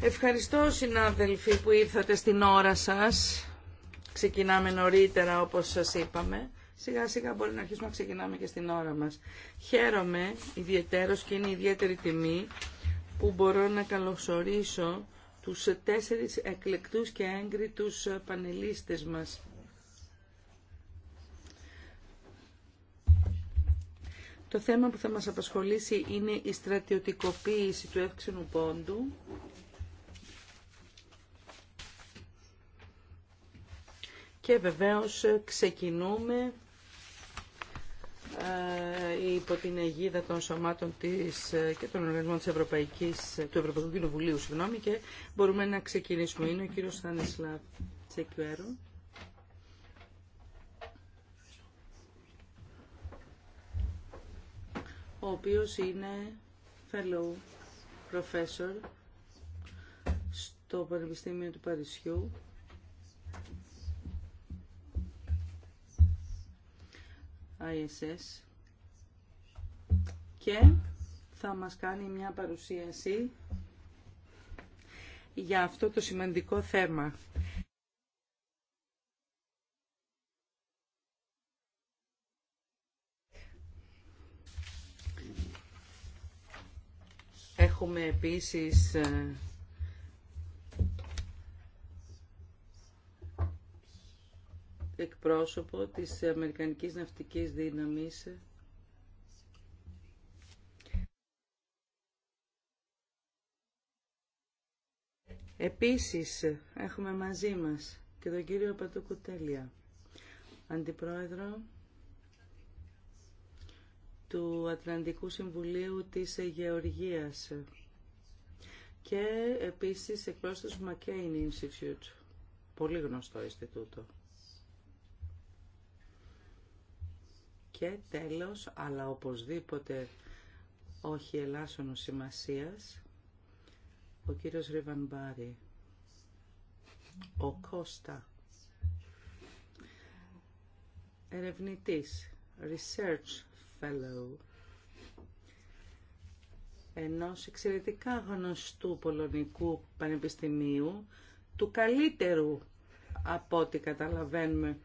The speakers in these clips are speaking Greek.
Ευχαριστώ συνάδελφοι που ήρθατε στην ώρα σας. Ξεκινάμε νωρίτερα όπως σας είπαμε. Σιγά σιγά μπορεί να αρχίσουμε να ξεκινάμε και στην ώρα μας. Χαίρομαι ιδιαίτερος και είναι ιδιαίτερη τιμή που μπορώ να καλωσορίσω τους τέσσερις εκλεκτούς και έγκριτους πανελίστες μας. Το θέμα που θα μας απασχολήσει είναι η στρατιωτικοποίηση του εύξηνου πόντου. Και βεβαίως ξεκινούμε ε, υπό την αιγίδα των σωμάτων της, ε, και των οργανισμών της Ευρωπαϊκής, του Ευρωπαϊκού Κοινοβουλίου συγγνώμη, και μπορούμε να ξεκινήσουμε. Είναι ο κύριος Στανισλάβ Τσεκουέρου. ο οποίος είναι fellow professor στο Πανεπιστήμιο του Παρισιού. ISS και θα μας κάνει μια παρουσίαση για αυτό το σημαντικό θέμα. Έχουμε επίσης ε, εκπρόσωπο της Αμερικανικής Ναυτικής Δύναμης Επίσης έχουμε μαζί μας και τον κύριο Πατούκου Αντιπρόεδρο του Ατλαντικού Συμβουλίου της Γεωργίας και επίσης εκπρόσωπος του McCain Institute, πολύ γνωστό Ινστιτούτο. Και τέλος, αλλά οπωσδήποτε όχι ελάσσονος σημασίας, ο κύριος Ριβανμπάρη, ο Κώστα, ερευνητής, research Fellow ενός εξαιρετικά γνωστού πολωνικού πανεπιστημίου, του καλύτερου από ό,τι καταλαβαίνουμε.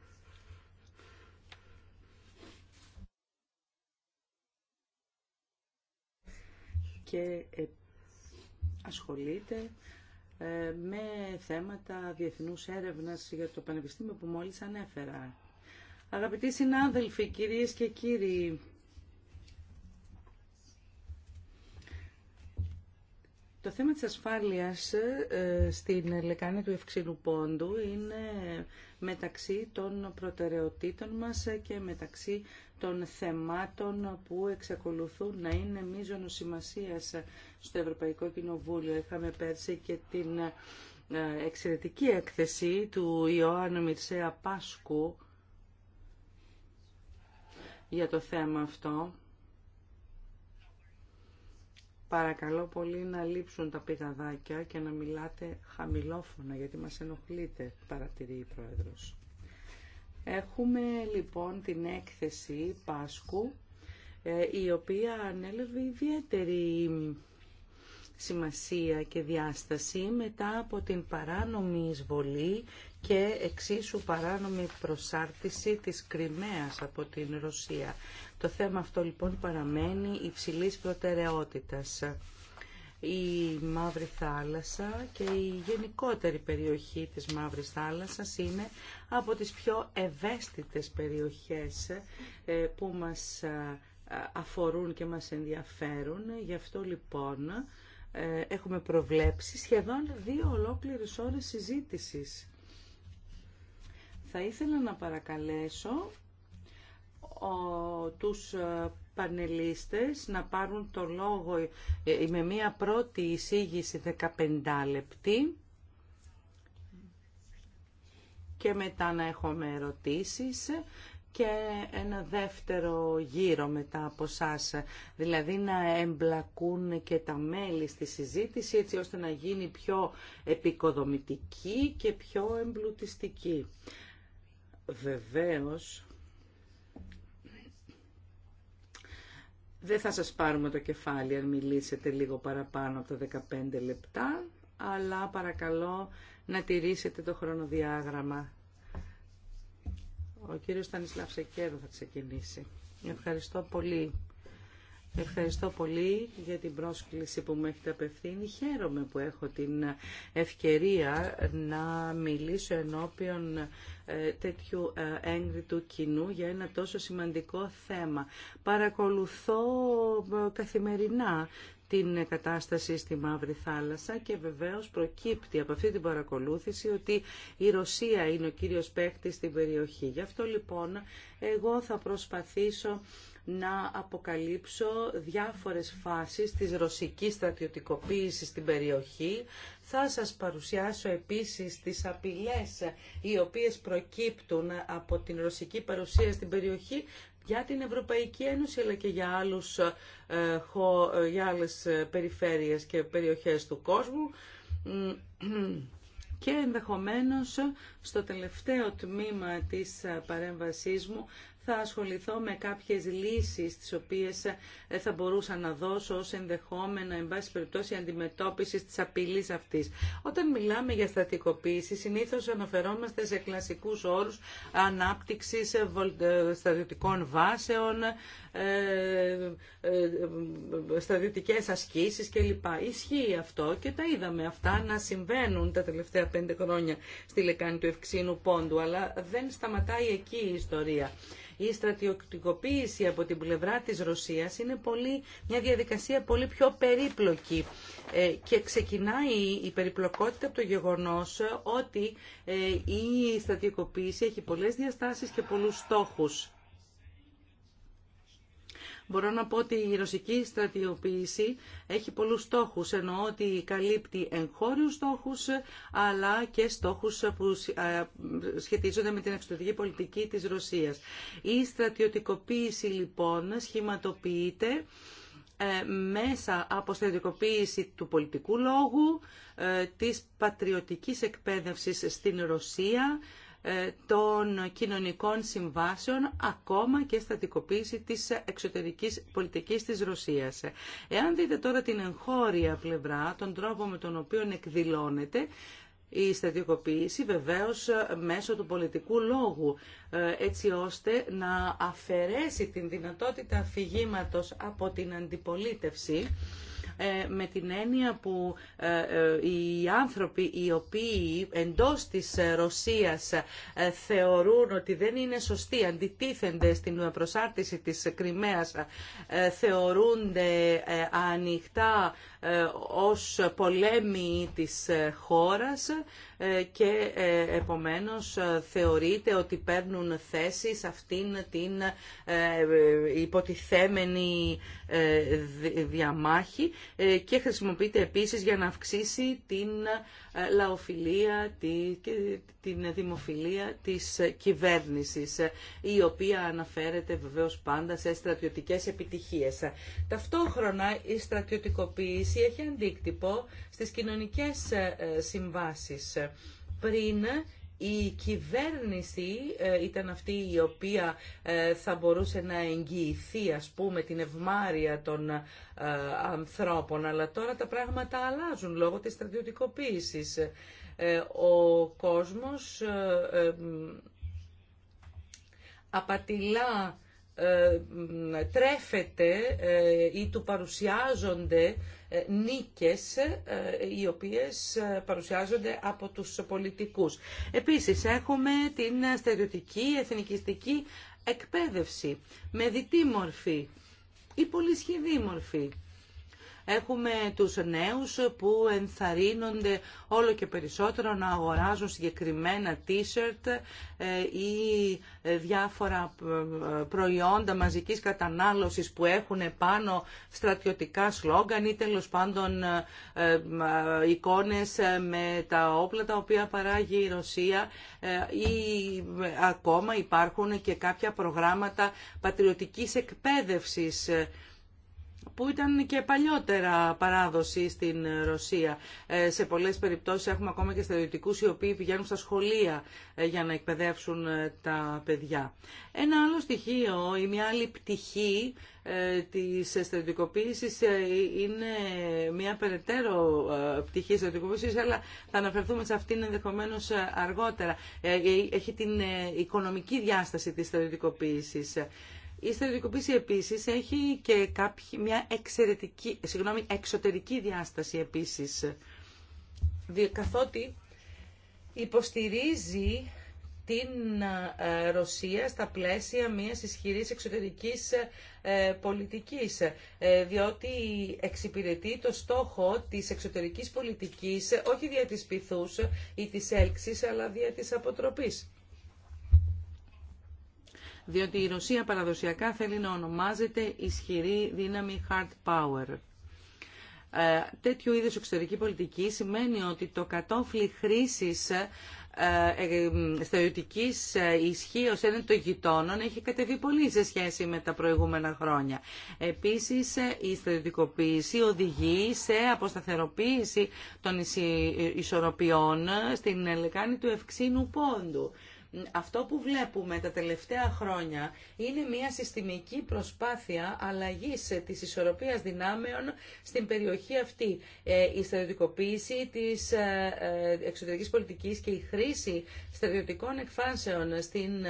Και ε, ασχολείται ε, με θέματα διεθνούς έρευνας για το πανεπιστήμιο που μόλις ανέφερα. Αγαπητοί συνάδελφοι, κυρίες και κύριοι, Το θέμα της ασφάλειας ε, στην λεκάνη του ευξήνου Πόντου είναι μεταξύ των προτεραιοτήτων μας και μεταξύ των θεμάτων που εξακολουθούν να είναι μείζωνο σημασίας στο Ευρωπαϊκό Κοινοβούλιο. Είχαμε πέρσι και την ε, εξαιρετική έκθεση του Ιωάννου Μιρσέα Πάσκου για το θέμα αυτό Παρακαλώ πολύ να λείψουν τα πηγαδάκια και να μιλάτε χαμηλόφωνα γιατί μας ενοχλείτε, παρατηρεί η Πρόεδρος. Έχουμε λοιπόν την έκθεση Πάσκου ε, η οποία ανέλαβε ιδιαίτερη σημασία και διάσταση μετά από την παράνομη εισβολή και εξίσου παράνομη προσάρτηση της Κρυμαίας από την Ρωσία. Το θέμα αυτό λοιπόν παραμένει υψηλής προτεραιότητας. Η Μαύρη Θάλασσα και η γενικότερη περιοχή της Μαύρης Θάλασσας είναι από τις πιο ευαίσθητες περιοχές ε, που μας ε, αφορούν και μας ενδιαφέρουν. Γι' αυτό λοιπόν ε, έχουμε προβλέψει σχεδόν δύο ολόκληρες ώρες συζήτησης. Θα ήθελα να παρακαλέσω τους ε, πανελίστες να πάρουν το λόγο ε, ε, με μία πρώτη εισήγηση 15 λεπτή και μετά να έχουμε ερωτήσεις και ένα δεύτερο γύρο μετά από σας, δηλαδή να εμπλακούν και τα μέλη στη συζήτηση έτσι ώστε να γίνει πιο επικοδομητική και πιο εμπλουτιστική. Βεβαίως, Δεν θα σας πάρουμε το κεφάλι αν μιλήσετε λίγο παραπάνω από τα 15 λεπτά, αλλά παρακαλώ να τηρήσετε το χρονοδιάγραμμα. Ο κύριος Στανισλάβ Σεκέρο θα ξεκινήσει. Ευχαριστώ πολύ. Ευχαριστώ πολύ για την πρόσκληση που μου έχετε απευθύνει. Χαίρομαι που έχω την ευκαιρία να μιλήσω ενώπιον ε, τέτοιου ε, έγκριτου κοινού για ένα τόσο σημαντικό θέμα. Παρακολουθώ καθημερινά την κατάσταση στη Μαύρη Θάλασσα και βεβαίως προκύπτει από αυτή την παρακολούθηση ότι η Ρωσία είναι ο κύριος παίχτης στην περιοχή. Γι' αυτό λοιπόν εγώ θα προσπαθήσω να αποκαλύψω διάφορες φάσεις της ρωσικής στρατιωτικοποίησης στην περιοχή. Θα σας παρουσιάσω επίσης τις απειλές οι οποίες προκύπτουν από την ρωσική παρουσία στην περιοχή για την Ευρωπαϊκή Ένωση αλλά και για, άλλους, ε, ε, για άλλες περιφέρειες και περιοχές του κόσμου και ενδεχομένως στο τελευταίο τμήμα της παρέμβασής μου θα ασχοληθώ με κάποιες λύσεις τις οποίες ε, θα μπορούσα να δώσω ως ενδεχόμενα, εν πάση περιπτώσει, αντιμετώπισης της απειλής αυτής. Όταν μιλάμε για στατικοποίηση, συνήθως αναφερόμαστε σε κλασικούς όρους ανάπτυξης ε, ε, στρατιωτικών βάσεων, στρατιωτικές ασκήσεις κλπ. Ισχύει αυτό και τα είδαμε αυτά να συμβαίνουν τα τελευταία πέντε χρόνια στη λεκάνη του Ευξήνου Πόντου, αλλά δεν σταματάει εκεί η ιστορία. Η στρατιωτικοποίηση από την πλευρά της Ρωσίας είναι πολύ, μια διαδικασία πολύ πιο περίπλοκη ε, και ξεκινάει η περιπλοκότητα από το γεγονός ότι ε, η στρατιωτικοποίηση έχει πολλές διαστάσεις και πολλούς στόχους. Μπορώ να πω ότι η ρωσική στρατιοποίηση έχει πολλούς στόχους. Εννοώ ότι καλύπτει εγχώριους στόχους, αλλά και στόχους που σχετίζονται με την εξωτερική πολιτική της Ρωσίας. Η στρατιωτικοποίηση λοιπόν σχηματοποιείται ε, μέσα από στρατιωτικοποίηση του πολιτικού λόγου, ε, της πατριωτικής εκπαίδευσης στην Ρωσία, ε, των κοινωνικών συμβάσεων ακόμα και στατικοποίηση της εξωτερικής πολιτικής της Ρωσίας. Εάν δείτε τώρα την εγχώρια πλευρά, τον τρόπο με τον οποίο εκδηλώνεται, η στατικοποίηση βεβαίως ε, μέσω του πολιτικού λόγου ε, έτσι ώστε να αφαιρέσει την δυνατότητα αφηγήματος από την αντιπολίτευση ε, με την έννοια που ε, ε, οι άνθρωποι οι οποίοι εντός της Ρωσίας θεωρούν ότι δεν είναι σωστοί, αντιτίθενται στην προσάρτηση της Κρυμαίας, θεωρούνται ανοιχτά ε, ως πολέμη της ε, χώρας ε, και επομένως θεωρείται ότι παίρνουν θέση σε αυτήν την υποτιθέμενη διαμάχη και χρησιμοποιείται επίσης για να αυξήσει την λαοφιλία και την δημοφιλία της κυβέρνησης η οποία αναφέρεται βεβαίως πάντα σε στρατιωτικές επιτυχίες. Ταυτόχρονα η στρατιωτικοποίηση κρίση έχει αντίκτυπο στις κοινωνικές ε, ε, συμβάσεις. Πριν η κυβέρνηση ε, ήταν αυτή η οποία θα μπορούσε να εγγυηθεί ας πούμε την ευμάρεια των ανθρώπων αλλά τώρα τα πράγματα αλλάζουν λόγω της στρατιωτικοποίησης. Ο κόσμος απατηλά ε, τρέφεται ε, ή του παρουσιάζονται ε, νίκες οι οποίες παρουσιάζονται από τους πολιτικούς. Επίσης έχουμε την στερεωτική εθνικιστική εκπαίδευση με διτή μορφή ή πολυσχηδή μορφή Έχουμε τους νέους που ενθαρρύνονται όλο και περισσότερο να αγοράζουν συγκεκριμένα t-shirt ε, ή ε, διάφορα ε, προϊόντα μαζικής κατανάλωσης που έχουν πάνω στρατιωτικά σλόγγαν ή τέλος πάντων εικόνες με τα όπλα τα οποία παράγει η Ρωσία ή ακόμα υπάρχουν και κάποια προγράμματα πατριωτικής εκπαίδευσης που ήταν και παλιότερα παράδοση στην Ρωσία. Ε, σε πολλές περιπτώσεις έχουμε ακόμα και στρατιωτικούς οι οποίοι πηγαίνουν στα σχολεία ε, για να εκπαιδεύσουν ε, τα παιδιά. Ένα άλλο στοιχείο ή μια άλλη πτυχή της στρατιωτικοποίησης είναι μια περαιτέρω πτυχή στρατιωτικοποίησης, αλλά θα αναφερθούμε σε αυτήν ενδεχομένως αργότερα. Έχει την οικονομική διάσταση της στρατιωτικοποίησης. Η στρατιωτικοποίηση επίσης έχει και μια εξαιρετική, συγγνώμη, εξωτερική διάσταση επίσης, καθότι υποστηρίζει την ε, Ρωσία στα πλαίσια μιας ισχυρής εξωτερικής ε, πολιτικής, ε, διότι εξυπηρετεί το στόχο της εξωτερικής πολιτικής όχι δια της πυθούς ή της έλξης, αλλά δια της αποτροπής διότι η Ρωσία παραδοσιακά θέλει να ονομάζεται ισχυρή δύναμη hard power. Ε, τέτοιου είδους εξωτερική πολιτική σημαίνει ότι το κατόφλι χρήσης ε, ε, ισχύ ισχύως έναν των γειτόνων έχει κατεβεί πολύ σε σχέση με τα προηγούμενα χρόνια. Επίσης, η στερεωτικοποίηση οδηγεί σε αποσταθεροποίηση των ισορροπιών στην λεκάνη του ευξήνου πόντου. Αυτό που βλέπουμε τα τελευταία χρόνια είναι μια συστημική προσπάθεια αλλαγής της ισορροπίας δυνάμεων στην περιοχή αυτή. Ε, η στρατιωτικοποίηση της ε, ε, εξωτερικής πολιτικής και η χρήση στρατιωτικών εκφάνσεων στην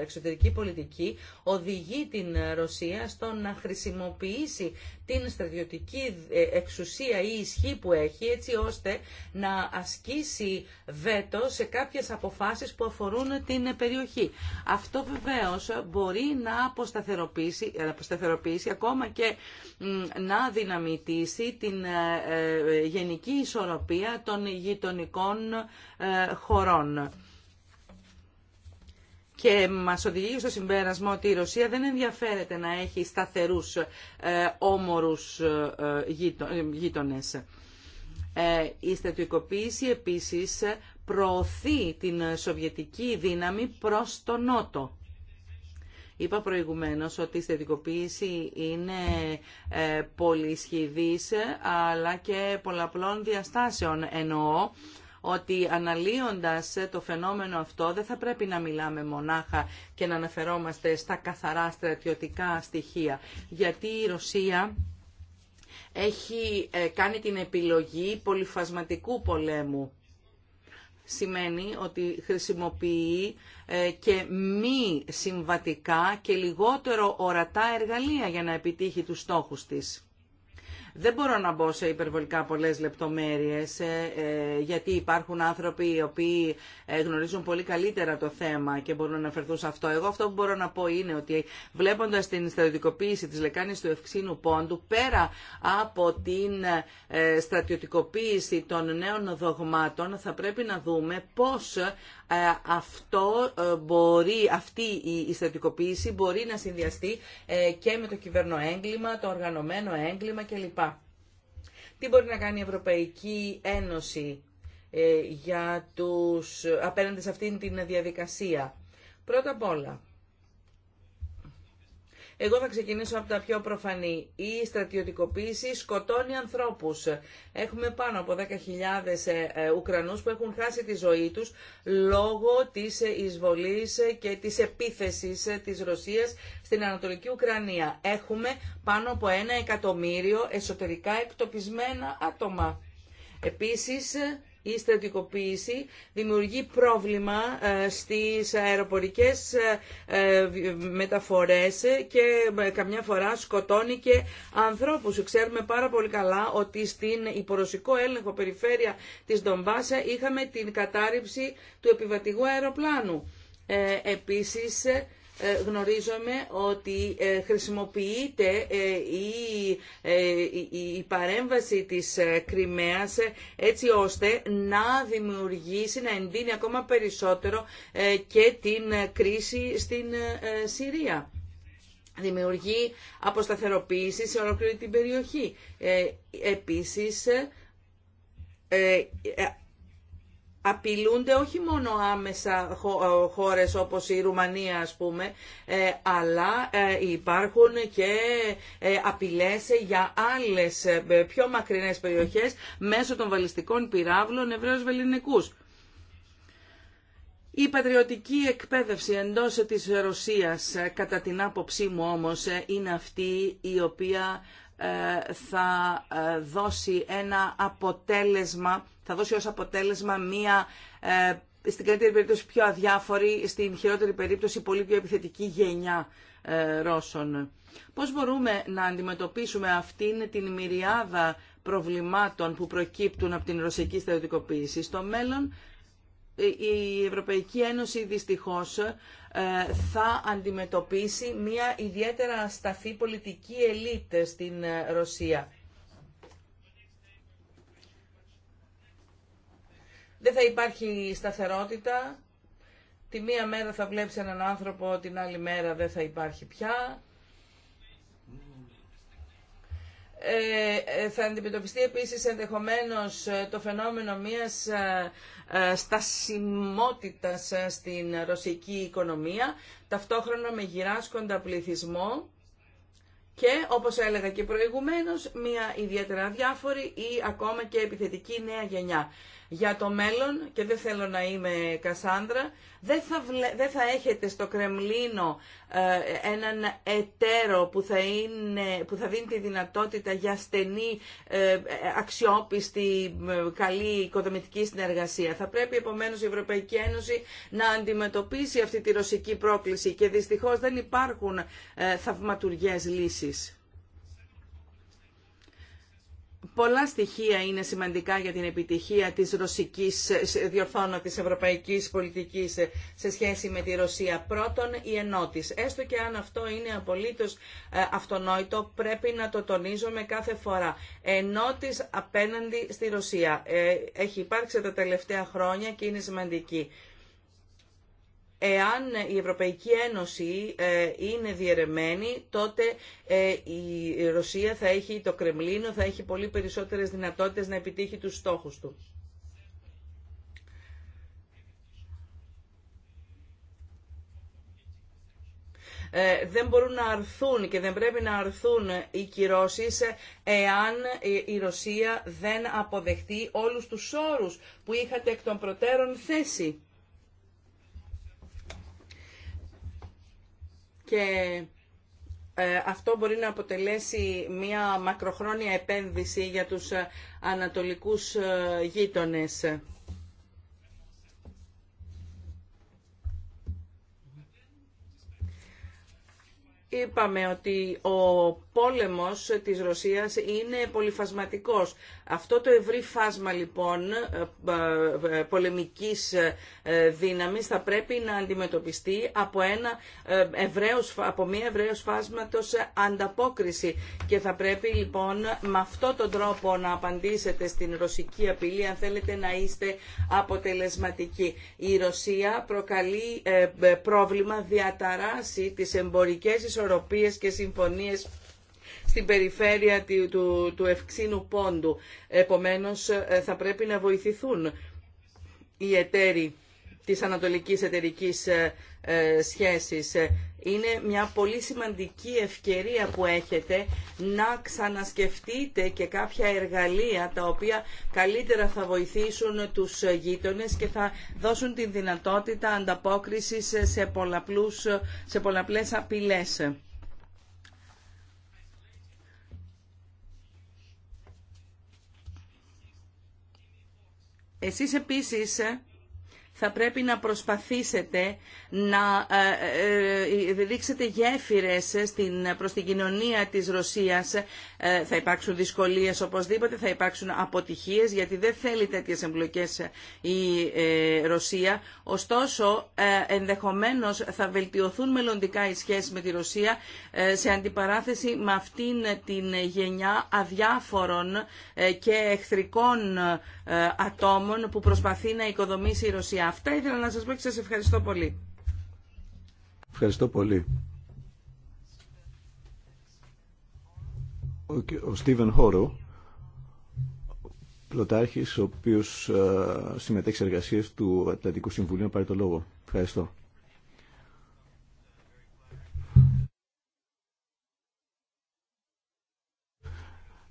εξωτερική πολιτική οδηγεί την Ρωσία στο να χρησιμοποιήσει την στρατιωτική ε, εξουσία ή ισχύ που έχει έτσι ώστε να ασκήσει βέτο σε κάποιες αποφάσεις που αφορούν την περιοχή. Αυτό βεβαίως μπορεί να αποσταθεροποιήσει, να αποσταθεροποιήσει ακόμα και να δυναμητήσει την ε, ε, γενική ισορροπία των γειτονικών χωρών και μας οδηγεί στο συμπέρασμα ότι η Ρωσία δεν ενδιαφέρεται να έχει σταθερούς ε, όμορους ε, ε, γείτονες. Η στρατιωτικοποίηση επίσης προωθεί την σοβιετική δύναμη προς τον Νότο. Είπα προηγουμένως ότι η στετικοποίηση είναι πολυσχηδής αλλά και πολλαπλών διαστάσεων. Εννοώ ότι αναλύοντας το φαινόμενο αυτό δεν θα πρέπει να μιλάμε μονάχα και να αναφερόμαστε στα καθαρά στρατιωτικά στοιχεία. Γιατί η Ρωσία έχει ε, κάνει την επιλογή πολυφασματικού πολέμου. Σημαίνει ότι χρησιμοποιεί ε, και μη συμβατικά και λιγότερο ορατά εργαλεία για να επιτύχει τους στόχους της. Δεν μπορώ να μπω σε υπερβολικά πολλές λεπτομέρειες ε, ε, γιατί υπάρχουν άνθρωποι οι οποίοι ε, γνωρίζουν πολύ καλύτερα το θέμα και μπορούν να αναφερθούν σε αυτό. Εγώ αυτό που μπορώ να πω είναι ότι βλέποντας την στρατιωτικοποίηση της λεκάνης του Ευξήνου Πόντου πέρα από την στρατιωτικοποίηση των νέων δογμάτων θα πρέπει να δούμε πώ. Ε, αυτό ε, μπορεί, αυτή η στρατικοποίηση μπορεί να συνδυαστεί ε, και με το κυβερνοέγκλημα, το οργανωμένο έγκλημα κλπ. Τι μπορεί να κάνει η Ευρωπαϊκή Ένωση για τους, απέναντι σε αυτήν την διαδικασία. Πρώτα απ' όλα, εγώ θα ξεκινήσω από τα πιο προφανή. Η στρατιωτικοποίηση σκοτώνει ανθρώπους. Έχουμε πάνω από 10.000 ε, ε, Ουκρανούς που έχουν χάσει τη ζωή τους λόγω της ε, εισβολής και της επίθεσης της Ρωσίας στην Ανατολική Ουκρανία. Έχουμε πάνω από ένα εκατομμύριο εσωτερικά εκτοπισμένα άτομα. Επίσης, η στρατικοποίηση δημιουργεί πρόβλημα ε, στις αεροπορικές ε, ε, μεταφορές και καμιά φορά σκοτώνει και ανθρώπους. Ξέρουμε πάρα πολύ καλά ότι στην υπορωσικό έλεγχο περιφέρεια της Ντομπάσα είχαμε την κατάρριψη του επιβατηγού αεροπλάνου. επίσης, ε, γνωρίζουμε ότι ε, χρησιμοποιείται ε, η παρέμβαση της Κρυμαίας έτσι ώστε να δημιουργήσει, να εντείνει ακόμα περισσότερο και την κρίση στην Συρία. Δημιουργεί αποσταθεροποίηση σε ολόκληρη την περιοχή. Επίσης, απειλούνται όχι μόνο άμεσα ε, χώρες όπως η Ρουμανία ας πούμε, ε, αλλά ε, υπάρχουν και απειλές για άλλες πιο μακρινές περιοχές μέσω των βαλιστικών πυράβλων Εβραίους Βελληνικούς. Η πατριωτική εκπαίδευση εντός της Ρωσίας, κατά την άποψή μου όμως, είναι αυτή η οποία ε, θα ε, δώσει ένα αποτέλεσμα, θα δώσει ως αποτέλεσμα μία ε, στην καλύτερη περίπτωση πιο αδιάφορη, στην χειρότερη περίπτωση πολύ πιο επιθετική γενιά Ρώσων. Πώς μπορούμε να αντιμετωπίσουμε αυτήν την μυριάδα προβλημάτων που προκύπτουν από την ρωσική στρατιωτικοποίηση. Στο μέλλον η Ευρωπαϊκή Ένωση δυστυχώς ε, θα αντιμετωπίσει μια ιδιαίτερα σταθή πολιτική ελίτ στην ε, Ρωσία. Δεν θα υπάρχει σταθερότητα. Τη μία μέρα θα βλέπεις έναν άνθρωπο, την άλλη μέρα δεν θα υπάρχει πια. Ε, ε θα αντιμετωπιστεί επίσης ενδεχομένως το φαινόμενο μιας ε, στασιμότητας ε, στην ρωσική οικονομία, ταυτόχρονα με γυράσκοντα πληθυσμό και, όπως έλεγα και προηγουμένως, μια ιδιαίτερα διάφορη ή ακόμα και επιθετική νέα γενιά για το μέλλον και δεν θέλω να είμαι Κασάνδρα, δεν θα, δεν θα έχετε στο Κρεμλίνο ε, έναν εταίρο που θα, είναι, που θα δίνει τη δυνατότητα για στενή, ε, αξιόπιστη, καλή οικοδομητική συνεργασία. Θα πρέπει επομένως η Ευρωπαϊκή Ένωση να αντιμετωπίσει αυτή τη ρωσική πρόκληση και δυστυχώς δεν υπάρχουν ε, θαυματουργές Πολλά στοιχεία είναι σημαντικά για την επιτυχία της ρωσικής, διορθώνω, της ευρωπαϊκής πολιτικής σε σχέση με τη Ρωσία. Πρώτον, η ενότης. Έστω και αν αυτό είναι απολύτως ε, αυτονόητο, πρέπει να το τονίζουμε κάθε φορά. Ενότηση απέναντι στη Ρωσία. Ε, έχει υπάρξει τα τελευταία χρόνια και είναι σημαντική. Εάν η Ευρωπαϊκή Ένωση ε, είναι διαιρεμένη, τότε ε, η Ρωσία θα έχει, το Κρεμλίνο θα έχει πολύ περισσότερες δυνατότητες να επιτύχει τους στόχους του. Ε, δεν μπορούν να αρθούν και δεν πρέπει να αρθούν οι κυρώσεις εάν η Ρωσία δεν αποδεχτεί όλους τους όρους που είχατε εκ των προτέρων θέσει. και ε, αυτό μπορεί να αποτελέσει μια μακροχρόνια επένδυση για τους ε, ανατολικούς ε, γείτονες. Είπαμε ότι ο πόλεμος της Ρωσίας είναι πολυφασματικός. Αυτό το ευρύ φάσμα λοιπόν ε, ε, πολεμικής ε, δύναμης θα πρέπει να αντιμετωπιστεί από, ένα ευραίος, από μια ευραίος φάσματος ανταπόκριση και θα πρέπει λοιπόν με αυτό τον τρόπο να απαντήσετε στην ρωσική απειλή αν θέλετε να είστε αποτελεσματικοί. Η Ρωσία προκαλεί πρόβλημα διαταράσει τις εμπορικές ισορροπίες ισορροπίες και συμφωνίες στην περιφέρεια του, του, του Ευξήνου Πόντου. Επομένως, ε, θα πρέπει να βοηθηθούν οι εταίροι της ανατολικής εταιρικής ε, ε, σχέσης. Ε, είναι μια πολύ σημαντική ευκαιρία που έχετε να ξανασκεφτείτε και κάποια εργαλεία τα οποία καλύτερα θα βοηθήσουν τους γείτονες και θα δώσουν τη δυνατότητα ανταπόκρισης σε, πολλαπλούς, σε πολλαπλές απειλές. Εσείς επίσης θα πρέπει να προσπαθήσετε να δείξετε ε, ε, ε, γέφυρες στην, προς την κοινωνία της Ρωσίας. Θα υπάρξουν δυσκολίες οπωσδήποτε, θα υπάρξουν αποτυχίες γιατί δεν θέλει τέτοιες εμπλοκές η Ρωσία. Ωστόσο, ενδεχομένως θα βελτιωθούν μελλοντικά οι σχέσεις με τη Ρωσία σε αντιπαράθεση με αυτήν την γενιά αδιάφορων και εχθρικών ατόμων που προσπαθεί να οικοδομήσει η Ρωσία. Αυτά ήθελα να σας πω και σας ευχαριστώ πολύ. Ευχαριστώ πολύ. Ο Στίβεν Χόρο, πλωτάρχης, ο οποίος ε, συμμετέχει σε εργασίες του Ατλαντικού Συμβουλίου, να πάρει το λόγο. Ευχαριστώ.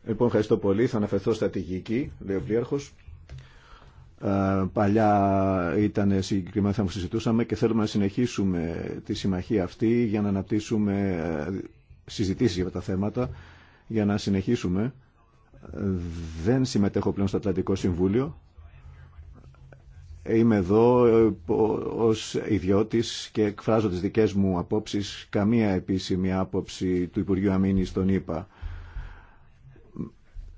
Λοιπόν, ευχαριστώ πολύ. Θα αναφερθώ στρατηγική, λέει ο πλήρχος. Ε, παλιά ήταν συγκεκριμένα που συζητούσαμε και θέλουμε να συνεχίσουμε τη συμμαχία αυτή για να αναπτύσσουμε ε, συζητήσεις για τα θέματα για να συνεχίσουμε δεν συμμετέχω πλέον στο Ατλαντικό Συμβούλιο είμαι εδώ ε, ως ιδιώτης και εκφράζω τις δικές μου απόψεις καμία επίσημη άποψη του Υπουργείου Αμήνης στον ΗΠΑ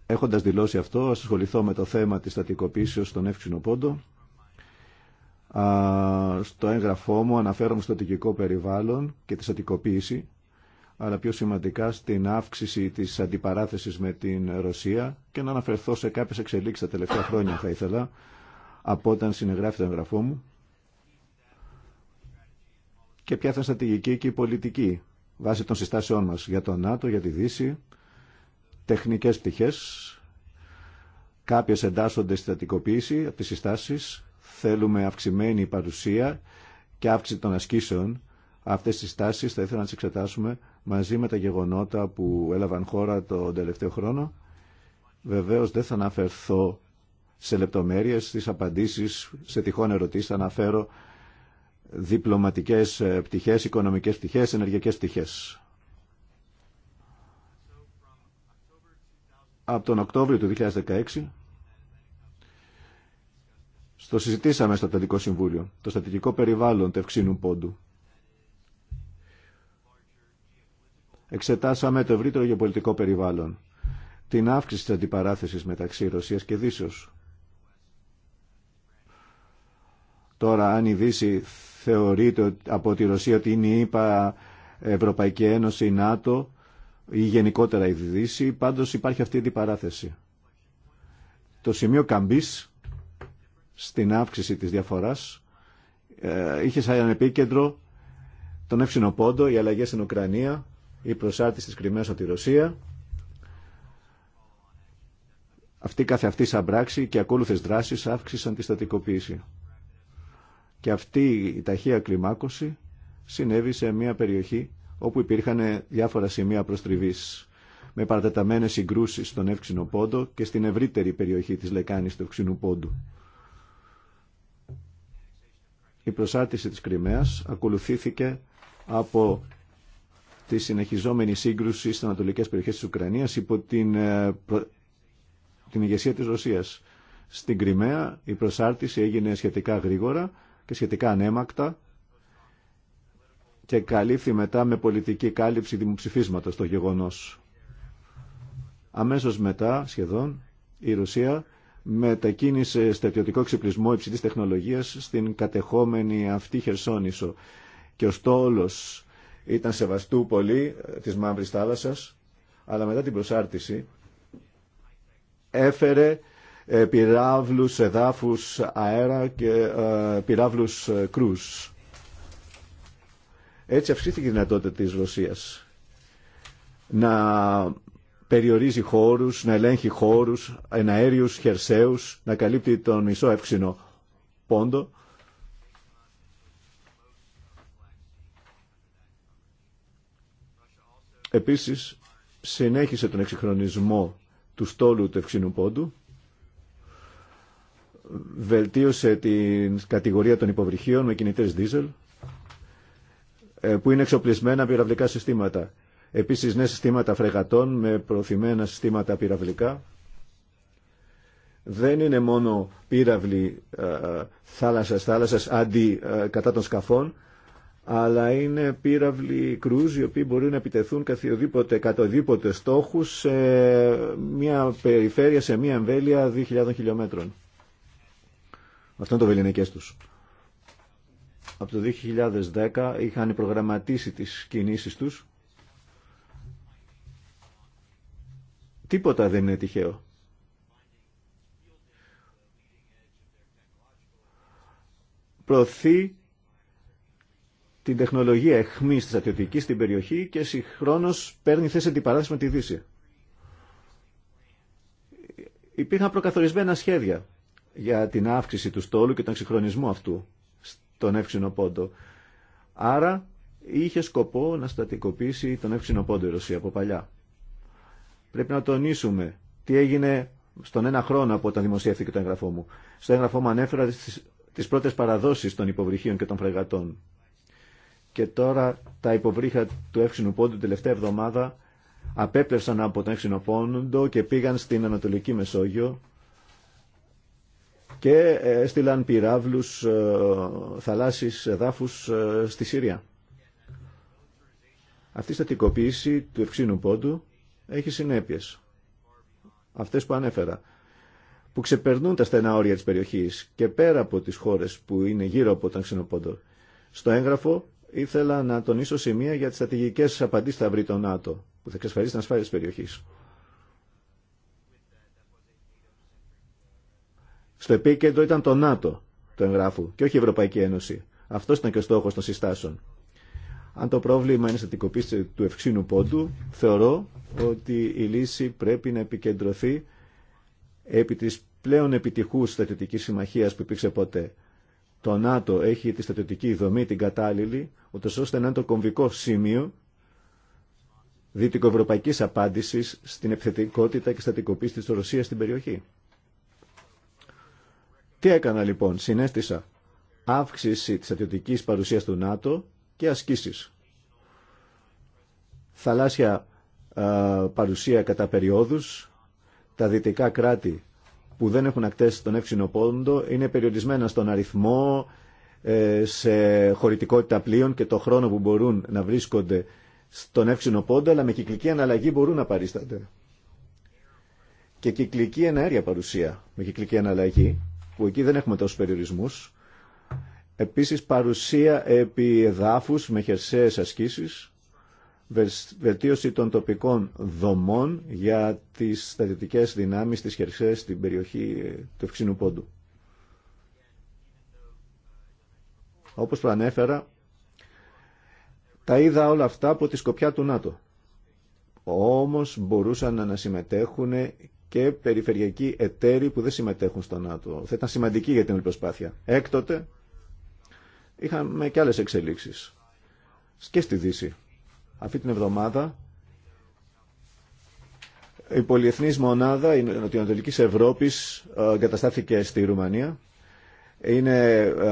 Έχοντας δηλώσει αυτό, ας ασχοληθώ με το θέμα της στατικοποίησης στον εύξηνο πόντο. στο έγγραφό μου αναφέρομαι στο τοικικό περιβάλλον και τη στατικοποίηση, αλλά πιο σημαντικά στην αύξηση της αντιπαράθεσης με την Ρωσία και να αναφερθώ σε κάποιες εξελίξεις τα τελευταία χρόνια θα ήθελα, από όταν συνεγράφει το έγγραφό μου και ποια θα στρατηγική και η πολιτική βάσει των συστάσεών μας για το ΝΑΤΟ, για τη Δύση, τεχνικές πτυχές. Κάποιες εντάσσονται στη στατικοποίηση από τις συστάσεις. Θέλουμε αυξημένη παρουσία και αύξηση των ασκήσεων. Αυτές τις συστάσεις θα ήθελα να τις εξετάσουμε μαζί με τα γεγονότα που έλαβαν χώρα τον τελευταίο χρόνο. Βεβαίως δεν θα αναφερθώ σε λεπτομέρειες στις απαντήσεις σε τυχόν ερωτήσεις. Θα αναφέρω διπλωματικές ε, πτυχές, οικονομικές πτυχές, ενεργειακές πτυχές. από τον Οκτώβριο του 2016 στο συζητήσαμε στο Τελικό Συμβούλιο το στατικό περιβάλλον τευξίνου πόντου. Εξετάσαμε το ευρύτερο γεωπολιτικό περιβάλλον, την αύξηση της αντιπαράθεσης μεταξύ Ρωσίας και Δύσεως. Τώρα, αν η Δύση θεωρείται από τη Ρωσία ότι είναι η ΕΠΑ, ΕΕ, Ευρωπαϊκή Ένωση, ή ΝΑΤΟ, ή γενικότερα η Δύση, πάντως υπάρχει αυτή η αντιπαράθεση. Το σημείο καμπής στην αύξηση της διαφοράς ε, είχε σαν επίκεντρο τον εύξηνο πόντο, οι αλλαγές στην Ουκρανία, η προσάρτηση της Κρυμαίας από τη Ρωσία, αυτή καθε αυτή σαν πράξη και ακόλουθες δράσεις αύξησαν τη στατικοποίηση. Και αυτή η ταχεία κλιμάκωση συνέβη σε μια περιοχή όπου υπήρχαν διάφορα σημεία προστριβής με παρατεταμένες συγκρούσεις στον Εύξηνο Πόντο και στην ευρύτερη περιοχή της λεκάνης του Ευξηνού Πόντου. Η προσάρτηση της Κρυμαίας ακολουθήθηκε από τη συνεχιζόμενη σύγκρουση στις ανατολικές περιοχές της Ουκρανίας υπό την, ε, την ηγεσία της Ρωσίας. Στην Κρυμαία η προσάρτηση έγινε σχετικά γρήγορα και σχετικά ανέμακτα και καλύφθη μετά με πολιτική κάλυψη δημοψηφίσματος το γεγονός. Αμέσως μετά, σχεδόν, η Ρωσία μετακίνησε στρατιωτικό εξοπλισμό υψηλής τεχνολογίας στην κατεχόμενη αυτή Χερσόνησο και ο στόλος ήταν σεβαστού πολύ ε, της Μαύρης Θάλασσας αλλά μετά την προσάρτηση έφερε ε, πυράβλους εδάφους αέρα και ε, πυράβλους κρούς έτσι αυξήθηκε η δυνατότητα της Ρωσίας να περιορίζει χώρους, να ελέγχει χώρους, εναέριους, χερσαίους, να καλύπτει τον μισό εύξηνο πόντο. Επίσης, συνέχισε τον εξυγχρονισμό του στόλου του ευξήνου πόντου, βελτίωσε την κατηγορία των υποβρυχίων με κινητές δίζελ, ε, που είναι εξοπλισμένα πυραυλικά συστήματα. Επίσης νέα συστήματα φρεγατών με προωθημένα συστήματα πυραυλικά. Δεν είναι μόνο πύραυλοι ε, θάλασσας-θάλασσας αντί ε, κατά των σκαφών, αλλά είναι πύραυλοι κρούζ οι οποίοι μπορούν να επιτεθούν καθιοδήποτε, οδήποτε στόχους σε μια περιφέρεια, σε μια εμβέλεια 2.000 χιλιόμετρων. Αυτό είναι το βεληνικές τους από το 2010 είχαν προγραμματίσει τις κινήσεις τους. Τίποτα δεν είναι τυχαίο. Προωθεί την τεχνολογία εχμής τη στρατιωτική στην περιοχή και συγχρόνω παίρνει θέση αντιπαράθεση με τη Δύση. Υπήρχαν προκαθορισμένα σχέδια για την αύξηση του στόλου και τον συγχρονισμό αυτού τον εύξηνο πόντο. Άρα είχε σκοπό να στατικοποιήσει τον εύξηνο πόντο η Ρωσία από παλιά. Πρέπει να τονίσουμε τι έγινε στον ένα χρόνο από όταν δημοσιεύθηκε το έγγραφό μου. Στο έγγραφό μου ανέφερα τι πρώτε παραδόσει των υποβρυχίων και των φρεγατών. Και τώρα τα υποβρύχια του εύξηνου πόντου τελευταία εβδομάδα απέπλευσαν από τον εύξηνο πόντο και πήγαν στην Ανατολική Μεσόγειο και ε, έστειλαν πυράβλους ε, θαλάσσις εδάφους ε, στη Συρία. Αυτή η στατικοποίηση του ευξήνου πόντου έχει συνέπειες. Αυτές που ανέφερα που ξεπερνούν τα στενά όρια της περιοχής και πέρα από τις χώρες που είναι γύρω από τον πόντο. Στο έγγραφο ήθελα να τονίσω σημεία για τις στρατηγικές απαντήσεις θα βρει το ΝΑΤΟ, που θα εξασφαλίσει την ασφάλεια της περιοχής. Στο επίκεντρο ήταν το ΝΑΤΟ του εγγράφου και όχι η Ευρωπαϊκή Ένωση. Αυτό ήταν και ο στόχο των συστάσεων. Αν το πρόβλημα είναι η στατικοποίηση του ευξήνου πόντου, θεωρώ ότι η λύση πρέπει να επικεντρωθεί επί της πλέον επιτυχού στρατιωτική συμμαχία που υπήρξε ποτέ. Το ΝΑΤΟ έχει τη στρατιωτική δομή την κατάλληλη, ούτω ώστε να είναι το κομβικό σημείο δυτικοευρωπαϊκή απάντηση στην επιθετικότητα και στατικοποίηση τη Ρωσία στην περιοχή. Τι έκανα λοιπόν, συνέστησα αύξηση της στρατιωτικής παρουσίας του ΝΑΤΟ και ασκήσεις. Θαλάσσια παρουσία κατά περιόδους, τα δυτικά κράτη που δεν έχουν ακτές στον εύξηνο πόντο είναι περιορισμένα στον αριθμό, ε, σε χωρητικότητα πλοίων και το χρόνο που μπορούν να βρίσκονται στον εύξηνο πόντο, αλλά με κυκλική αναλλαγή μπορούν να παρίστανται. Και κυκλική ενέργεια παρουσία με κυκλική αναλλαγή που εκεί δεν έχουμε τόσους περιορισμούς. Επίσης παρουσία επί εδάφους με χερσαίες ασκήσεις, βελτίωση των τοπικών δομών για τις στατιωτικές δυνάμεις της χερσαίας στην περιοχή ε, του Ευξήνου Πόντου. Όπως προανέφερα, τα είδα όλα αυτά από τη σκοπιά του ΝΑΤΟ. Όμως μπορούσαν να συμμετέχουν και περιφερειακοί εταίροι που δεν συμμετέχουν στο ΝΑΤΟ. Θα ήταν σημαντική για την προσπάθεια. Έκτοτε είχαμε και άλλες εξελίξεις και στη Δύση. Αυτή την εβδομάδα η πολυεθνής μονάδα η Νοτιοανατολικής Ευρώπης εγκαταστάθηκε στη Ρουμανία. Είναι ε,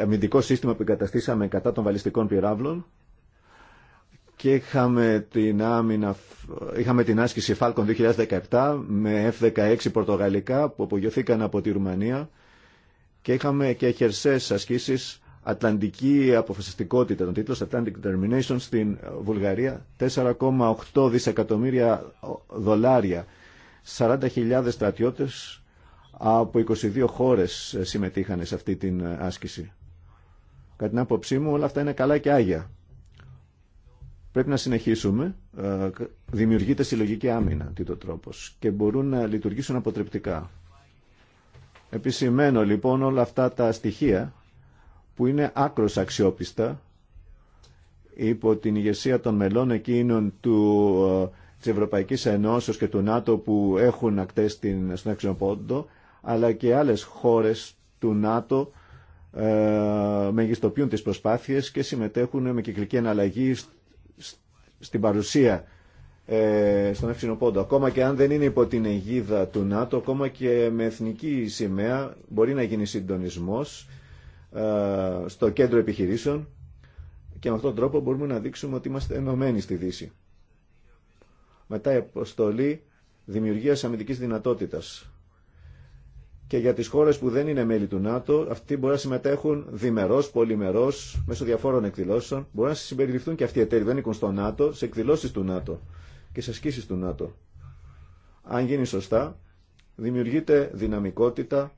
αμυντικό σύστημα που εγκαταστήσαμε κατά των βαλιστικών πυράβλων και είχαμε την, άμυνα, την άσκηση Falcon 2017 με F-16 πορτογαλικά που απογειωθήκαν από τη Ρουμανία και είχαμε και χερσές ασκήσεις Ατλαντική αποφασιστικότητα, τον τίτλο Atlantic Determination στην Βουλγαρία, 4,8 δισεκατομμύρια δολάρια, 40.000 στρατιώτες από 22 χώρες συμμετείχαν σε αυτή την άσκηση. Κατά την άποψή μου όλα αυτά είναι καλά και άγια. Πρέπει να συνεχίσουμε. Ε, δημιουργείται συλλογική άμυνα, τι το και μπορούν να λειτουργήσουν αποτρεπτικά. Επισημαίνω λοιπόν όλα αυτά τα στοιχεία που είναι άκρο αξιόπιστα υπό την ηγεσία των μελών εκείνων του, ε, της Ευρωπαϊκής Ενώσεως και του ΝΑΤΟ που έχουν ακτές στην, στον αλλά και άλλες χώρες του ΝΑΤΟ ε, μεγιστοποιούν τις προσπάθειες και συμμετέχουν με κυκλική αναλλαγή στην παρουσία ε, στον Εύξηνο Πόντο. Ακόμα και αν δεν είναι υπό την αιγίδα του ΝΑΤΟ, ακόμα και με εθνική σημαία μπορεί να γίνει συντονισμός ε, στο κέντρο επιχειρήσεων και με αυτόν τον τρόπο μπορούμε να δείξουμε ότι είμαστε ενωμένοι στη Δύση. Μετά η αποστολή δημιουργίας αμυντικής δυνατότητας και για τις χώρες που δεν είναι μέλη του ΝΑΤΟ, αυτοί μπορεί να συμμετέχουν διμερό, πολυμερό, μέσω διαφόρων εκδηλώσεων. Μπορούν να συμπεριληφθούν και αυτοί οι εταίροι δεν οίκουν στο ΝΑΤΟ, σε εκδηλώσεις του ΝΑΤΟ και σε ασκήσεις του ΝΑΤΟ. Αν γίνει σωστά, δημιουργείται δυναμικότητα,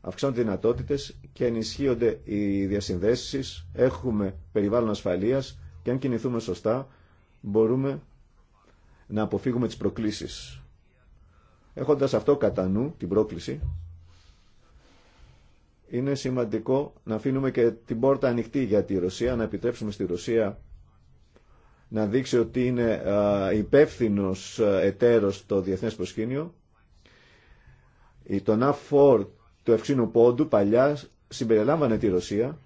αυξάνονται δυνατότητες και ενισχύονται οι διασυνδέσεις, έχουμε περιβάλλον ασφαλείας και αν κινηθούμε σωστά μπορούμε να αποφύγουμε τις προκλήσεις. Έχοντας αυτό κατά νου, την πρόκληση, είναι σημαντικό να αφήνουμε και την πόρτα ανοιχτή για τη Ρωσία, να επιτρέψουμε στη Ρωσία να δείξει ότι είναι υπεύθυνο εταίρος στο διεθνές προσκήνιο. Η το ΝΑΦΟΡ του Ευξήνου Πόντου παλιά συμπεριλάμβανε τη Ρωσία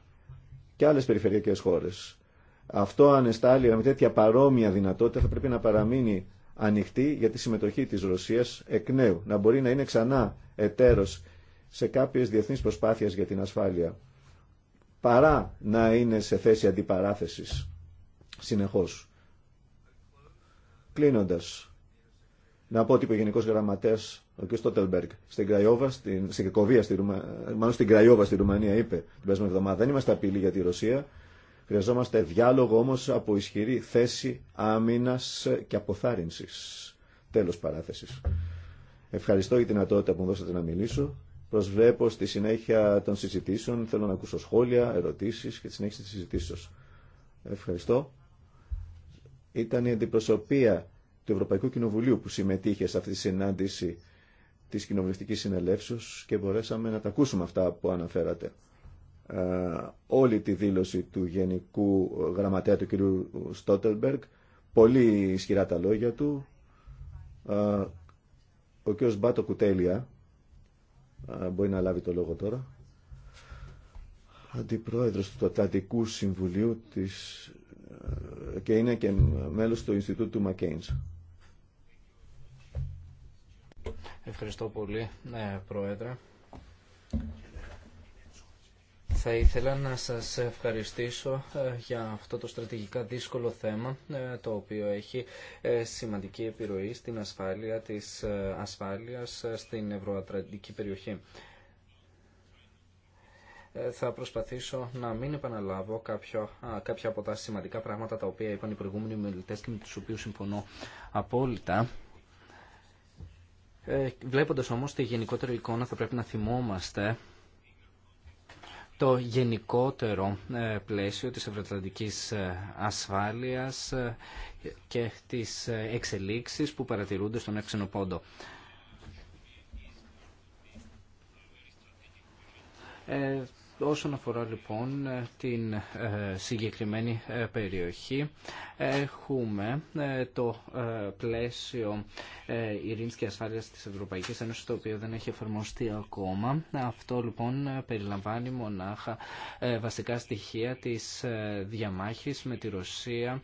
και άλλες περιφερειακές χώρες. Αυτό ανεστάλλει με τέτοια παρόμοια δυνατότητα θα πρέπει να παραμείνει ανοιχτή για τη συμμετοχή της Ρωσίας εκ νέου, να μπορεί να είναι ξανά εταίρος σε κάποιες διεθνείς προσπάθειες για την ασφάλεια παρά να είναι σε θέση αντιπαράθεσης συνεχώς. Κλείνοντας, να πω ότι είπε ο Γενικό Γραμματέα, ο κ. Στότελμπεργκ, στην Κραϊόβα, στην, στην στη Ρουμα... μάλλον στην Κραϊόβα, στη Ρουμανία, είπε την περασμένη εβδομάδα, δεν είμαστε απειλή για τη Ρωσία, χρειαζόμαστε διάλογο όμω από ισχυρή θέση Άμυνα και αποθάρρυνση τέλο παράθεση. Ευχαριστώ για την δυνατότητα που μου δώσατε να μιλήσω. Προσβλέπω στη συνέχεια των συζητήσεων. Θέλω να ακούσω σχόλια, ερωτήσεις και τη συνέχεια της συζητήσεως. Ευχαριστώ. Ήταν η αντιπροσωπεία του Ευρωπαϊκού Κοινοβουλίου που συμμετείχε σε αυτή τη συνάντηση της κοινοβουλευτικής συνελεύσεως και μπορέσαμε να τα ακούσουμε αυτά που αναφέρατε. Ε, όλη τη δήλωση του Γενικού Γραμματέα του κ. Στότερμπεργκ, πολύ ισχυρά τα λόγια του. Ε, ο κ. Μπάτο Κουτέλια μπορεί να λάβει το λόγο τώρα. Αντιπρόεδρος του Τατατικού Συμβουλίου της, ε, και είναι και μέλος του Ινστιτούτου Μακέινς. Ευχαριστώ πολύ, ε, Πρόεδρε. Θα ήθελα να σας ευχαριστήσω ε, για αυτό το στρατηγικά δύσκολο θέμα ε, το οποίο έχει ε, σημαντική επιρροή στην ασφάλεια της ασφάλειας στην ευρωατλαντική περιοχή. Θα προσπαθήσω να μην επαναλάβω κάποια από τα σημαντικά πράγματα τα οποία είπαν οι προηγούμενοι μελητές και με τους οποίους συμφωνώ απόλυτα. Βλέποντας όμως τη γενικότερη εικόνα θα πρέπει να θυμόμαστε το γενικότερο ε, πλαίσιο της ευρωτατικής ε, ασφάλειας ε, και τις εξελίξεις που παρατηρούνται στον έξινο πόντο. Όσον αφορά λοιπόν την ε, συγκεκριμένη ε, περιοχή, έχουμε ε, το πλαίσιο ειρήνης και ασφάλειας της Ευρωπαϊκής Ένωσης, το οποίο δεν έχει εφαρμοστεί ακόμα. Αυτό λοιπόν περιλαμβάνει μονάχα βασικά στοιχεία της διαμάχης με τη Ρωσία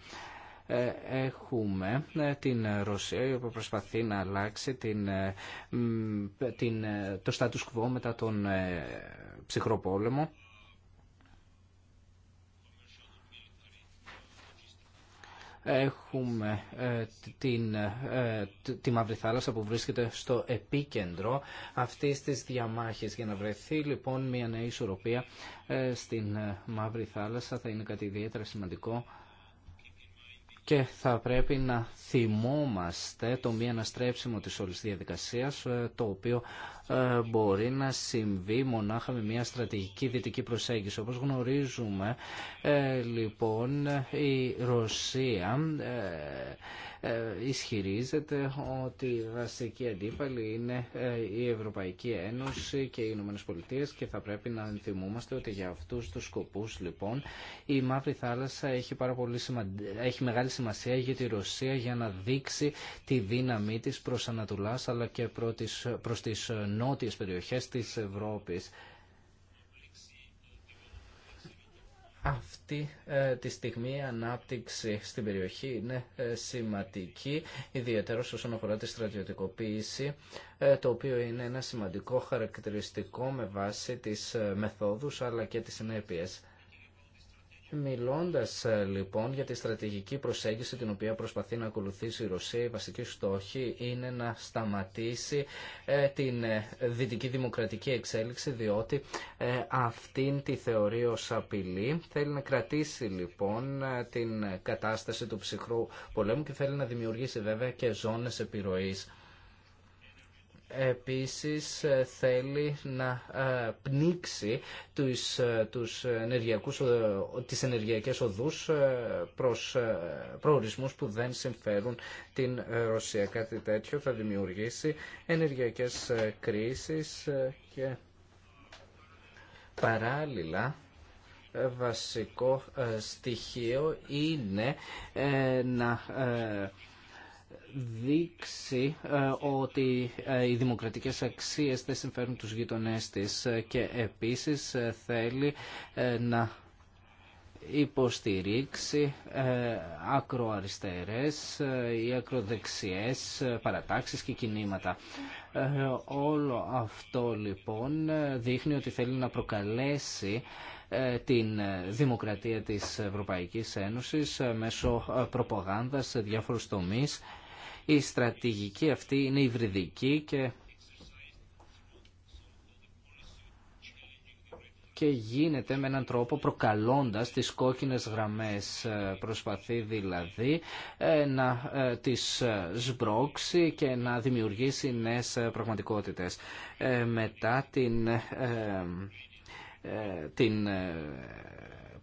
ε, έχουμε ε, την Ρωσία που προσπαθεί να αλλάξει την, ε, το status quo μετά τον ψυχρό πόλεμο. Έχουμε την, τη Μαύρη Θάλασσα που βρίσκεται στο επίκεντρο αυτής της διαμάχης. Για να βρεθεί λοιπόν μια νέα ισορροπία στην Μαύρη Θάλασσα θα είναι κάτι ιδιαίτερα σημαντικό και θα πρέπει να θυμόμαστε το μη αναστρέψιμο της όλης διαδικασίας, ε, το οποίο ε, μπορεί να συμβεί μονάχα με μια στρατηγική δυτική προσέγγιση. Όπως γνωρίζουμε, ε, λοιπόν, η Ρωσία ε, ισχυρίζεται ότι η βασική αντίπαλη είναι ε, η Ευρωπαϊκή Ένωση και οι Ηνωμένες Πολιτείες και θα πρέπει να θυμούμαστε ότι για αυτούς τους σκοπούς λοιπόν η Μαύρη Θάλασσα έχει, πάρα πολύ έχει μεγάλη σημασία για τη Ρωσία για να δείξει τη δύναμή της προς Ανατολάς αλλά και προς τις νότιες περιοχές της Ευρώπης. Αυτή ε, τη στιγμή η ανάπτυξη στην περιοχή είναι ε, σημαντική, ιδιαίτερα όσον αφορά τη στρατιωτικοποίηση, ε, το οποίο είναι ένα σημαντικό χαρακτηριστικό με βάση τις μεθόδους αλλά και τις συνέπειες. Μιλώντας ε, λοιπόν για τη στρατηγική προσέγγιση την οποία προσπαθεί να ακολουθήσει η Ρωσία, η βασική στόχη είναι να σταματήσει ε, την ε, δυτική δημοκρατική εξέλιξη διότι αυτήν τη θεωρεί ως απειλή. Θέλει να κρατήσει λοιπόν την κατάσταση του ψυχρού πολέμου και θέλει να δημιουργήσει βέβαια και ζώνες επιρροής επίσης ε, θέλει να ε, πνίξει τους, ε, τους ενεργειακούς, τις ενεργειακές οδούς προς προορισμούς που δεν συμφέρουν την Ρωσία. Κάτι τέτοιο θα δημιουργήσει ενεργειακές κρίσεις και παράλληλα βασικό στοιχείο είναι να δείξει ε, ότι ε, οι δημοκρατικές αξίες δεν συμφέρουν τους γειτονές της ε, και επίσης θέλει να υποστηρίξει ακροαριστερές ή ακροδεξιές παρατάξεις και κινήματα. Όλο αυτό λοιπόν δείχνει ότι θέλει να προκαλέσει την δημοκρατία της Ευρωπαϊκής Ένωσης μέσω προπογάνδας σε διάφορους τομείς η στρατηγική αυτή είναι υβριδική και και γίνεται με έναν τρόπο προκαλώντας τις κόκκινες γραμμές. Ε, προσπαθεί δηλαδή ε, να ε, τις σμπρώξει και να δημιουργήσει νέες πραγματικότητες. Μετά την την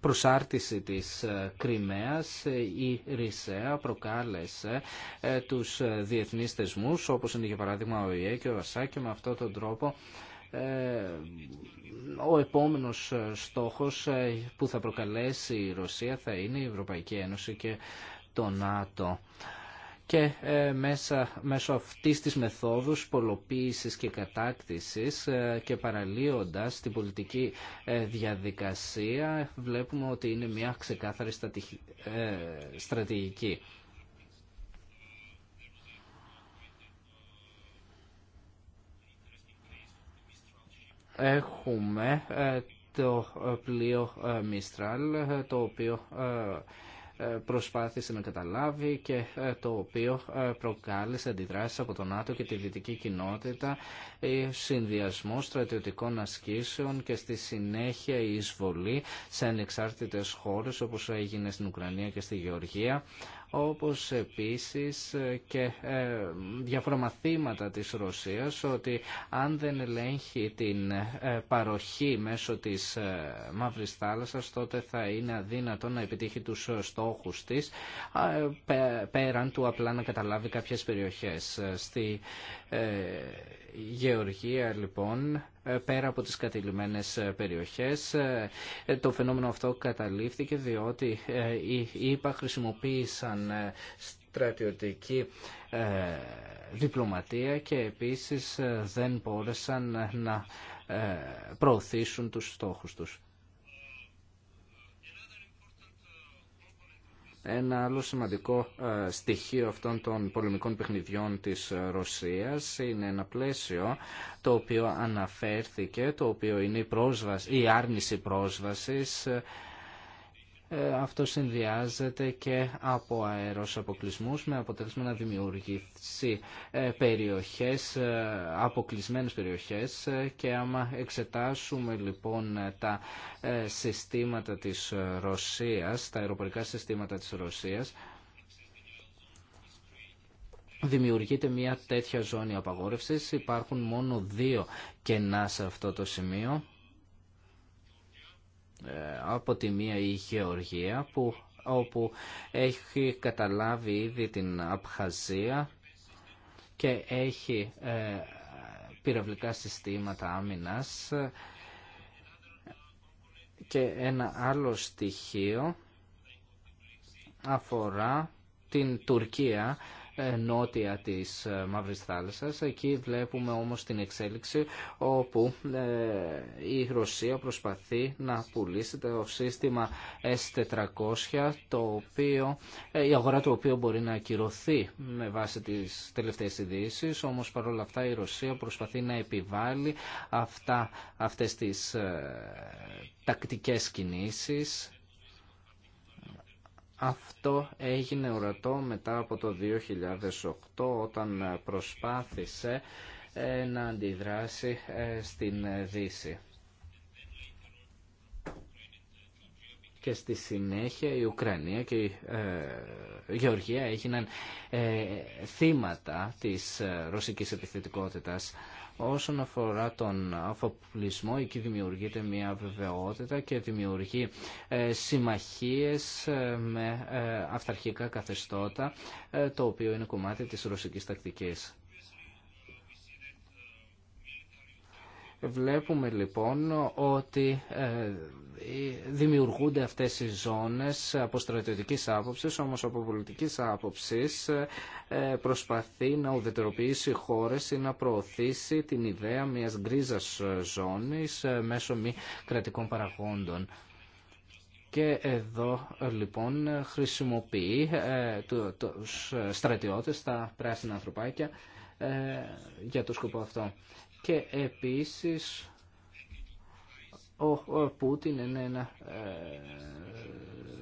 προσάρτηση της ε, Κρυμαίας ε, η Ρισαία προκάλεσε ε, τους διεθνείς θεσμούς όπως είναι για παράδειγμα ο ΙΕ και ο ΑΣΑ και με αυτόν τον τρόπο ο επόμενος στόχος που θα προκαλέσει η Ρωσία θα είναι η Ευρωπαϊκή Ένωση και το ΝΑΤΟ και ε, μέσα, μέσω αυτής της μεθόδους πολλοποίησης και κατάκτησης ε, και παραλύοντας την πολιτική ε, διαδικασία βλέπουμε ότι είναι μια ξεκάθαρη στρατηγική. Έχουμε το πλοίο Μίστραλ, το οποίο ε, προσπάθησε να καταλάβει και ε, το οποίο ε, προκάλεσε αντιδράσεις από τον ΝΑΤΟ και τη δυτική κοινότητα, συνδυασμό στρατιωτικών ασκήσεων και στη συνέχεια η εισβολή σε ανεξάρτητες χώρες όπως έγινε στην Ουκρανία και στη Γεωργία όπως επίσης και ε, διαφορομαθήματα της Ρωσίας ότι αν δεν ελέγχει την ε, παροχή μέσω της ε, Μαύρης Θάλασσας τότε θα είναι αδύνατο να επιτύχει τους στόχους της πέραν του απλά να καταλάβει κάποιες περιοχές. Στη ε, γεωργία λοιπόν ε, πέρα από τις κατηλημένες ε, περιοχές. Το φαινόμενο αυτό καταλήφθηκε διότι οι ΙΠΑ χρησιμοποίησαν στρατιωτική διπλωματία και επίσης δεν μπόρεσαν να προωθήσουν τους στόχους τους. Ένα άλλο σημαντικό ε, στοιχείο αυτών των πολεμικών παιχνιδιών της ε, Ρωσίας είναι ένα πλαίσιο το οποίο αναφέρθηκε, το οποίο είναι η, πρόσβαση, η άρνηση πρόσβασης ε, ε, αυτό συνδυάζεται και από αερός αποκλεισμούς με αποτέλεσμα να δημιουργήσει ε, περιοχές, ε, αποκλεισμένες περιοχές και άμα εξετάσουμε λοιπόν τα συστήματα της Ρωσίας, τα αεροπορικά συστήματα της Ρωσίας, δημιουργείται μια τέτοια ζώνη απαγόρευσης. Υπάρχουν μόνο δύο κενά σε αυτό το σημείο ε, από τη μία η Γεωργία που, όπου έχει καταλάβει ήδη την Απχαζία και έχει ε, πυραυλικά συστήματα άμυνας και ένα άλλο στοιχείο αφορά την Τουρκία νότια της ε, Μαύρης Θάλασσας. Εκεί βλέπουμε όμως την εξέλιξη όπου ε, η Ρωσία προσπαθεί να πουλήσει το σύστημα S400 το οποίο, ε, η αγορά του οποίου μπορεί να ακυρωθεί με βάση τις τελευταίες ειδήσει, όμως παρόλα αυτά η Ρωσία προσπαθεί να επιβάλλει αυτά, αυτές τις τακτικές κινήσεις αυτό έγινε ορατό μετά από το 2008 όταν προσπάθησε ε, να αντιδράσει ε, στην Δύση. και στη συνέχεια η Ουκρανία και η ε, Γεωργία έγιναν θύματα της ρωσικής επιθετικότητας. Όσον αφορά τον αφοπλισμό, εκεί δημιουργείται μια βεβαιότητα και δημιουργεί ε, συμμαχίες ε, με ε, αυταρχικά καθεστώτα, το οποίο είναι κομμάτι της ρωσικής τακτικής. Βλέπουμε λοιπόν ότι ε, δημιουργούνται αυτές οι ζώνες από στρατιωτική άποψης, όμως από πολιτικής άποψης ε, προσπαθεί να ουδετεροποιήσει χώρες ή να προωθήσει την ιδέα μιας γκρίζας ζώνης ε, μέσω μη κρατικών παραγόντων. Και εδώ λοιπόν χρησιμοποιεί του τους στρατιώτες, τα πράσινα ανθρωπάκια, για το σκοπό αυτό και επίσης ο Πούτιν είναι ένα ε,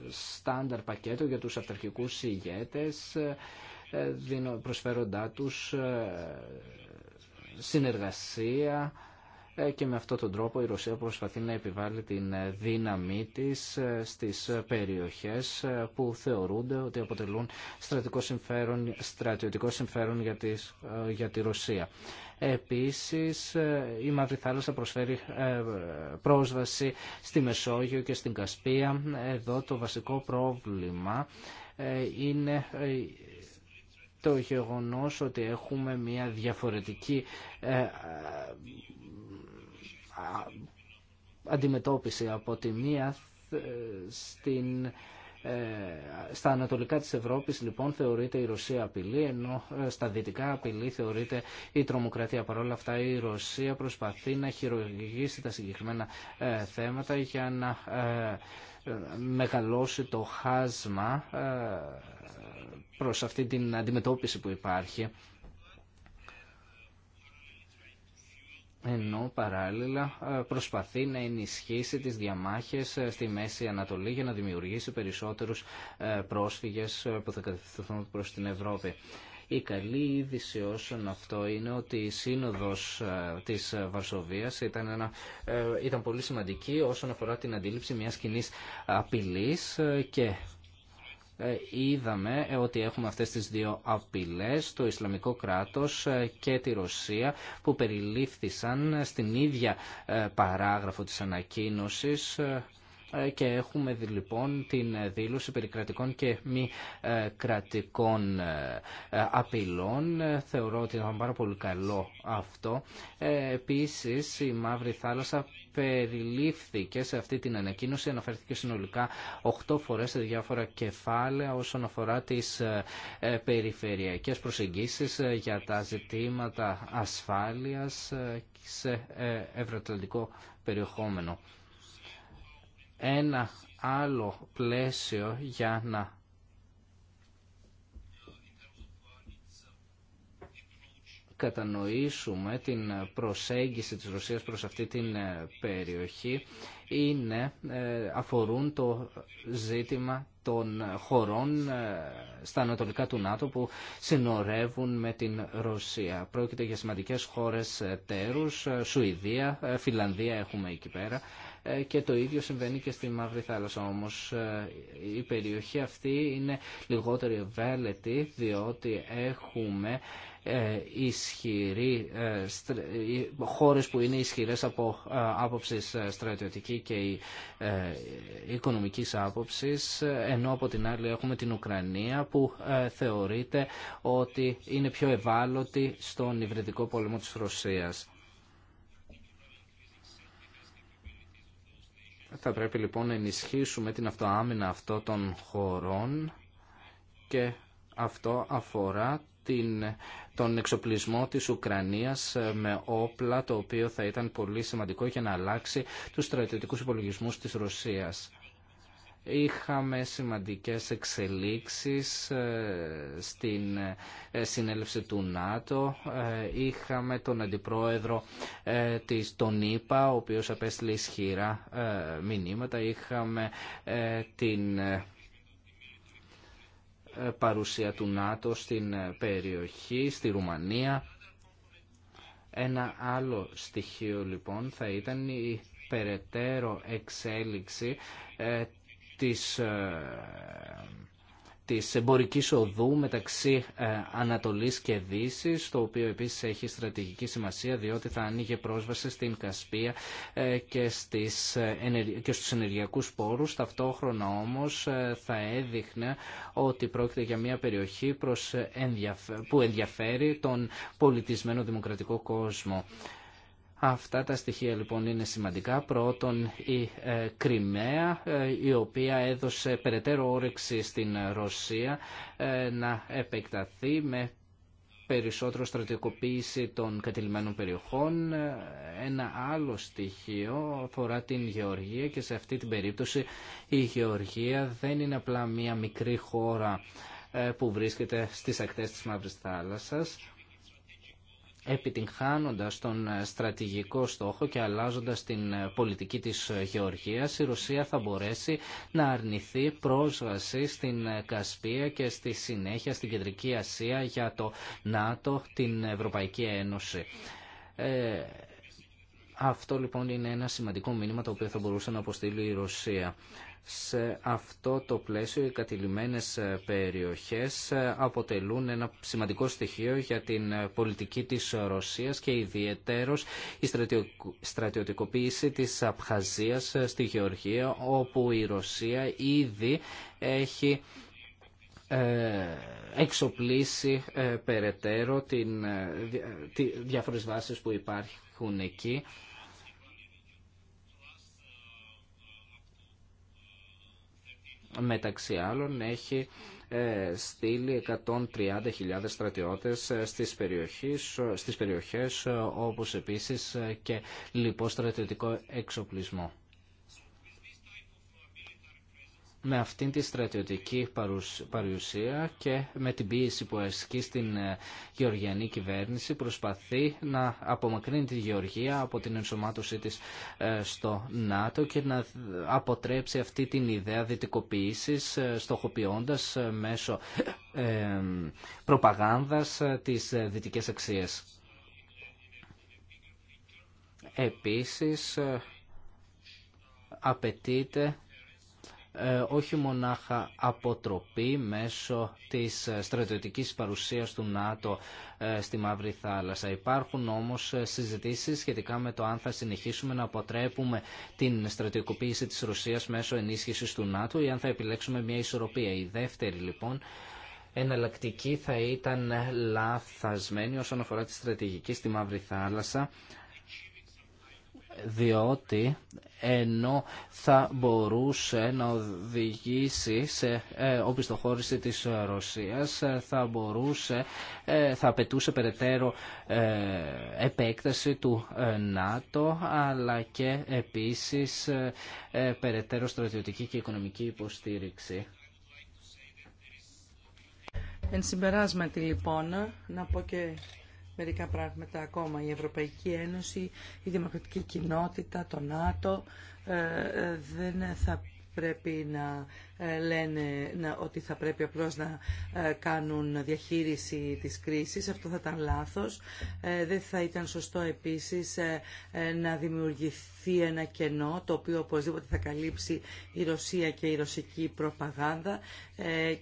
στάνταρ πακέτο για τους αυταρχικούς ηγέτες ε, προσφέροντά τους ε, συνεργασία ε, και με αυτόν τον τρόπο η Ρωσία προσπαθεί να επιβάλλει την δύναμή της ε, στις περιοχές ε, που θεωρούνται ότι αποτελούν στρατιωτικό συμφέρον, στρατιωτικό συμφέρον για, τις, για τη Ρωσία. Επίσης, η Μαύρη Θάλασσα προσφέρει πρόσβαση στη Μεσόγειο και στην Κασπία. Εδώ το βασικό πρόβλημα είναι το γεγονός ότι έχουμε μια διαφορετική αντιμετώπιση από τη μία στην, ε, στα ανατολικά της Ευρώπης λοιπόν θεωρείται η Ρωσία απειλή ενώ ε, στα δυτικά απειλή θεωρείται η τρομοκρατία. Παρ' όλα αυτά η Ρωσία προσπαθεί να χειρογηγήσει τα συγκεκριμένα ε, θέματα για να μεγαλώσει το χάσμα προς αυτή την αντιμετώπιση που υπάρχει. ενώ παράλληλα ε, προσπαθεί να ενισχύσει τις διαμάχες ε, στη Μέση Ανατολή για να δημιουργήσει περισσότερους ε, πρόσφυγες που θα κατευθυνθούν προς την Ευρώπη. Η καλή είδηση όσον αυτό είναι ότι η σύνοδος της Βαρσοβίας ήταν, ένα, ήταν πολύ σημαντική όσον αφορά την αντίληψη μιας κοινή απειλής και ε, είδαμε ε, ότι έχουμε αυτές τις δύο απειλές, το Ισλαμικό κράτος ε, και τη Ρωσία που περιλήφθησαν στην ίδια παράγραφο της ανακοίνωσης και έχουμε λοιπόν την δήλωση περί και μη κρατικών απειλών. Θεωρώ ότι ήταν πάρα πολύ καλό αυτό. Επίσης η Μαύρη Θάλασσα περιλήφθηκε σε αυτή την ανακοίνωση αναφέρθηκε συνολικά 8 φορές σε διάφορα κεφάλαια όσον αφορά τις ε, ε, περιφερειακές προσεγγίσεις ε, για τα ζητήματα ασφάλειας σε ευρωατλαντικό περιεχόμενο. Ένα άλλο πλαίσιο για να κατανοήσουμε την προσέγγιση της Ρωσίας προς αυτή την ε, περιοχή είναι, ε, αφορούν το ζήτημα των χωρών ε, στα ανατολικά του ΝΑΤΟ που συνορεύουν με την Ρωσία. Πρόκειται για σημαντικές χώρες τέρους, Σουηδία, Φιλανδία έχουμε εκεί πέρα και το ίδιο συμβαίνει και στη Μαύρη Θάλασσα. Όμως η περιοχή αυτή είναι λιγότερο ευέλετη διότι έχουμε ε, ισχυροί, ε, ε, χώρες που είναι ισχυρές από άποψης στρατιωτική και οικονομικής άποψης, ενώ από την άλλη έχουμε την Ουκρανία που θεωρείται ότι είναι πιο ευάλωτη στον υβριδικό πόλεμο της Ρωσίας. Θα πρέπει λοιπόν να ενισχύσουμε την αυτοάμυνα αυτών των χωρών και αυτό αφορά την τον εξοπλισμό της Ουκρανίας ε, με όπλα, το οποίο θα ήταν πολύ σημαντικό για να αλλάξει τους στρατιωτικούς υπολογισμούς της Ρωσίας. Είχαμε σημαντικές εξελίξεις ε, στην ε, συνέλευση του ΝΑΤΟ. Είχαμε τον αντιπρόεδρο της τον ΙΠΑ, ο οποίος απέστειλε ισχυρά μηνύματα. Είχαμε την ε, παρουσία του ΝΑΤΟ στην ε, περιοχή, στη Ρουμανία. Ένα άλλο στοιχείο λοιπόν θα ήταν η περαιτέρω εξέλιξη ε, της της εμπορικής οδού μεταξύ ε, Ανατολής και Δύσης, το οποίο επίσης έχει στρατηγική σημασία διότι θα ανοίγει πρόσβαση στην Κασπία ε, και, στις, ε, και στους ενεργειακούς πόρους. Ταυτόχρονα όμως θα έδειχνε ότι πρόκειται για μια περιοχή προς που ενδιαφέρει τον πολιτισμένο δημοκρατικό κόσμο. Αυτά τα στοιχεία λοιπόν είναι σημαντικά. Πρώτον η ε, Κρυμαία ε, η οποία έδωσε περαιτέρω όρεξη στην Ρωσία ε, να επεκταθεί με περισσότερο στρατιωτικοποίηση των κατηλημένων περιοχών. Ε, ένα άλλο στοιχείο αφορά την Γεωργία και σε αυτή την περίπτωση η Γεωργία δεν είναι απλά μία μικρή χώρα που βρίσκεται στις ακτές της Μαύρης Θάλασσας επιτυγχάνοντας τον ε, στρατηγικό στόχο και αλλάζοντας την ε, πολιτική της ε, γεωργίας, η Ρωσία θα μπορέσει να αρνηθεί πρόσβαση στην Κασπία και στη συνέχεια στην Κεντρική Ασία για το ΝΑΤΟ, την Ευρωπαϊκή Ένωση. αυτό λοιπόν είναι ένα σημαντικό μήνυμα το οποίο θα μπορούσε να αποστείλει η Ρωσία. Σε αυτό το πλαίσιο οι κατηλημένες ε, περιοχές ε, αποτελούν ένα σημαντικό στοιχείο για την ε, πολιτική της Ρωσίας και ιδιαίτερος η στρατιωτικοποίηση της Απχαζίας στη Γεωργία όπου η Ρωσία ήδη έχει εξοπλίσει περαιτέρω την, διάφορες βάσεις που υπάρχουν εκεί μεταξύ άλλων έχει ε, στείλει 130.000 στρατιώτες ε, στις περιοχές, ε, στις περιοχές όπως επίσης και λοιπό στρατιωτικό εξοπλισμό με αυτήν τη στρατιωτική παρουσία και με την πίεση που ασκεί στην ε, γεωργιανή κυβέρνηση προσπαθεί να απομακρύνει τη Γεωργία από την ενσωμάτωσή της ε, στο ΝΑΤΟ και να αποτρέψει αυτή την ιδέα δυτικοποίησης ε, στοχοποιώντας μέσω προπαγάνδας τις δυτικές αξίες. Επίσης απαιτείται ε, όχι μονάχα αποτροπή μέσω της στρατιωτικής παρουσίας του ΝΑΤΟ ε, στη Μαύρη Θάλασσα. Υπάρχουν όμως ε, συζητήσεις σχετικά με το αν θα συνεχίσουμε να αποτρέπουμε την στρατιωτικοποίηση της Ρωσίας μέσω ενίσχυσης του ΝΑΤΟ ή αν θα επιλέξουμε μια ισορροπία. Η δεύτερη λοιπόν εναλλακτική θα ήταν λαθασμένη όσον αφορά τη στρατηγική στη Μαύρη Θάλασσα διότι ενώ θα μπορούσε να οδηγήσει σε ε, οπισθοχώρηση της Ρωσίας, ε, θα μπορούσε, ε, θα απαιτούσε περαιτέρω επέκταση του ΝΑΤΟ, αλλά και επίσης περαιτέρω στρατιωτική και οικονομική υποστήριξη. Εν συμπεράσματι λοιπόν, να πω μερικά πράγματα ακόμα. Η Ευρωπαϊκή Ένωση, η Δημοκρατική Κοινότητα, το ΝΑΤΟ ε, ε, δεν θα πρέπει να ε, λένε ότι θα πρέπει απλώς να ε, κάνουν διαχείριση της κρίσης. Αυτό θα ήταν λάθος. Ε, δεν θα ήταν σωστό επίσης να δημιουργηθεί ένα κενό το οποίο οπωσδήποτε θα καλύψει η Ρωσία και η ρωσική προπαγάνδα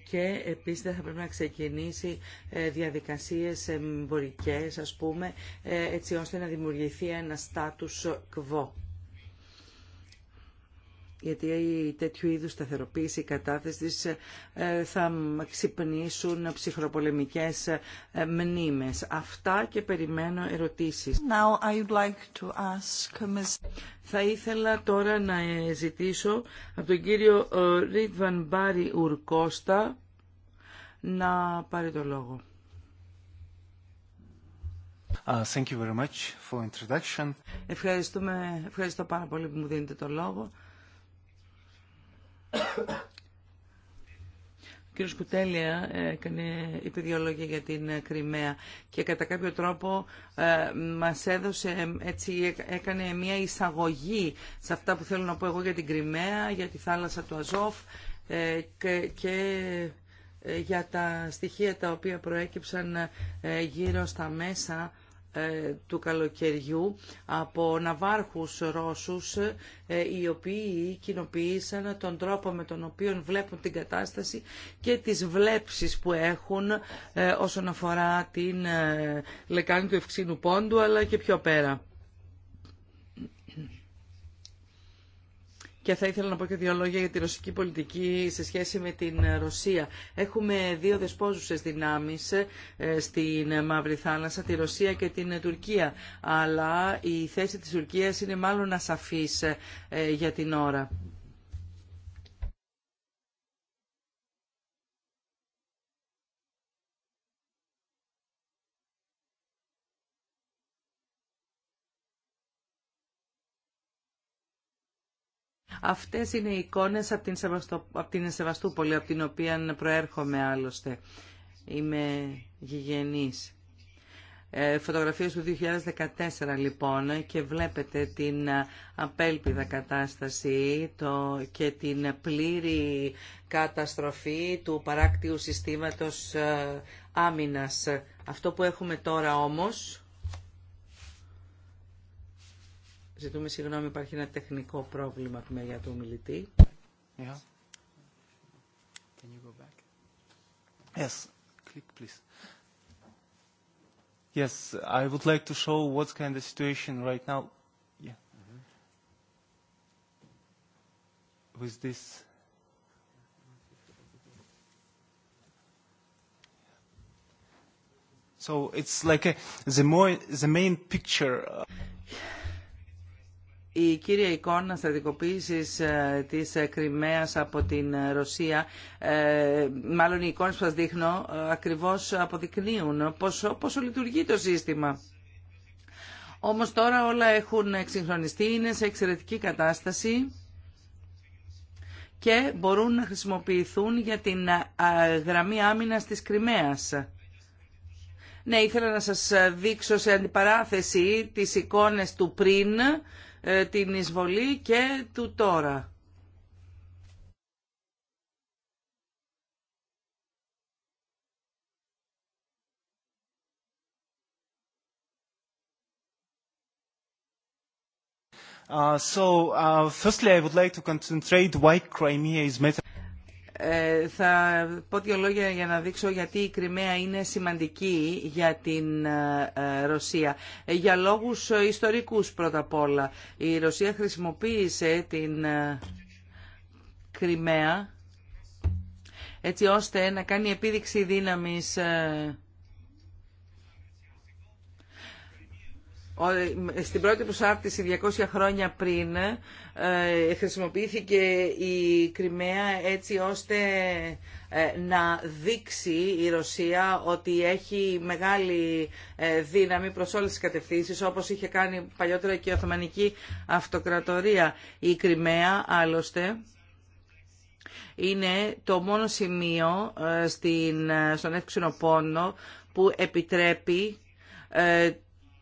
και επίσης δεν θα πρέπει να ξεκινήσει διαδικασίες εμπορικές ας πούμε έτσι ώστε να δημιουργηθεί ένα status κβο γιατί η τέτοιου είδους σταθεροποίηση, η κατάθεση ε, θα ξυπνήσουν ψυχροπολεμικές ε, μνήμες. Αυτά και περιμένω ερωτήσεις. Θα ήθελα τώρα να ζητήσω από τον κύριο ε, Ρίτβαν Μπάρι Ουρκώστα να πάρει το λόγο. Uh, Ευχαριστούμε, ευχαριστώ πάρα πολύ που μου δίνετε το λόγο. Ο κύριος Κουτέλια έκανε είπε δύο για την Κρυμαία και κατά κάποιο τρόπο ε, μας έδωσε, έτσι έκανε μια εισαγωγή σε αυτά που θέλω να πω εγώ για την Κρυμαία, για τη θάλασσα του Αζόφ ε, και, και ε, για τα στοιχεία τα οποία προέκυψαν γύρω στα μέσα ε, του καλοκαιριού από ναυάρχους Ρώσους ε, οι οποίοι κοινοποίησαν τον τρόπο με τον οποίο βλέπουν την κατάσταση και τις βλέψεις που έχουν ε, όσον αφορά την λεκάνη του Ευξήνου Πόντου αλλά και πιο πέρα. Και θα ήθελα να πω και δύο λόγια για τη ρωσική πολιτική σε σχέση με την Ρωσία. Έχουμε δύο δεσπόζουσες δυνάμεις ε, στην Μαύρη Θάλασσα, τη Ρωσία και την Τουρκία. Αλλά η θέση της Τουρκίας είναι μάλλον ασαφής ε, για την ώρα. Αυτές είναι οι εικόνες από την, Σεβαστο... από την Σεβαστούπολη, από την οποία προέρχομαι άλλωστε. Είμαι γηγενής. Ε, φωτογραφίες του 2014 λοιπόν και βλέπετε την ε, απέλπιδα κατάσταση το, και την πλήρη καταστροφή του παράκτιου συστήματος ε, άμυνας. Αυτό που έχουμε τώρα όμως Ζητούμε συγγνώμη, υπάρχει ένα τεχνικό πρόβλημα από τη μεριά του ομιλητή. Yeah. Can you go back? Yes. Click, please. Yes, I would like to show what kind of situation right now. Yeah. With this. So it's like a, the more the main picture η κύρια εικόνα στρατικοποίησης ε, της ε, Κρυμαίας από την ε, Ρωσία, μάλλον οι εικόνες που σας δείχνω, ακριβώς αποδεικνύουν πόσο, πόσο λειτουργεί το σύστημα. Όμως τώρα όλα έχουν εξυγχρονιστεί, είναι σε εξαιρετική κατάσταση και μπορούν να χρησιμοποιηθούν για την γραμμή άμυνας της Κρυμαίας. Ναι, ήθελα να σας δείξω σε αντιπαράθεση τις εικόνες του πριν, την εισβολή και του τώρα. so firstly, I would like to concentrate why Crimea is matter. Ε, θα πω δύο λόγια για να δείξω γιατί η Κρυμαία είναι σημαντική για την ε, ε, Ρωσία. Για λόγους ιστορικούς πρώτα απ' όλα. Η Ρωσία χρησιμοποίησε την Κρυμαία έτσι ώστε να κάνει επίδειξη δύναμης Στην πρώτη προσάρτηση 200 χρόνια πριν ε, χρησιμοποιήθηκε η Κρυμαία έτσι ώστε ε, να δείξει η Ρωσία ότι έχει μεγάλη ε, δύναμη προς όλες τις κατευθύνσεις όπως είχε κάνει παλιότερα και η Οθωμανική Αυτοκρατορία. Η Κρυμαία άλλωστε είναι το μόνο σημείο στην, στον εύξηνο πόνο που επιτρέπει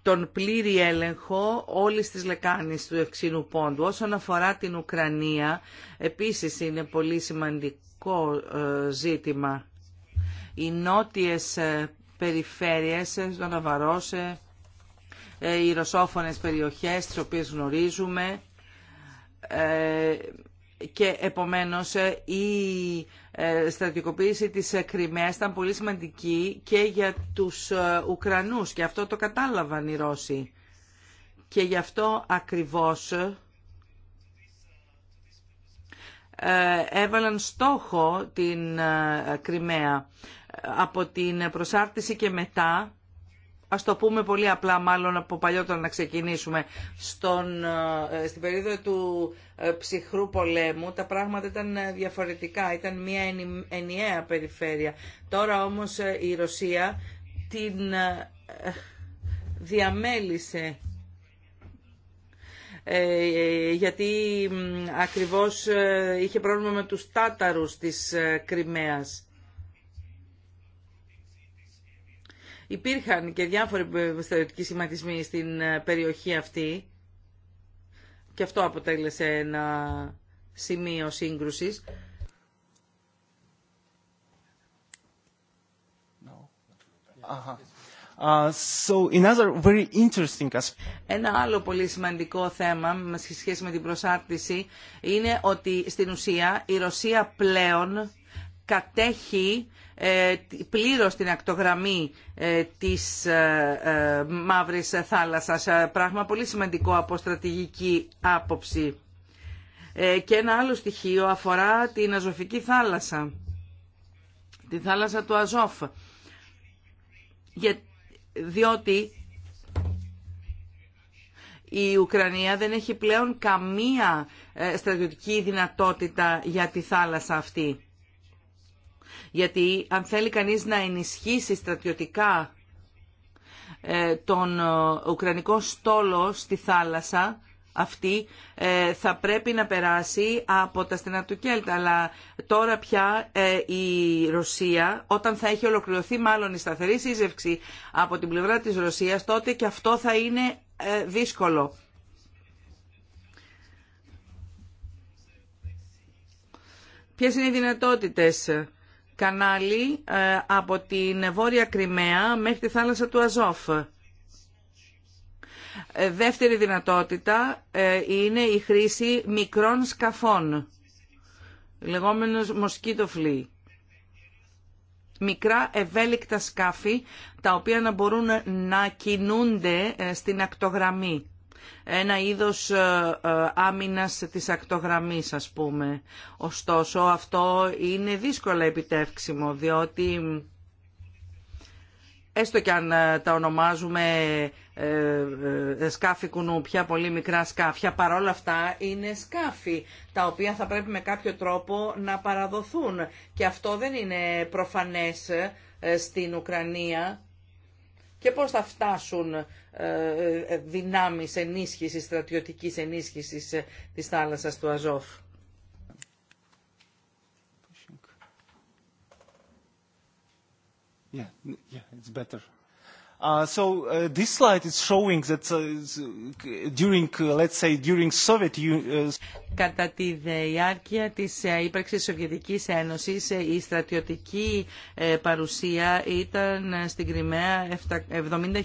τον πλήρη έλεγχο όλης της λεκάνης του Ευξήνου Πόντου. Όσον αφορά την Ουκρανία, επίσης είναι πολύ σημαντικό ε, ζήτημα. Οι νότιες ε, περιφέρειες, ε, στον ε, οι ρωσόφωνες περιοχές, τις οποίες γνωρίζουμε, και επομένως ε, η ε, στρατικοποίηση της ε, Κρυμαίας ήταν πολύ σημαντική και για τους Ουκρανούς και αυτό το κατάλαβαν οι Ρώσοι. Και γι' αυτό ακριβώς έβαλαν στόχο την Κρυμαία. Από την προσάρτηση και μετά Α το πούμε πολύ απλά μάλλον από παλιότερο να ξεκινήσουμε, Στον, ε, στην περίοδο του ε, ψυχρού πολέμου τα πράγματα ήταν ε, διαφορετικά, ήταν μια ενιαία περιφέρεια. Τώρα όμως η Ρωσία την διαμέλισε γιατί ακριβώς είχε πρόβλημα με τους τάταρους της Κρυμαίας. Υπήρχαν και διάφοροι στρατιωτικοί σχηματισμοί στην ε, περιοχή αυτή και αυτό αποτέλεσε ένα σημείο σύγκρουσης. Ένα άλλο πολύ σημαντικό θέμα σε σχέση με την προσάρτηση είναι ότι στην ουσία η Ρωσία πλέον κατέχει ε, πλήρως την ακτογραμμή ε, της ε, Μαύρης Θάλασσας. Πράγμα πολύ σημαντικό από στρατηγική άποψη. Και ένα άλλο στοιχείο αφορά την Αζωφική θάλασσα, τη θάλασσα του Αζόφ. Για, διότι η Ουκρανία δεν έχει πλέον καμία στρατιωτική δυνατότητα για τη θάλασσα αυτή. Γιατί αν θέλει κανείς να ενισχύσει στρατιωτικά ε, τον ε, Ουκρανικό στόλο στη θάλασσα, αυτή ε, θα πρέπει να περάσει από τα στενά του Κέλτα. Αλλά τώρα πια η Ρωσία, όταν θα έχει ολοκληρωθεί μάλλον η σταθερή σύζευξη από την πλευρά της Ρωσίας, τότε και αυτό θα είναι δύσκολο. Ποιες είναι οι δυνατότητες κανάλι ε, από την Βόρεια Κρυμαία μέχρι τη θάλασσα του Αζόφ. Ε, δεύτερη δυνατότητα ε, είναι η χρήση μικρών σκαφών, λεγόμενος μοσκίτοφλι. Μικρά ευέλικτα σκάφη, τα οποία να μπορούν να κινούνται στην ακτογραμμή ένα είδος ε, ε, άμυνας της ακτογραμμής ας πούμε. Ωστόσο αυτό είναι δύσκολα επιτεύξιμο διότι έστω και αν ε, τα ονομάζουμε σκάφη κουνούπια, πολύ μικρά σκάφια, παρόλα αυτά είναι σκάφη τα οποία θα πρέπει με κάποιο τρόπο να παραδοθούν. Και αυτό δεν είναι προφανές στην Ουκρανία και πώς θα φτάσουν ε, ε, δυνάμεις ενίσχυσης, στρατιωτικής ενίσχυσης ε, της θάλασσας του Αζόφ. Yeah, yeah, it's better. Κατά τη διάρκεια της ε, ύπαρξης Σοβιετικής Ένωσης ε, η στρατιωτική ε, παρουσία ήταν στην Κρυμαία 70.000.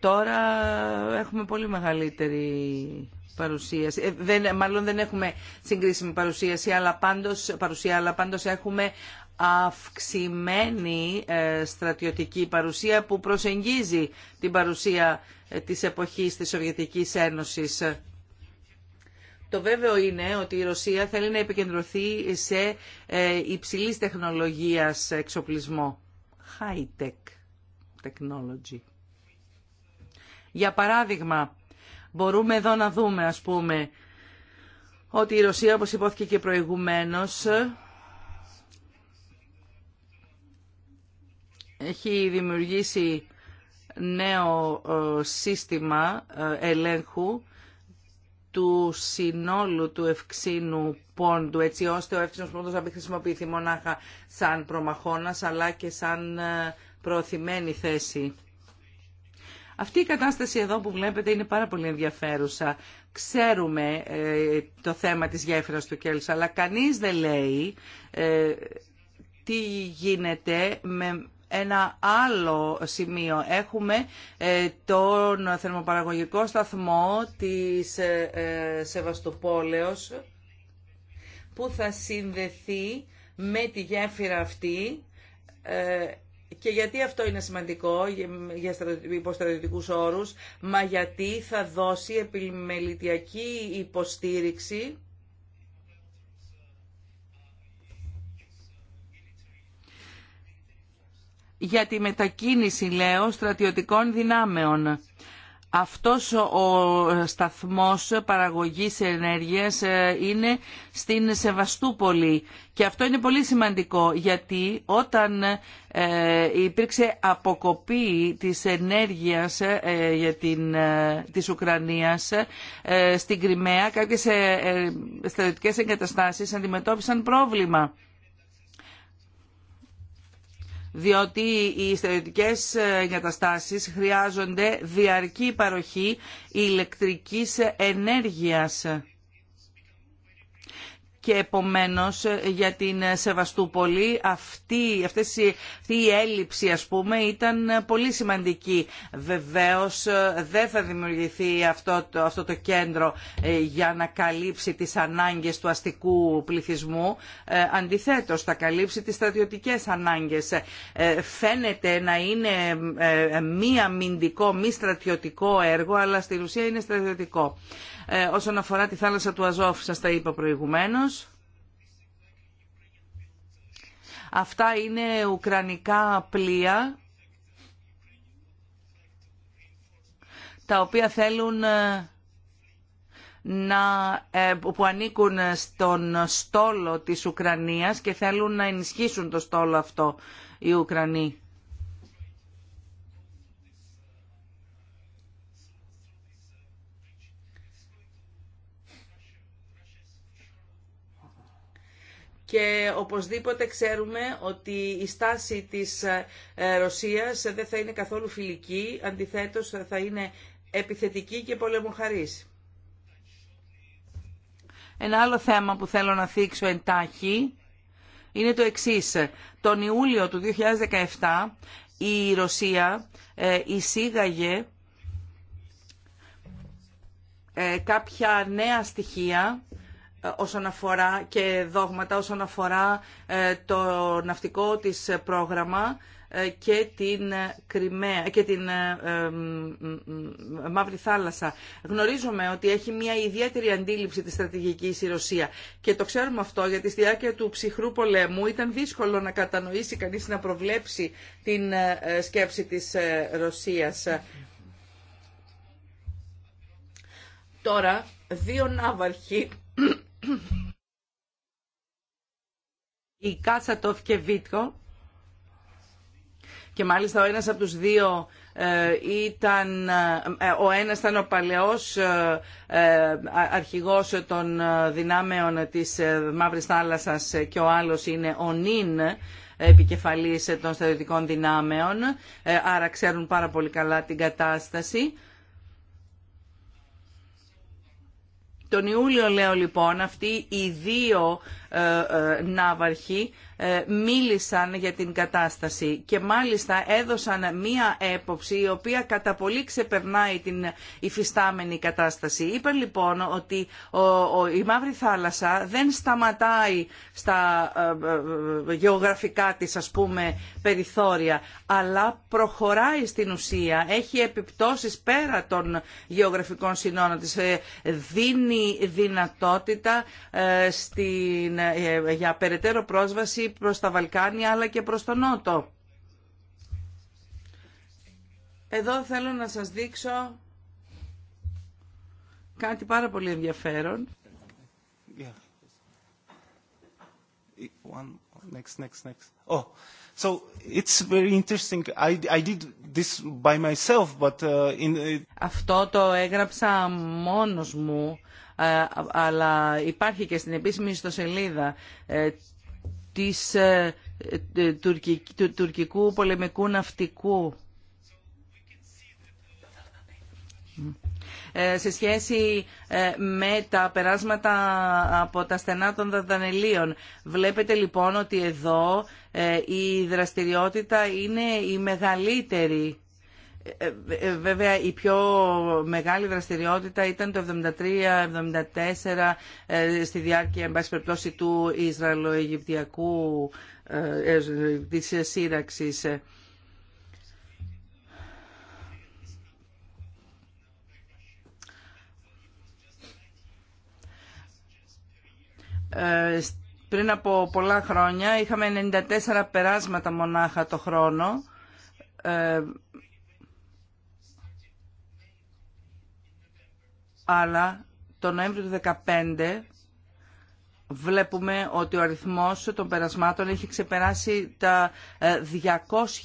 Τώρα έχουμε πολύ μεγαλύτερη παρουσίαση. Δεν, μάλλον δεν έχουμε συγκρίσιμη παρουσίαση, αλλά πάντως, παρουσία, αλλά πάντως έχουμε αυξημένη ε, στρατιωτική παρουσία που προσεγγίζει την παρουσία ε, της εποχής της Σοβιετικής Ένωσης. Το βέβαιο είναι ότι η Ρωσία θέλει να επικεντρωθεί σε ε, υψηλής τεχνολογίας εξοπλισμό. High-tech technology. Για παράδειγμα, μπορούμε εδώ να δούμε, ας πούμε, ότι η Ρωσία, όπως υπόθηκε και προηγουμένως, έχει δημιουργήσει νέο ε, σύστημα ε, ελέγχου του συνόλου του ευξήνου πόντου, έτσι ώστε ο ευξήνος πόντος να μην χρησιμοποιηθεί μονάχα σαν προμαχώνας, αλλά και σαν ε, προωθημένη θέση. Αυτή η κατάσταση εδώ που βλέπετε είναι πάρα πολύ ενδιαφέρουσα. Ξέρουμε το θέμα της γέφυρας του Κέλους, αλλά κανείς δεν λέει τι γίνεται με ένα άλλο σημείο. Έχουμε ε, τον θερμοπαραγωγικό σταθμό της ε, ε, Σεβαστοπόλεως που θα συνδεθεί με τη γέφυρα αυτή και γιατί αυτό είναι σημαντικό για υποστρατιωτικούς όρους, μα γιατί θα δώσει επιμελητιακή υποστήριξη για τη μετακίνηση, λέω, στρατιωτικών δυνάμεων. Αυτός ο σταθμός παραγωγής ενέργειας ε, είναι στην Σεβαστούπολη και αυτό είναι πολύ σημαντικό γιατί όταν ε, υπήρξε αποκοπή της ενέργειας ε, για την, της Ουκρανίας στην Κρυμαία κάποιες στρατιωτικές εγκαταστάσεις αντιμετώπισαν πρόβλημα διότι οι στερεωτικές ε, εγκαταστάσεις χρειάζονται διαρκή παροχή ηλεκτρικής ενέργειας και επομένως για την Σεβαστούπολη αυτή, αυτή η έλλειψη ας πούμε ήταν πολύ σημαντική. Βεβαίως δεν θα δημιουργηθεί αυτό το, αυτό το κέντρο ε, για να καλύψει τις ανάγκες του αστικού πληθυσμού. Ε, αντιθέτως θα καλύψει τις στρατιωτικές ανάγκες. Ε, φαίνεται να είναι μη αμυντικό, μη στρατιωτικό έργο αλλά στην ουσία είναι στρατιωτικό. Ε, όσον αφορά τη θάλασσα του Αζόφ, σας τα είπα προηγουμένως. Αυτά είναι ουκρανικά πλοία τα οποία θέλουν ε, να, ε, που ανήκουν στον στόλο της Ουκρανίας και θέλουν να ενισχύσουν το στόλο αυτό οι Ουκρανοί. και οπωσδήποτε ξέρουμε ότι η στάση της ε, Ρωσίας δεν θα είναι καθόλου φιλική, αντιθέτως θα είναι επιθετική και πολεμοχαρής. Ένα άλλο θέμα που θέλω να θίξω εντάχει είναι το εξής. Τον Ιούλιο του 2017 η Ρωσία ε, εισήγαγε ε, κάποια νέα στοιχεία όσον αφορά και δόγματα όσον αφορά ε, το ναυτικό της πρόγραμμα ε, και την ε, Κρυμαία και την Μαύρη Θάλασσα. Γνωρίζουμε ότι έχει μια ιδιαίτερη αντίληψη της στρατηγικής η Ρωσία και το ξέρουμε αυτό γιατί στη διάρκεια του ψυχρού πολέμου ήταν δύσκολο να κατανοήσει κανείς να προβλέψει την σκέψη της Ρωσίας. Τώρα, δύο ναύαρχοι η Κάσατοφ και Βίτκο και μάλιστα ο ένας από τους δύο ε, ήταν, ε, ε, ο ένας ήταν ο παλαιός αρχηγός των δυνάμεων της Μαύρης Θάλασσας και ο άλλος είναι ο Νίν, επικεφαλής των στρατιωτικών δυνάμεων, άρα ξέρουν πάρα πολύ καλά την κατάσταση. Τον Ιούλιο λέω λοιπόν αυτοί οι δύο ε, ε, ναύαρχοι ε, μίλησαν για την κατάσταση και μάλιστα έδωσαν μία έποψη η οποία κατά πολύ ξεπερνάει την υφιστάμενη κατάσταση. Είπαν λοιπόν ότι η Μαύρη Θάλασσα δεν σταματάει στα γεωγραφικά της ας πούμε περιθώρια αλλά προχωράει στην ουσία, έχει επιπτώσεις πέρα των γεωγραφικών συνόνων της, δίνει δυνατότητα στην ε, για περαιτέρω πρόσβαση προς τα Βαλκάνια αλλά και προς τον Νότο. Εδώ θέλω να σας δείξω κάτι πάρα πολύ ενδιαφέρον. One, next, next, next. Oh, so it's very interesting. I, I did this by myself, but uh, uh, Αυτό το έγραψα μόνος μου ε, αλλά υπάρχει και στην επίσημη ιστοσελίδα ε, της ε, του τουρκικού πολεμικού ναυτικού. σε σχέση με τα περάσματα από τα στενά των Δανελίων. Βλέπετε λοιπόν ότι εδώ η δραστηριότητα είναι η μεγαλύτερη ε, ε, βέβαια η πιο μεγάλη δραστηριότητα ήταν το 73-74 ε, στη διάρκεια εν πάση του Ισραηλο-Αιγυπτιακού της Πριν από πολλά χρόνια είχαμε 94 περάσματα μονάχα το χρόνο αλλά το Νοέμβριο του 2015 βλέπουμε ότι ο αριθμός των περασμάτων έχει ξεπεράσει τα 200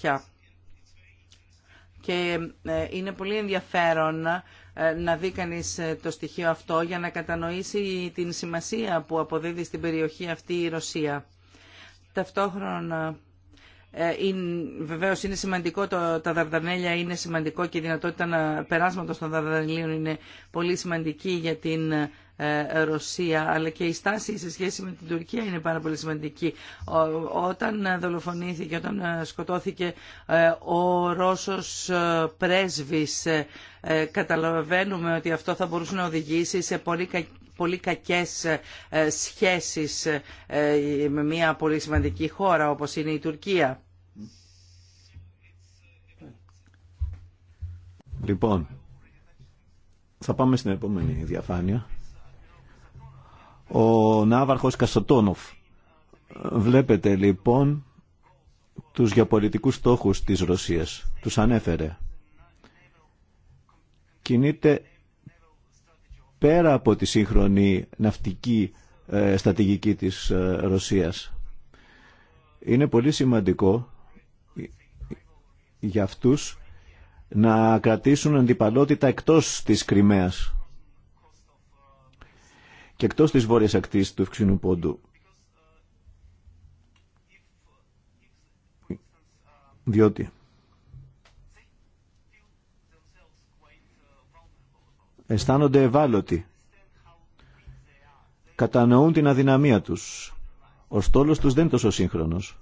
ε, και ε, είναι πολύ ενδιαφέρον ε, να δει κανεί το στοιχείο αυτό για να κατανοήσει την σημασία που αποδίδει στην περιοχή αυτή η Ρωσία. Ταυτόχρονα ε, Βεβαίω είναι σημαντικό, το, τα δαρδανέλια είναι σημαντικό και η δυνατότητα να, περάσματος των δαρδανελίων είναι πολύ σημαντική για την ε, Ρωσία, αλλά και η στάση σε σχέση με την Τουρκία είναι πάρα πολύ σημαντική. Όταν δολοφονήθηκε, όταν ε, σκοτώθηκε ο Ρώσος πρέσβης, καταλαβαίνουμε ότι αυτό θα μπορούσε να οδηγήσει σε πολύ πολύ κακές σχέσεις με μια πολύ σημαντική χώρα όπως είναι η Τουρκία. Λοιπόν, θα πάμε στην επόμενη διαφάνεια. Ο Ναύαρχος Καστοτόνοφ. Βλέπετε λοιπόν τους γεωπολιτικούς στόχους της Ρωσίας. Τους ανέφερε. Κινείται πέρα από τη σύγχρονη ναυτική ε, στατηγική της ε, Ρωσίας. Είναι πολύ σημαντικό για αυτούς να κρατήσουν αντιπαλότητα εκτός της Κρυμαίας και εκτός της βόρειας ακτής του Ευξήνου Πόντου. Διότι αισθάνονται ευάλωτοι, κατανοούν την αδυναμία τους. Ο στόλος τους δεν είναι τόσο σύγχρονος.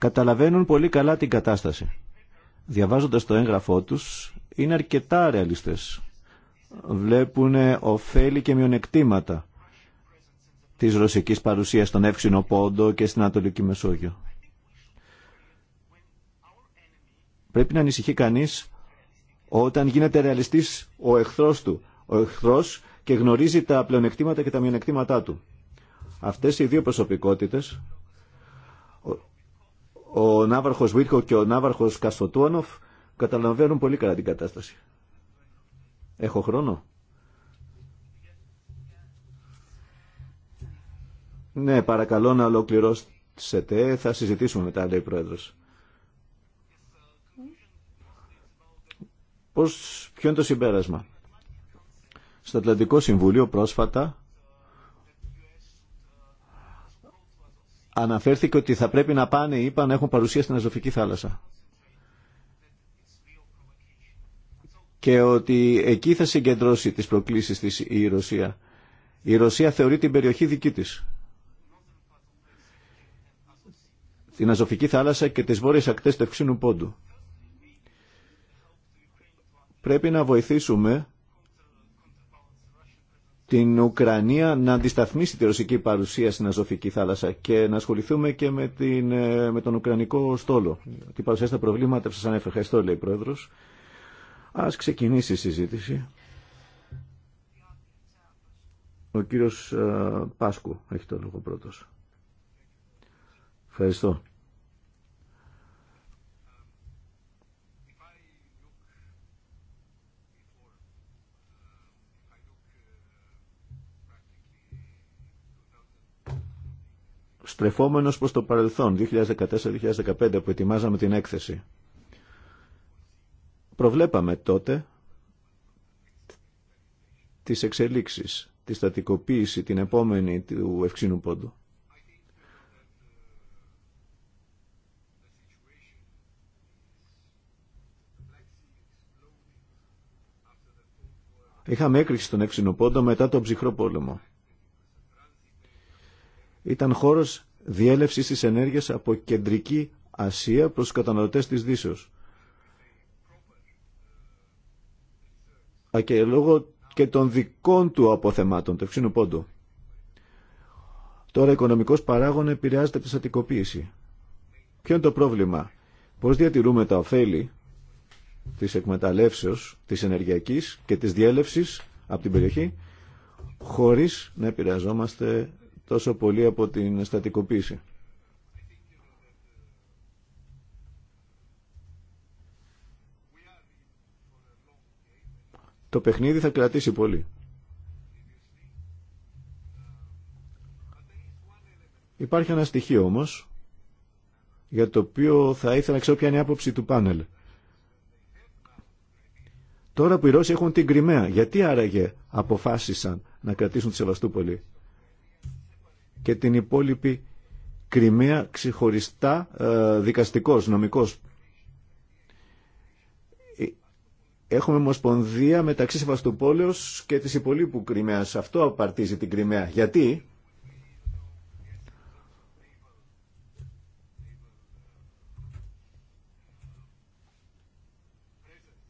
καταλαβαίνουν πολύ καλά την κατάσταση. Διαβάζοντας το έγγραφό τους, είναι αρκετά ρεαλιστές. Βλέπουν ωφέλη και μειονεκτήματα της ρωσικής παρουσίας στον Εύξηνο Πόντο και στην Ανατολική Μεσόγειο. Πρέπει να ανησυχεί κανείς όταν γίνεται ρεαλιστής ο εχθρός του, ο εχθρός και γνωρίζει τα πλεονεκτήματα και τα μειονεκτήματά του. Αυτές οι δύο προσωπικότητες ο Ναύαρχος Βίρκο και ο Ναύαρχος Καστοτούανοφ καταλαβαίνουν πολύ καλά την κατάσταση. Έχω χρόνο. Ναι, παρακαλώ να ολοκληρώσετε. Θα συζητήσουμε μετά, λέει ο Πρόεδρος. Πώς, ποιο είναι το συμπέρασμα. Στο Ατλαντικό Συμβούλιο πρόσφατα αναφέρθηκε ότι θα πρέπει να πάνε, είπα, να έχουν παρουσία στην Αζωφική θάλασσα. Και ότι εκεί θα συγκεντρώσει τις προκλήσεις της η Ρωσία. Η Ρωσία θεωρεί την περιοχή δική της. Την Αζωφική θάλασσα και τις βόρειες ακτές του Ευξήνου Πόντου. Πρέπει να βοηθήσουμε την Ουκρανία να αντισταθμίσει τη ρωσική παρουσία στην Αζωφική θάλασσα και να ασχοληθούμε και με, την, ε, με τον Ουκρανικό στόλο. Τι παρουσιάζει στα προβλήματα που σα ανέφερε, Ευχαριστώ, λέει ο Πρόεδρο. Α ξεκινήσει η συζήτηση. Ο κύριος ε, Πάσκου έχει το λόγο πρώτος. Ευχαριστώ. στρεφόμενος προς το παρελθόν 2014-2015 που ετοιμάζαμε την έκθεση. Προβλέπαμε τότε τις εξελίξεις, τη στατικοποίηση την επόμενη του ευξήνου πόντου. Είχαμε έκρηξη στον Εύξηνο Πόντο μετά τον ψυχρό πόλεμο ήταν χώρος διέλευσης της ενέργειας από κεντρική Ασία προς τους καταναλωτές της Δύσεως. Και λόγω και των δικών του αποθεμάτων, του ευξήνου πόντου. Τώρα ο οικονομικός παράγων επηρεάζεται από τη σατικοποίηση. Ποιο είναι το πρόβλημα. Πώς διατηρούμε τα ωφέλη της εκμεταλλεύσεως, της ενεργειακής και της διέλευσης από την περιοχή χωρίς να επηρεαζόμαστε τόσο πολύ από την στατικοποίηση. Το παιχνίδι θα κρατήσει πολύ. Υπάρχει ένα στοιχείο όμως για το οποίο θα ήθελα να ξέρω ποια είναι άποψη του πάνελ. Τώρα που οι Ρώσοι έχουν την Κρυμαία, γιατί άραγε αποφάσισαν να κρατήσουν τη Σεβαστούπολη και την υπόλοιπη Κρυμαία ξεχωριστά ε, δικαστικός, νομικός. Ε, έχουμε ομοσπονδία μεταξύ Σεβαστοπόλεως και της υπολείπου Κρυμαίας. Αυτό απαρτίζει την Κρυμαία. Γιατί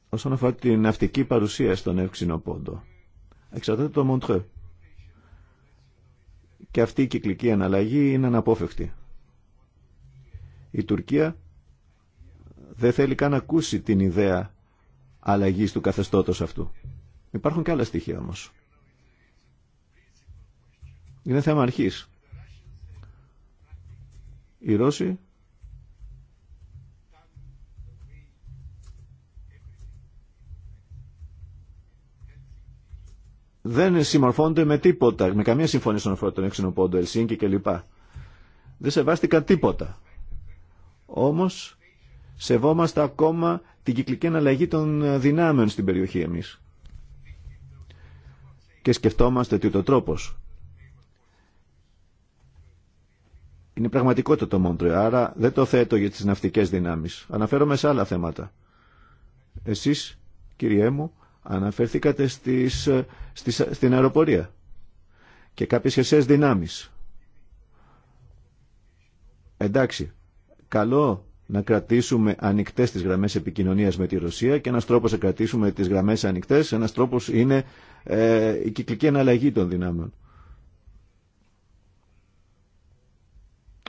όσον αφορά την ναυτική παρουσία στον Εύξηνο Πόντο. Εξαρτάται το Μοντρέ και αυτή η κυκλική αναλλαγή είναι αναπόφευκτη. Η Τουρκία δεν θέλει καν να ακούσει την ιδέα αλλαγής του καθεστώτος αυτού. Υπάρχουν και άλλα στοιχεία όμως. Είναι θέμα αρχής. Οι Ρώσοι δεν συμμορφώνονται με τίποτα, με καμία συμφωνία στον αφορά τον έξινο πόντο, Ελσίνκη κλπ. Δεν σεβάστηκαν τίποτα. Όμως σεβόμαστε ακόμα την κυκλική αναλλαγή των δυνάμεων στην περιοχή εμείς. Και σκεφτόμαστε ότι ο τρόπος είναι πραγματικότητα το Μόντρε, άρα δεν το θέτω για τις ναυτικές δυνάμεις. Αναφέρομαι σε άλλα θέματα. Εσείς, κυριέ μου, Αναφερθήκατε στις, στις, στην αεροπορία και κάποιες χερσαίες δυνάμεις. Εντάξει, καλό να κρατήσουμε ανοιχτέ τις γραμμές επικοινωνίας με τη Ρωσία και ένας τρόπος να κρατήσουμε τις γραμμές ανοιχτέ, ένας τρόπος είναι ε, η κυκλική εναλλαγή των δυνάμεων.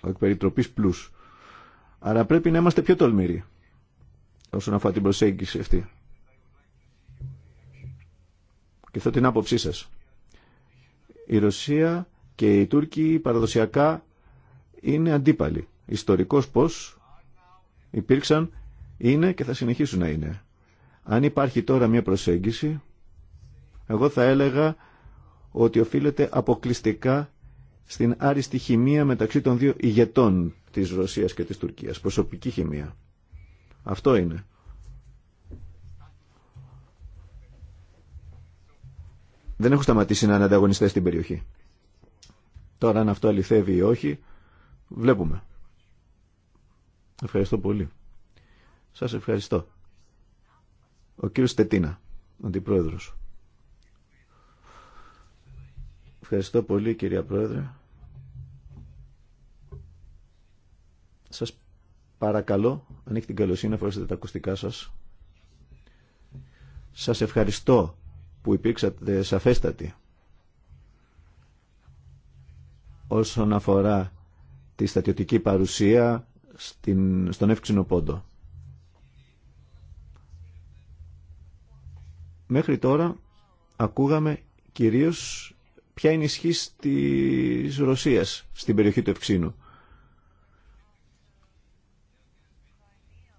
Ο εκπεριτροπής πλούς. Άρα πρέπει να είμαστε πιο τολμηροί όσον αφορά την προσέγγιση αυτή και θέλω την άποψή σας. Η Ρωσία και οι Τούρκοι παραδοσιακά είναι αντίπαλοι. Ιστορικός πώς υπήρξαν, είναι και θα συνεχίσουν να είναι. Αν υπάρχει τώρα μια προσέγγιση, εγώ θα έλεγα ότι οφείλεται αποκλειστικά στην άριστη χημεία μεταξύ των δύο ηγετών της Ρωσίας και της Τουρκίας. Προσωπική χημεία. Αυτό είναι. δεν έχουν σταματήσει να είναι ανταγωνιστέ στην περιοχή. Τώρα αν αυτό αληθεύει ή όχι, βλέπουμε. Ευχαριστώ πολύ. Σας ευχαριστώ. Ο κύριος Στετίνα, αντιπρόεδρος. Ευχαριστώ πολύ κυρία Πρόεδρε. Σας παρακαλώ, αν έχει την καλοσύνη να φορέσετε τα ακουστικά σας. Σας ευχαριστώ που υπήρξατε σαφέστατοι όσον αφορά τη στατιωτική παρουσία στην, στον εύξηνο πόντο. Μέχρι τώρα ακούγαμε κυρίως ποια είναι η ισχύ της Ρωσίας στην περιοχή του Ευξήνου.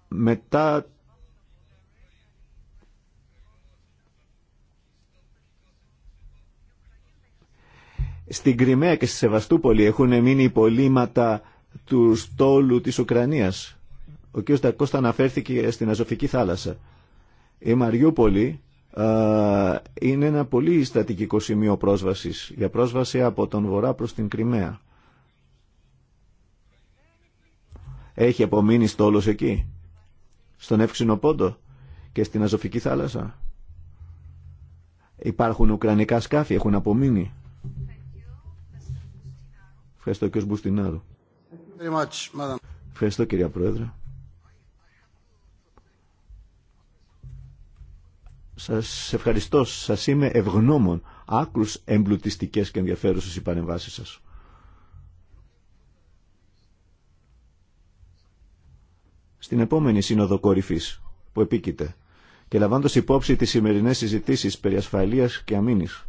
Μετά Στην Κρυμαία και στη Σεβαστούπολη έχουν μείνει υπολείμματα του στόλου της Ουκρανίας. Ο κ. Στακώστα αναφέρθηκε στην Αζωφική θάλασσα. Η Μαριούπολη είναι ένα πολύ στατικικό σημείο πρόσβασης για πρόσβαση από τον Βορρά προς την Κρυμαία. Έχει απομείνει στόλος εκεί, στον Εύξηνο Πόντο και στην Αζωφική θάλασσα. Υπάρχουν ουκρανικά σκάφη, έχουν απομείνει. Ευχαριστώ κύριε Μπουστινάρου. Ευχαριστώ κυρία Πρόεδρε. Σας ευχαριστώ, σας είμαι ευγνώμων. Άκρους εμπλουτιστικές και ενδιαφέρουσες οι παρεμβάσεις σας. Στην επόμενη σύνοδο κορυφής που επίκειται και λαμβάνοντας υπόψη τις σημερινές συζητήσεις περί ασφαλείας και αμήνης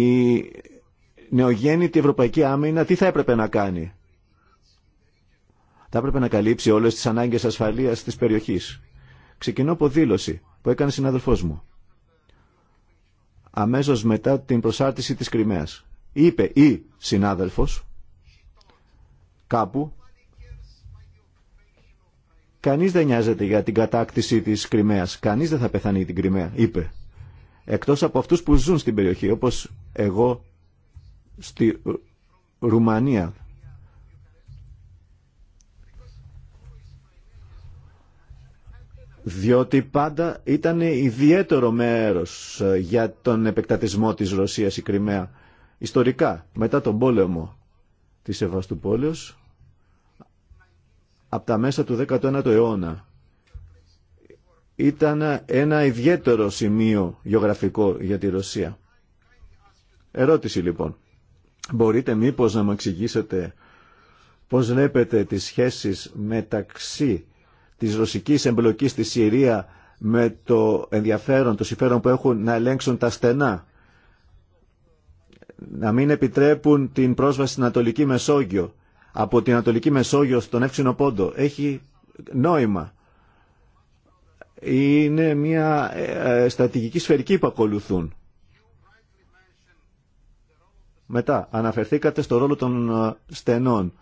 η νεογέννητη ευρωπαϊκή άμυνα τι θα έπρεπε να κάνει. Θα έπρεπε να καλύψει όλες τις ανάγκες ασφαλείας της περιοχής. Ξεκινώ από δήλωση που έκανε συναδελφός μου. Αμέσως μετά την προσάρτηση της Κρυμαίας. Είπε ή συνάδελφος κάπου Κανείς δεν νοιάζεται για την κατάκτηση της Κρυμαίας. Κανείς δεν θα πεθάνει την Κρυμαία, είπε εκτός από αυτούς που ζουν στην περιοχή, όπως εγώ στη Ρουμανία. διότι πάντα ήταν ιδιαίτερο μέρος ε, για τον επεκτατισμό της Ρωσίας η Κρυμαία. Ιστορικά, μετά τον πόλεμο της Σεβαστουπόλεως, από τα μέσα του 19ου αιώνα, ήταν ένα ιδιαίτερο σημείο γεωγραφικό για τη Ρωσία. Ερώτηση λοιπόν. Μπορείτε μήπως να μου εξηγήσετε πώς βλέπετε τις σχέσεις μεταξύ της ρωσικής εμπλοκής στη Συρία με το ενδιαφέρον, το συμφέρον που έχουν να ελέγξουν τα στενά. Να μην επιτρέπουν την πρόσβαση στην Ανατολική Μεσόγειο. Από την Ανατολική Μεσόγειο στον Εύξηνο Πόντο. Έχει νόημα είναι μια ε, ε, στρατηγική σφαιρική που ακολουθούν. Μετά, αναφερθήκατε στο ρόλο των ε, στενών,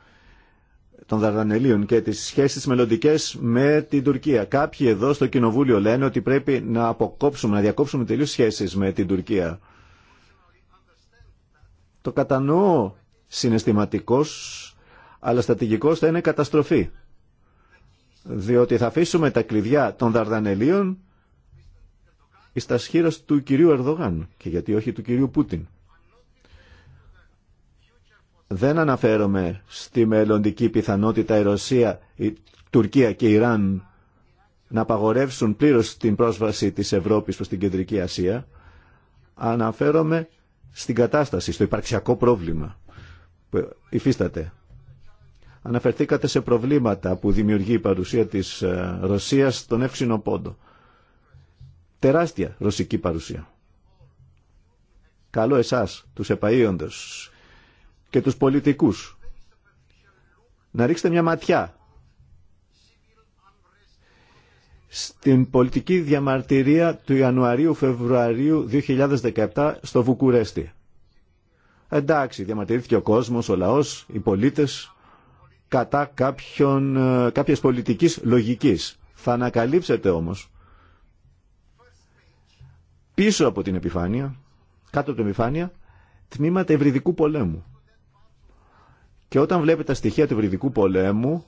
των Δαρδανελίων και τις σχέσεις μελλοντικέ με την Τουρκία. Κάποιοι εδώ στο Κοινοβούλιο λένε ότι πρέπει να αποκόψουμε, να διακόψουμε τελείως σχέσεις με την Τουρκία. Το κατανοώ συναισθηματικός, αλλά στρατηγικός θα είναι καταστροφή διότι θα αφήσουμε τα κλειδιά των Δαρδανελίων εις τα σχήρας του κυρίου Ερδογάν και γιατί όχι του κυρίου Πούτιν. Δεν αναφέρομαι στη μελλοντική πιθανότητα η Ρωσία, η Τουρκία και η Ιράν να απαγορεύσουν πλήρως την πρόσβαση της Ευρώπης προς την Κεντρική Ασία. Αναφέρομαι στην κατάσταση, στο υπαρξιακό πρόβλημα που υφίσταται. Αναφερθήκατε σε προβλήματα που δημιουργεί η παρουσία της ε, Ρωσίας στον Εύξηνο Πόντο. Τεράστια ρωσική παρουσία. Καλό εσάς, τους επαΐοντες και τους πολιτικούς, να ρίξετε μια ματιά στην πολιτική διαμαρτυρία του Ιανουαρίου-Φεβρουαρίου 2017 στο Βουκουρέστι. Εντάξει, διαμαρτυρήθηκε ο κόσμος, ο λαός, οι πολίτες κατά κάποιον, ε, κάποιες πολιτικής λογικής. Θα ανακαλύψετε όμως πίσω από την επιφάνεια, κάτω από την επιφάνεια, τμήματα ευρυδικού πολέμου. Και όταν βλέπετε τα στοιχεία του ευρυδικού πολέμου,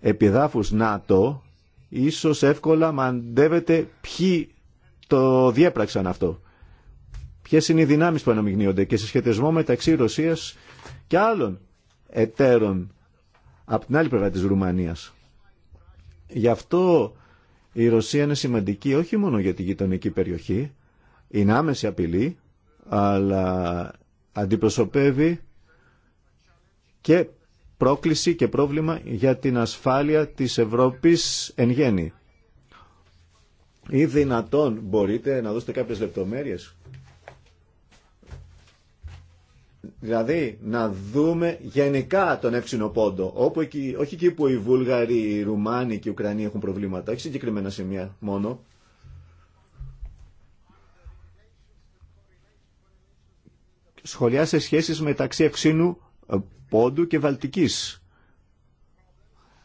επιδάφους ΝΑΤΟ, ίσως εύκολα μαντεύετε ποιοι το διέπραξαν αυτό. Ποιε είναι οι δυνάμεις που αναμειγνύονται και σε σχετισμό μεταξύ Ρωσίας και άλλων εταίρων από την άλλη πλευρά της Ρουμανίας. Γι' αυτό η Ρωσία είναι σημαντική όχι μόνο για τη γειτονική περιοχή, είναι άμεση απειλή, αλλά αντιπροσωπεύει και πρόκληση και πρόβλημα για την ασφάλεια της Ευρώπης εν γέννη. Ή δυνατόν μπορείτε να δώσετε κάποιες λεπτομέρειες Δηλαδή να δούμε γενικά τον εύξηνο πόντο, όπου εκεί, όχι εκεί που οι Βούλγαροι, οι Ρουμάνοι και οι Ουκρανοί έχουν προβλήματα, όχι συγκεκριμένα σημεία μόνο. Σχολιά σε σχέσεις μεταξύ ευξήνου ε, πόντου και βαλτικής.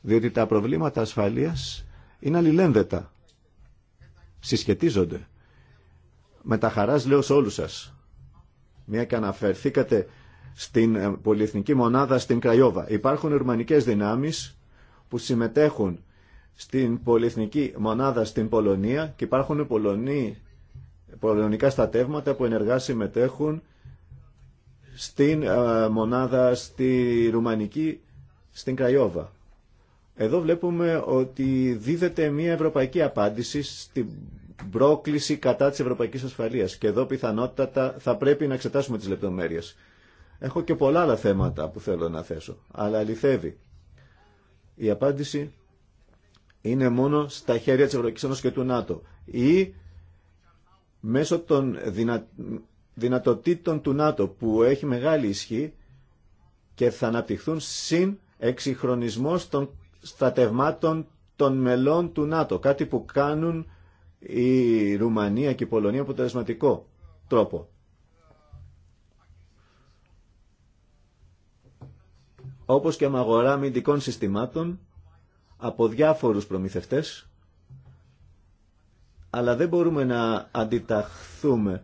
Διότι τα προβλήματα ασφαλείας είναι αλληλένδετα. Συσχετίζονται. Με τα χαράς λέω σε όλους σας μια και αναφερθήκατε στην ε, πολυεθνική μονάδα στην Κραϊόβα. Υπάρχουν ρουμανικές δυνάμεις που συμμετέχουν στην πολυεθνική μονάδα στην Πολωνία και υπάρχουν Πολωνοί, πολωνικά στατεύματα που ενεργά συμμετέχουν στην ε, μονάδα στη Ρουμανική στην Κραϊόβα. Εδώ βλέπουμε ότι δίδεται μια ευρωπαϊκή απάντηση πρόκληση κατά της ευρωπαϊκής ασφαλείας και εδώ πιθανότατα θα πρέπει να εξετάσουμε τις λεπτομέρειες. Έχω και πολλά άλλα θέματα που θέλω να θέσω, αλλά αληθεύει. Η απάντηση είναι μόνο στα χέρια της Ευρωπαϊκής Ένωσης και του ΝΑΤΟ ή μέσω των δυνα... δυνατοτήτων του ΝΑΤΟ που έχει μεγάλη ισχύ και θα αναπτυχθούν συν εξυγχρονισμός των στρατευμάτων των μελών του ΝΑΤΟ, κάτι που κάνουν η Ρουμανία και η Πολωνία αποτελεσματικό τρόπο. Όπως και με αγορά μυντικών συστημάτων από διάφορους προμηθευτές, αλλά δεν μπορούμε να αντιταχθούμε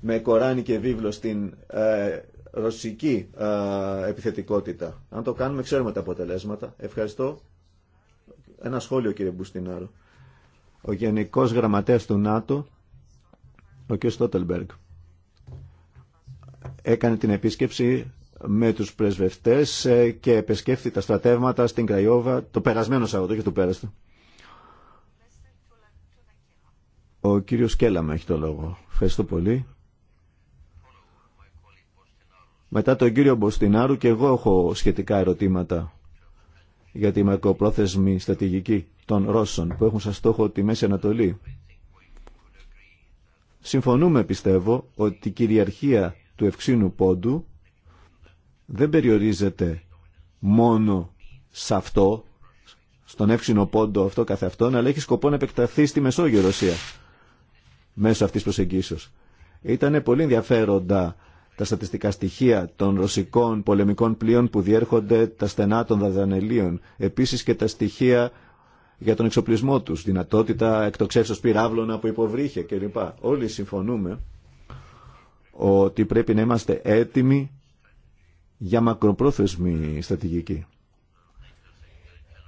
με Κοράνι και βίβλο στην ε, ρωσική ε, επιθετικότητα. Αν το κάνουμε ξέρουμε τα αποτελέσματα. Ευχαριστώ. Ένα σχόλιο κύριε Μπουστινάρο ο Γενικός Γραμματέας του ΝΑΤΟ, ο κ. Στότελμπεργκ, έκανε την επίσκεψη με τους πρεσβευτές ε, και επισκέφθη τα στρατεύματα στην Κραϊόβα το περασμένο Σαββατό και το πέραστο. Ο κύριος Κέλαμα έχει το λόγο. Ευχαριστώ πολύ. Μετά τον κύριο Μποστινάρου και εγώ έχω σχετικά ερωτήματα για τη μακροπρόθεσμη στρατηγική των Ρώσων που έχουν σαν στόχο τη Μέση Ανατολή. Συμφωνούμε, πιστεύω, ότι η κυριαρχία του ευξήνου πόντου δεν περιορίζεται μόνο σε αυτό, στον εύξηνο πόντο αυτό καθεαυτόν, αλλά έχει σκοπό να επεκταθεί στη Μεσόγειο Ρωσία μέσω αυτής προσεγγίσεως. Ήταν πολύ ενδιαφέροντα τα στατιστικά στοιχεία των ρωσικών πολεμικών πλοίων που διέρχονται τα στενά των δαδανελίων, επίσης και τα στοιχεία για τον εξοπλισμό τους, δυνατότητα εκτοξεύσεως πυράβλων από υποβρύχια κλπ. Όλοι συμφωνούμε ότι πρέπει να είμαστε έτοιμοι για μακροπρόθεσμη στρατηγική.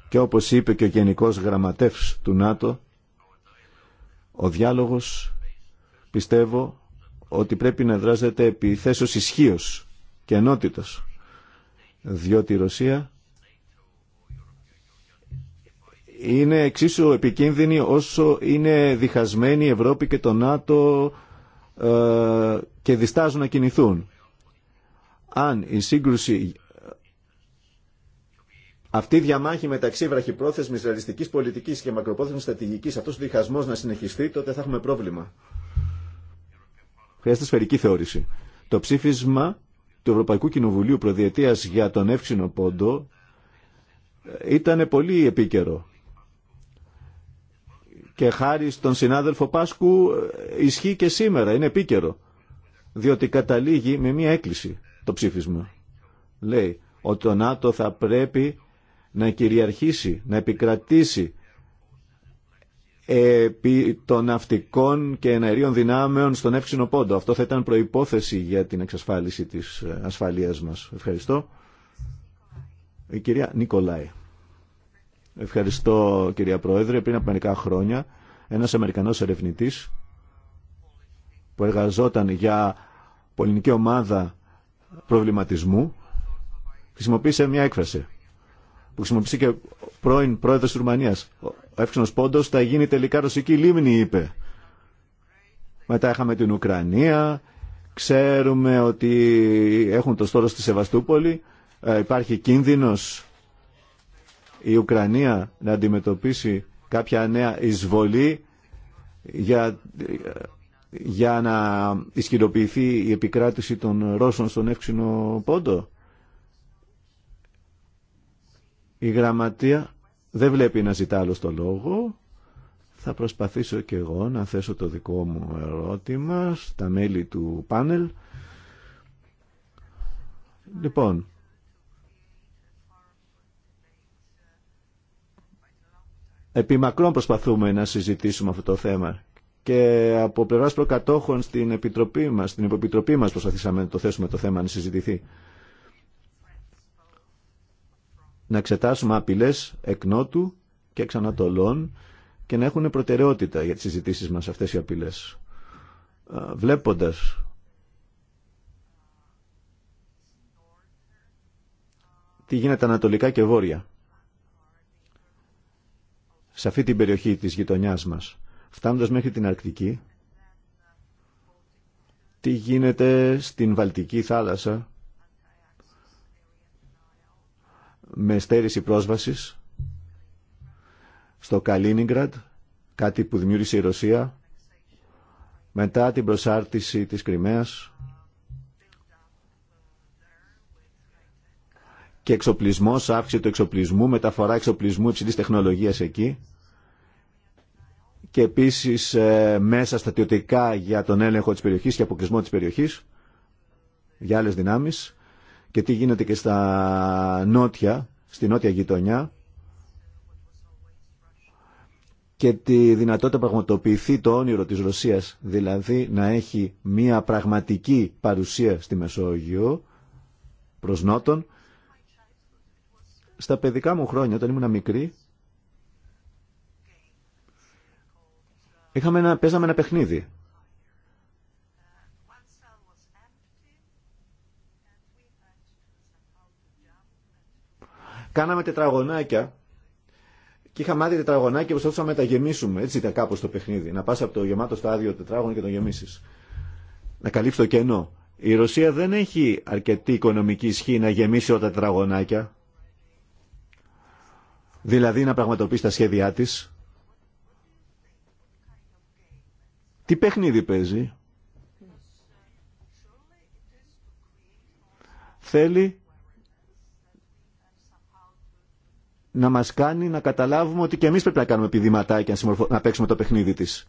Και όπως είπε και ο Γενικός Γραμματεύς του ΝΑΤΟ, ο διάλογος πιστεύω ότι πρέπει να δράζεται επί θέσεως ισχύω και ενότητος. Διότι η Ρωσία είναι εξίσου επικίνδυνη όσο είναι διχασμένη η Ευρώπη και το ΝΑΤΟ ε, και διστάζουν να κινηθούν. Αν η σύγκρουση αυτή η διαμάχη μεταξύ βραχυπρόθεσμης ρεαλιστικής πολιτικής και μακροπρόθεσμης στρατηγικής, αυτός ο διχασμός να συνεχιστεί, τότε θα έχουμε πρόβλημα. Χρειάζεται σφαιρική θεώρηση. Το ψήφισμα του Ευρωπαϊκού Κοινοβουλίου Προδιετία για τον εύξηνο πόντο ε, ήταν πολύ επίκαιρο. Και χάρη στον συνάδελφο Πάσκου ε, ισχύει και σήμερα, είναι επίκαιρο. Διότι καταλήγει με μία έκκληση το ψήφισμα. Λέει ότι το ΝΑΤΟ θα πρέπει να κυριαρχήσει, να επικρατήσει επί των ναυτικών και εναερίων δυνάμεων στον εύξηνο πόντο. Αυτό θα ήταν προϋπόθεση για την εξασφάλιση της ε, ασφαλείας μας. Ευχαριστώ. Η κυρία Νικολάη. Ευχαριστώ κυρία Πρόεδρε. Πριν από μερικά χρόνια ένας Αμερικανός ερευνητής που εργαζόταν για πολιτική ομάδα προβληματισμού χρησιμοποίησε μια έκφραση που χρησιμοποίησε και πρώην πρόεδρος της Ρουμανίας ο εύξηνος πόντος θα γίνει τελικά ρωσική λίμνη, είπε. Μετά είχαμε την Ουκρανία, ξέρουμε ότι έχουν το στόλο στη Σεβαστούπολη, ε, υπάρχει κίνδυνος η Ουκρανία να αντιμετωπίσει κάποια νέα εισβολή για, για να ισχυροποιηθεί η επικράτηση των Ρώσων στον εύξηνο πόντο. Η γραμματεία δεν βλέπει να ζητά άλλο το λόγο. Θα προσπαθήσω και εγώ να θέσω το δικό μου ερώτημα στα μέλη του πάνελ. Λοιπόν, επί μακρόν προσπαθούμε να συζητήσουμε αυτό το θέμα και από πλευράς προκατόχων στην Επιτροπή μας, στην Υποπιτροπή μας προσπαθήσαμε να το θέσουμε το θέμα να συζητηθεί να εξετάσουμε απειλέ εκ νότου και εξ ανατολών και να έχουν προτεραιότητα για τις συζητήσεις μας αυτές οι απειλέ. Βλέποντας τι γίνεται ανατολικά και βόρεια σε αυτή την περιοχή της γειτονιάς μας, φτάνοντας μέχρι την Αρκτική, τι γίνεται στην Βαλτική θάλασσα με στέρηση πρόσβασης στο Καλίνιγκραντ, κάτι που δημιούργησε η Ρωσία μετά την προσάρτηση της Κρυμαίας και εξοπλισμός, αύξηση του εξοπλισμού, μεταφορά εξοπλισμού υψηλής τεχνολογίας εκεί και επίσης ε, μέσα στατιωτικά για τον έλεγχο της περιοχής και αποκλεισμό της περιοχής για άλλες δυνάμεις και τι γίνεται και στα νότια, στη νότια γειτονιά και τη δυνατότητα να πραγματοποιηθεί το όνειρο της Ρωσίας, δηλαδή να έχει μία πραγματική παρουσία στη Μεσόγειο προς Νότον. Στα παιδικά μου χρόνια, όταν ήμουν μικρή, είχαμε ένα, παίζαμε ένα παιχνίδι Κάναμε τετραγωνάκια και είχαμε άδεια τετραγωνάκια και προσπαθούσαμε να τα γεμίσουμε. Έτσι ήταν κάπω το παιχνίδι. Να πα από το γεμάτο στάδιο τετράγωνο και το γεμίσει. Να καλύψει το κενό. Η Ρωσία δεν έχει αρκετή οικονομική ισχύ να γεμίσει όλα τα τετραγωνάκια. Δηλαδή να πραγματοποιήσει τα σχέδιά τη. Τι παιχνίδι παίζει. Θέλει να μας κάνει να καταλάβουμε ότι και εμείς πρέπει να κάνουμε επιδηματάκια να παίξουμε το παιχνίδι της.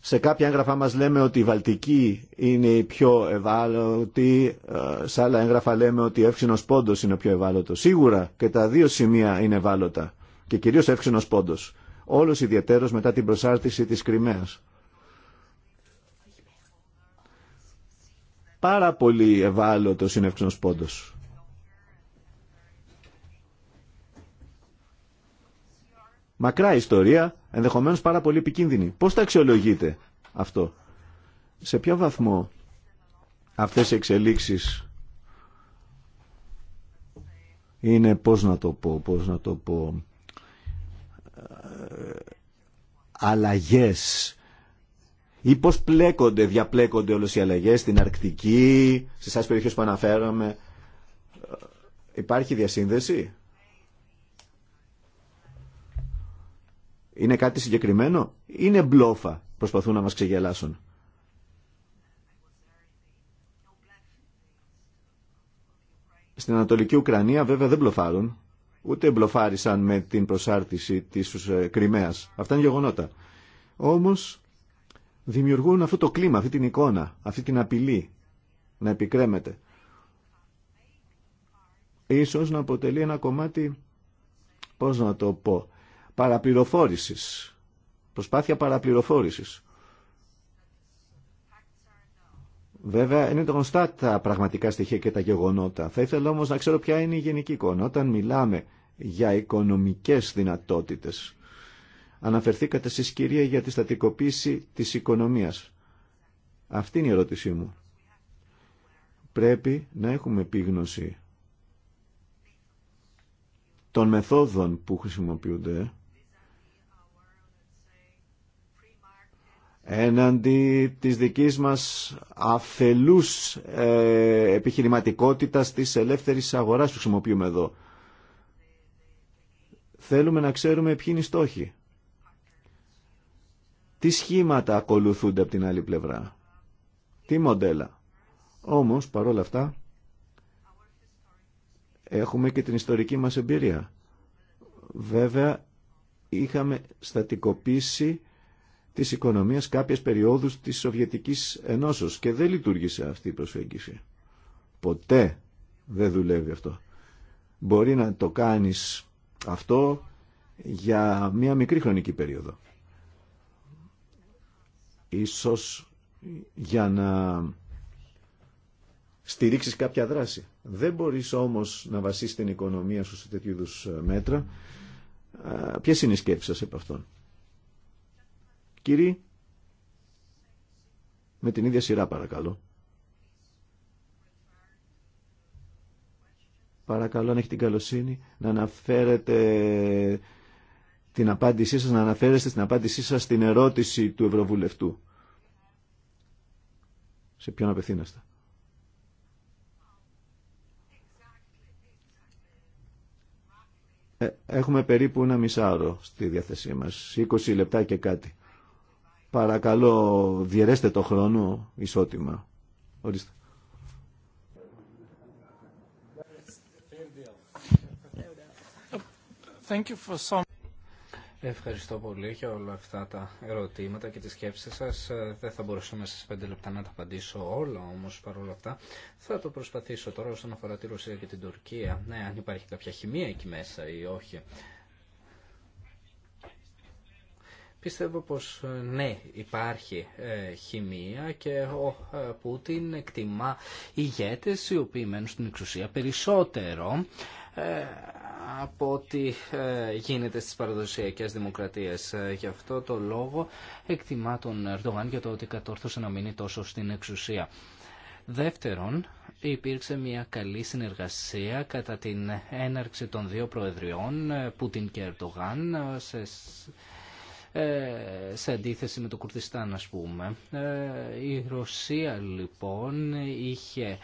Σε κάποια έγγραφα μας λέμε ότι η Βαλτική είναι η πιο ευάλωτη, σε άλλα έγγραφα λέμε ότι ο εύξηνος πόντος είναι ο πιο ευάλωτο. Σίγουρα και τα δύο σημεία είναι ευάλωτα και κυρίως εύξηνος πόντος. Όλος ιδιαιτέρως μετά την προσάρτηση της Κρυμαίας. Πάρα πολύ ευάλωτος είναι εύξηνος πόντος. Μακρά ιστορία, ενδεχομένως πάρα πολύ επικίνδυνη. Πώς τα αξιολογείτε αυτό. Σε ποιο βαθμό αυτές οι εξελίξεις είναι πώς να το πω, πώς να το πω, ε, αλλαγές ή πώς πλέκονται, διαπλέκονται όλες οι αλλαγές στην Αρκτική, σε άλλες περιοχές που αναφέραμε. Ε, υπάρχει διασύνδεση Είναι κάτι συγκεκριμένο, είναι μπλόφα, προσπαθούν να μας ξεγελάσουν. Στην Ανατολική Ουκρανία βέβαια δεν μπλοφάρουν, ούτε μπλοφάρισαν με την προσάρτηση της ε, Κρυμαίας. Αυτά είναι γεγονότα. Όμως δημιουργούν αυτό το κλίμα, αυτή την εικόνα, αυτή την απειλή να επικρέμεται. Ίσως να αποτελεί ένα κομμάτι, πώς να το πω, παραπληροφόρησης. Προσπάθεια παραπληροφόρησης. Βέβαια, είναι γνωστά τα πραγματικά στοιχεία και τα γεγονότα. Θα ήθελα όμως να ξέρω ποια είναι η γενική εικόνα. Όταν μιλάμε για οικονομικές δυνατότητες, αναφερθήκατε στις κυρία για τη στατικοποίηση της οικονομίας. Αυτή είναι η ερώτησή μου. Πρέπει να έχουμε επίγνωση των μεθόδων που χρησιμοποιούνται έναντι της δικής μας αφελούς ε, επιχειρηματικότητας της ελεύθερης αγοράς που χρησιμοποιούμε εδώ. Θέλουμε να ξέρουμε ποιοι είναι οι στόχοι. Τι σχήματα ακολουθούνται από την άλλη πλευρά. Τι μοντέλα. Όμως, παρόλα αυτά, έχουμε και την ιστορική μας εμπειρία. Βέβαια, είχαμε στατικοποίηση Τη οικονομία κάποιε περιόδους της Σοβιετικής Ενώσεως και δεν λειτουργήσε αυτή η προσέγγιση. Ποτέ δεν δουλεύει αυτό. Μπορεί να το κάνεις αυτό για μια μικρή χρονική περίοδο. Ίσως για να στηρίξεις κάποια δράση. Δεν μπορείς όμως να βασίσεις την οικονομία σου σε τέτοιου μέτρα. Ποιες είναι οι σκέψεις σας επ' αυτόν κύριοι. Με την ίδια σειρά παρακαλώ. Παρακαλώ αν έχει την καλοσύνη να αναφέρετε την απάντησή σας, να αναφέρεστε στην απάντησή σας στην ερώτηση του Ευρωβουλευτού. Σε ποιον απευθύναστε. Ε, έχουμε περίπου ένα μισάωρο στη διάθεσή μας, 20 λεπτά και κάτι. Παρακαλώ, διαιρέστε το χρόνο ισότιμα. Thank you for some... Ευχαριστώ πολύ για όλα αυτά τα ερωτήματα και τις σκέψεις σας. Ε, δεν θα μπορούσα μέσα 5 λεπτά να τα απαντήσω όλα όμως παρόλα αυτά. Θα το προσπαθήσω τώρα όσον αφορά τη Ρωσία και την Τουρκία. Ναι, αν υπάρχει κάποια χημεία εκεί μέσα ή όχι. Πιστεύω πως ε, ναι υπάρχει ε, χημεία και ο ε, Πούτιν εκτιμά ηγέτες οι οποίοι μένουν στην εξουσία περισσότερο ε, από ό,τι γίνεται στις παραδοσιακές δημοκρατίες. Γι' αυτό το λόγο εκτιμά τον Ερντογάν για το ότι κατόρθωσε να μείνει τόσο στην εξουσία. Δεύτερον, υπήρξε μια καλή συνεργασία κατά την έναρξη των δύο προεδριών, Πούτιν και Ερντογάν, σε ε, σε αντίθεση με το Κουρδιστάν ας πούμε. Ε, η Ρωσία λοιπόν είχε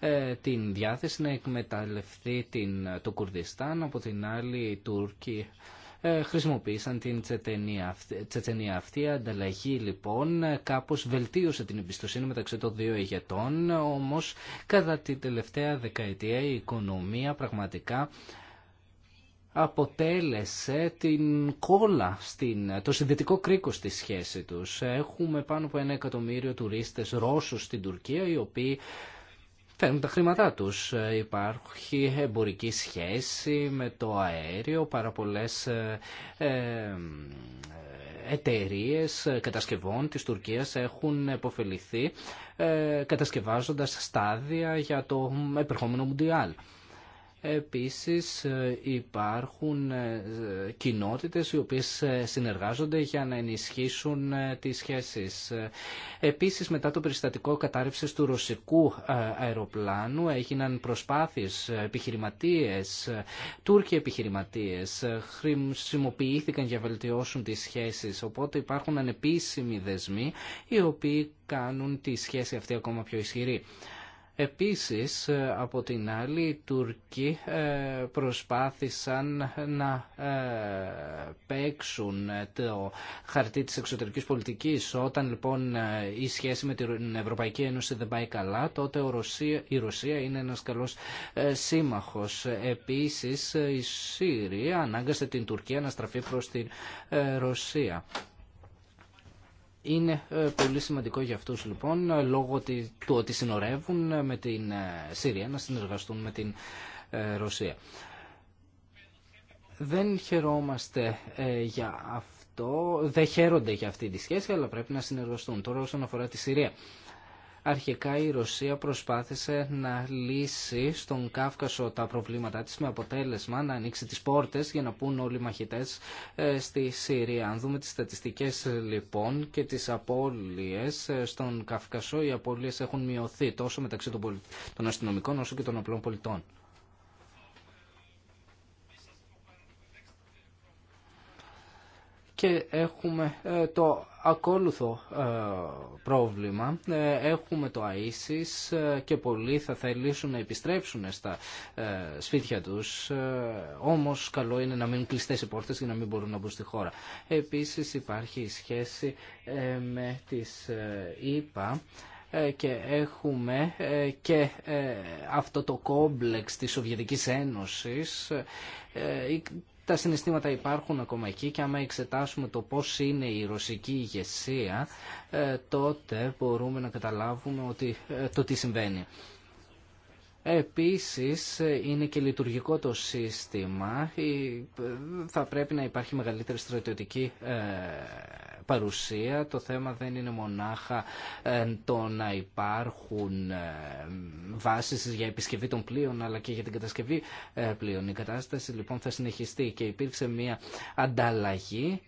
ε, την διάθεση να εκμεταλλευτεί την, το Κουρδιστάν, από την άλλη οι Τούρκοι χρησιμοποίησαν την τσετσενία αυτή. Η ανταλλαγή λοιπόν κάπως βελτίωσε την εμπιστοσύνη μεταξύ των δύο ηγετών, όμως κατά την τελευταία δεκαετία η οικονομία πραγματικά αποτέλεσε την κόλλα, το συνδετικό κρίκο στη σχέση τους. Έχουμε πάνω από ένα εκατομμύριο τουρίστες Ρώσους στην Τουρκία, οι οποίοι φέρνουν τα χρήματά τους. Υπάρχει εμπορική σχέση με το αέριο, πάρα πολλές ε, ε, εταιρείε κατασκευών της Τουρκίας έχουν επωφεληθεί ε, κατασκευάζοντας στάδια για το επερχόμενο Μουντιάλ. Επίσης ε, υπάρχουν ε, κοινότητες οι οποίες ε, συνεργάζονται για να ενισχύσουν τις σχέσεις. Επίσης μετά το περιστατικό κατάρρευσης του ρωσικού αεροπλάνου έγιναν προσπάθειες επιχειρηματίες, Τούρκοι επιχειρηματίες χρησιμοποιήθηκαν για να βελτιώσουν τις σχέσεις. Οπότε υπάρχουν ανεπίσημοι δεσμοί οι οποίοι κάνουν τη σχέση αυτή ακόμα πιο ισχυρή. Επίσης, ε, από την άλλη, οι Τούρκοι ε, προσπάθησαν να ε, παίξουν το χαρτί της εξωτερικής πολιτικής. Όταν λοιπόν η σχέση με την Ευρωπαϊκή Ένωση δεν πάει καλά, τότε η Ρωσία είναι ένας καλός σύμμαχος. Επίσης, η Σύρια ανάγκασε την Τουρκία να στραφεί προς την Ρωσία. Είναι ε, πολύ σημαντικό για αυτούς λοιπόν, ε, λόγω του ότι συνορεύουν ε, με την Σύρια, να συνεργαστούν με την Ρωσία. Δεν χαιρόμαστε για αυτό, δεν χαίρονται για αυτή τη σχέση, αλλά πρέπει να συνεργαστούν. Τώρα όσον αφορά τη Συρία. Αρχικά η Ρωσία προσπάθησε να λύσει στον Κάφκασο τα προβλήματά της με αποτέλεσμα να ανοίξει τις πόρτες για να πούν όλοι οι μαχητές ε, στη Συρία. Αν δούμε τις στατιστικές λοιπόν και τις απώλειες ε, στον Κάφκασο, οι απώλειες έχουν μειωθεί τόσο μεταξύ των αστυνομικών όσο και των απλών πολιτών. και έχουμε ε, το ακόλουθο ε, πρόβλημα. Ε, έχουμε το ISIS και πολλοί θα θελήσουν να επιστρέψουν στα σπίτια τους, όμως καλό είναι να μείνουν κλειστές οι πόρτες και να μην μπορούν να μπουν στη χώρα. Επίσης υπάρχει η σχέση με τις ΙΠΑ και έχουμε και αυτό το κόμπλεξ της Σοβιετικής Ένωσης τα συναισθήματα υπάρχουν ακόμα εκεί και άμα εξετάσουμε το πώς είναι η ρωσική ηγεσία ε, τότε μπορούμε να καταλάβουμε ότι, ε, το τι συμβαίνει. Επίσης ε, είναι και λειτουργικό το σύστημα, θα πρέπει να υπάρχει μεγαλύτερη στρατιωτική παρουσία. Το θέμα δεν είναι μονάχα ε, το να υπάρχουν ε, βάσεις για επισκευή των πλοίων αλλά και για την κατασκευή ε, πλοίων. Η κατάσταση λοιπόν θα συνεχιστεί και υπήρξε μια ανταλλαγή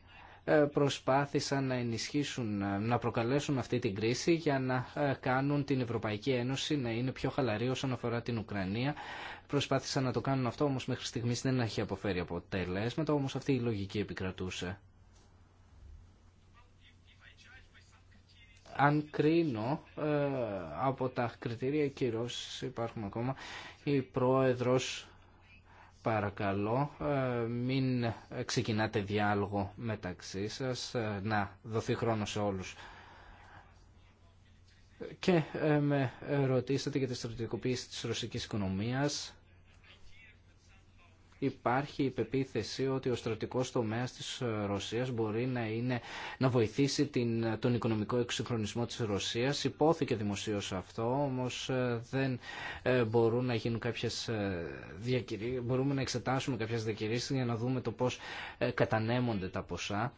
προσπάθησαν να ενισχύσουν, να προκαλέσουν αυτή την κρίση για να κάνουν την Ευρωπαϊκή Ένωση να είναι πιο χαλαρή όσον αφορά την Ουκρανία. Προσπάθησαν να το κάνουν αυτό, όμως μέχρι στιγμής δεν έχει αποφέρει αποτελέσματα, όμως αυτή η λογική επικρατούσε. αν κρίνω ε, από τα κριτήρια κυρώσεις υπάρχουν ακόμα, η πρόεδρος παρακαλώ ε, μην ξεκινάτε διάλογο μεταξύ σας, ε, να δοθεί χρόνο σε όλους. Και με ρωτήσατε για τη στρατηγικοποίηση της ρωσικής οικονομίας υπάρχει η πεποίθηση ότι ο στρατικός τομέας της Ρωσίας μπορεί να, είναι, να βοηθήσει την, τον οικονομικό εξυγχρονισμό της Ρωσίας. Υπόθηκε δημοσίως αυτό, όμως ε, δεν ε, μπορούν να γίνουν κάποιες ε, διακηρύσεις, μπορούμε να εξετάσουμε κάποιες διακηρύσεις για να δούμε το πώς κατανέμονται τα ποσά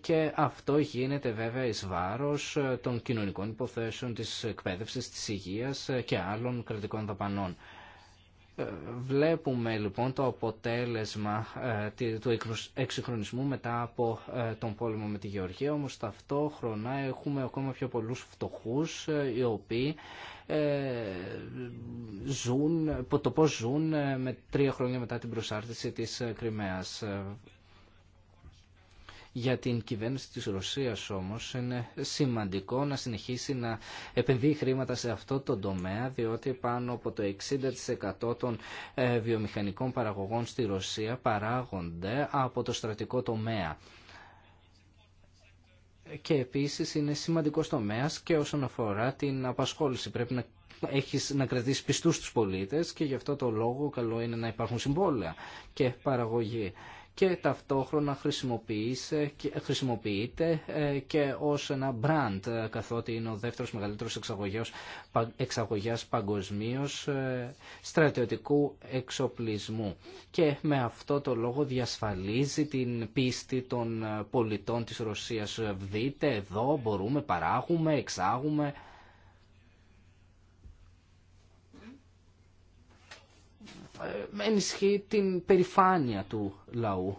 και αυτό γίνεται βέβαια εις βάρος των κοινωνικών υποθέσεων, της εκπαίδευσης, της υγείας και άλλων κρατικών δαπανών. Βλέπουμε λοιπόν το αποτέλεσμα ε, του εξυγχρονισμού μετά από ε, τον πόλεμο με τη Γεωργία, όμως ταυτόχρονα έχουμε ακόμα πιο πολλούς φτωχούς ε, οι οποίοι ζουν, το πώς ζουν με τρία χρόνια μετά την προσάρτηση της Κρυμαίας. Για την κυβέρνηση της Ρωσίας όμως είναι σημαντικό να συνεχίσει να επενδύει χρήματα σε αυτό το τομέα διότι πάνω από το 60% των ε, βιομηχανικών παραγωγών στη Ρωσία παράγονται από το στρατικό τομέα και επίσης είναι σημαντικός τομέας και όσον αφορά την απασχόληση. Πρέπει να έχεις να κρατήσεις πιστούς τους πολίτες και γι' αυτό το λόγο καλό είναι να υπάρχουν συμβόλαια και παραγωγή και ταυτόχρονα χρησιμοποιείται ε, και ως ένα μπραντ ε, καθότι είναι ο δεύτερος μεγαλύτερος εξαγωγιάς παγκοσμίω ε, στρατιωτικού εξοπλισμού και με αυτό το λόγο διασφαλίζει την πίστη των πολιτών της Ρωσίας. Δείτε εδώ μπορούμε, παράγουμε, εξάγουμε Ε, ενισχύει την περηφάνεια του λαού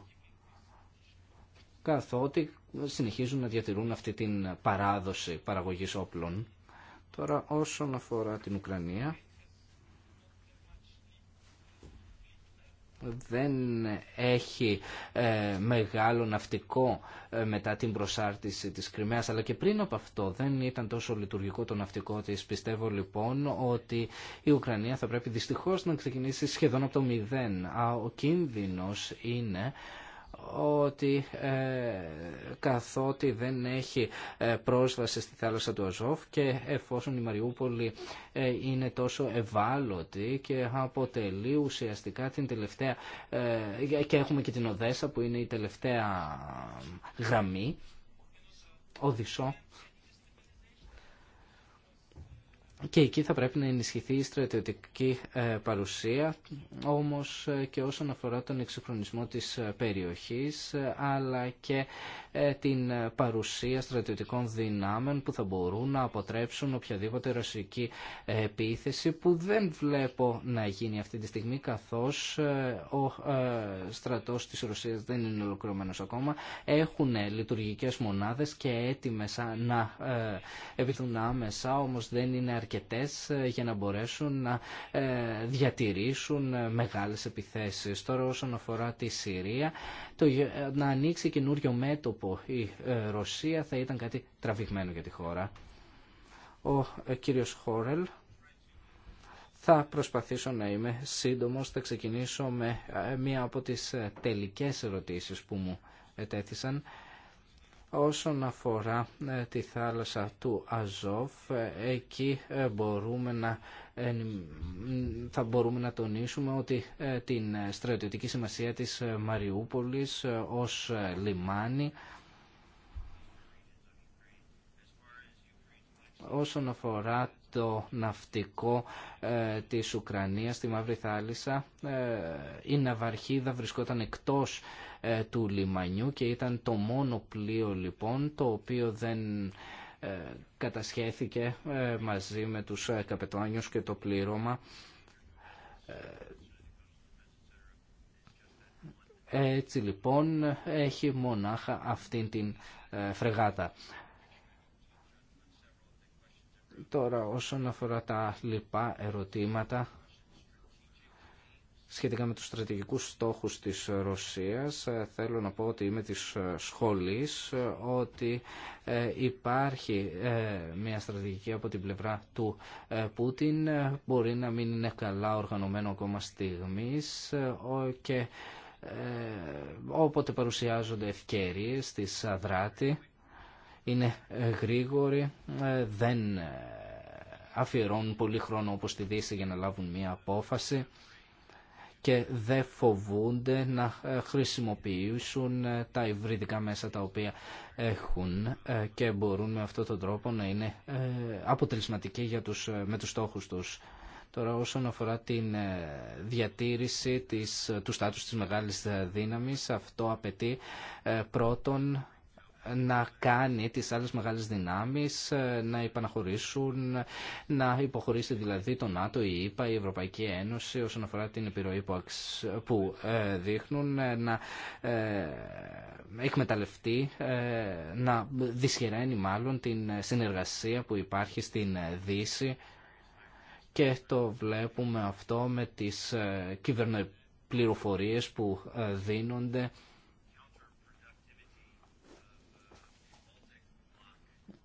καθότι συνεχίζουν να διατηρούν αυτή την παράδοση παραγωγής όπλων. Τώρα όσον αφορά την Ουκρανία δεν έχει ε, μεγάλο ναυτικό ε, μετά την προσάρτηση της Κρυμαίας αλλά και πριν από αυτό δεν ήταν τόσο λειτουργικό το ναυτικό της. Πιστεύω λοιπόν ότι η Ουκρανία θα πρέπει δυστυχώς να ξεκινήσει σχεδόν από το μηδέν. Ο κίνδυνος είναι ότι ε, καθότι δεν έχει ε, πρόσβαση στη θάλασσα του Αζόφ και εφόσον η Μαριούπολη ε, είναι τόσο ευάλωτη και αποτελεί ουσιαστικά την τελευταία και έχουμε και την Οδέσα που είναι η τελευταία γραμμή Οδυσσό και εκεί θα πρέπει να ενισχυθεί η στρατιωτική ε, παρουσία, όμως ε, και όσον αφορά τον εξυγχρονισμό της ε, περιοχής, αλλά και ε, την ε, παρουσία στρατιωτικών δυνάμεων που θα μπορούν να αποτρέψουν οποιαδήποτε ρωσική ε, επίθεση που δεν βλέπω να γίνει αυτή τη στιγμή καθώς ο στρατός της Ρωσίας δεν είναι ολοκληρωμένος ακόμα. Έχουν λειτουργικές μονάδες και έτοιμες να επιθούν άμεσα όμως δεν είναι αρκετές για να μπορέσουν να διατηρήσουν μεγάλες επιθέσεις. Τώρα όσον αφορά τη Συρία, το, να ανοίξει καινούριο μέτωπο η ε, Ρωσία θα ήταν κάτι τραβηγμένο για τη χώρα. Ο ε, κύριος Χόρελ θα προσπαθήσω να είμαι σύντομος. Θα ξεκινήσω με ε, μία από τις τελικές ερωτήσεις που μου ετέθησαν. Όσον αφορά τη θάλασσα του Αζόφ, εκεί μπορούμε να, θα μπορούμε να τονίσουμε ότι την στρατιωτική σημασία της Μαριούπολης ως λιμάνι όσον αφορά το ναυτικό ε, της Ουκρανίας στη Μαύρη Θάλισσα, Ε, η Ναυαρχίδα βρισκόταν εκτός ε, του λιμανιού και ήταν το μόνο πλοίο λοιπόν το οποίο δεν ε, κατασχέθηκε ε, μαζί με τους καπετάνιους και το πλήρωμα. Έτσι λοιπόν έχει μονάχα αυτήν την φρεγάτα. Τώρα όσον αφορά τα λοιπά ερωτήματα σχετικά με τους στρατηγικούς στόχους της Ρωσίας ε, θέλω να πω ότι είμαι της ε, σχολής ε, ότι υπάρχει μια στρατηγική από την πλευρά του Πούτιν μπορεί να μην είναι καλά οργανωμένο ακόμα στιγμής και όποτε παρουσιάζονται ευκαιρίες της Αδράτη είναι ε, γρήγοροι, ε, δεν ε, αφιερώνουν πολύ χρόνο όπως τη Δύση για να λάβουν μία απόφαση και δεν φοβούνται να χρησιμοποιήσουν τα υβριδικά μέσα τα οποία έχουν και μπορούν με αυτόν τον τρόπο να είναι αποτελεσματικοί για τους, με τους στόχους τους. Τώρα όσον αφορά την διατήρηση της, του στάτους της μεγάλης δύναμης, αυτό απαιτεί πρώτον να κάνει τις άλλες μεγάλες δυνάμεις ε, να υπαναχωρήσουν, να υποχωρήσει δηλαδή το ΝΑΤΟ, η ΕΠΑ, ΕΕ, η Ευρωπαϊκή Ένωση όσον αφορά την επιρροή που, ε, δείχνουν, ε, να εκμεταλλευτεί, να δυσχεραίνει μάλλον την συνεργασία που υπάρχει στην Δύση και το βλέπουμε αυτό με τις κυβερνοπληροφορίες που δίνονται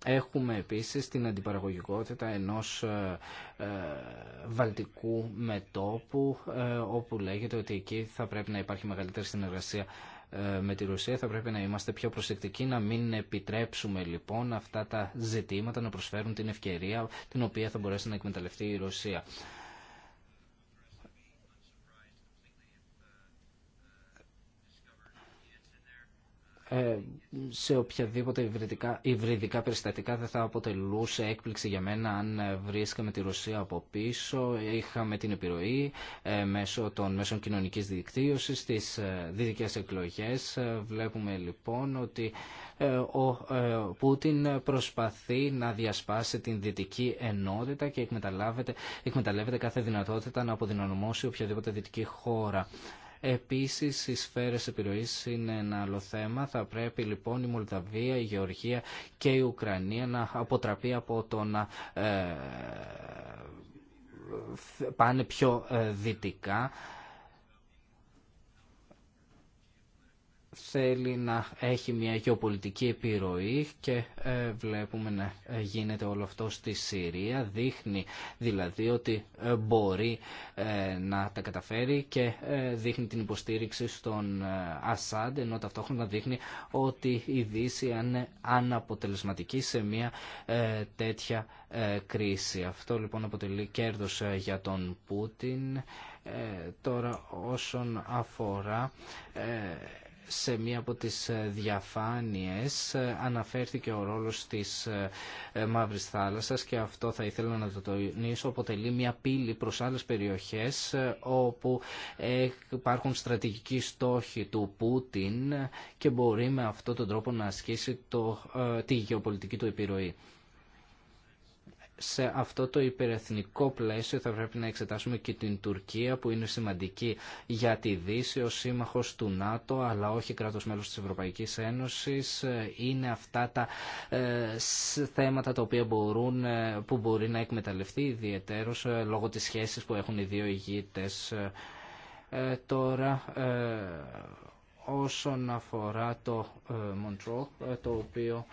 Έχουμε επίσης την αντιπαραγωγικότητα ενός ε, ε, βαλτικού μετόπου ε, όπου λέγεται ότι εκεί θα πρέπει να υπάρχει μεγαλύτερη συνεργασία με τη Ρωσία. Θα πρέπει να είμαστε πιο προσεκτικοί, να μην επιτρέψουμε λοιπόν αυτά τα ζητήματα να προσφέρουν την ευκαιρία την οποία θα μπορέσει να εκμεταλλευτεί η Ρωσία. Ε, σε οποιαδήποτε υβριδικά, περιστατικά δεν θα αποτελούσε έκπληξη για μένα αν ε, βρίσκαμε τη Ρωσία από πίσω. Είχαμε την επιρροή ε, μέσω των μέσων κοινωνικής δικτύωσης στις δυτικές εκλογές. Βλέπουμε λοιπόν ότι ο Πούτιν προσπαθεί να διασπάσει την δυτική ενότητα και εκμεταλλεύεται κάθε δυνατότητα να αποδυναμώσει οποιαδήποτε δυτική χώρα. Επίσης οι σφαίρες επιρροής είναι ένα άλλο θέμα. Θα πρέπει λοιπόν η Μολδαβία, η Γεωργία και η Ουκρανία να αποτραπεί από το να ε, πάνε πιο ε, δυτικά θέλει να έχει μια γεωπολιτική επιρροή και ε, βλέπουμε να ε, γίνεται όλο αυτό στη Συρία. Δείχνει δηλαδή ότι ε, μπορεί να τα καταφέρει και δείχνει την υποστήριξη στον Ασάντ ενώ ταυτόχρονα δείχνει ότι η Δύση είναι αναποτελεσματική σε μια τέτοια κρίση. Αυτό λοιπόν αποτελεί κέρδος για τον Πούτιν. Τώρα όσον αφορά σε μία από τις ε, διαφάνειες ε, αναφέρθηκε ο ρόλος της ε, Μαύρης Θάλασσας και αυτό θα ήθελα να το τονίσω αποτελεί μία πύλη προς άλλες περιοχές όπου υπάρχουν στρατηγικοί στόχοι του Πούτιν και μπορεί με αυτόν τον τρόπο να ασκήσει το, τη γεωπολιτική του επιρροή σε αυτό το υπερεθνικό πλαίσιο θα πρέπει να εξετάσουμε και την Τουρκία που είναι σημαντική για τη Δύση ως σύμμαχος του ΝΑΤΟ αλλά όχι κράτος μέλος της Ευρωπαϊκής Ένωσης. Ε, είναι αυτά τα ε, θέματα τα οποία μπορούν, ε, που μπορεί να εκμεταλλευτεί ιδιαιτέρως λόγω της σχέσης που έχουν οι δύο ηγείτες τώρα όσον αφορά το Μοντρό το οποίο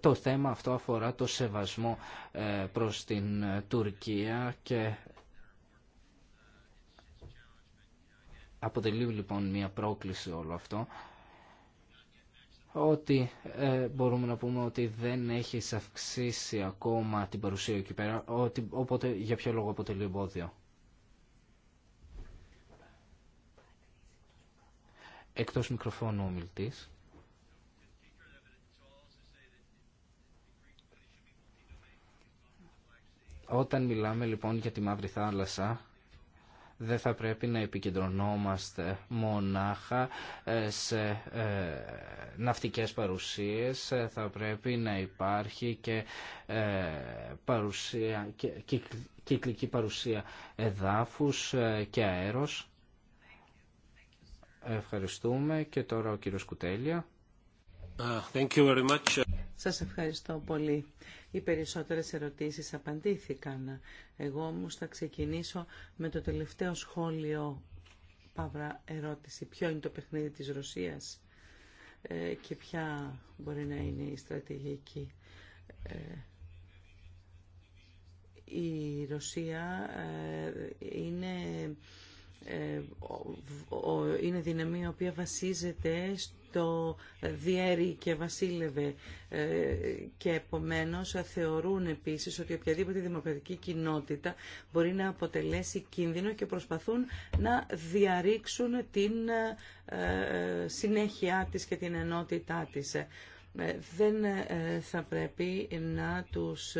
το θέμα αυτό αφορά το σεβασμό ε, προς την ε, Τουρκία και αποτελεί λοιπόν μια πρόκληση όλο αυτό ότι ε, μπορούμε να πούμε ότι δεν έχει αυξήσει ακόμα την παρουσία εκεί πέρα, ότι, οπότε για ποιο λόγο αποτελεί εμπόδιο. Εκτός μικροφώνου ο μιλτής. Όταν μιλάμε λοιπόν για τη Μαύρη Θάλασσα, δεν θα πρέπει να επικεντρωνόμαστε μονάχα ε, σε ε, ναυτικές παρουσίες, ε, θα πρέπει να υπάρχει και παρουσία, κυκλική παρουσία εδάφους και αέρος. Ευχαριστούμε και τώρα ο κύριος Κουτέλια. Uh, thank Σας ευχαριστώ πολύ. Οι περισσότερες ερωτήσεις απαντήθηκαν. Εγώ όμως θα ξεκινήσω με το τελευταίο σχόλιο, παύρα ερώτηση. Ποιο είναι το παιχνίδι της Ρωσίας ε, και ποια μπορεί να είναι η στρατηγική. Ε, η Ρωσία ε, είναι ε, είναι δύναμη η οποία βασίζεται στο διέρη και βασίλευε ε, και επομένως θεωρούν επίσης ότι οποιαδήποτε δημοκρατική κοινότητα μπορεί να αποτελέσει κίνδυνο και προσπαθούν να διαρρήξουν την ε, συνέχειά της και την ενότητά της δεν θα πρέπει να τους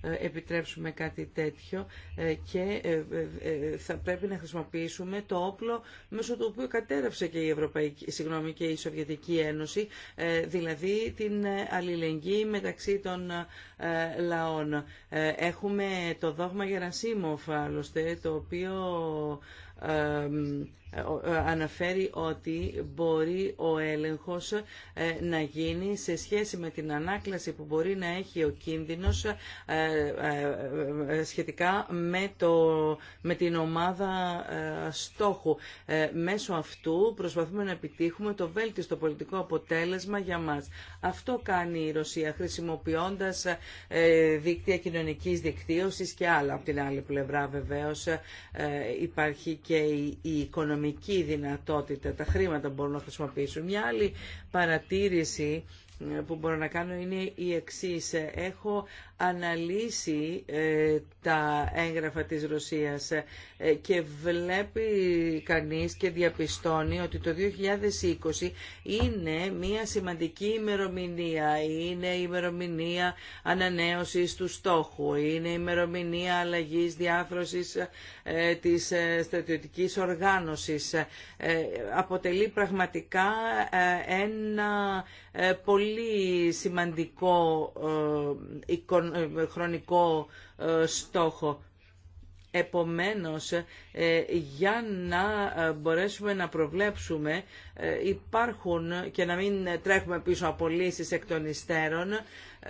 ε, επιτρέψουμε κάτι τέτοιο ε, και ε, θα πρέπει να χρησιμοποιήσουμε το όπλο μέσω του οποίου κατέρευσε και η, Ευρωπαϊκή, συγγνώμη, και η Σοβιετική Ένωση, δηλαδή την αλληλεγγύη μεταξύ των λαών. Έχουμε το δόγμα Γερασίμοφ, άλλωστε, το οποίο αναφέρει ότι μπορεί ο έλεγχος ε, να γίνει σε σχέση με την ανάκλαση που μπορεί να έχει ο κίνδυνος ε, ε, σχετικά με, το, με την ομάδα στόχου. Μέσω αυτού προσπαθούμε να επιτύχουμε το βέλτιστο πολιτικό αποτέλεσμα για μας. Αυτό κάνει η Ρωσία χρησιμοποιώντας δίκτυα κοινωνικής δικτύωσης και άλλα. Από την άλλη πλευρά βεβαίως υπάρχει και η οικονομική οικονομική δυνατότητα, τα χρήματα μπορούν να χρησιμοποιήσουν. Μια άλλη παρατήρηση που μπορώ να κάνω είναι η εξής. Έχω αναλύσει ε, τα έγγραφα της Ρωσίας ε, και βλέπει κανείς και διαπιστώνει ότι το 2020 είναι μια σημαντική ημερομηνία. Είναι η ημερομηνία ανανέωσης του στόχου, είναι η ημερομηνία αλλαγής διάθρωσης ε, της στρατιωτικής οργάνωσης. Αποτελεί πραγματικά ένα ε, πολύ σημαντικό ε, ε, χρονικό στόχο. Επομένως, για να μπορέσουμε να προβλέψουμε υπάρχουν και να μην τρέχουμε πίσω από εκ των υστέρων,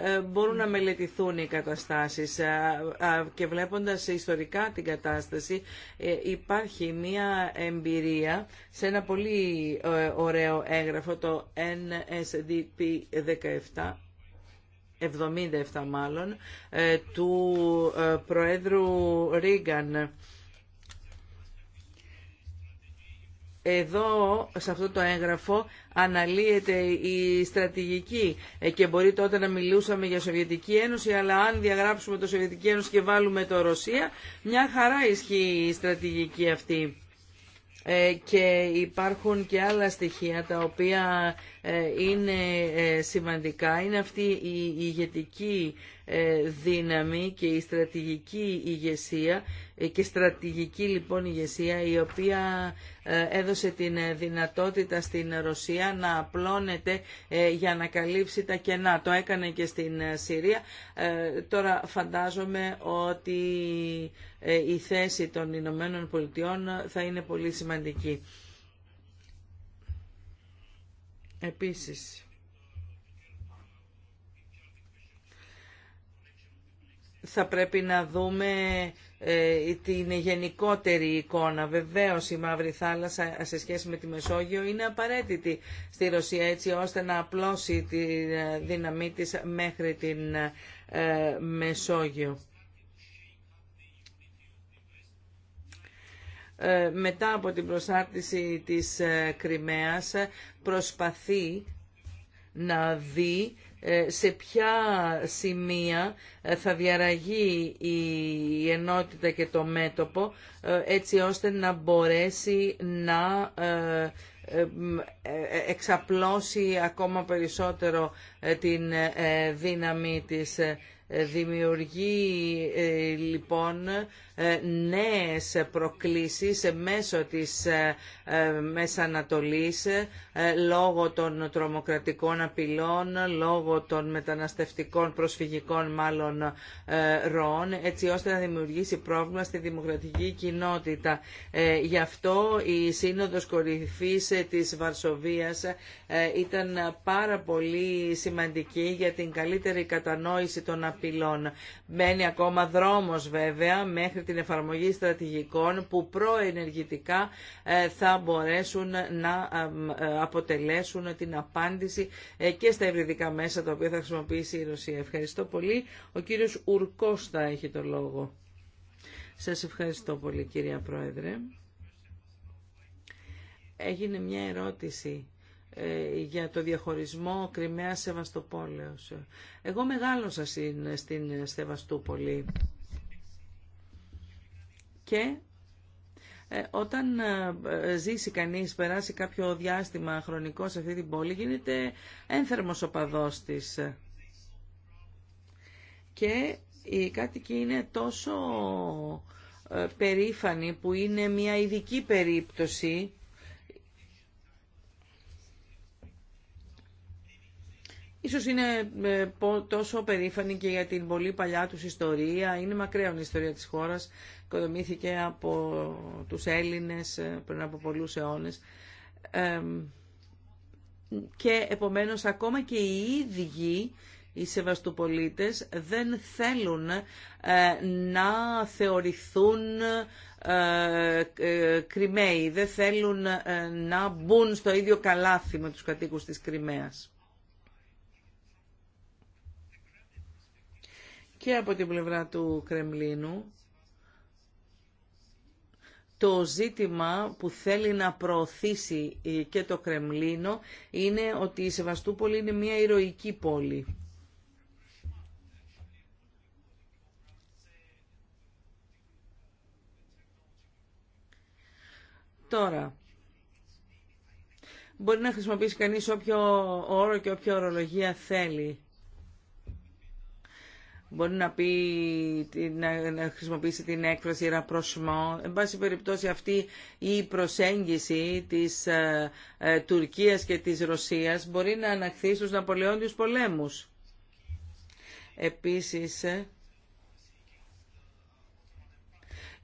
ε, μπορούν να μελετηθούν οι καταστάσεις ε, και βλέποντας ιστορικά την κατάσταση ε, υπάρχει μια εμπειρία σε ένα πολύ ωραίο έγγραφο το NSDP 17 77 μάλλον, του Προέδρου Ρίγκαν. Εδώ, σε αυτό το έγγραφο, αναλύεται η στρατηγική ε, και μπορεί τότε να μιλούσαμε για Σοβιετική Ένωση, αλλά αν διαγράψουμε το Σοβιετική Ένωση και βάλουμε το Ρωσία, μια χαρά ισχύει η στρατηγική αυτή ε, και υπάρχουν και άλλα στοιχεία τα οποία ε, είναι σημαντικά. Είναι αυτή η ηγετική δύναμη και η στρατηγική ηγεσία και στρατηγική λοιπόν ηγεσία η οποία ε, έδωσε την ε, δυνατότητα στην Ρωσία να απλώνεται ε, για να καλύψει τα κενά. Το έκανε και στην Συρία. Τώρα φαντάζομαι ότι η θέση των Ηνωμένων Πολιτειών θα είναι πολύ σημαντική. Επίσης, θα πρέπει να δούμε ε, την γενικότερη εικόνα. βεβαίω η Μαύρη Θάλασσα σε σχέση με τη Μεσόγειο είναι απαραίτητη στη Ρωσία έτσι ώστε να απλώσει τη δύναμή της μέχρι την ε, Μεσόγειο. Ε, μετά από την προσάρτηση της Κρυμαίας προσπαθεί να δει ε, σε ποια σημεία ε, θα διαραγεί η ενότητα και το μέτωπο ε, έτσι ώστε να μπορέσει να εξαπλώσει ακόμα περισσότερο την δύναμη της Δημιουργεί λοιπόν ε, νέες προκλήσεις μέσω της ε, ε, Μεσανατολής λόγω των τρομοκρατικών απειλών, λόγω των μεταναστευτικών προσφυγικών μάλλον ροών, έτσι ώστε να δημιουργήσει πρόβλημα στη δημοκρατική κοινότητα. Γι' αυτό η Σύνοδος Κορυφής της Βαρσοβίας ήταν πάρα πολύ σημαντική για την καλύτερη κατανόηση των απειλών. Μένει ακόμα δρόμος βέβαια μέχρι την εφαρμογή στρατηγικών που προενεργητικά ε, θα μπορέσουν να ε, ε, αποτελέσουν την απάντηση και στα ευρυδικά μέσα τα οποία θα χρησιμοποιήσει η Ρωσία. Ευχαριστώ πολύ. Ο κύριος Ουρκώστα έχει το λόγο. Σας ευχαριστώ πολύ κυρία Πρόεδρε. Έγινε μια ερώτηση για το διαχωρισμό κρυμαια Σεβαστοπόλεως. Εγώ μεγάλωσα στην Σεβαστούπολη και ε, όταν ε, ζήσει κανείς, περάσει κάποιο διάστημα χρονικό σε αυτή την πόλη, γίνεται ένθερμος οπαδός της. Και οι κάτοικοι είναι τόσο ε, περήφανοι που είναι μια ειδική περίπτωση Ίσως είναι ε, τόσο περήφανοι και για την πολύ παλιά τους ιστορία. Είναι μακραία η ιστορία της χώρας. Οικοδομήθηκε από τους Έλληνες ε, πριν από πολλούς αιώνες. Και επομένως ακόμα και οι ίδιοι οι Σεβαστοπολίτες δεν θέλουν ε, να θεωρηθούν Κρυμαίοι. Δεν θέλουν να μπουν στο ίδιο καλάθι με τους κατοίκους της Κρυμαίας. και από την πλευρά του Κρεμλίνου το ζήτημα που θέλει να προωθήσει ε, και το Κρεμλίνο είναι ότι η Σεβαστούπολη είναι μια ηρωική πόλη. Τώρα, μπορεί να χρησιμοποιήσει κανείς όποιο όρο και όποια ορολογία θέλει μπορεί να, πει, να χρησιμοποιήσει την έκφραση ραπροσμό. Εν πάση περιπτώσει αυτή η προσέγγιση της ε, ε, Τουρκίας και της Ρωσίας μπορεί να αναχθεί στους Ναπολεόντιους πολέμους. Επίσης, ε,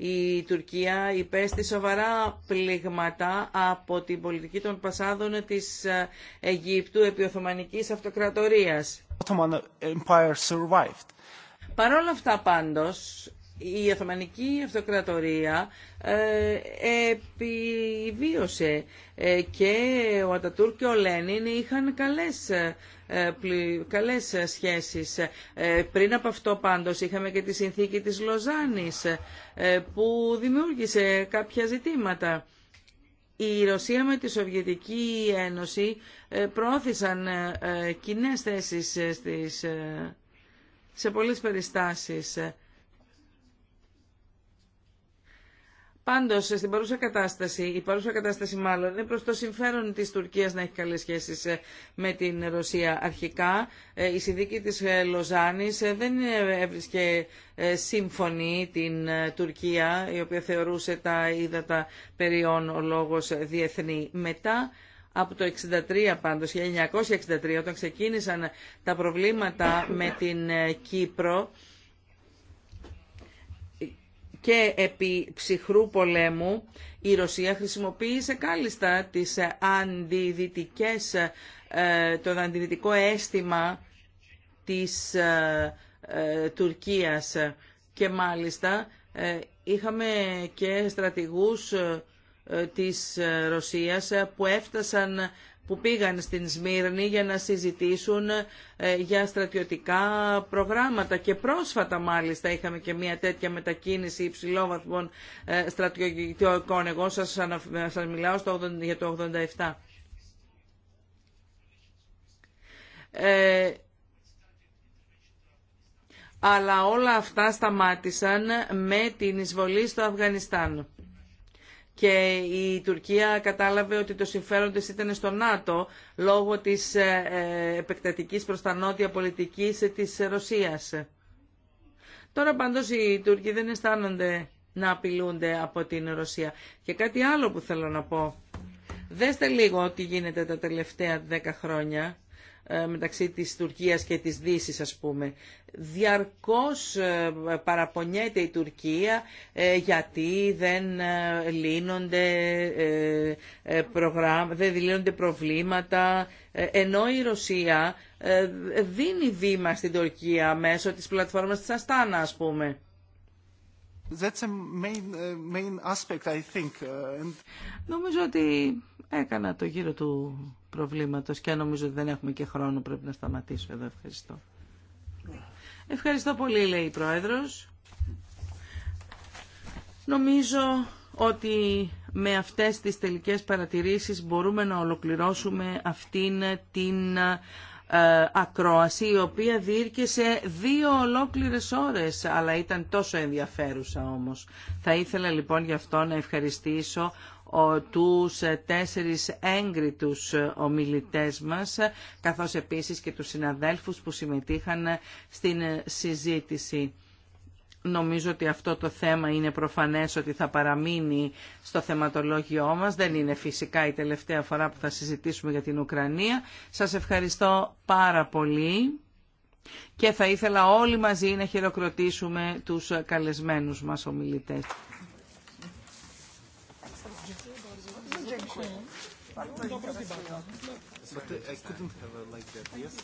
Η Τουρκία υπέστη σοβαρά πλήγματα από την πολιτική των πασάδων της ε, Αιγύπτου επί Οθωμανικής Αυτοκρατορίας. Παρ' όλα αυτά πάντως η Οθωμανική Αυτοκρατορία ε, επιβίωσε ε, και ο Ατατούρ και ο Λένιν είχαν καλές, ε, καλές σχέσεις. Ε, πριν από αυτό πάντως είχαμε και τη συνθήκη της Λοζάνης ε, που δημιούργησε κάποια ζητήματα. Η Ρωσία με τη Σοβιετική Ένωση προώθησαν κοινές θέσεις σε πολλές περιστάσεις Πάντω, στην παρούσα κατάσταση, η παρούσα κατάσταση μάλλον είναι προ το συμφέρον της Τουρκία να έχει καλε σχέσει ε, με την Ρωσία. Αρχικά, ε, η συνδίκη της ε, Λοζάνη δεν έβρισκε σύμφωνη την Τουρκία, η οποία θεωρούσε τα ύδατα περιών ο λόγο διεθνή. Μετά, από το 1963 πάντως, 1963, όταν ξεκίνησαν τα προβλήματα με την Κύπρο, και επί ψυχρού πολέμου η Ρωσία χρησιμοποίησε κάλλιστα τις αντιδυτικές, ε, το αντιδυτικό αίσθημα της ε, ε, Τουρκίας και μάλιστα είχαμε και στρατηγούς της Ρωσίας που έφτασαν που πήγαν στην Σμύρνη για να συζητήσουν ε, για στρατιωτικά προγράμματα και πρόσφατα μάλιστα είχαμε και μια τέτοια μετακίνηση υψηλόβαθμων ε, στρατιωτικών. Εγώ σας, μιλάω για το 87. Ε, αλλά όλα αυτά σταμάτησαν με την εισβολή στο Αφγανιστάν και η Τουρκία κατάλαβε ότι το συμφέρον της ήταν στο ΝΑΤΟ λόγω της ε, ε, επεκτατικής προς τα νότια πολιτικής της Ρωσίας. Τώρα πάντως οι Τούρκοι δεν αισθάνονται να απειλούνται από την Ρωσία. Και κάτι άλλο που θέλω να πω. Δέστε λίγο τι γίνεται τα τελευταία δέκα χρόνια ε, μεταξύ της Τουρκίας και της Δύσης ας πούμε. Διαρκώς ε, παραπονιέται η Τουρκία ε, γιατί δεν λύνονται, δεν λύνονται προβλήματα ενώ η Ρωσία δίνει βήμα στην Τουρκία μέσω της πλατφόρμας της Αστάνα ας πούμε. That's a main, main aspect, I think. Νομίζω ότι Έκανα το γύρο του προβλήματος και νομίζω ότι δεν έχουμε και χρόνο, πρέπει να σταματήσω εδώ. Ευχαριστώ. Ευχαριστώ πολύ, λέει η Πρόεδρος. Νομίζω ότι με αυτές τις τελικές παρατηρήσεις μπορούμε να ολοκληρώσουμε αυτήν την ε, ακρόαση η οποία διήρκεσε δύο ολόκληρες ώρες αλλά ήταν τόσο ενδιαφέρουσα όμως. Θα ήθελα λοιπόν γι' αυτό να ευχαριστήσω τους ε, τέσσερις έγκριτους ε, ομιλητές μας, ε, καθώς επίσης και τους συναδέλφους που συμμετείχαν στην συζήτηση. Νομίζω ότι αυτό το θέμα είναι προφανές ότι θα παραμείνει στο θεματολόγιό μας. Δεν είναι φυσικά η τελευταία φορά που θα συζητήσουμε για την Ουκρανία. Σας ευχαριστώ πάρα πολύ και θα ήθελα όλοι μαζί να χειροκροτήσουμε τους καλεσμένους μας ομιλητές. But I couldn't have like that. Yes.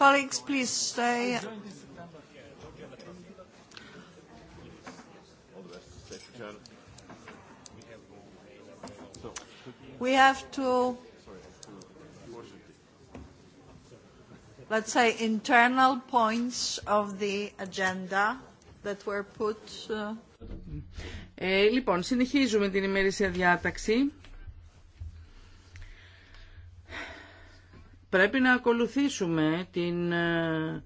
Colleagues, please stay. We have to, let's say, internal points of the agenda that were put. λοιπόν, συνεχίζουμε την ημερήσια διάταξη. πρέπει να ακολουθήσουμε την, ε,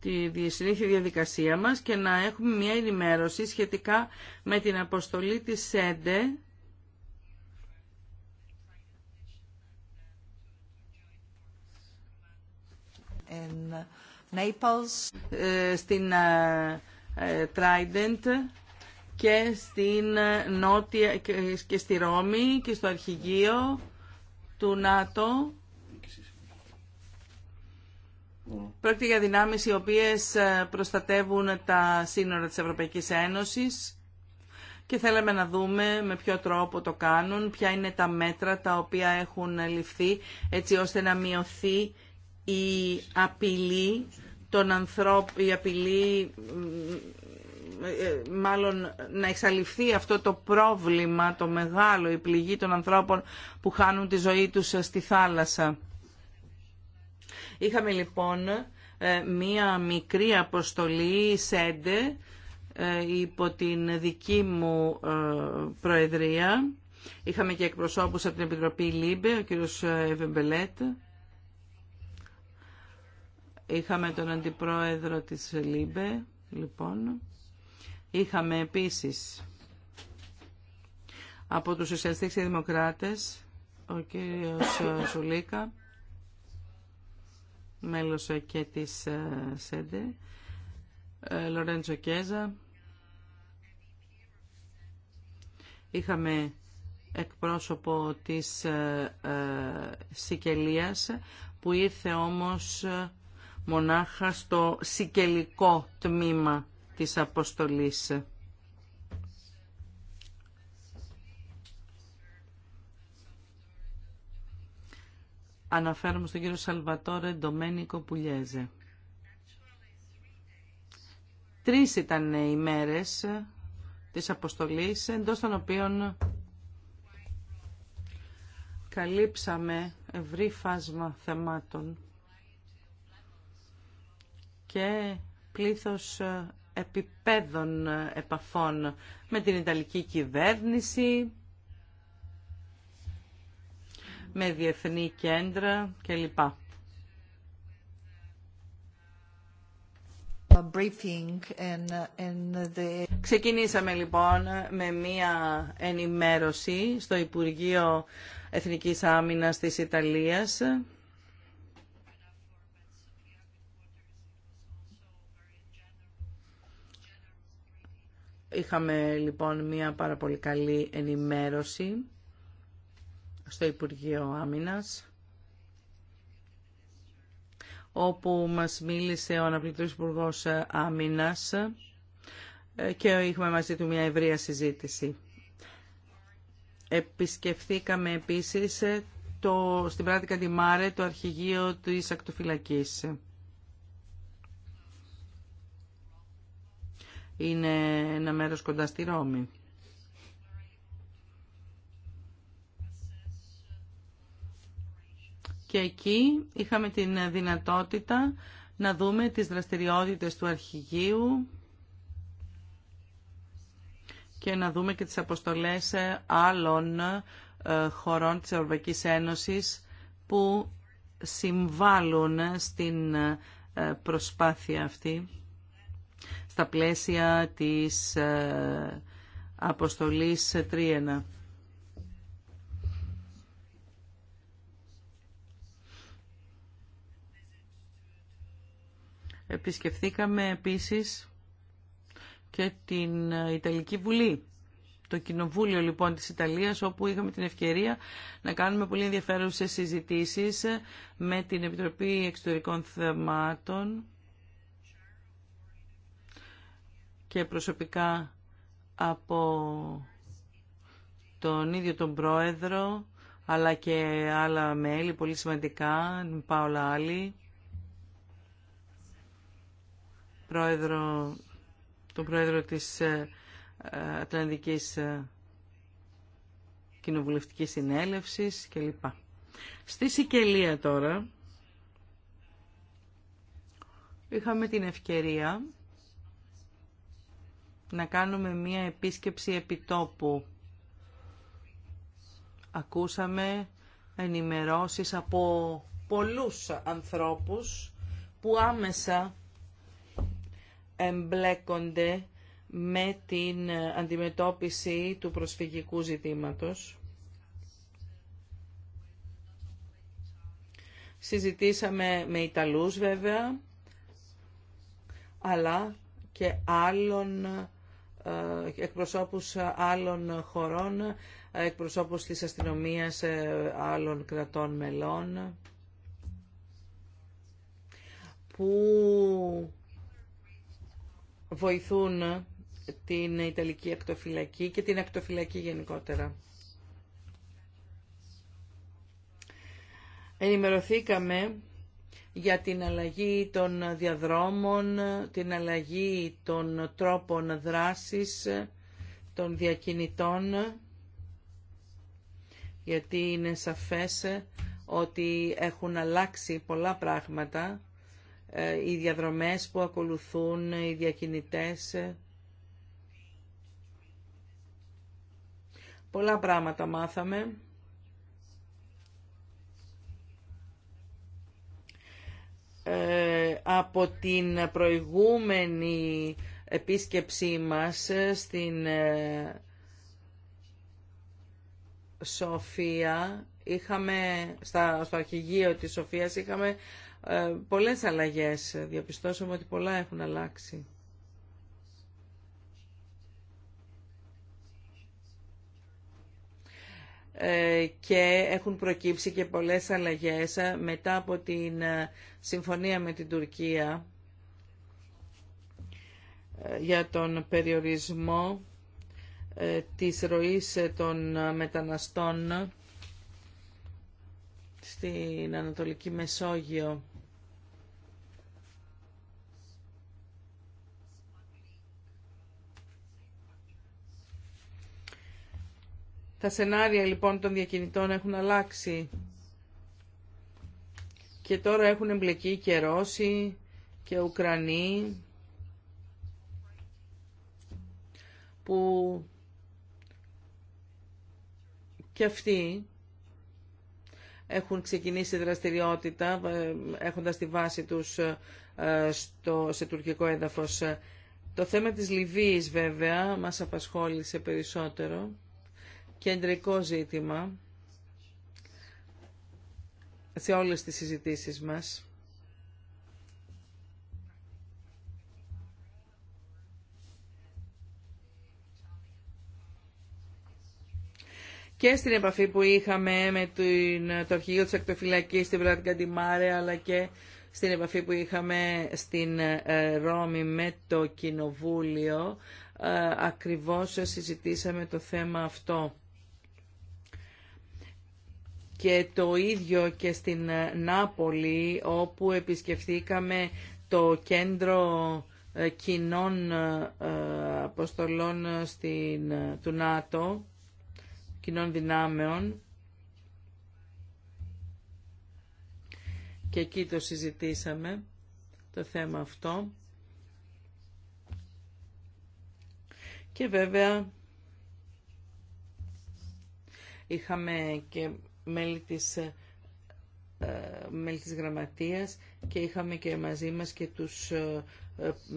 τη συνήθεια διαδικασία μας και να έχουμε μια ενημέρωση σχετικά με την αποστολή της ΣΕΝΤΕ uh, ε, στην ε, Trident και στην Νότια και στη Ρώμη και στο αρχηγείο του ΝΑΤΟ Πρόκειται για δυνάμεις οι οποίες ε, προστατεύουν τα σύνορα της Ευρωπαϊκής Ένωσης και θέλαμε να δούμε με ποιο τρόπο το κάνουν, ποια είναι τα μέτρα τα οποία έχουν ληφθεί έτσι ώστε να μειωθεί η απειλή των ανθρώπων, η απειλή ε, μάλλον να εξαλειφθεί αυτό το πρόβλημα, το μεγάλο, η πληγή των ανθρώπων που χάνουν τη ζωή τους ε, στη θάλασσα. Είχαμε λοιπόν ε, μία μικρή αποστολή ΣΕΝΤΕ υπό την δική μου ε, προεδρία. Είχαμε και εκπροσώπους από την Επιτροπή ΛΥΜΠΕ, ο κύριος Εβεμπελέτ. Είχαμε τον αντιπρόεδρο της ΛΥΜΠΕ, λοιπόν. Είχαμε επίσης από τους Σοσιαλιστές και Δημοκράτες, ο κύριος ε, Σουλίκα μέλος ε, και της ε, ΣΕΝΤΕ, ε, Λορέντζο Κέζα. Είχαμε εκπρόσωπο της Σικελίας που ήρθε όμως μονάχα στο Σικελικό τμήμα της αποστολής. Αναφέρομαι στον κύριο Σαλβατόρε Ντομένικο Πουλιέζε. Τρεις ήταν οι μέρες της αποστολής, εντός των οποίων καλύψαμε ευρύ φάσμα θεμάτων και πλήθος επιπέδων επαφών με την Ιταλική κυβέρνηση, με διεθνή κέντρα κλπ. Ξεκινήσαμε λοιπόν με μία ενημέρωση στο Υπουργείο Εθνικής Άμυνας της Ιταλίας. Είχαμε λοιπόν μία πάρα πολύ καλή ενημέρωση στο Υπουργείο Άμυνας όπου μας μίλησε ο αναπληκτής υπουργό Άμυνας ε, και είχαμε μαζί του μια ευρεία συζήτηση. Επισκεφθήκαμε επίσης ε, το, στην πράτη Μάρε το αρχηγείο της ακτοφυλακής. Είναι ένα μέρος κοντά στη Ρώμη. και εκεί είχαμε την δυνατότητα να δούμε τις δραστηριότητες του αρχηγείου και να δούμε και τις αποστολές ε, άλλων ε, χωρών της Ευρωπαϊκής Ένωσης που συμβάλλουν στην ε, προσπάθεια αυτή στα πλαίσια της αποστολής Τρίενα. Επισκεφθήκαμε επίσης και την ε, Ιταλική Βουλή. Το Κοινοβούλιο λοιπόν της Ιταλίας όπου είχαμε την ευκαιρία να κάνουμε πολύ ενδιαφέρουσες συζητήσεις με την Επιτροπή Εξωτερικών Θεμάτων και προσωπικά από τον ίδιο τον Πρόεδρο αλλά και άλλα μέλη πολύ σημαντικά, Πάολα Άλλη πρόεδρο, τον πρόεδρο της ε, ε, Ατλαντικής ε, Κοινοβουλευτικής Συνέλευσης κλπ. Στη Σικελία τώρα είχαμε την ευκαιρία να κάνουμε μία επίσκεψη επιτόπου. Ακούσαμε ενημερώσεις από πολλούς ανθρώπους που άμεσα εμπλέκονται με την αντιμετώπιση του προσφυγικού ζητήματος. Συζητήσαμε με Ιταλούς βέβαια, αλλά και άλλων ε, εκπροσώπους άλλων χωρών, εκπροσώπους της αστυνομίας ε, άλλων κρατών μελών, που βοηθούν την Ιταλική ακτοφυλακή και την ακτοφυλακή γενικότερα. Ενημερωθήκαμε για την αλλαγή των διαδρόμων, την αλλαγή των τρόπων δράσης των διακινητών, γιατί είναι σαφές ότι έχουν αλλάξει πολλά πράγματα ε, οι διαδρομές που ακολουθούν οι διακινητές. Πολλά πράγματα μάθαμε. Ε, από την προηγούμενη επίσκεψή μας στην ε, Σοφία, είχαμε, στα, στο αρχηγείο της Σοφίας είχαμε ε, πολλές αλλαγές. Διαπιστώσαμε ότι πολλά έχουν αλλάξει. Ε, και έχουν προκύψει και πολλές αλλαγές ε, μετά από την συμφωνία με την Τουρκία για τον περιορισμό της ροής των μεταναστών στην Ανατολική Μεσόγειο. Τα σενάρια λοιπόν των διακινητών έχουν αλλάξει και τώρα έχουν εμπλεκεί και Ρώσοι και Ουκρανοί που και αυτοί έχουν ξεκινήσει δραστηριότητα έχοντας τη βάση τους ε, στο, σε τουρκικό έδαφος. Το θέμα της Λιβύης βέβαια μας απασχόλησε περισσότερο κεντρικό ζήτημα σε όλες τις συζητήσεις μας. και στην επαφή που είχαμε με το αρχηγείο της ακτοφυλακής στην Βράτικα Μάρε, αλλά και στην επαφή που είχαμε στην ε, Ρώμη με το Κοινοβούλιο, ε, ακριβώς συζητήσαμε το θέμα αυτό και το ίδιο και στην Νάπολη όπου επισκεφθήκαμε το κέντρο ε, κοινών ε, αποστολών ε, στην, του ΝΑΤΟ, κοινών δυνάμεων. Και εκεί το συζητήσαμε, το θέμα αυτό. Και βέβαια είχαμε και μέλη της ε, ε, μέλη της Γραμματείας και είχαμε και μαζί μας και τους ε,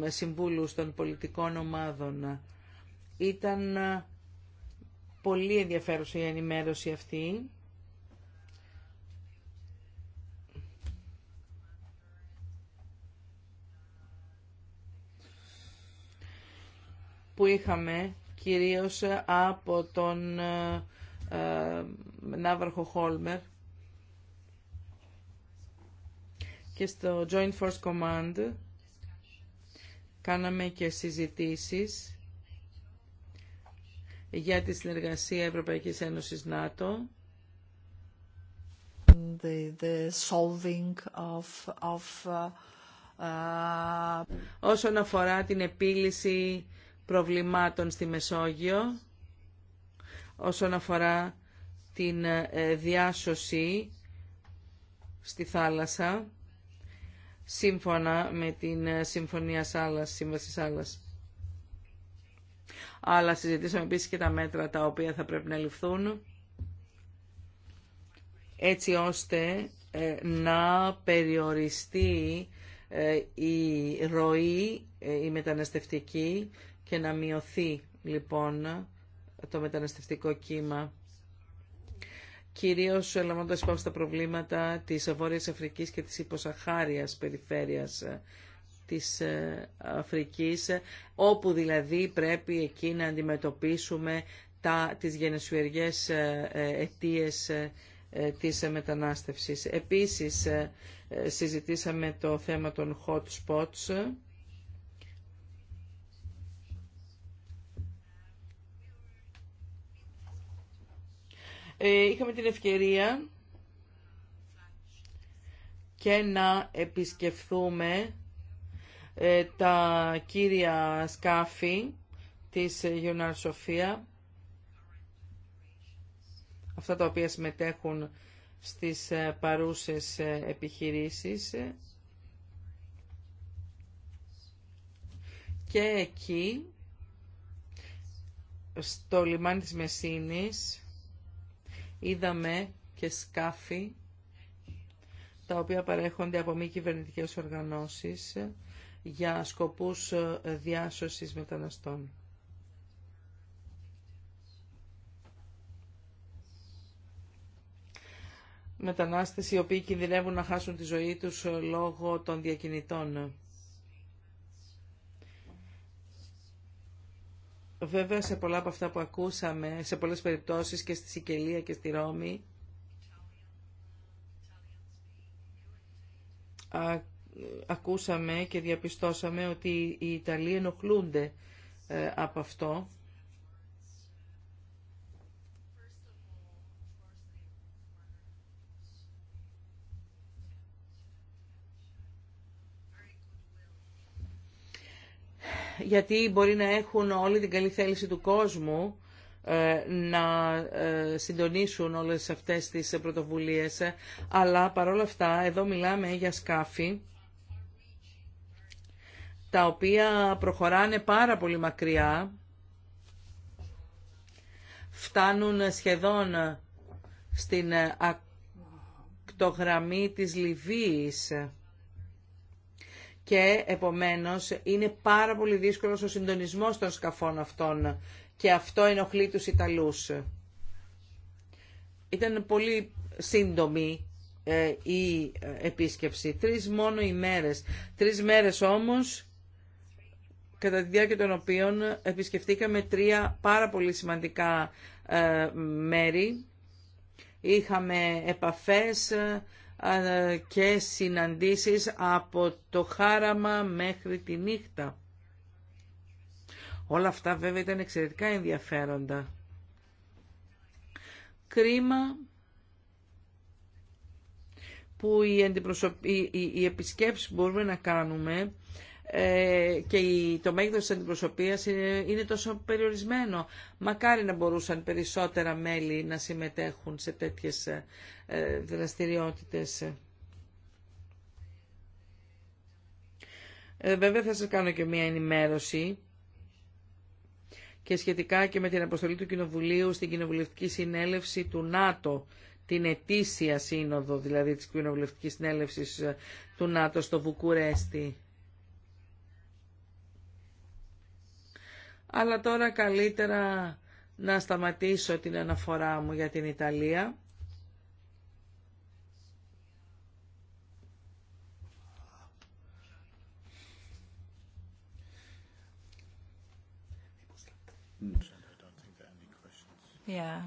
συμβούλους των πολιτικών ομάδων. Ήταν πολύ ενδιαφέρουσα η ενημέρωση αυτή. που είχαμε κυρίως από τον Ναύαρχο Χόλμερ και στο Joint Force Command κάναμε και συζητήσεις για τη συνεργασία Ευρωπαϊκής Ένωσης ΝΑΤΟ the, solving of, of, uh, όσον αφορά την επίλυση προβλημάτων στη Μεσόγειο όσον αφορά την ε, διάσωση στη θάλασσα σύμφωνα με την ε, Συμφωνία Σάλλας, Σύμβαση Σάλλας. Αλλά συζητήσαμε επίσης και τα μέτρα τα οποία θα πρέπει να ληφθούν έτσι ώστε ε, να περιοριστεί η ροή, η μεταναστευτική και να μειωθεί λοιπόν το μεταναστευτικό κύμα κυρίως λαμβάνοντας υπόψη τα προβλήματα της Βόρειας Αφρικής και της υποσαχάριας περιφέρειας ε, της ε, Αφρικής, ε, όπου δηλαδή πρέπει εκεί να αντιμετωπίσουμε τα, τις γενεσουεργές αιτίες της μετανάστευσης. Επίσης, συζητήσαμε το θέμα των hot spots Ε, είχαμε την ευκαιρία και να επισκεφθούμε ε, τα κύρια σκάφη της Γιουνάρ Σοφία, αυτά τα οποία συμμετέχουν στις ε, παρούσες επιχειρήσεις. Και εκεί, στο λιμάνι της Μεσίνης, είδαμε και σκάφη τα οποία παρέχονται από μη κυβερνητικέ οργανώσεις για σκοπούς ε, διάσωσης μεταναστών. Μετανάστες οι οποίοι κινδυνεύουν να χάσουν τη ζωή τους ε, λόγω των διακινητών. Βέβαια σε πολλά από αυτά που ακούσαμε, σε πολλές περιπτώσεις και στη Σικελία και στη Ρώμη, ακούσαμε και διαπιστώσαμε ότι οι Ιταλοί ενοχλούνται ε, από αυτό γιατί μπορεί να έχουν όλη την καλή θέληση του κόσμου ε, να ε, συντονίσουν όλες αυτές τις πρωτοβουλίες, αλλά παρόλα αυτά εδώ μιλάμε για σκάφη τα οποία προχωράνε πάρα πολύ μακριά, φτάνουν σχεδόν στην ακτογραμμή της Λιβύης και επομένως είναι πάρα πολύ δύσκολος ο συντονισμός των σκαφών αυτών και αυτό ενοχλεί τους Ιταλούς. Ήταν πολύ σύντομη ε, η ε, επίσκεψη. Τρεις μόνο ημέρες. Τρεις μέρες όμως κατά τη διάρκεια των οποίων επισκεφτήκαμε τρία πάρα πολύ σημαντικά ε, μέρη. Είχαμε επαφές και συναντήσεις από το χάραμα μέχρι τη νύχτα. Όλα αυτά βέβαια ήταν εξαιρετικά ενδιαφέροντα. Κρίμα που οι, επισκέψεις που μπορούμε να κάνουμε ε, και το μέγεθος της αντιπροσωπείας ε, είναι τόσο περιορισμένο. Μακάρι να μπορούσαν περισσότερα μέλη να συμμετέχουν σε τέτοιες ε, δραστηριότητες. Βέβαια θα σας κάνω και μία ενημέρωση και σχετικά και με την αποστολή του Κοινοβουλίου στην Κοινοβουλευτική Συνέλευση του ΝΑΤΟ, την ετήσια σύνοδο δηλαδή της Κοινοβουλευτικής Συνέλευσης του ΝΑΤΟ στο Βουκουρέστι. αλλά τώρα καλύτερα να σταματήσω την αναφορά μου για την Ιταλία. Yeah.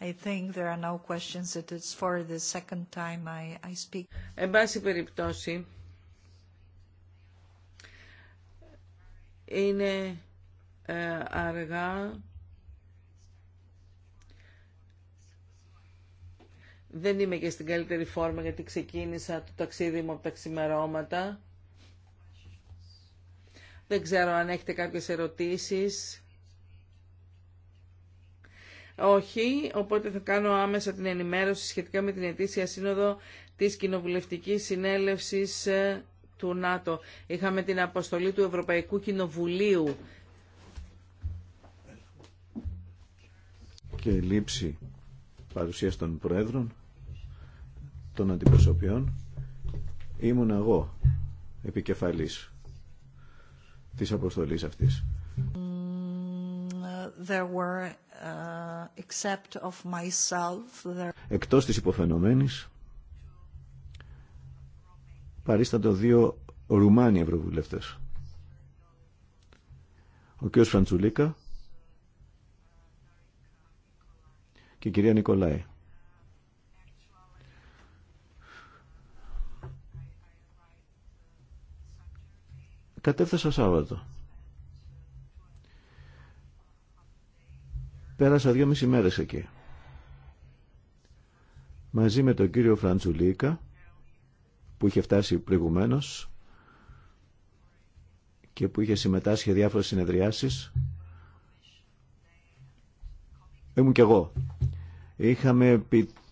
I think there are no questions. It is for the second time I, I speak. Εν πάση περιπτώσει, είναι αργά δεν είμαι και στην καλύτερη φόρμα γιατί ξεκίνησα το ταξίδι μου από τα ξημερώματα. Δεν ξέρω αν έχετε κάποιες ερωτήσεις. Όχι, οπότε θα κάνω άμεσα την ενημέρωση σχετικά με την ετήσια σύνοδο της Κοινοβουλευτικής Συνέλευσης ε, του ΝΑΤΟ. Είχαμε την αποστολή του Ευρωπαϊκού Κοινοβουλίου και λήψη παρουσίας των Προέδρων των αντιπροσωπιών ήμουν εγώ επικεφαλής της αποστολής αυτής. Uh, Εκτός της υποφαινομένης παρίστανται δύο Ρουμάνοι ευρωβουλευτές. Ο κ. Φραντσουλίκα και κυρία Νικολάη. Κατέφθασα Σάββατο. Πέρασα δύο μισή μέρες εκεί. Μαζί με τον κύριο Φραντζουλίκα, που είχε φτάσει προηγουμένως και που είχε συμμετάσχει διάφορες συνεδριάσεις, Ήμουν κι εγώ. Είχαμε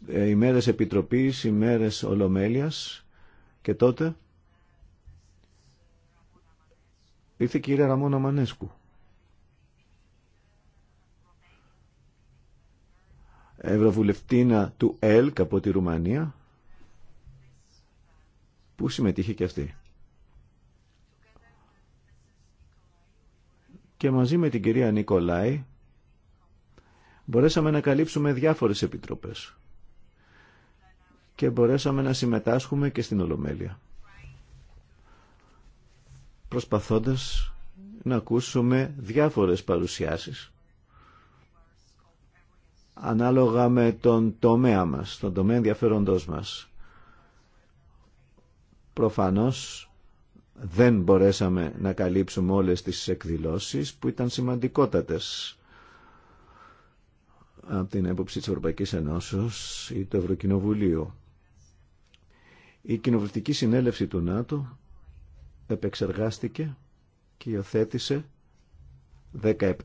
ε, ημέρες επιτροπής, ημέρες ολομέλειας και τότε ήρθε η κυρία Ραμόνα Μανέσκου. Ευρωβουλευτήνα του ΕΛΚ από τη Ρουμανία που συμμετείχε και αυτή. Και μαζί με την κυρία Νικολάη μπορέσαμε να καλύψουμε διάφορες επιτροπές και μπορέσαμε να συμμετάσχουμε και στην Ολομέλεια προσπαθώντας να ακούσουμε διάφορες παρουσιάσεις ανάλογα με τον τομέα μας, τον τομέα ενδιαφέροντός μας. Προφανώς δεν μπορέσαμε να καλύψουμε όλες τις εκδηλώσεις που ήταν σημαντικότατες από την έποψη της Ευρωπαϊκής Ενώσεως ή του Ευρωκοινοβουλίου. Η κοινοβουλευτική συνέλευση του ΝΑΤΟ επεξεργάστηκε και υιοθέτησε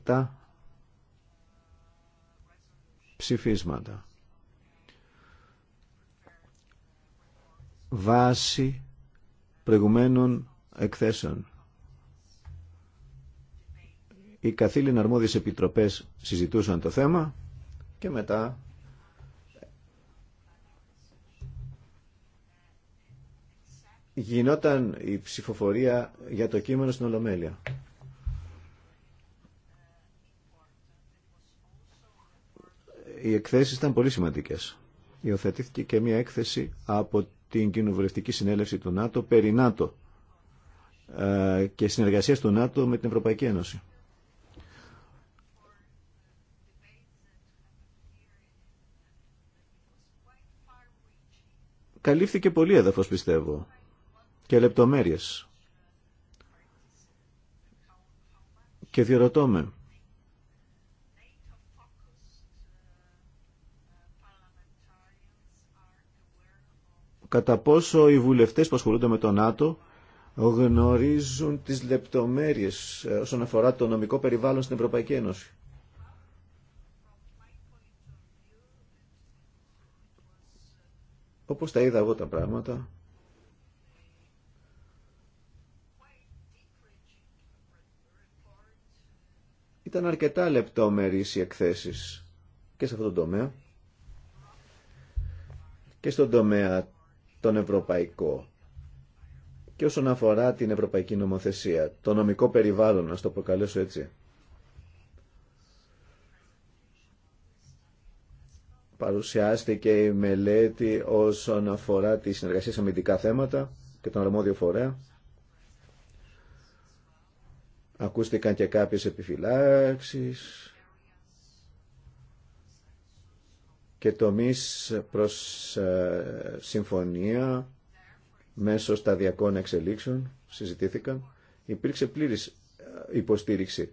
17 ψηφίσματα. Βάση προηγουμένων εκθέσεων. Οι καθήλυνα αρμόδιες επιτροπές συζητούσαν το θέμα και μετά γινόταν η ψηφοφορία για το κείμενο στην Ολομέλεια. Οι εκθέσεις ήταν πολύ σημαντικές. Υιοθετήθηκε και μια έκθεση από την Κοινοβουλευτική Συνέλευση του ΝΑΤΟ περί ΝΑΤΟ ε, και συνεργασία του ΝΑΤΟ με την Ευρωπαϊκή Ένωση. καλύφθηκε πολύ έδαφος πιστεύω και λεπτομέρειες. Και διερωτώ με, κατά πόσο οι βουλευτές που ασχολούνται με τον ΝΑΤΟ γνωρίζουν τις λεπτομέρειες ε, όσον αφορά το νομικό περιβάλλον στην Ευρωπαϊκή Ένωση. όπως τα είδα εγώ τα πράγματα, ήταν αρκετά λεπτόμερης οι εκθέσεις και σε αυτόν τον τομέα και στον τομέα τον ευρωπαϊκό και όσον αφορά την ευρωπαϊκή νομοθεσία, το νομικό περιβάλλον, να το προκαλέσω έτσι. παρουσιάστηκε η μελέτη όσον αφορά τη συνεργασία σε αμυντικά θέματα και τον αρμόδιο φορέα. Ακούστηκαν και κάποιες επιφυλάξεις και τομείς προς ε, συμφωνία μέσω σταδιακών εξελίξεων συζητήθηκαν. Υπήρξε πλήρης ε, υποστήριξη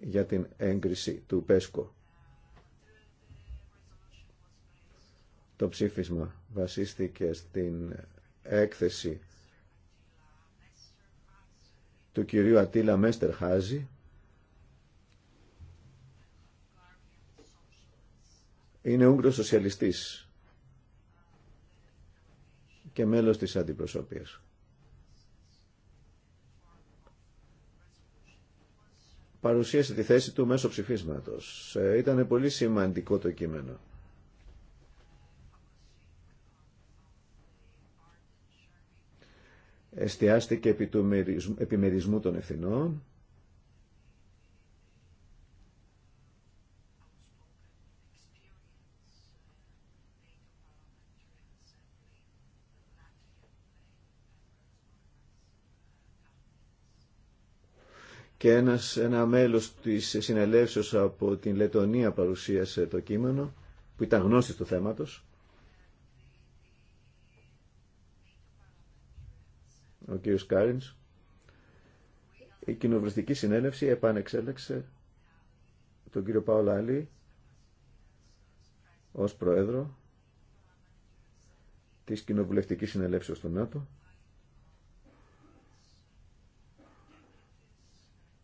για την έγκριση του ΠΕΣΚΟ. Το ψήφισμα βασίστηκε στην έκθεση του κυρίου Ατήλα Μέστερχάζη είναι Ούγγρος σοσιαλιστής και μέλος της αντιπροσωπείας. παρουσίασε τη θέση του μέσω ψηφίσματος. Ε, Ήταν πολύ σημαντικό το κείμενο. Εστιάστηκε επί του επιμερισμού των ευθυνών και ένας, ένα μέλος της συνελεύσεως από την Λετωνία παρουσίασε το κείμενο που ήταν γνώστης του θέματος. Ο κύριος Κάρινς. Η κοινοβουλευτική συνέλευση επανεξέλεξε τον κύριο Παολάλη ως πρόεδρο της κοινοβουλευτικής συνελεύσεως του ΝΑΤΟ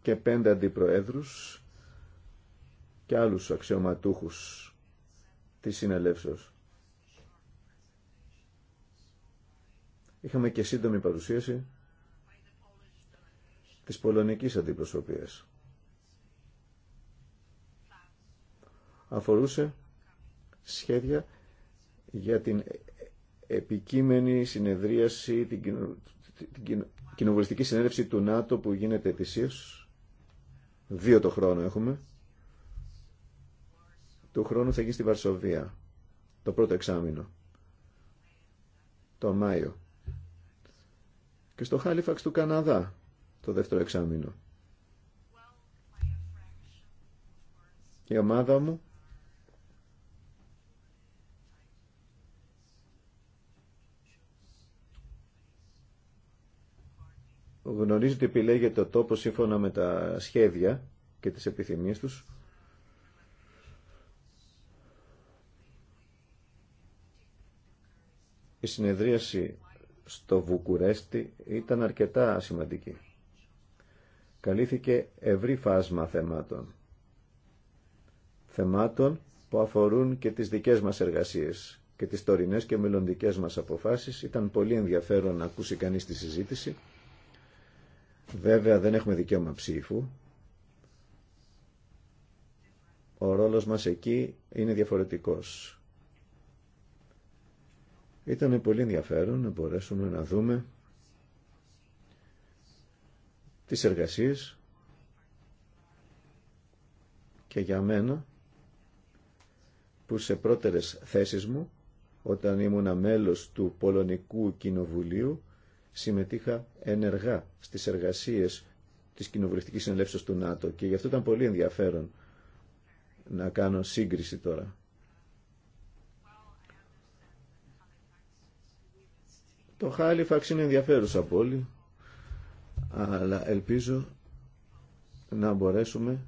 και πέντε αντιπροέδρους και άλλους αξιωματούχους της συνελεύσεως. Είχαμε και σύντομη παρουσίαση της πολωνικής αντιπροσωπείας. Αφορούσε σχέδια για την επικείμενη συνεδρίαση, την, κοινοβουλευτική συνέλευση του ΝΑΤΟ που γίνεται ετησίως Δύο το χρόνο έχουμε. Του χρόνου θα γίνει στη Βαρσοβία. Το πρώτο εξάμεινο. Το Μάιο. Και στο Χάλιφαξ του Καναδά. Το δεύτερο εξάμεινο. Η ομάδα μου γνωρίζει ότι επιλέγεται ο τόπο σύμφωνα με τα σχέδια και τις επιθυμίες τους. Η συνεδρίαση στο Βουκουρέστι ήταν αρκετά σημαντική. Καλήθηκε ευρύ φάσμα θεμάτων. Θεμάτων που αφορούν και τις δικές μας εργασίες και τις τωρινές και μελλοντικές μας αποφάσεις. Ήταν πολύ ενδιαφέρον να ακούσει κανείς τη συζήτηση. Βέβαια δεν έχουμε δικαίωμα ψήφου. Ο ρόλος μας εκεί είναι διαφορετικός. Ήταν πολύ ενδιαφέρον να μπορέσουμε να δούμε τις εργασίες και για μένα που σε πρώτερες θέσεις μου όταν ήμουνα μέλος του Πολωνικού Κοινοβουλίου συμμετείχα ενεργά στις εργασίες της κοινοβουλευτικής συνελεύσεως του ΝΑΤΟ και γι' αυτό ήταν πολύ ενδιαφέρον να κάνω σύγκριση τώρα. Το Χάλιφαξ είναι ενδιαφέρουσα από όλοι, αλλά ελπίζω να μπορέσουμε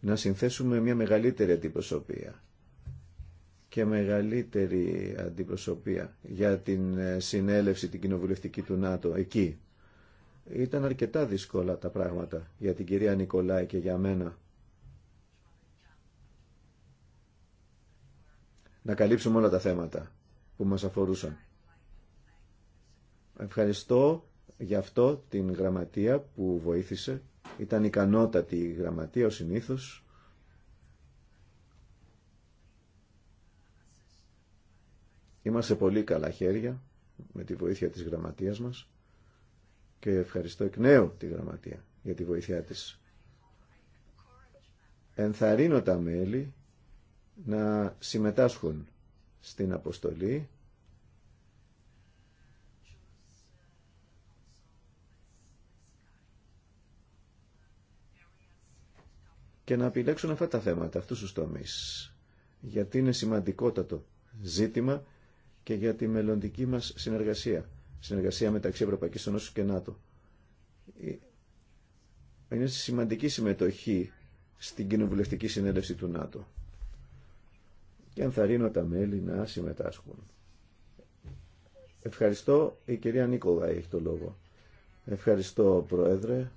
να συνθέσουμε μια μεγαλύτερη αντιπροσωπεία και μεγαλύτερη αντιπροσωπεία για την ε, συνέλευση την κοινοβουλευτική του ΝΑΤΟ εκεί. Ήταν αρκετά δύσκολα τα πράγματα για την κυρία Νικολάη και για μένα. Να καλύψουμε όλα τα θέματα που μας αφορούσαν. Ευχαριστώ γι' αυτό την γραμματεία που βοήθησε. Ήταν ικανότατη η γραμματεία ο συνήθως. Είμαστε πολύ καλά χέρια με τη βοήθεια της γραμματείας μας και ευχαριστώ εκ νέου τη γραμματεία για τη βοήθειά της. Ενθαρρύνω τα μέλη να συμμετάσχουν στην αποστολή και να επιλέξουν αυτά τα θέματα, αυτούς τους τομείς. Γιατί είναι σημαντικότατο ζήτημα και για τη μελλοντική μας συνεργασία. Συνεργασία μεταξύ Ευρωπαϊκής Ενώσης και ΝΑΤΟ. Ε, είναι σημαντική συμμετοχή στην κοινοβουλευτική συνέλευση του ΝΑΤΟ. Και ενθαρρύνω τα μέλη να συμμετάσχουν. Ευχαριστώ. Η κυρία Νίκολα έχει το λόγο. Ευχαριστώ, Πρόεδρε.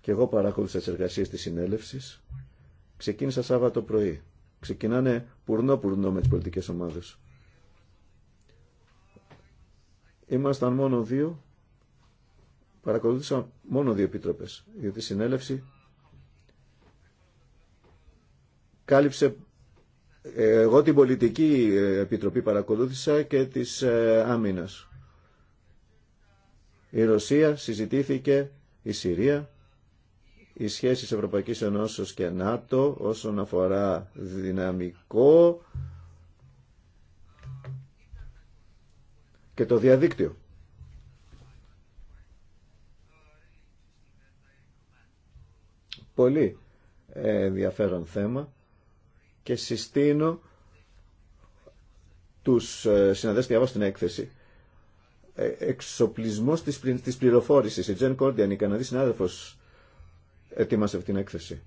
Και εγώ παράκολουσα τις εργασίες της συνέλευσης. Ξεκίνησα Σάββατο πρωί ξεκινάνε πουρνό-πουρνό με τις πολιτικές ομάδες. Ήμασταν μόνο δύο, παρακολούθησα μόνο δύο επίτροπες, γιατί η συνέλευση κάλυψε ε, εγώ την πολιτική ε, επιτροπή παρακολούθησα και της ε, άμυνας. Η Ρωσία συζητήθηκε, η Συρία οι σχέσεις Ευρωπαϊκής Ενώσεως και ΝΑΤΟ όσον αφορά δυναμικό και το διαδίκτυο. Πολύ ε, ενδιαφέρον θέμα και συστήνω τους ε, συναδέλφους διαβάσουν στην έκθεση ε, εξοπλισμός της πληροφόρησης. Η Τζεν Κόρντιαν, η Καναδή συνάδελφος ετοίμασε αυτή την έκθεση.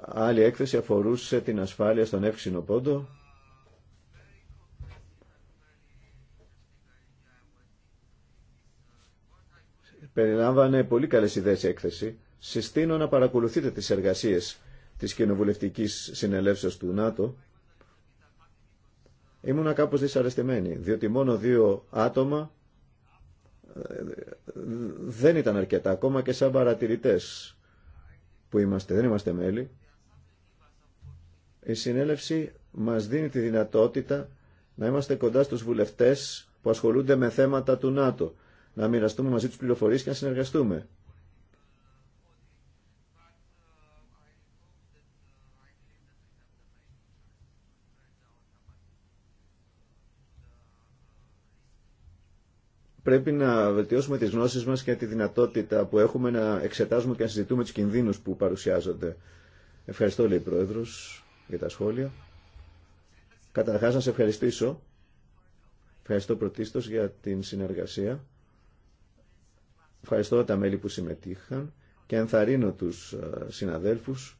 Άλλη έκθεση αφορούσε την ασφάλεια στον εύξηνο πόντο. Περιλάμβανε πολύ καλές ιδέες η έκθεση. Συστήνω να παρακολουθείτε τις εργασίες της κοινοβουλευτικής συνελεύσεως του ΝΑΤΟ. Ήμουνα κάπως δυσαρεστημένη, διότι μόνο δύο άτομα δεν ήταν αρκετά, ακόμα και σαν παρατηρητέ που είμαστε, δεν είμαστε μέλη. Η συνέλευση μας δίνει τη δυνατότητα να είμαστε κοντά στους βουλευτές που ασχολούνται με θέματα του ΝΑΤΟ, να μοιραστούμε μαζί τους πληροφορίες και να συνεργαστούμε. πρέπει να βελτιώσουμε τις γνώσεις μας και τη δυνατότητα που έχουμε να εξετάζουμε και να συζητούμε τους κινδύνους που παρουσιάζονται. Ευχαριστώ, λέει Πρόεδρος, για τα σχόλια. Καταρχά να σε ευχαριστήσω. Ευχαριστώ πρωτίστως για την συνεργασία. Ευχαριστώ τα μέλη που συμμετείχαν και ενθαρρύνω τους συναδέλφους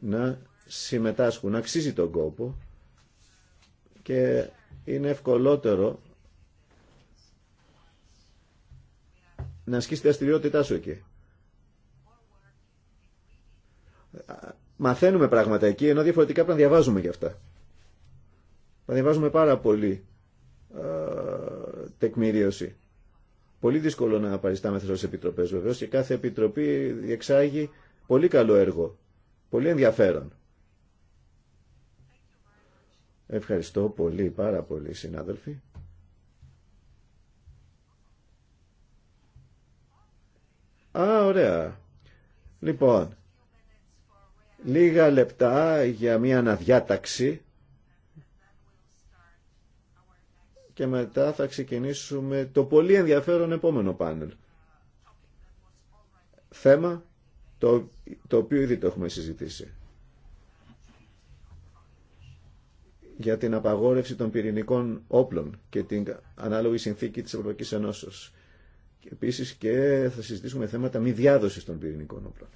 να συμμετάσχουν. Αξίζει τον κόπο και είναι ευκολότερο να ασκήσει τη δραστηριότητά σου εκεί. Μαθαίνουμε πράγματα εκεί, ενώ διαφορετικά πρέπει να διαβάζουμε για αυτά. Να διαβάζουμε πάρα πολύ τεκμηρίωση. Πολύ δύσκολο να παριστάμε σε επιτροπές βεβαίως και κάθε επιτροπή διεξάγει πολύ καλό έργο, πολύ ενδιαφέρον. Ευχαριστώ πολύ, πάρα πολύ συνάδελφοι. Α, ωραία. Λοιπόν, λίγα λεπτά για μια αναδιάταξη και μετά θα ξεκινήσουμε το πολύ ενδιαφέρον επόμενο πάνελ. Θέμα το, το οποίο ήδη το έχουμε συζητήσει. για την απαγόρευση των πυρηνικών όπλων και την ανάλογη συνθήκη της Ευρωπαϊκής Ενώσεως. Επίση, επίσης και θα συζητήσουμε θέματα μη διάδοσης των πυρηνικών όπλων.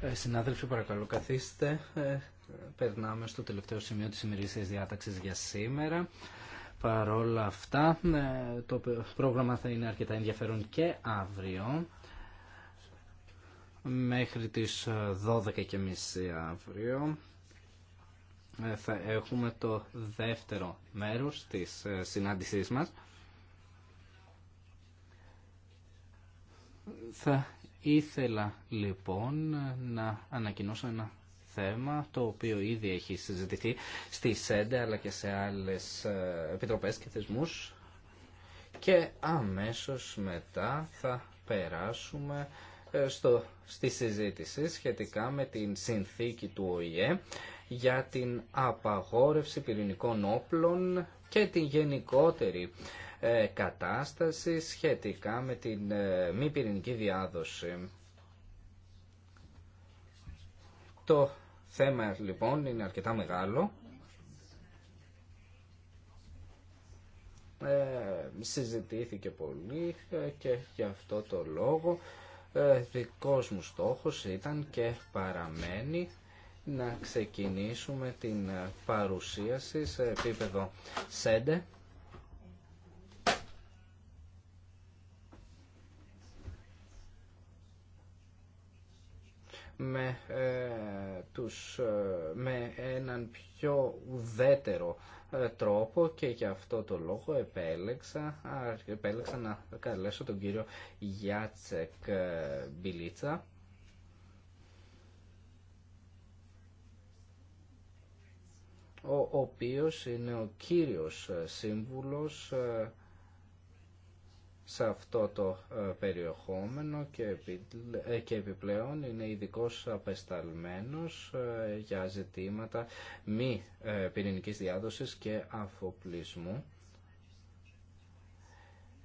Ε, συνάδελφοι, παρακαλώ καθίστε. Ε, περνάμε στο τελευταίο σημείο της ημερήσιας διάταξης για σήμερα. Παρόλα αυτά, ε, το πρόγραμμα θα είναι αρκετά ενδιαφέρον και αύριο μέχρι τις 12.30 αύριο θα έχουμε το δεύτερο μέρος της συνάντησής μας. Θα ήθελα λοιπόν να ανακοινώσω ένα θέμα το οποίο ήδη έχει συζητηθεί στη ΣΕΝΤΕ αλλά και σε άλλες ε, επιτροπές και θεσμούς και αμέσως μετά θα περάσουμε ε, στο, στη συζήτηση σχετικά με την συνθήκη του ΟΗΕ για την απαγόρευση πυρηνικών όπλων και την γενικότερη ε, κατάσταση σχετικά με την ε, μη πυρηνική διάδοση. Το θέμα λοιπόν είναι αρκετά μεγάλο. Ε, συζητήθηκε πολύ και γι' αυτό το λόγο δικός μου στόχος ήταν και παραμένει να ξεκινήσουμε την παρουσίαση σε επίπεδο ΣΕΝΤΕ με, ε, ε, με έναν πιο ουδέτερο ε, τρόπο και για αυτό το λόγο επέλεξα, επέλεξα να καλέσω τον κύριο Γιάτσεκ Μπιλίτσα ο οποίος είναι ο κύριος σύμβουλος σε αυτό το ε, περιεχόμενο και ε, και επιπλέον είναι ειδικό απεσταλμένος ε, για ζητήματα μη πυρηνικής διάδοσης και αφοπλισμού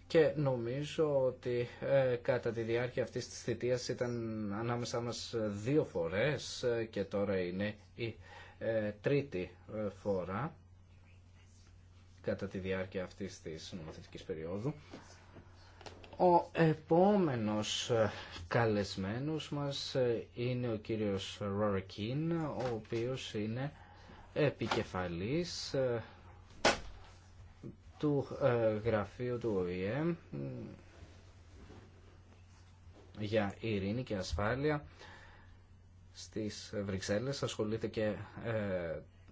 και νομίζω ότι κατά τη διάρκεια αυτής της θητείας ήταν ανάμεσά μας δύο φορές και τώρα είναι η τρίτη φορά κατά τη διάρκεια αυτής της νομοθετικής περίοδου. Ο επόμενος ε, καλεσμένος μας ε, είναι ο κύριος Ρορακίν, ο οποίος είναι επικεφαλής ε, του γραφείου του ΟΗΕ για ειρήνη και ασφάλεια στις Βρυξέλλες. Ασχολείται και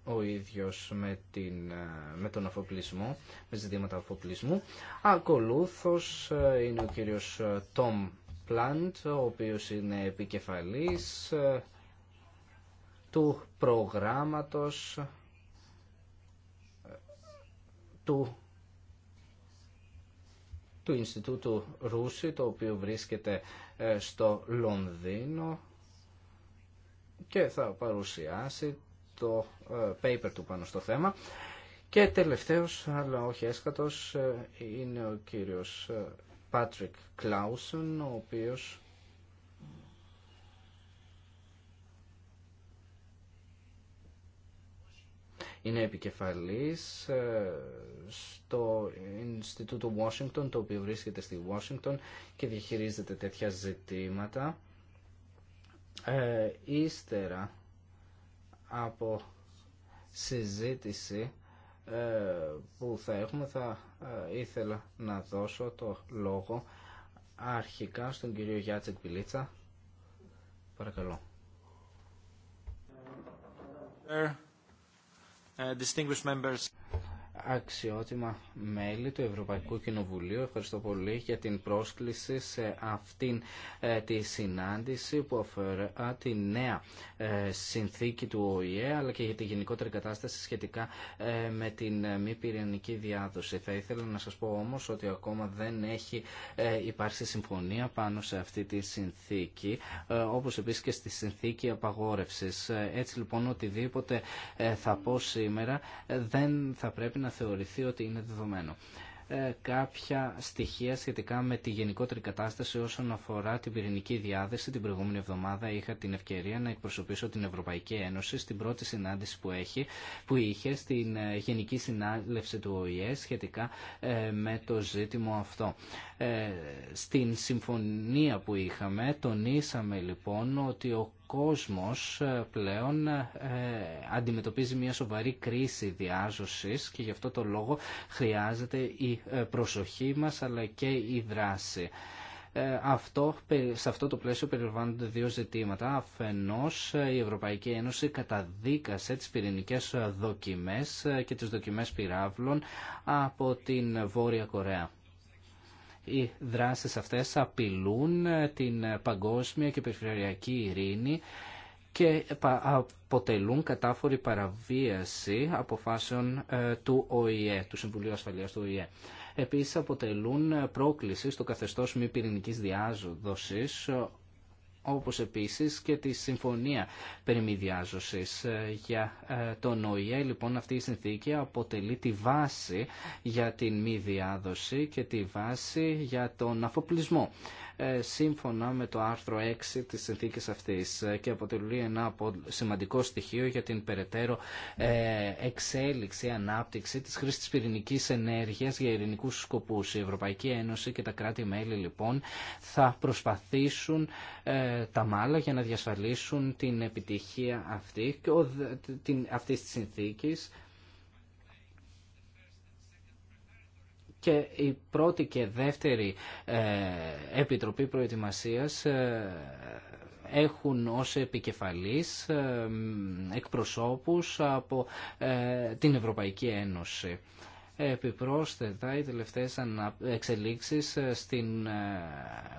ο ίδιος με, την, ε, με τον αφοπλισμό, με ζητήματα αφοπλισμού. Ακολούθως ε, είναι ο κύριος ε, Τόμ Πλάντ, ο οποίος είναι επικεφαλής του προγράμματος του του Ινστιτούτου Ρούση, το οποίο βρίσκεται στο Λονδίνο και θα παρουσιάσει το ε, paper του πάνω στο θέμα. Και τελευταίος, αλλά όχι έσκατος, ε, είναι ο κύριος Πάτρικ ε, Κλάουσον ο οποίος είναι επικεφαλής στο Ινστιτούτο Washington, το οποίο βρίσκεται στη Washington και διαχειρίζεται τέτοια ζητήματα. Ε, ύστερα από συζήτηση ε, που θα έχουμε θα ε, ήθελα να δώσω το λόγο αρχικά στον κύριο Γιάτσεκ Πιλίτσα. Παρακαλώ. Uh, members αξιότιμα μέλη του Ευρωπαϊκού Κοινοβουλίου. Ευχαριστώ πολύ για την πρόσκληση σε αυτήν ε, τη συνάντηση που αφορά τη νέα ε, συνθήκη του ΟΗΕ αλλά και για τη γενικότερη κατάσταση σχετικά ε, με την μη πυρηνική διάδοση. Θα ήθελα να σας πω όμως ότι ακόμα δεν έχει υπάρξει συμφωνία πάνω σε αυτή τη συνθήκη όπως επίσης και στη συνθήκη απαγόρευσης. Έτσι λοιπόν οτιδήποτε θα πω σήμερα δεν θα πρέπει να θεωρηθεί ότι είναι δεδομένο. Ε, κάποια στοιχεία σχετικά με τη γενικότερη κατάσταση όσον αφορά την πυρηνική διάδεση. Την προηγούμενη εβδομάδα είχα την ευκαιρία να εκπροσωπήσω την Ευρωπαϊκή Ένωση στην πρώτη συνάντηση που, έχει, που είχε στην ε, Γενική Συνάλευση του ΟΗΕ σχετικά ε, με το ζήτημα αυτό. Στην συμφωνία που είχαμε τονίσαμε λοιπόν ότι ο κόσμος ε, πλέον ε, αντιμετωπίζει μια σοβαρή κρίση διάζωσης και γι' αυτό το λόγο χρειάζεται η ε, προσοχή μας αλλά και η δράση. Αυτό, σε αυτό το πλαίσιο περιλαμβάνονται δύο ζητήματα. Αφενός η Ευρωπαϊκή Ένωση καταδίκασε τις πυρηνικές δοκιμές και τις δοκιμές πυράβλων από την Βόρεια Κορέα. Οι δράσεις αυτές απειλούν την παγκόσμια και περιφερειακή ειρήνη και αποτελούν κατάφορη παραβίαση αποφάσεων ε, του ΟΗΕ, του Συμβουλίου Ασφαλείας του ΟΗΕ. Επίσης αποτελούν πρόκληση στο καθεστώς μη πυρηνικής διάδοσης όπως επίσης και τη Συμφωνία Περιμηδιάζωσης ε, για ε, τον ΟΗΕ. Λοιπόν, αυτή η συνθήκη αποτελεί τη βάση για την μη διάδοση και τη βάση για τον αφοπλισμό. Ε, σύμφωνα με το άρθρο 6 της συνθήκης αυτής ε, και αποτελεί ένα σημαντικό στοιχείο για την περαιτέρω ε, εξέλιξη, ανάπτυξη της χρήσης της πυρηνικής ενέργειας για ειρηνικούς σκοπούς. Η Ευρωπαϊκή Ένωση και τα κράτη-μέλη λοιπόν θα προσπαθήσουν τα μάλα για να διασφαλίσουν την επιτυχία αυτή, αυτή της συνθήκης και η πρώτη και δεύτερη ε, Επιτροπή Προετοιμασίας ε, έχουν ως επικεφαλής ε, εκπροσώπους από την Ευρωπαϊκή Ένωση. Επιπρόσθετα, οι τελευταίες εξελίξεις στην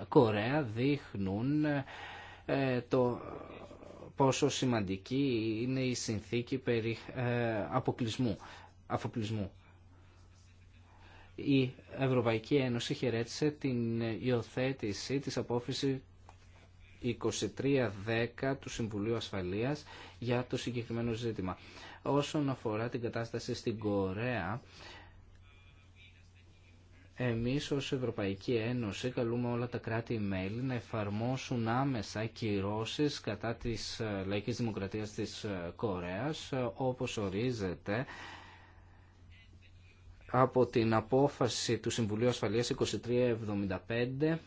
Κορέα δείχνουν το πόσο σημαντική είναι η συνθήκη περί αποκλεισμού. Αφοπλισμού η Ευρωπαϊκή Ένωση χαιρέτησε την υιοθέτηση της απόφασης 2310 του Συμβουλίου Ασφαλείας για το συγκεκριμένο ζήτημα. Όσον αφορά την κατάσταση στην Κορέα, εμείς ως Ευρωπαϊκή Ένωση καλούμε όλα τα κράτη-μέλη να εφαρμόσουν άμεσα κυρώσεις κατά της ε, λαϊκής δημοκρατίας της ε, Κορέας, ε, όπως ορίζεται από την απόφαση του Συμβουλίου Ασφαλείας 2375 ε,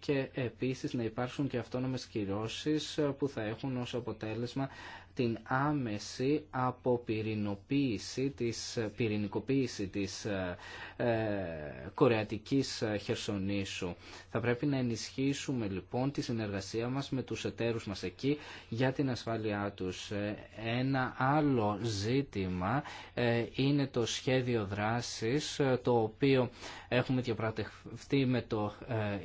και επίσης να υπάρξουν και αυτόνομες κυρώσεις ε, που θα έχουν ως αποτέλεσμα την άμεση αποπυρηνοποίηση, της, πυρηνικοποίηση της ε, ε, κορεατικής χερσονήσου. Θα πρέπει να ενισχύσουμε λοιπόν τη συνεργασία μας με τους εταίρους μας εκεί για την ασφάλειά τους. Ε, ένα άλλο ζήτημα ε, είναι το σχέδιο δράσης το οποίο έχουμε διαπρατευτεί με το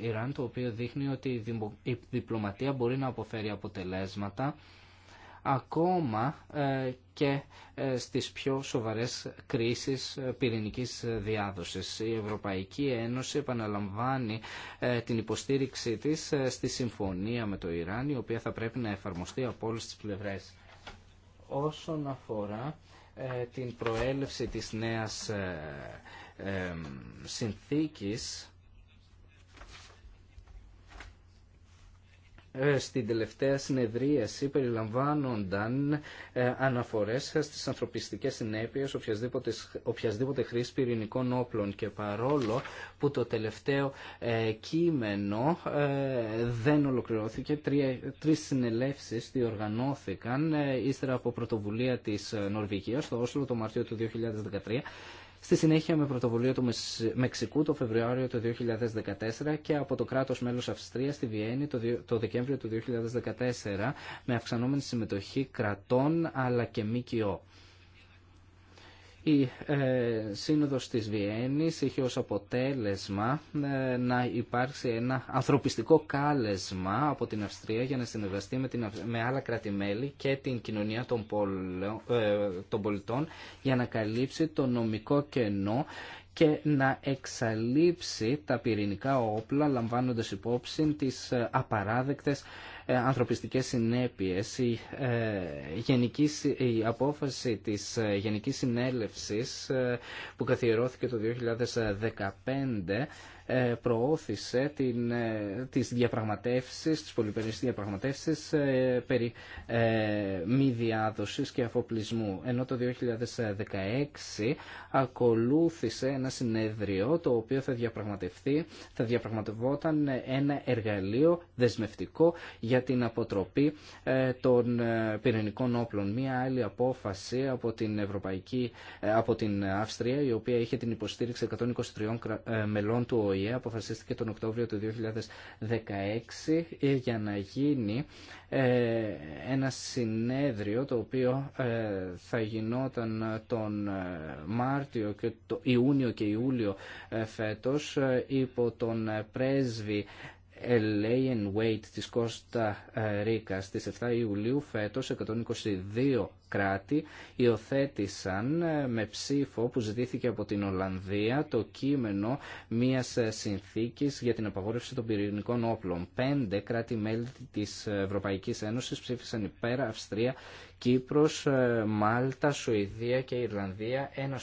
Ιράν, το οποίο δείχνει ότι η διπλωματία μπορεί να αποφέρει αποτελέσματα ακόμα ε, και ε, στις πιο σοβαρές κρίσεις ε, πυρηνικής διάδοσης. Η Ευρωπαϊκή Ένωση επαναλαμβάνει την υποστήριξή της στη συμφωνία με το Ιράν, η οποία θα πρέπει να εφαρμοστεί από όλες τις πλευρές. Όσον αφορά την προέλευση της νέας συνθήκης, Ε, στην τελευταία συνεδρίαση περιλαμβάνονταν ε, αναφορές στις ανθρωπιστικές συνέπειες οποιασδήποτε, οποιασδήποτε χρήση πυρηνικών όπλων και παρόλο που το τελευταίο ε, κείμενο δεν ολοκληρώθηκε, τρεις συνελεύσεις διοργανώθηκαν ύστερα από πρωτοβουλία της Νορβηγίας στο Όσλο το Μαρτίο του 2013 Στη συνέχεια με πρωτοβουλία του Μεξικού το Φεβρουάριο του 2014 και από το κράτος μέλος Αυστρίας στη Βιέννη το Δεκέμβριο του 2014 με αυξανόμενη συμμετοχή κρατών αλλά και ΜΚΟ. Η ε, Σύνοδος της Βιέννης είχε ως αποτέλεσμα ε, να υπάρξει ένα ανθρωπιστικό κάλεσμα από την Αυστρία για να συνεργαστεί με, την, με άλλα κράτη-μέλη και την κοινωνία των, ε, των πολιτών για να καλύψει το νομικό κενό και να εξαλείψει τα πυρηνικά όπλα λαμβάνοντας υπόψη τις απαράδεκτες ε, ανθρωπιστικές συνέπειες. Η, ε, γενική, η απόφαση της ε, Γενικής Συνέλευσης που καθιερώθηκε το 2015 ε, προώθησε την, ε, τις διαπραγματεύσεις, τις πολυπερίες διαπραγματεύσεις ε, περί μη διάδοσης και αφοπλισμού. Ενώ το 2016 ακολούθησε ένα συνέδριο το οποίο θα διαπραγματευτεί, θα διαπραγματευόταν ένα εργαλείο δεσμευτικό για την αποτροπή των πυρηνικών όπλων. Μία άλλη απόφαση από την, Ευρωπαϊκή, από την Αυστρία η οποία είχε την υποστήριξη 123 μελών του ΟΗΕ ΕΕ αποφασίστηκε τον Οκτώβριο του 2016 ε, για να γίνει ε, ένα συνέδριο το οποίο ε, θα γινόταν τον Μάρτιο και το Ιούνιο και Ιούλιο φέτος υπό τον πρέσβη Ελέιεν Βέιτ της Κώστα ε, Ρίκα στις 7 Ιουλίου φέτος 122 κράτη υιοθέτησαν ε, με ψήφο που ζητήθηκε από την Ολλανδία το κείμενο μιας ε, συνθήκης για την απαγόρευση των πυρηνικών όπλων. Πέντε κράτη-μέλη της Ευρωπαϊκής Ένωσης ψήφισαν υπέρ Αυστρία Κύπρος, ε, Μάλτα, Σουηδία και Ιρλανδία. Ένα,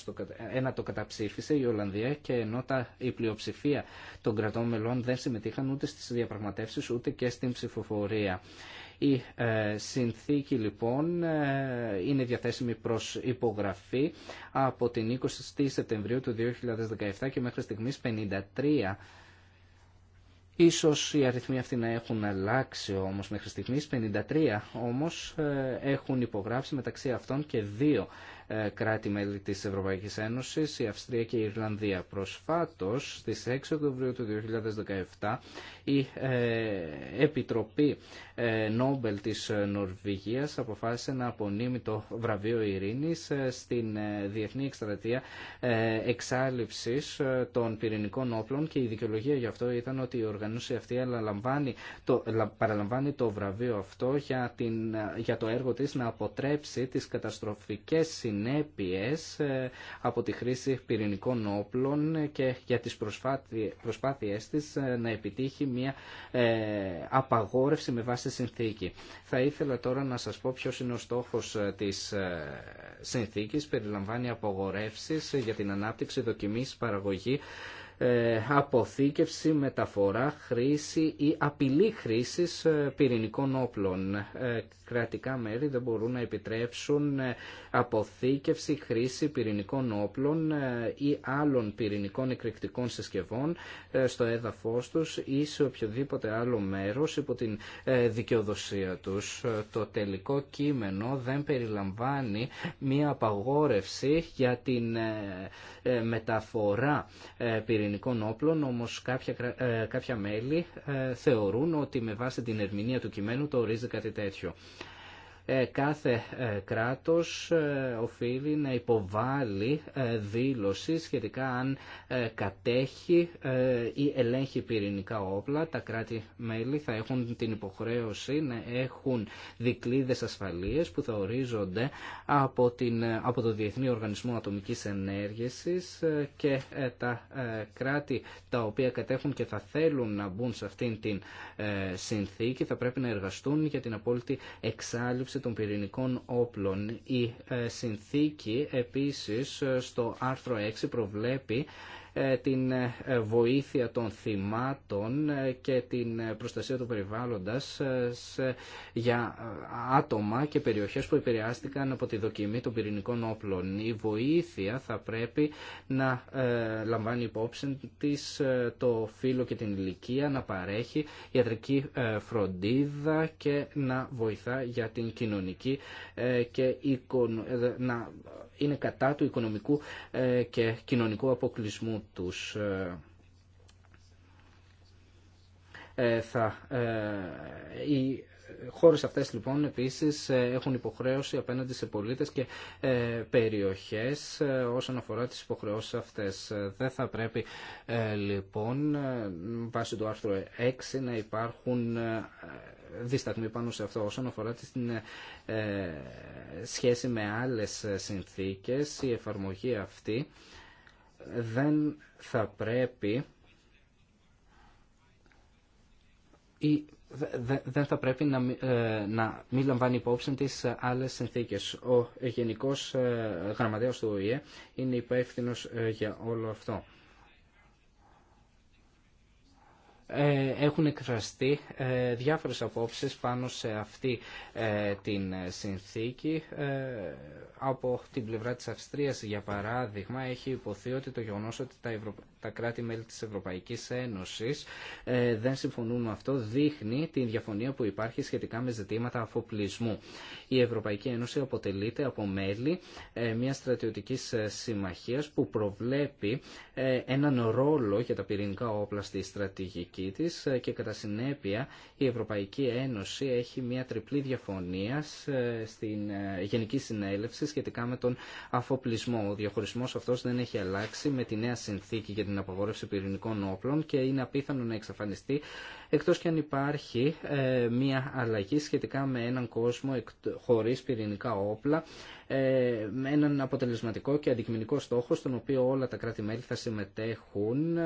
ένα το καταψήφισε η Ολλανδία και ενώ τα, η πλειοψηφία των κρατών μελών δεν συμμετείχαν ούτε στις διαπραγματεύσεις ούτε και στην ψηφοφορία. Η ε, συνθήκη λοιπόν ε, είναι διαθέσιμη προς υπογραφή από την 20 Σεπτεμβρίου του 2017 και μέχρι στιγμής 53 Ίσως οι αριθμοί αυτοί να έχουν αλλάξει όμως μέχρι στιγμής. 53 όμως ε, έχουν υπογράψει μεταξύ αυτών και δύο ε, κράτη-μέλη της Ευρωπαϊκής Ένωσης, η Αυστρία και η Ιρλανδία. Προσφάτως, στις 6 Οκτωβρίου του 2017, η ε, Επιτροπή ε, Νόμπελ της Νορβηγίας αποφάσισε να απονείμει το βραβείο ειρήνης ε, στην Διεθνή Εκστρατεία Εξάλληψης των Πυρηνικών Όπλων και η δικαιολογία γι' αυτό ήταν ότι η οργανώση αυτή το, παραλαμβάνει το βραβείο αυτό για, την, για το έργο της να αποτρέψει τις καταστροφικές συνέπειες από τη χρήση πυρηνικών όπλων και για τις προσπάθειές της να επιτύχει μια ε, απαγόρευση με βάση συνθήκη. Θα ήθελα τώρα να σας πω ποιος είναι ο στόχος ε, της ε, συνθήκης. Περιλαμβάνει απαγορεύσεις για την ανάπτυξη δοκιμής παραγωγή ε, αποθήκευση, μεταφορά, χρήση ή απειλή χρήσης ε, πυρηνικών όπλων. Ε, κρατικά μέρη δεν μπορούν να επιτρέψουν αποθήκευση, χρήση πυρηνικών όπλων ή άλλων πυρηνικών εκρηκτικών συσκευών στο έδαφος τους ή σε οποιοδήποτε άλλο μέρος υπό την δικαιοδοσία τους. Το τελικό κείμενο δεν περιλαμβάνει μία απαγόρευση για την μεταφορά πυρηνικών πυρηνικών όπλων, όμως κάποια, ε, μέλη ε, θεωρούν ότι με βάση την ερμηνεία του κειμένου το ορίζει κάτι τέτοιο. Ε, κάθε ε, κράτος ε, οφείλει να υποβάλει δήλωση σχετικά αν κατέχει ή ελέγχει πυρηνικά όπλα. Τα κράτη-μέλη θα έχουν την υποχρέωση να έχουν δικλείδες ασφαλείες που θα ορίζονται από, την, από το Διεθνή Οργανισμό Ατομικής Ενέργειας και τα κράτη τα οποία κατέχουν και θα θέλουν να μπουν σε αυτήν την συνθήκη θα πρέπει να εργαστούν για την απόλυτη εξάλληψη των πυρηνικών όπλων. Η ε, συνθήκη επίσης ε, στο άρθρο 6 προβλέπει ε, την ε, βοήθεια των θυμάτων ε, και την προστασία του περιβάλλοντας για άτομα και περιοχές που επηρεάστηκαν από τη δοκιμή των πυρηνικών όπλων. Η βοήθεια θα πρέπει να λαμβάνει υπόψη της το φύλλο και την ηλικία, να παρέχει ιατρική φροντίδα και να βοηθά για την κοινωνική και να είναι κατά του οικονομικού ε, και κοινωνικού αποκλεισμού τους. Ε, ε, θα, οι χώρες αυτές λοιπόν επίσης έχουν υποχρέωση απέναντι σε πολίτες και περιοχές όσον αφορά τις υποχρεώσεις αυτές. Δεν θα πρέπει λοιπόν βάσει του άρθρου 6 να υπάρχουν Διστακμη πάνω σε αυτό. Όσον αφορά ε, σχέση με άλλες συνθήκες, η εφαρμογή αυτή δεν θα πρέπει ή δεν θα πρέπει να, ε, να μην λαμβάνει υπόψη τις άλλες συνθήκες. Ο Γενικός ε, Γραμματέας του ΟΗΕ είναι υπεύθυνο ε, για όλο αυτό. Ε, έχουν εκφραστεί ε, διάφορες απόψεις πάνω σε αυτή ε, την συνθήκη. Από την πλευρά της Αυστρίας, για παράδειγμα, έχει υποθεί ότι το γεγονός ότι τα, κράτη-μέλη της Ευρωπαϊκής Ένωσης δεν συμφωνούν με αυτό δείχνει την διαφωνία που υπάρχει σχετικά με ζητήματα αφοπλισμού. Η Ευρωπαϊκή Ένωση αποτελείται από μέλη μια στρατιωτικής συμμαχίας που προβλέπει έναν ρόλο για τα πυρηνικά όπλα στη στρατηγική της ε, και κατά συνέπεια η Ευρωπαϊκή Ένωση έχει μια τριπλή διαφωνία ε, στην ε, Γενική Συνέλευση σχετικά με τον αφοπλισμό. Ο διαχωρισμός αυτός δεν έχει αλλάξει με τη νέα συνθήκη για την απαγόρευση πυρηνικών όπλων και είναι απίθανο να εξαφανιστεί εκτός και αν υπάρχει μια αλλαγή σχετικά με έναν κόσμο χωρίς πυρηνικά όπλα με έναν αποτελεσματικό και αντικειμενικό στόχο στον οποίο όλα τα κράτη-μέλη θα συμμετέχουν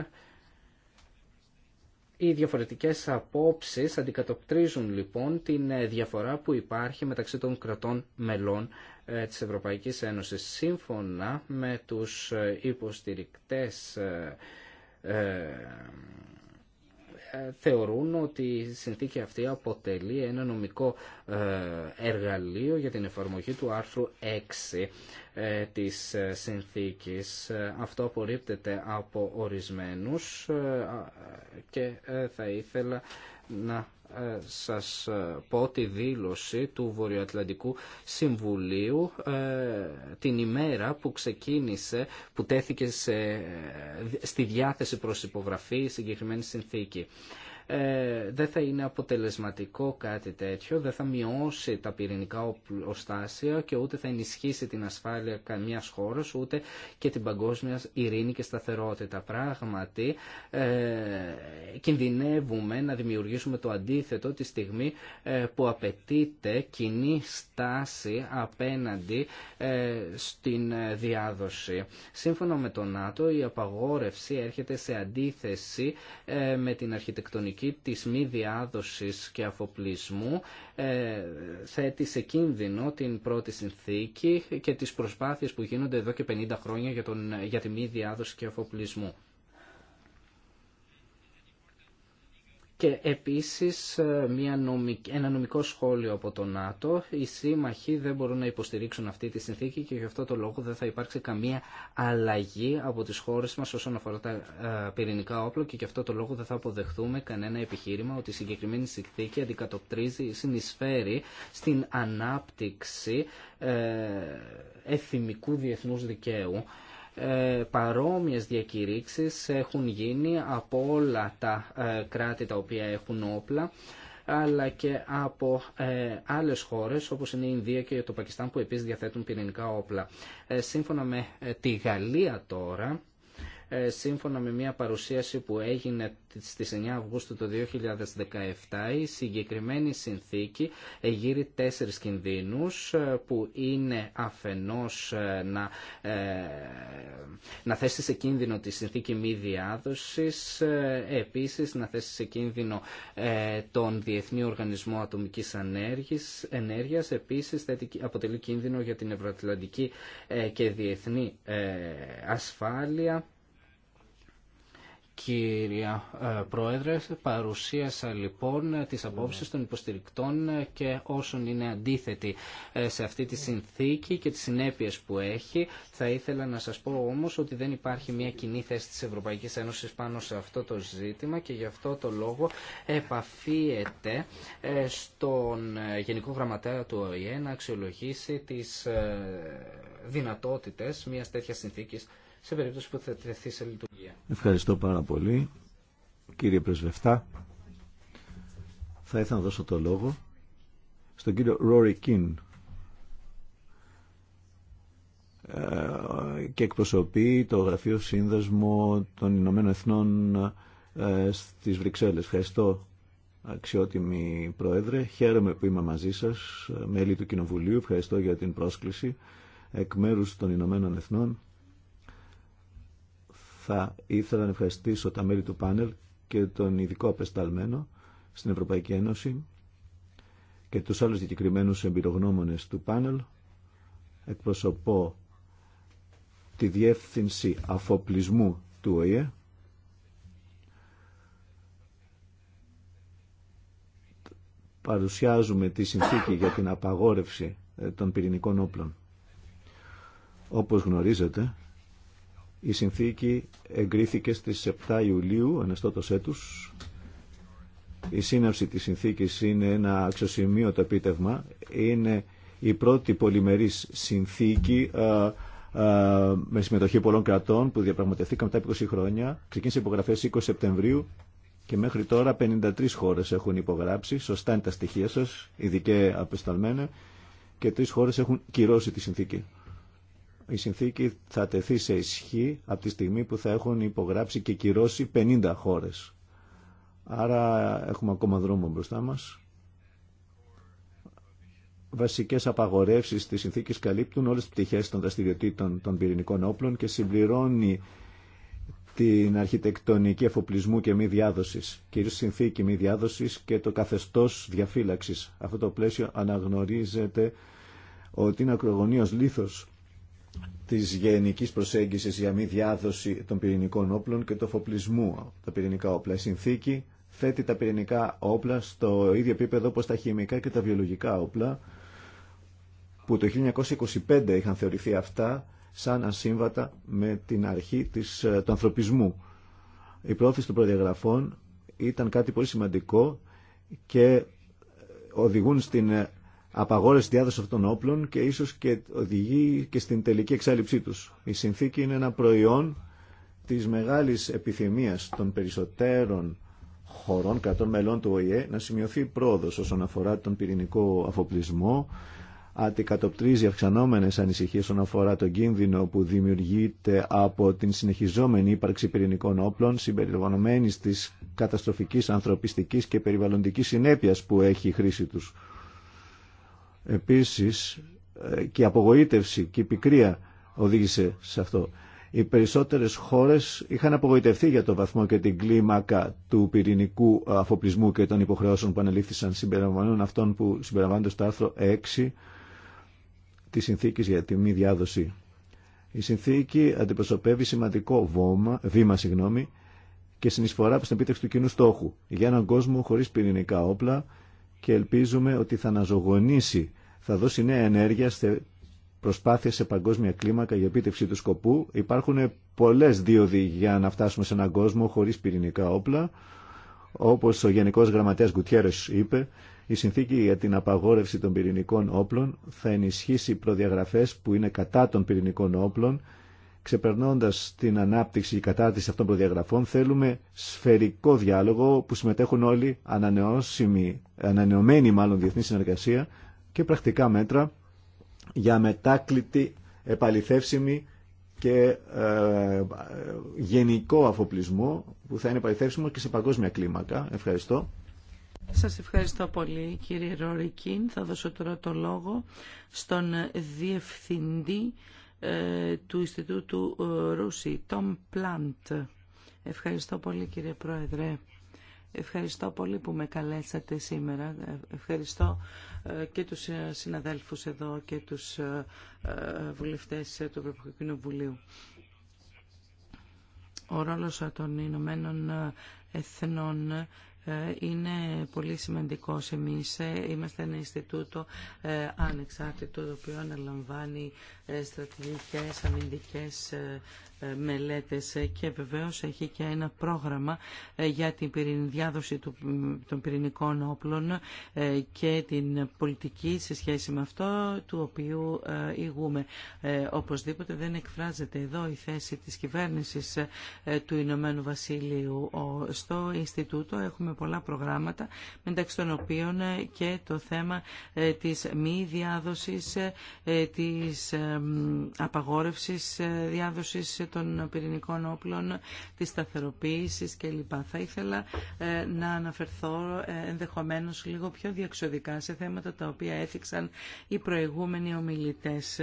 οι διαφορετικές απόψεις αντικατοπτρίζουν λοιπόν την ε, διαφορά που υπάρχει μεταξύ των κρατών μελών ε, της Ευρωπαϊκής Ένωσης. Σύμφωνα με τους ε, υποστηρικτές ε, θεωρούν ότι η συνθήκη αυτή αποτελεί ένα νομικό ε, εργαλείο για την εφαρμογή του άρθρου 6 ε, της συνθήκης. Αυτό απορρίπτεται από ορισμένους και θα ήθελα να ε, σας ε, πω τη δήλωση του Βορειοατλαντικού Συμβουλίου ε, την ημέρα που ξεκίνησε, που τέθηκε σε, στη διάθεση προς υπογραφή η συγκεκριμένη συνθήκη. Ε, δεν θα είναι αποτελεσματικό κάτι τέτοιο, δεν θα μειώσει τα πυρηνικά οστάσια και ούτε θα ενισχύσει την ασφάλεια καμιάς χώρας, ούτε και την παγκόσμια ειρήνη και σταθερότητα. Πράγματι, ε, κινδυνεύουμε να δημιουργήσουμε το αντίθετο τη στιγμή ε, που απαιτείται κοινή στάση απέναντι στην διάδοση. Σύμφωνα με τον ΝΑΤΟ, η απαγόρευση έρχεται σε αντίθεση με την αρχιτεκτονική πολιτική της μη διάδοση και αφοπλισμού ε, θέτει σε κίνδυνο την πρώτη συνθήκη και τις προσπάθειες που γίνονται εδώ και 50 χρόνια για, τον, για τη μη διάδοση και αφοπλισμού. Και επίσης ε, μια νομικ... ένα νομικό σχόλιο από το ΝΑΤΟ. Οι σύμμαχοι δεν μπορούν να υποστηρίξουν αυτή τη συνθήκη και γι' αυτό το λόγο δεν θα υπάρξει καμία αλλαγή από τις χώρες μας όσον αφορά τα ε, πυρηνικά όπλα και γι' αυτό το λόγο δεν θα αποδεχθούμε κανένα επιχείρημα ότι η συγκεκριμένη συνθήκη αντικατοπτρίζει ή συνεισφέρει στην ανάπτυξη ε, εθιμικού διεθνούς δικαίου. Ε, παρόμοιες διακηρύξεις έχουν γίνει από όλα τα ε, κράτη τα οποία έχουν όπλα αλλά και από ε, άλλες χώρες όπως είναι η Ινδία και το Πακιστάν που επίσης διαθέτουν πυρηνικά όπλα. Ε, σύμφωνα με τη Γαλλία τώρα ε, σύμφωνα με μια παρουσίαση που έγινε στις 9 Αυγούστου του 2017 η συγκεκριμένη συνθήκη γύρει τέσσερις κινδύνους ε, που είναι αφενός ε, να, να θέσει σε κίνδυνο τη συνθήκη μη διάδοσης επίσης να θέσει σε κίνδυνο τον Διεθνή Οργανισμό Ατομικής Ενέργειας επίσης αποτελεί κίνδυνο για την ευρωατλαντική και διεθνή ασφάλεια Κύρια ε, Πρόεδρε, παρουσίασα λοιπόν τις απόψεις των υποστηρικτών και όσων είναι αντίθετοι ε, σε αυτή τη συνθήκη και τις συνέπειες που έχει. Θα ήθελα να σας πω όμως ότι δεν υπάρχει μια κοινή θέση της Ευρωπαϊκής Ένωσης πάνω σε αυτό το ζήτημα και γι' αυτό το λόγο επαφίεται ε, στον Γενικό Γραμματέα του ΟΗΕ να αξιολογήσει τις δυνατότητες μιας τέτοιας συνθήκης σε περίπτωση που θα τεθεί σε λειτουργία. Ευχαριστώ πάρα πολύ. Κύριε Πρεσβευτά, θα ήθελα να δώσω το λόγο στον κύριο Ρόρι Κιν ε, και εκπροσωπεί το Γραφείο Σύνδεσμο των Ηνωμένων Εθνών ε, στις Βρυξέλλες. Ευχαριστώ αξιότιμη Πρόεδρε. Χαίρομαι που είμαι μαζί σας, μέλη του Κοινοβουλίου. Ευχαριστώ για την πρόσκληση εκ μέρους των Ηνωμένων Εθνών. Θα ήθελα να ευχαριστήσω τα μέλη του πάνελ και τον ειδικό απεσταλμένο στην Ευρωπαϊκή Ένωση και τους άλλους συγκεκριμένους εμπειρογνώμονες του πάνελ. Εκπροσωπώ τη Διεύθυνση Αφοπλισμού του ΟΗΕ παρουσιάζουμε τη συνθήκη για την απαγόρευση ε, των πυρηνικών όπλων. Όπως γνωρίζετε, η συνθήκη εγκρίθηκε στις 7 Ιουλίου Αναστότος έτους. Η σύναψη της συνθήκης είναι ένα αξιοσημείωτο επίτευγμα. Είναι η πρώτη πολυμερής συνθήκη με συμμετοχή πολλών κρατών που διαπραγματευθήκαμε τα 20 χρόνια. Ξεκίνησε υπογραφές 20 Σεπτεμβρίου και μέχρι τώρα 53 χώρες έχουν υπογράψει. Σωστά είναι τα στοιχεία σας, ειδικέ απεσταλμένα. Και τρεις χώρες έχουν κυρώσει τη συνθήκη η συνθήκη θα τεθεί σε ισχύ από τη στιγμή που θα έχουν υπογράψει και κυρώσει 50 χώρες. Άρα έχουμε ακόμα δρόμο μπροστά μας. Βασικές απαγορεύσεις της συνθήκης καλύπτουν όλες τις πτυχές των δραστηριοτήτων των πυρηνικών όπλων και συμπληρώνει την αρχιτεκτονική εφοπλισμού και μη διάδοση, κυρίω συνθήκη μη διάδοση και το καθεστώ διαφύλαξη. Αυτό το πλαίσιο αναγνωρίζεται ότι είναι ακρογωνίω λίθο της γενικής προσέγγισης για μη διάδοση των πυρηνικών όπλων και του αφοπλισμού τα πυρηνικά όπλα. Η συνθήκη θέτει τα πυρηνικά όπλα στο ίδιο επίπεδο όπως τα χημικά και τα βιολογικά όπλα που το 1925 είχαν θεωρηθεί αυτά σαν ασύμβατα με την αρχή της, ε, του ανθρωπισμού. Η πρόθεση των προδιαγραφών ήταν κάτι πολύ σημαντικό και οδηγούν στην ε, απαγόρευση διάδοση αυτών των όπλων και ίσως και οδηγεί και στην τελική εξάλληψή τους. Η συνθήκη είναι ένα προϊόν της μεγάλης επιθυμίας των περισσότερων χωρών κατών μελών του ΟΗΕ να σημειωθεί πρόοδος όσον αφορά τον πυρηνικό αφοπλισμό, αντικατοπτρίζει αυξανόμενε ανησυχίε όσον αφορά τον κίνδυνο που δημιουργείται από την συνεχιζόμενη ύπαρξη πυρηνικών όπλων συμπεριλαμβανομένη τη καταστροφική, ανθρωπιστική και περιβαλλοντική συνέπεια που έχει η χρήση του. Επίσης ε, και η απογοήτευση και η πικρία οδήγησε σε αυτό. Οι περισσότερες χώρες είχαν απογοητευτεί για το βαθμό και την κλίμακα του πυρηνικού αφοπλισμού και των υποχρεώσεων που ανελήφθησαν συμπεριλαμβανών αυτών που συμπεριλαμβάνονται στο άρθρο 6 της συνθήκης για τη μη διάδοση. Η συνθήκη αντιπροσωπεύει σημαντικό βόμα, βήμα συγγνώμη, και συνεισφορά στην επίτευξη του κοινού στόχου για έναν κόσμο χωρίς πυρηνικά όπλα και ελπίζουμε ότι θα αναζωογονήσει, θα δώσει νέα ενέργεια σε προσπάθειες σε παγκόσμια κλίμακα για επίτευξη του σκοπού. Υπάρχουν πολλές δίωδοι για να φτάσουμε σε έναν κόσμο χωρίς πυρηνικά όπλα. Όπως ο Γενικός Γραμματέας Γκουτιέρος είπε, η συνθήκη για την απαγόρευση των πυρηνικών όπλων θα ενισχύσει προδιαγραφές που είναι κατά των πυρηνικών όπλων Ξεπερνώντα την ανάπτυξη και κατάρτιση αυτών των προδιαγραφών, θέλουμε σφαιρικό διάλογο που συμμετέχουν όλοι ανανεώσιμοι, ανανεωμένη μάλλον διεθνή συνεργασία και πρακτικά μέτρα για μετάκλητη, επαληθεύσιμη και ε, γενικό αφοπλισμό που θα είναι επαληθεύσιμο και σε παγκόσμια κλίμακα. Ευχαριστώ. Σας ευχαριστώ πολύ κύριε Ρόρικιν. Θα δώσω τώρα το λόγο στον Διευθυντή ε, του Ινστιτούτου Ρούση, Τόμ Πλάντ. Ευχαριστώ πολύ κύριε Πρόεδρε. Ευχαριστώ πολύ που με καλέσατε σήμερα. Ευχαριστώ ε, και τους ε, συναδέλφους εδώ και τους βουλευτές του Ευρωπαϊκού Κοινοβουλίου. Ο ρόλος των Ηνωμένων Εθνών ε, είναι πολύ σημαντικός. Εμείς ε, είμαστε ένα Ινστιτούτο ε, ανεξάρτητο το οποίο αναλαμβάνει στρατηγικές αμυντικές μελέτες και βεβαίως έχει και ένα πρόγραμμα για την διάδοση των πυρηνικών όπλων και την πολιτική σε σχέση με αυτό του οποίου ηγούμε. Οπωσδήποτε δεν εκφράζεται εδώ η θέση της κυβέρνησης του Ηνωμένου Βασίλειου. Στο Ινστιτούτο έχουμε πολλά προγράμματα, μεταξύ των οποίων ε, και το θέμα ε, της μη διάδοσης, ε, της απαγόρευσης διάδοσης των πυρηνικών όπλων, της σταθεροποίησης κλπ. Θα ήθελα να αναφερθώ ενδεχομένως λίγο πιο διεξοδικά σε θέματα τα οποία έθιξαν οι προηγούμενοι ομιλητές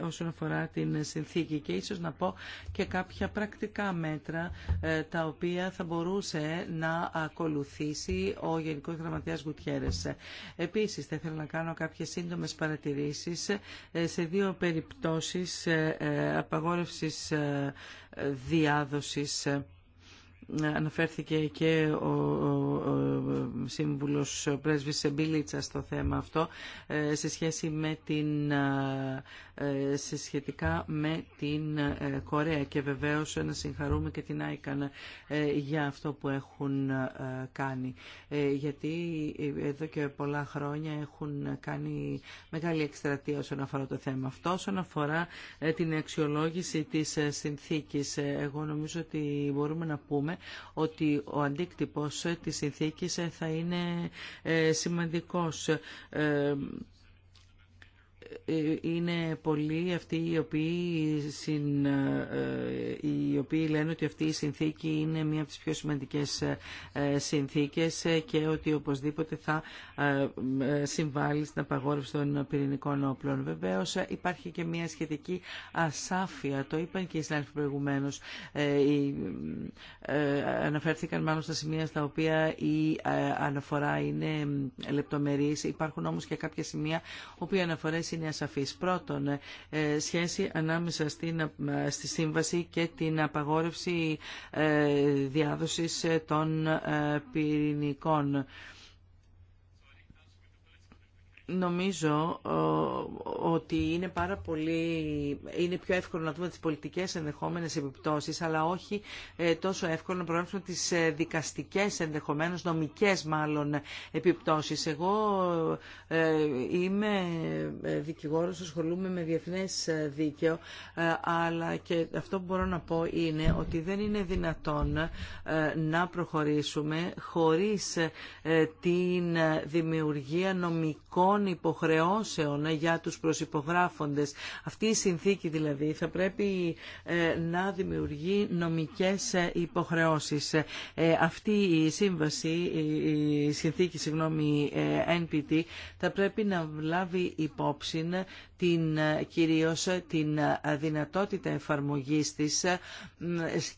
όσον αφορά την συνθήκη και ίσως να πω και κάποια πρακτικά μέτρα τα οποία θα μπορούσε να ακολουθήσει ακολουθήσει ο Γενικός Γραμματέα Γουτιέρες. Επίσης, θα ήθελα να κάνω κάποιες σύντομες παρατηρήσεις σε δύο περιπτώσεις ε, ε, απαγόρευσης ε, διάδοσης αναφέρθηκε και ο, ο, ο σύμβουλος πρέσβης στο θέμα αυτό ε, σε σχέση με την ε, ε, σε σχετικά με την Κορέα και βεβαίως να συγχαρούμε και την Άικαν για αυτό που έχουν κάνει γιατί εδώ και πολλά χρόνια έχουν κάνει μεγάλη εκστρατεία όσον αφορά το θέμα αυτό όσον αφορά την αξιολόγηση της συνθήκης εγώ νομίζω ότι μπορούμε να πούμε ότι ο αντίκτυπος της συνθήκης θα είναι ε, σημαντικός. Ε, είναι πολλοί αυτοί οι οποίοι, συν, ε, λένε ότι αυτή η συνθήκη είναι μία από τις πιο σημαντικές ε, συνθήκες και ότι οπωσδήποτε θα ε, συμβάλλει στην απαγόρευση των πυρηνικών όπλων. Βεβαίως υπάρχει και μία σχετική ασάφεια, το είπαν και οι συνάδελφοι προηγουμένω. αναφέρθηκαν μάλλον στα σημεία στα οποία η αναφορά είναι λεπτομερής. Υπάρχουν όμως και κάποια σημεία όπου οι είναι ασαφής. Πρώτον, ε, σχέση ανάμεσα ε, στη σύμβαση και την απαγόρευση ε, διάδοσης των πυρηνικών Νομίζω ε, ότι είναι πάρα πολύ, είναι πιο εύκολο να δούμε τις πολιτικές ενδεχόμενες επιπτώσεις, αλλά όχι ε, τόσο εύκολο να προγράψουμε τις ε, δικαστικές ενδεχομένως, νομικές μάλλον επιπτώσεις. Εγώ είμαι δικηγόρος, ασχολούμαι με διεθνές δίκαιο, αλλά και αυτό που μπορώ να πω είναι ότι δεν είναι δυνατόν να προχωρήσουμε χωρίς την δημιουργία νομικών υποχρεώσεων για τους προσυπογράφοντες. Αυτή η συνθήκη δηλαδή θα πρέπει ε, να δημιουργεί νομικές ε, υποχρεώσεις. Ε, αυτή η σύμβαση, η συνθήκη, συγγνώμη, NPT, θα πρέπει να λάβει υπόψη την, κυρίως την αδυνατότητα εφαρμογής της,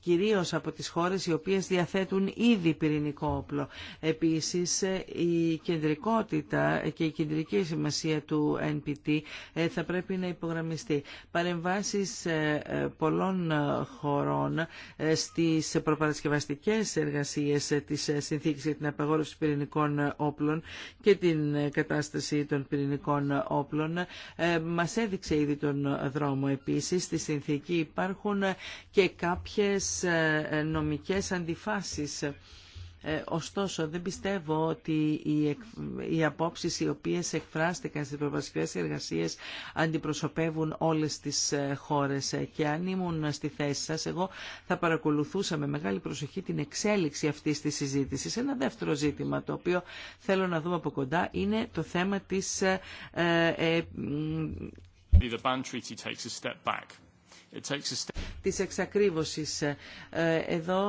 κυρίως από τις χώρες οι οποίες διαθέτουν ήδη πυρηνικό όπλο. Επίσης, η κεντρικότητα και η κεντρική σημασία του NPT ε, θα πρέπει να υπογραμμιστεί. Παρεμβάσεις ε, ε, πολλών χωρών στις προπαρασκευαστικές εργασίες της συνθήκης για την απαγόρευση πυρηνικών όπλων και την κατάσταση των πυρηνικών όπλων μας έδειξε ήδη τον δρόμο επίσης στη συνθήκη υπάρχουν και κάποιες ε, νομικές αντιφάσεις ε, ωστόσο, δεν πιστεύω ότι οι, εκ, οι απόψεις οι οποίες εκφράστηκαν στις προπαρασκευές εργασίες αντιπροσωπεύουν όλες τις ε, χώρες. Ε, και αν ήμουν στη θέση σας, εγώ θα παρακολουθούσα με μεγάλη προσοχή την εξέλιξη αυτής της συζήτησης. Ένα δεύτερο ζήτημα, το οποίο θέλω να δούμε από κοντά, είναι το θέμα της της εξακρίβωσης. Ε, εδώ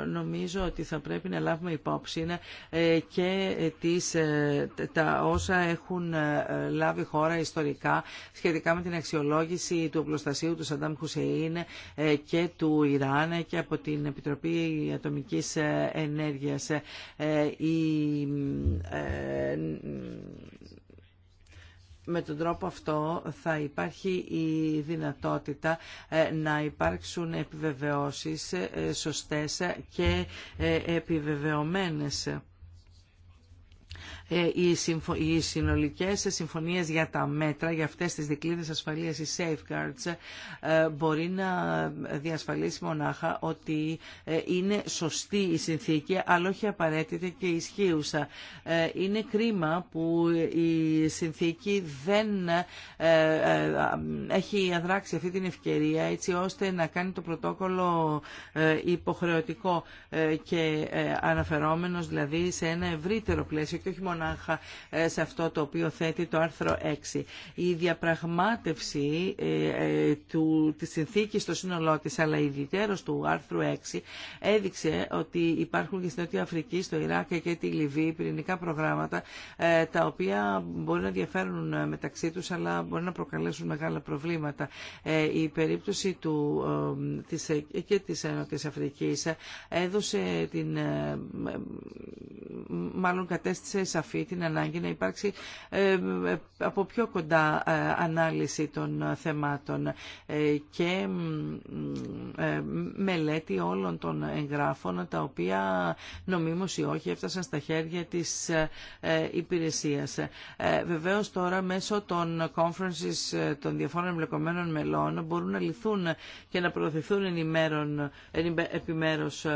ε, νομίζω ότι θα πρέπει να λάβουμε υπόψη ε, και τις, τα όσα έχουν λάβει χώρα ιστορικά σχετικά με την αξιολόγηση του οπλοστασίου του Σαντάμ Χουσεΐν και του Ιράν και από την Επιτροπή Ατομικής Ενέργειας. Η με τον τρόπο αυτό θα υπάρχει η δυνατότητα ε, να υπάρξουν επιβεβαιώσεις ε, σωστές και ε, επιβεβαιωμένες. Ε, οι συνολικές συμφωνίες για τα μέτρα, για αυτές τις δικλείδες ασφαλείας, οι safeguards, ε, μπορεί να διασφαλίσει μονάχα ότι ε, είναι σωστή η συνθήκη, αλλά όχι απαραίτητη και ισχύουσα. Είναι κρίμα που η συνθήκη δεν έχει αδράξει αυτή την ευκαιρία έτσι ώστε να κάνει το πρωτόκολλο υποχρεωτικό και αναφερόμενος δηλαδή σε ένα ευρύτερο πλαίσιο και όχι μόνο ε, σε αυτό το οποίο θέτει το άρθρο 6. Η διαπραγμάτευση ε, ε, του, της συνθήκης στο σύνολό της, αλλά ιδιαίτερος του άρθρου 6, έδειξε ότι υπάρχουν και στην Νότια Αφρική, στο Ιράκ και τη Λιβύη πυρηνικά προγράμματα, τα οποία μπορεί να διαφέρουν μεταξύ τους, αλλά μπορεί να προκαλέσουν μεγάλα προβλήματα. Η περίπτωση του, της, και της Νότιας Αφρικής έδωσε την, μάλλον κατέστησε επαφή, την ανάγκη να υπάρξει ε, από πιο κοντά ε, ανάλυση των θεμάτων ε, και μελέτη όλων των εγγράφων τα οποία νομίμως ή όχι έφτασαν στα χέρια της υπηρεσίας. Βεβαίως τώρα μέσω των conferences των διαφόρων εμπλεκομένων μελών μπορούν να λυθούν και να προωθηθούν ενημέρων, επιμέρους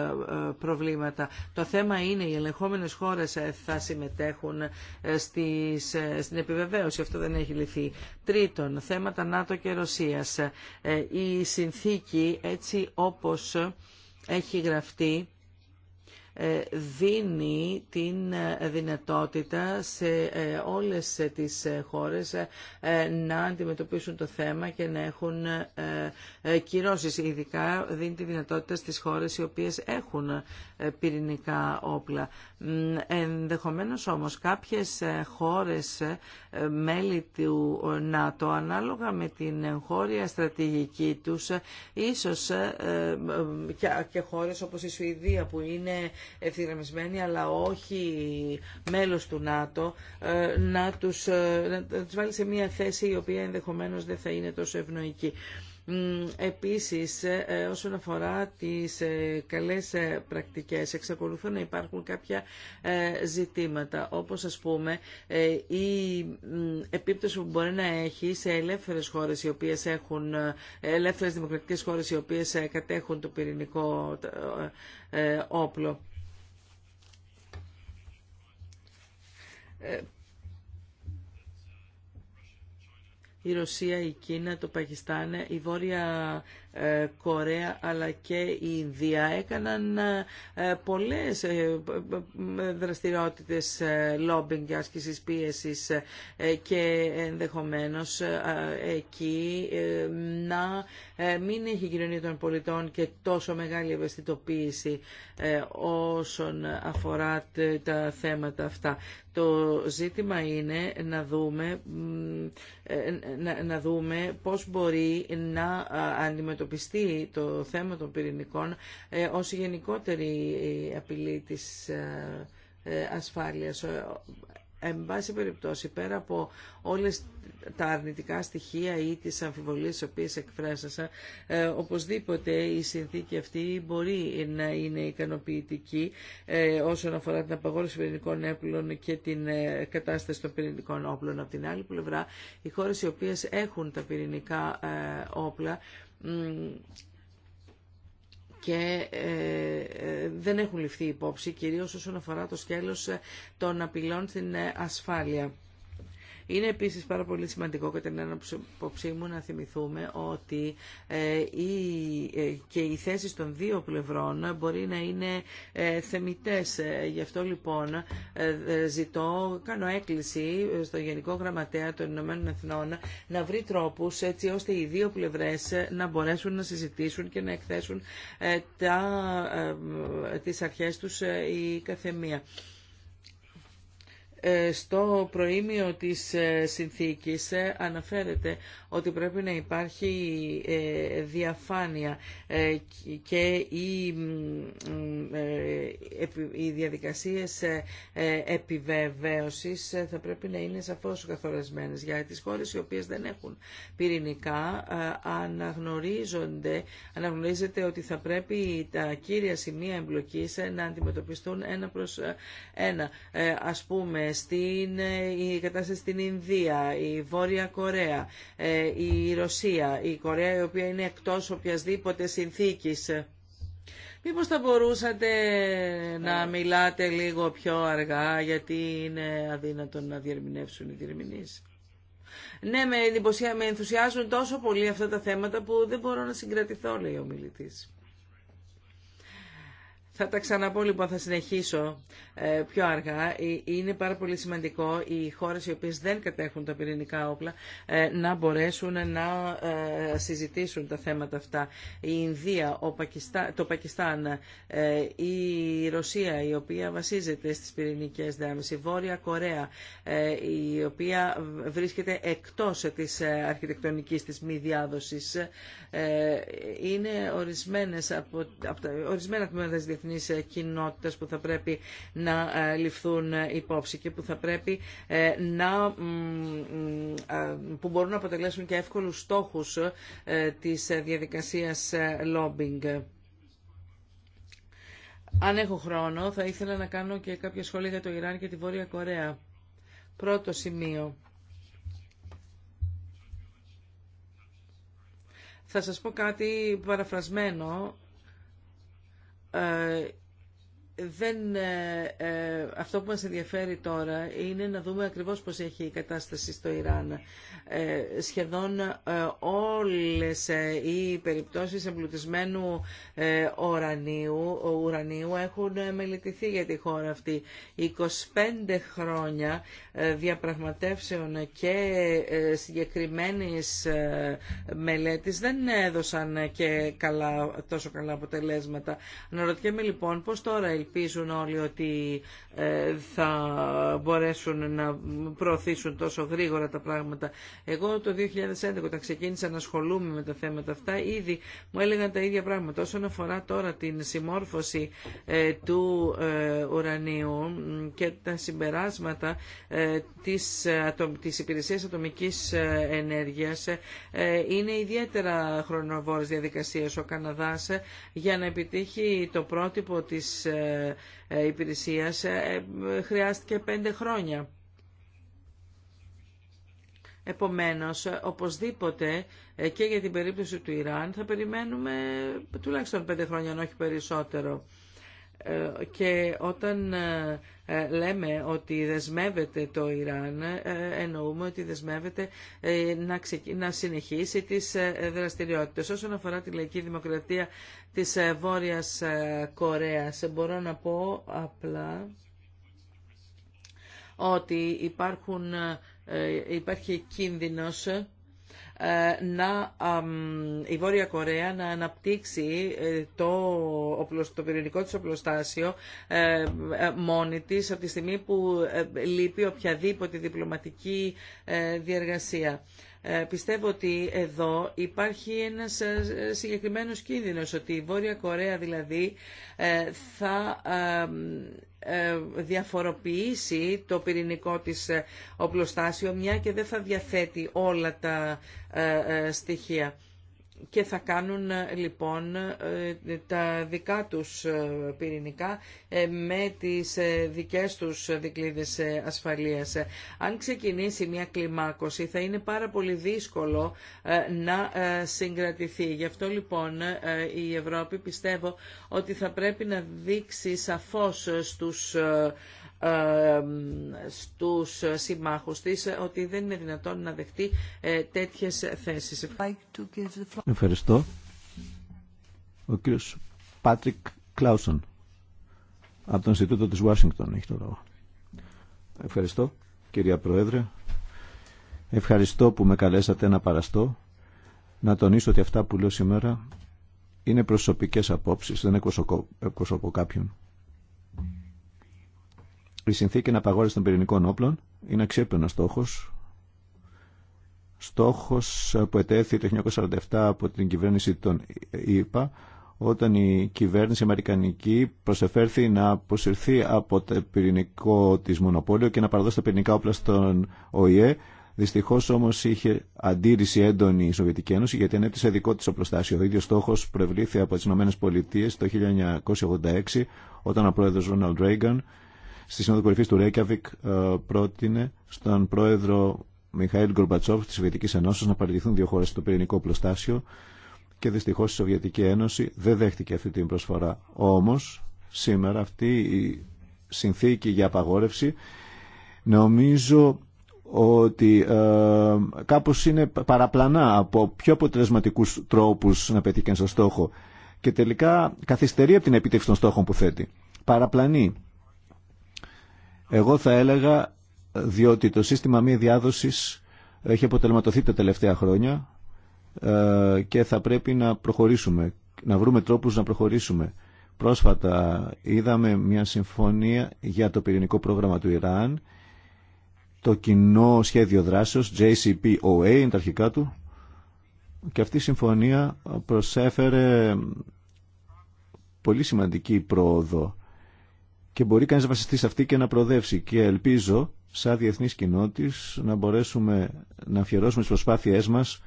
προβλήματα. Το θέμα είναι οι ελεγχόμενες χώρες θα συμμετέχουν υπάρχουν ε, στις, ε, στην επιβεβαίωση. Αυτό δεν έχει λυθεί. Τρίτον, θέματα ΝΑΤΟ και Ρωσίας. Ε, η συνθήκη έτσι όπως έχει γραφτεί ε, δίνει την ε, δυνατότητα σε ε, όλες τις χώρες να αντιμετωπίσουν το θέμα και να έχουν κυρώσεις. Ειδικά δίνει τη δυνατότητα στις χώρες οι οποίες έχουν πυρηνικά όπλα. Ενδεχομένως όμως κάποιες χώρες μέλη του ΝΑΤΟ ανάλογα με την χώρια στρατηγική τους ίσως και χώρες όπως η Σουηδία που είναι αλλά όχι μέλος του ΝΑΤΟ ε, να τους, ε, να βάλει σε μια θέση η οποία ενδεχομένως δεν θα είναι τόσο ευνοϊκή. Επίσης, ε, όσον αφορά τις καλές πρακτικές, εξακολουθούν να υπάρχουν κάποια ζητήματα, όπως ας πούμε η επίπτωση που μπορεί να έχει σε ελεύθερες χώρες οι οποίες έχουν, ελεύθερες δημοκρατικές χώρες οι οποίες κατέχουν το πυρηνικό όπλο. Ε, η Ρωσία, η Κίνα, το Πακιστάν, η Βόρεια ε, Κορέα αλλά και η Ινδία έκαναν ε, ε, πολλές δραστηριότητες lobbying και άσκησης πίεσης και ενδεχομένως εκεί να μην έχει η κοινωνία των πολιτών και τόσο μεγάλη ευαισθητοποίηση όσον αφορά τα θέματα αυτά. Το ζήτημα είναι να δούμε, να δούμε πώς μπορεί να αντιμετωπίσει αντιμετωπιστεί το θέμα των πυρηνικών ε, ως γενικότερη απειλή της ε, ε, ασφάλειας. Εν πάση περιπτώσει, πέρα από όλες τα αρνητικά στοιχεία ή τις αμφιβολίες τις οποίες εκφράσασα, ε, οπωσδήποτε η συνθήκη αυτή μπορεί να είναι ικανοποιητική ε, όσον αφορά την απαγόρευση πυρηνικών έπλων και την κατάσταση των πυρηνικών όπλων. Από την άλλη πλευρά, οι χώρες οι οποίες έχουν τα πυρηνικά όπλα, και ε, ε, δεν έχουν ληφθεί υπόψη, κυρίως όσον αφορά το σκέλος των απειλών στην ε, ασφάλεια. Είναι επίσης πάρα πολύ σημαντικό κατά την άποψή μου να θυμηθούμε ότι ε, ε, και οι θέσει των δύο πλευρών μπορεί να είναι ε, θεμιτές Γι' αυτό λοιπόν ζητώ, κάνω έκκληση στο Γενικό Γραμματέα των Ηνωμένων Εθνών να βρει τρόπους έτσι ώστε οι δύο πλευρές να μπορέσουν να συζητήσουν και να εκθέσουν τα, τις αρχές τους η καθεμία. Ε, στο προήμιο της ε, συνθήκης ε, αναφέρεται ότι πρέπει να υπάρχει διαφάνεια και οι διαδικασίες επιβεβαίωσης θα πρέπει να είναι σαφώς καθορισμένες. Για τις χώρες οι οποίες δεν έχουν πυρηνικά αναγνωρίζονται, αναγνωρίζεται ότι θα πρέπει τα κύρια σημεία εμπλοκής να αντιμετωπιστούν ένα προς ένα. Ας πούμε στην ε, η κατάσταση στην Ινδία, η Βόρεια Κορέα, ε, η Ρωσία, η Κορέα η οποία είναι εκτός οποιασδήποτε συνθήκης. Μήπως θα μπορούσατε να ε. μιλάτε λίγο πιο αργά γιατί είναι αδύνατο να διερμηνεύσουν οι διερμηνείς. Ναι, με, με ενθουσιάζουν τόσο πολύ αυτά τα θέματα που δεν μπορώ να συγκρατηθώ, λέει ο μιλητής. Θα τα ξαναπώ λοιπόν, θα συνεχίσω ε, πιο αργά. Ε, είναι πάρα πολύ σημαντικό οι χώρες οι οποίες δεν κατέχουν τα πυρηνικά όπλα ε, να μπορέσουν να συζητήσουν τα θέματα αυτά. Η Ινδία, ο το Πακιστάν, η Ρωσία η οποία βασίζεται στις πυρηνικές δάμεις, η Βόρεια Κορέα η οποία βρίσκεται εκτός της αρχιτεκτονικής της μη διάδοσης. Είναι ορισμένες από, από τα, ορισμένα τμήματα της διεθνής ε, κοινότητας που θα πρέπει να ε, ληφθούν ε, υπόψη και που θα πρέπει να που μπορούν να αποτελέσουν και εύκολους στόχους της διαδικασίας lobbying. Αν έχω χρόνο, θα ήθελα να κάνω και κάποια σχόλια για το Ιράν και τη Βόρεια Κορέα. Πρώτο σημείο. Θα σας πω κάτι παραφρασμένο, ε, δεν, ε, ε, αυτό που μας ενδιαφέρει τώρα είναι να δούμε ακριβώς πώς έχει η κατάσταση στο Ιράν. Ε, σχεδόν ε, όλες οι περιπτώσεις εμπλουτισμένου ουρανίου, ουρανίου έχουν μελετηθεί για τη χώρα αυτή. 25 χρόνια διαπραγματεύσεων και συγκεκριμένης μελέτης δεν έδωσαν και καλά, τόσο καλά αποτελέσματα. Αναρωτιέμαι λοιπόν πώς τώρα ελπίζουν όλοι ότι ε, θα μπορέσουν να προωθήσουν τόσο γρήγορα τα πράγματα. Εγώ το 2011 όταν ξεκίνησα να ασχολούμαι με τα θέματα αυτά ήδη μου έλεγαν τα ίδια πράγματα. Όσον αφορά τώρα την συμμόρφωση ε, του ε, ουρανίου και τα συμπεράσματα της, της υπηρεσίας ατομικής ενέργειας είναι ιδιαίτερα χρονοβόρες διαδικασίες ο Καναδάς για να επιτύχει το πρότυπο της ε, υπηρεσίας ε, χρειάστηκε πέντε χρόνια. Επομένως, οπωσδήποτε ε, και για την περίπτωση του Ιράν θα περιμένουμε τουλάχιστον πέντε χρόνια, όχι περισσότερο. Ε, και όταν ε, ε, λέμε ότι δεσμεύεται το Ιράν, εννοούμε ότι δεσμεύεται να συνεχίσει τις δραστηριότητες. Όσον αφορά τη λαϊκή δημοκρατία της Βόρειας Κορέας, μπορώ να πω απλά ότι υπάρχουν, υπάρχει κίνδυνος ε, να, η Βόρεια Κορέα να αναπτύξει ε, το, το πυρηνικό της οπλοστάσιο ε, μόνη της από τη στιγμή που λείπει οποιαδήποτε διπλωματική διεργασία. Ε, πιστεύω ότι εδώ υπάρχει ένας ε, συγκεκριμένος κίνδυνος, ότι η Βόρεια Κορέα δηλαδή ε, θα διαφοροποιήσει το πυρηνικό της οπλοστάσιο μια και δεν θα διαθέτει όλα τα στοιχεία και θα κάνουν ε, λοιπόν ε, τα δικά τους ε, πυρηνικά με τις δικές τους δικλείδες ασφαλείας. Αν ξεκινήσει μια κλιμάκωση θα είναι πάρα πολύ δύσκολο να συγκρατηθεί. Γι' αυτό λοιπόν η Ευρώπη πιστεύω ότι θα πρέπει να δείξει σαφώς στους στους συμμάχους της ότι δεν είναι δυνατόν να δεχτεί ε, τέτοιες θέσεις. Ευχαριστώ. Ο κύριος Πάτρικ Κλάουσον από το Ινστιτούτο της Ουάσιγκτον έχει το λόγο. Ευχαριστώ κυρία Πρόεδρε. Ευχαριστώ που με καλέσατε να παραστώ. Να τονίσω ότι αυτά που λέω σήμερα είναι προσωπικές απόψεις, δεν εκπροσωπώ κάποιον. Η συνθήκη απαγόρευση των πυρηνικών όπλων είναι αξιέπαινο στόχο. Στόχο που ετέθη το 1947 από την κυβέρνηση των ΗΠΑ όταν η κυβέρνηση αμερικανική προσεφέρθη να αποσυρθεί από το πυρηνικό τη μονοπόλιο και να παραδώσει τα πυρηνικά όπλα στον ΟΗΕ. Δυστυχώ όμω είχε αντίρρηση έντονη η Σοβιετική Ένωση γιατί ανέπτυσε δικό τη οπλοστάσιο. Ο ίδιο στόχο προευλήθη από τι ΗΠΑ το 1986 όταν ο πρόεδρο Ρόναλντ Ρέγκαν στη Σύνοδο Κορυφή του Ρέκιαβικ ε, πρότεινε στον πρόεδρο Μιχαήλ Γκορμπατσόφ τη Σοβιετική Ενώσεω να παραιτηθούν δύο χώρε στο πυρηνικό πλωστάσιο και δυστυχώ η Σοβιετική Ένωση δεν δέχτηκε αυτή την προσφορά. Όμω σήμερα αυτή η συνθήκη για απαγόρευση νομίζω ότι ε, κάπως είναι παραπλανά από πιο αποτελεσματικού τρόπους να πετύχει στο στόχο και τελικά καθυστερεί από την επίτευξη των στόχων που θέτει. Παραπλανεί εγώ θα έλεγα διότι το σύστημα μη διάδοσης έχει αποτελματωθεί τα τελευταία χρόνια ε, και θα πρέπει να προχωρήσουμε, να βρούμε τρόπους να προχωρήσουμε. Πρόσφατα είδαμε μια συμφωνία για το πυρηνικό πρόγραμμα του Ιράν, το κοινό σχέδιο δράσεως, JCPOA είναι τα αρχικά του, και αυτή η συμφωνία προσέφερε πολύ σημαντική πρόοδο και μπορεί κανείς να βασιστεί σε αυτή και να προοδεύσει. Και ελπίζω, σαν διεθνής κοινότη, να μπορέσουμε να αφιερώσουμε τις προσπάθειές μας,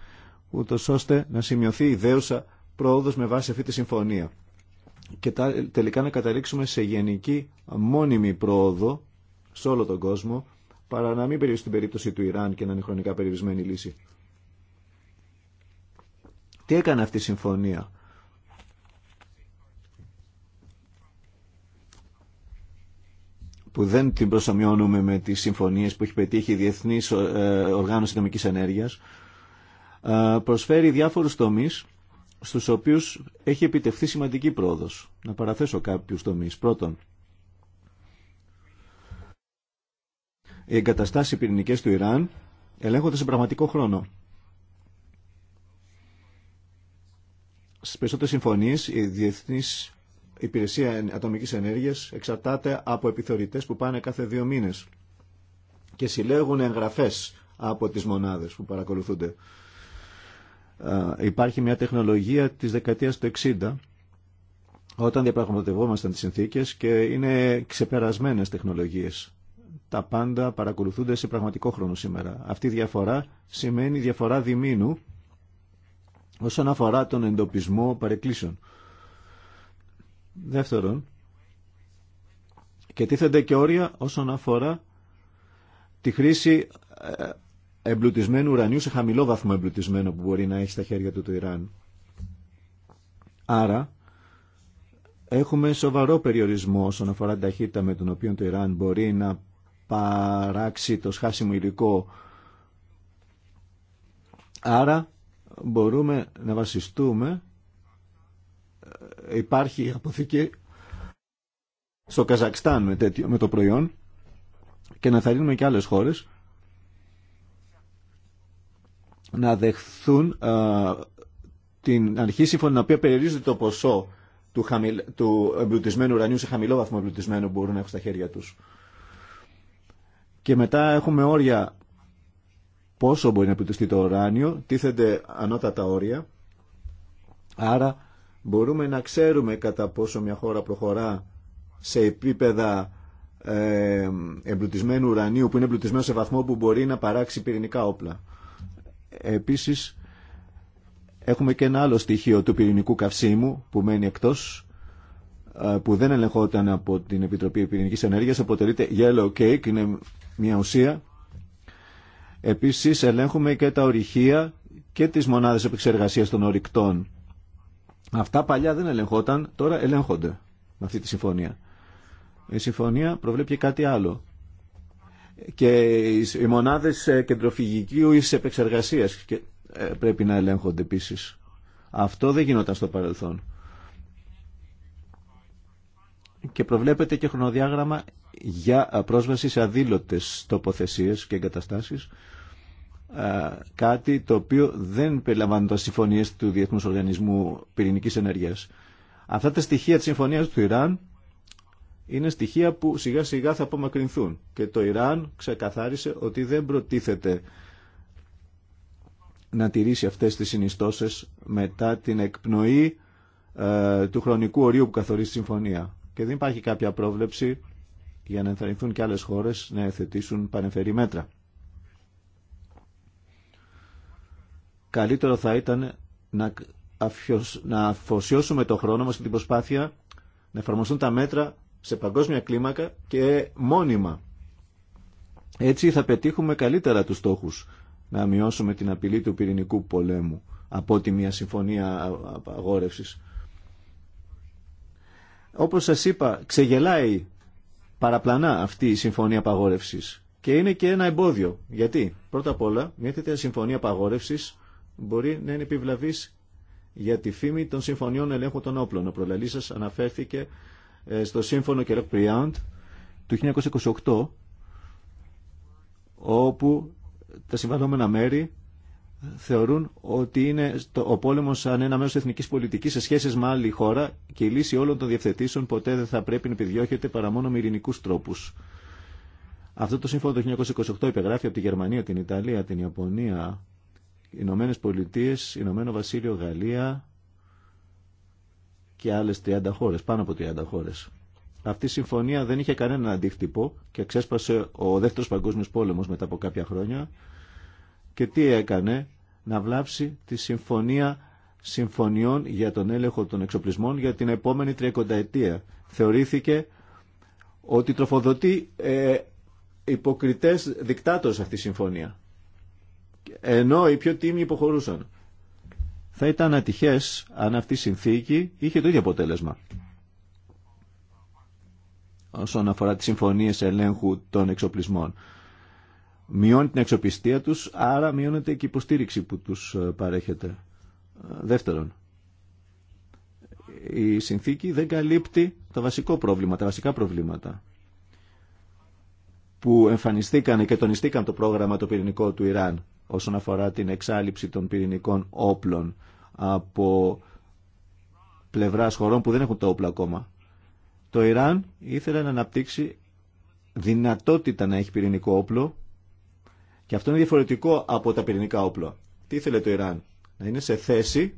ούτω ώστε να σημειωθεί ιδέουσα προόδο με βάση αυτή τη συμφωνία. Και τελικά να καταλήξουμε σε γενική μόνιμη πρόοδο σε όλο τον κόσμο, παρά να μην περιορίσει την περίπτωση του Ιράν και να είναι χρονικά περιορισμένη λύση. Τι έκανε αυτή η συμφωνία που δεν την προσωμιώνουμε με τις συμφωνίες που έχει πετύχει η Διεθνής ε, Οργάνωση Νομικής Ενέργειας, ε, προσφέρει διάφορους τομείς στους οποίους έχει επιτευχθεί σημαντική πρόοδος. Να παραθέσω κάποιους τομείς. Πρώτον, οι εγκαταστάσεις πυρηνικές του Ιράν ελέγχονται σε πραγματικό χρόνο. Στις περισσότερες συμφωνίες οι διεθνείς η υπηρεσία ατομικής ενέργειας εξαρτάται από επιθεωρητές που πάνε κάθε δύο μήνες και συλλέγουν εγγραφές από τις μονάδες που παρακολουθούνται. Υπάρχει μια τεχνολογία της δεκαετίας του 60 όταν διαπραγματευόμασταν τις συνθήκες και είναι ξεπερασμένες τεχνολογίες. Τα πάντα παρακολουθούνται σε πραγματικό χρόνο σήμερα. Αυτή η διαφορά σημαίνει διαφορά διμήνου όσον αφορά τον εντοπισμό παρεκκλήσεων. Δεύτερον, και τίθενται και όρια όσον αφορά τη χρήση ε, εμπλουτισμένου ουρανίου σε χαμηλό βαθμό εμπλουτισμένο που μπορεί να έχει στα χέρια του το Ιράν. Άρα, έχουμε σοβαρό περιορισμό όσον αφορά την ταχύτητα με τον οποίο το Ιράν μπορεί να παράξει το σχάσιμο υλικό. Άρα, μπορούμε να βασιστούμε υπάρχει αποθήκη στο Καζακστάν με, το προϊόν και να θαρρύνουμε και άλλες χώρες να δεχθούν την αρχή σύμφωνα την οποία περιορίζεται το ποσό του, χαμηλ, του εμπλουτισμένου ουρανίου σε χαμηλό βαθμό εμπλουτισμένου που μπορούν να έχουν στα χέρια τους. Και μετά έχουμε όρια πόσο μπορεί να εμπλουτιστεί το ουράνιο, τίθενται ανώτατα όρια, άρα Μπορούμε να ξέρουμε κατά πόσο μια χώρα προχωρά σε επίπεδα ε, εμπλουτισμένου ουρανίου που είναι εμπλουτισμένο σε βαθμό που μπορεί να παράξει πυρηνικά όπλα. Επίσης έχουμε και ένα άλλο στοιχείο του πυρηνικού καυσίμου που μένει εκτός ε, που δεν ελεγχόταν από την Επιτροπή Πυρηνικής Ενέργειας αποτελείται yellow cake, είναι μια ουσία Επίσης ελέγχουμε και τα ορυχεία και τις μονάδες επεξεργασίας των ορυκτών Αυτά παλιά δεν ελεγχόταν, τώρα ελέγχονται με αυτή τη συμφωνία. Η συμφωνία προβλέπει κάτι άλλο. Και οι μονάδες ε, κεντροφυγικού ή επεξεργασία ε, πρέπει να ελέγχονται επίσης. Αυτό δεν γινόταν στο παρελθόν. Και προβλέπεται και χρονοδιάγραμμα για ε, πρόσβαση σε αδήλωτε τοποθεσίες και εγκαταστάσεις κάτι το οποίο δεν περιλαμβάνεται τα συμφωνίες του Διεθνούς Οργανισμού Πυρηνικής Ενέργειας. Αυτά τα στοιχεία της συμφωνίας του Ιράν είναι στοιχεία που σιγά σιγά θα απομακρυνθούν και το Ιράν ξεκαθάρισε ότι δεν προτίθεται να τηρήσει αυτές τις συνιστώσεις μετά την εκπνοή ε, του χρονικού ορίου που καθορίζει τη συμφωνία. Και δεν υπάρχει κάποια πρόβλεψη για να ενθαρρυνθούν και άλλες χώρες να εθετήσουν πανεφερή μέτρα. Καλύτερο θα ήταν να, να αφοσιώσουμε το χρόνο μας και την προσπάθεια να εφαρμοστούν τα μέτρα σε παγκόσμια κλίμακα και μόνιμα. Έτσι θα πετύχουμε καλύτερα τους στόχους να μειώσουμε την απειλή του πυρηνικού πολέμου από τη μια συμφωνία αγόρευσης. Όπως σας είπα, ξεγελάει παραπλανά αυτή η συμφωνία απαγόρευσης και είναι και ένα εμπόδιο. Γιατί, πρώτα απ' όλα, μια τέτοια συμφωνία απαγόρευσης μπορεί να είναι επιβλαβή για τη φήμη των συμφωνιών ελέγχου των όπλων. Ο προλαλή σα αναφέρθηκε ε, στο σύμφωνο Κερόκ Πριάντ του 1928 όπου τα συμβαλόμενα μέρη θεωρούν ότι είναι ο πόλεμο σαν ένα μέρο εθνική πολιτική σε σχέσεις με άλλη χώρα και η λύση όλων των διευθετήσεων ποτέ δεν θα πρέπει να επιδιώχεται παρά μόνο με ειρηνικού τρόπου. Αυτό το σύμφωνο του 1928 υπεγράφει από τη Γερμανία, την Ιταλία, την Ιαπωνία, Ηνωμένε Πολιτείε, Ηνωμένο Βασίλειο, Γαλλία και άλλε 30 χώρε, πάνω από 30 χώρε. Αυτή η συμφωνία δεν είχε κανένα αντίκτυπο και ξέσπασε ο δεύτερο Παγκόσμιο Πόλεμο μετά από κάποια χρόνια και τι έκανε να βλάψει τη συμφωνία συμφωνιών για τον έλεγχο των εξοπλισμών για την επόμενη τριακονταετία. Θεωρήθηκε ότι τροφοδοτεί ε, υποκριτές δικτάτος αυτή η συμφωνία ενώ οι πιο τίμοι υποχωρούσαν. Θα ήταν ατυχές αν αυτή η συνθήκη είχε το ίδιο αποτέλεσμα όσον αφορά τις συμφωνίες ελέγχου των εξοπλισμών. Μειώνει την εξοπιστία τους, άρα μειώνεται και η υποστήριξη που τους ε, παρέχεται. Ε, δεύτερον, η συνθήκη δεν καλύπτει τα βασικό πρόβλημα, τα βασικά προβλήματα που εμφανιστήκαν και τονιστήκαν το πρόγραμμα το πυρηνικό του Ιράν όσον αφορά την εξάλληψη των πυρηνικών όπλων από πλευράς χωρών που δεν έχουν τα όπλα ακόμα. Το Ιράν ήθελε να αναπτύξει δυνατότητα να έχει πυρηνικό όπλο και αυτό είναι διαφορετικό από τα πυρηνικά όπλα. Τι ήθελε το Ιράν, να είναι σε θέση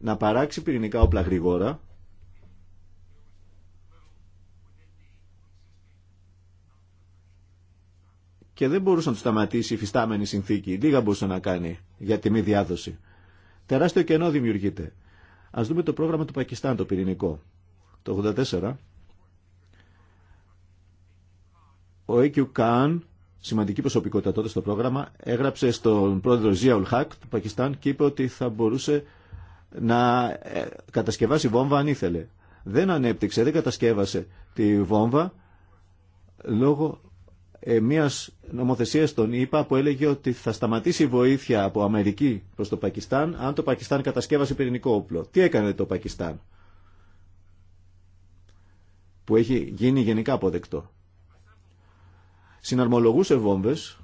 να παράξει πυρηνικά όπλα γρήγορα και δεν μπορούσε να του σταματήσει η φυστάμενη συνθήκη. Λίγα μπορούσε να κάνει για τη μη διάδοση. Τεράστιο κενό δημιουργείται. Α δούμε το πρόγραμμα του Πακιστάν, το πυρηνικό. Το 1984, Ο AQ Khan, σημαντική προσωπικότητα τότε στο πρόγραμμα, έγραψε στον πρόεδρο Ζία Ουλχάκ του Πακιστάν και είπε ότι θα μπορούσε να ε, κατασκευάσει βόμβα αν ήθελε. Δεν ανέπτυξε, δεν κατασκεύασε τη βόμβα λόγω ε, μια νομοθεσία των ΙΠΑ που έλεγε ότι θα σταματήσει η βοήθεια από Αμερική προς το Πακιστάν αν το Πακιστάν κατασκεύασε πυρηνικό όπλο. Τι έκανε το Πακιστάν που έχει γίνει γενικά αποδεκτό. Συναρμολογούσε βόμβες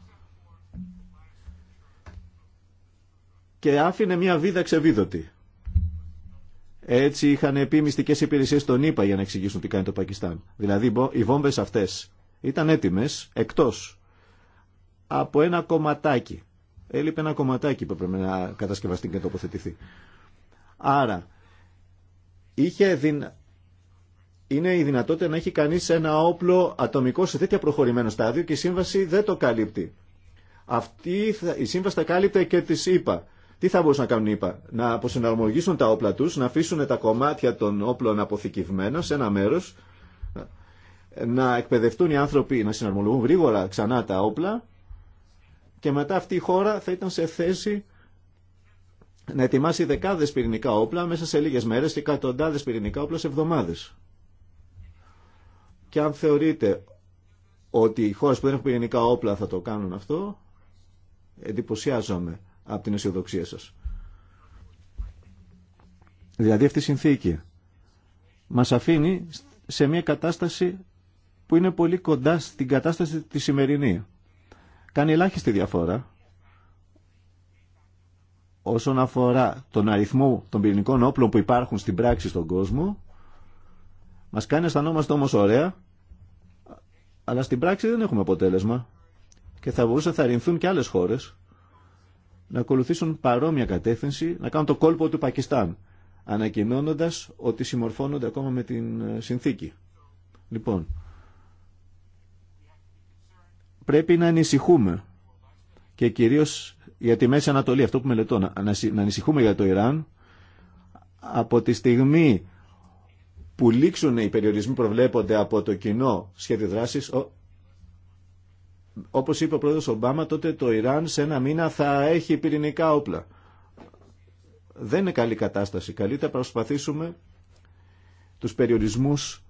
και άφηνε μια βίδα ξεβίδωτη. Έτσι είχαν πει μυστικέ υπηρεσίε των ΗΠΑ για να εξηγήσουν τι κάνει το Πακιστάν. Δηλαδή οι βόμβες αυτές ήταν έτοιμες εκτός από ένα κομματάκι. Έλειπε ένα κομματάκι που πρέπει να κατασκευαστεί και να τοποθετηθεί. Άρα, είχε είναι η δυνατότητα να έχει κανείς ένα όπλο ατομικό σε τέτοια προχωρημένο στάδιο και η σύμβαση δεν το καλύπτει. Αυτή η σύμβαση τα κάλυπτε και τις είπα. Τι θα μπορούσαν να κάνουν είπα. να αποσυναρμογήσουν τα όπλα τους, να αφήσουν τα κομμάτια των όπλων αποθηκευμένα σε ένα μέρος να εκπαιδευτούν οι άνθρωποι να συναρμολογούν γρήγορα ξανά τα όπλα και μετά αυτή η χώρα θα ήταν σε θέση να ετοιμάσει δεκάδες πυρηνικά όπλα μέσα σε λίγες μέρες και εκατοντάδες πυρηνικά όπλα σε εβδομάδες. Και αν θεωρείτε ότι οι χώρες που δεν έχουν πυρηνικά όπλα θα το κάνουν αυτό, εντυπωσιάζομαι από την αισιοδοξία σας. Δηλαδή αυτή η συνθήκη μας αφήνει σε μια κατάσταση που είναι πολύ κοντά στην κατάσταση τη σημερινή. Κάνει ελάχιστη διαφορά όσον αφορά τον αριθμό των πυρηνικών όπλων που υπάρχουν στην πράξη στον κόσμο. Μας κάνει αισθανόμαστε όμως ωραία, αλλά στην πράξη δεν έχουμε αποτέλεσμα και θα μπορούσε να θαρρυνθούν και άλλες χώρες να ακολουθήσουν παρόμοια κατεύθυνση, να κάνουν το κόλπο του Πακιστάν, ανακοινώνοντας ότι συμμορφώνονται ακόμα με την ε, συνθήκη. Λοιπόν, πρέπει να ανησυχούμε και κυρίως για τη Μέση Ανατολή, αυτό που μελετώ, να, να ανησυχούμε για το Ιράν από τη στιγμή που λήξουν οι περιορισμοί προβλέπονται από το κοινό σχέδιο δράσης, όπως είπε ο πρόεδρος Ομπάμα, τότε το Ιράν σε ένα μήνα θα έχει πυρηνικά όπλα. Δεν είναι καλή κατάσταση. Καλύτερα προσπαθήσουμε τους περιορισμούς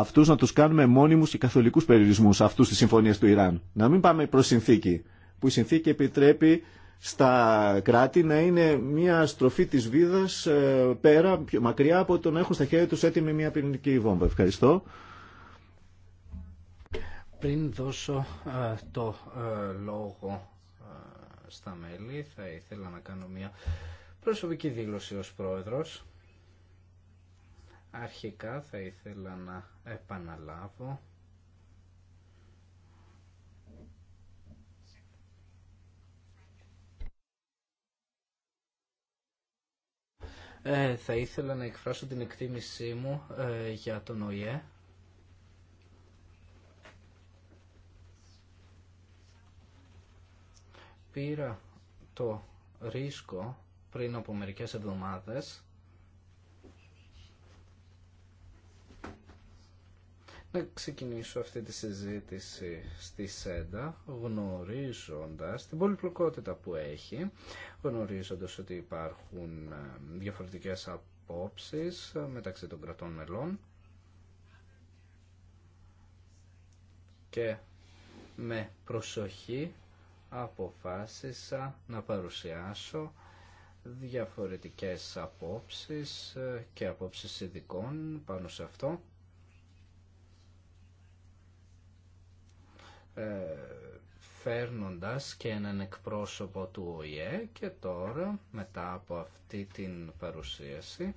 αυτούς να τους κάνουμε μόνιμους και καθολικού περιορισμού αυτούς τη Συμφωνία του Ιράν. Να μην πάμε προς συνθήκη, που η συνθήκη επιτρέπει στα κράτη να είναι μια στροφή της βίδας ε, πέρα, πιο μακριά από το να έχουν στα χέρια τους έτοιμη μια πυρηνική βόμβα. Ευχαριστώ. Πριν δώσω ε, το ε, λόγο στα μέλη, θα ήθελα να κάνω μια προσωπική δήλωση ως πρόεδρος. Αρχικά θα ήθελα να επαναλάβω ε, θα ήθελα να εκφράσω την εκτίμησή μου ε, για τον ΟΙΕ Πήρα το ρίσκο πριν από μερικές εβδομάδες να ξεκινήσω αυτή τη συζήτηση στη ΣΕΝΤΑ γνωρίζοντας την πολυπλοκότητα που έχει, γνωρίζοντας ότι υπάρχουν ε, διαφορετικές απόψεις ε, μεταξύ των κρατών μελών και με προσοχή αποφάσισα να παρουσιάσω διαφορετικές απόψεις ε, και απόψεις ειδικών πάνω σε αυτό Ε, φέρνοντας και έναν εκπρόσωπο του ΟΗΕ και τώρα μετά από αυτή την παρουσίαση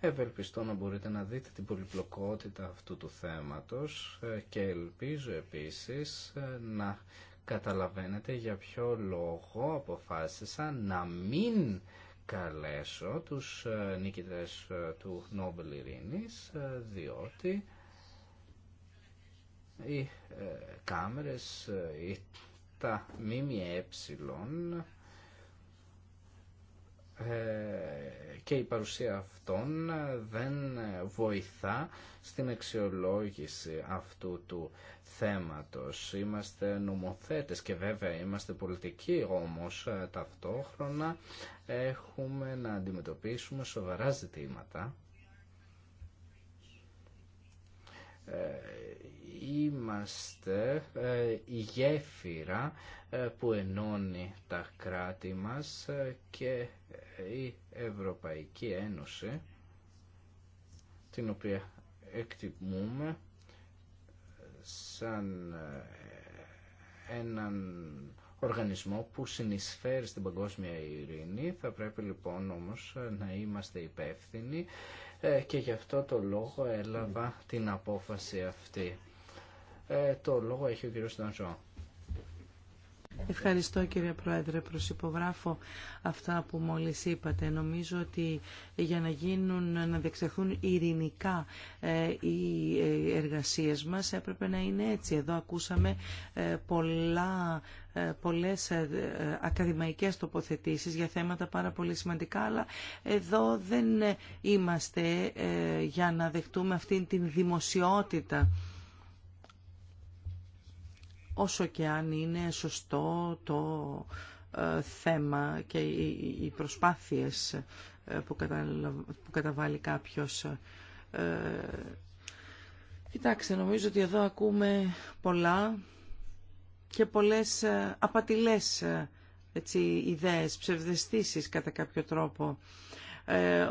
ευελπιστώ να μπορείτε να δείτε την πολυπλοκότητα αυτού του θέματος ε, και ελπίζω επίσης ε, να καταλαβαίνετε για ποιο λόγο αποφάσισα να μην καλέσω τους νίκητες του Νόμπελ Ειρήνης διότι οι ε, κάμερες ή ε, τα ΜΜΕ ε, και η παρουσία αυτών δεν βοηθά στην αξιολόγηση αυτού του θέματος. Είμαστε νομοθέτες και βέβαια είμαστε πολιτικοί όμως ταυτόχρονα έχουμε να αντιμετωπίσουμε σοβαρά ζητήματα είμαστε ε, η γέφυρα ε, που ενώνει τα κράτη μας ε, και η Ευρωπαϊκή Ένωση την οποία εκτιμούμε σαν έναν οργανισμό που συνεισφέρει στην παγκόσμια ειρήνη. Θα πρέπει λοιπόν όμως να είμαστε υπεύθυνοι και γι' αυτό το λόγο έλαβα την απόφαση αυτή. Ε, το λόγο έχει ο κύριος Στάντζο Ευχαριστώ κύριε Πρόεδρε, προσυπογράφω αυτά που μόλις είπατε. Νομίζω ότι για να γίνουν, να διεξαχθούν ειρηνικά ε, οι ε, εργασίες μας έπρεπε να είναι έτσι. Εδώ ακούσαμε ε, πολλά πολλές ακαδημαϊκές τοποθετήσεις για θέματα πάρα πολύ σημαντικά, αλλά εδώ δεν είμαστε για να δεχτούμε αυτήν την δημοσιότητα όσο και αν είναι σωστό το ε, θέμα και οι προσπάθειες ε, που καταβάλει κάποιος. Ε, κοιτάξτε, νομίζω ότι εδώ ακούμε πολλά και πολλές απατηλές έτσι, ιδέες, ψευδεστήσεις κατά κάποιο τρόπο. Ε,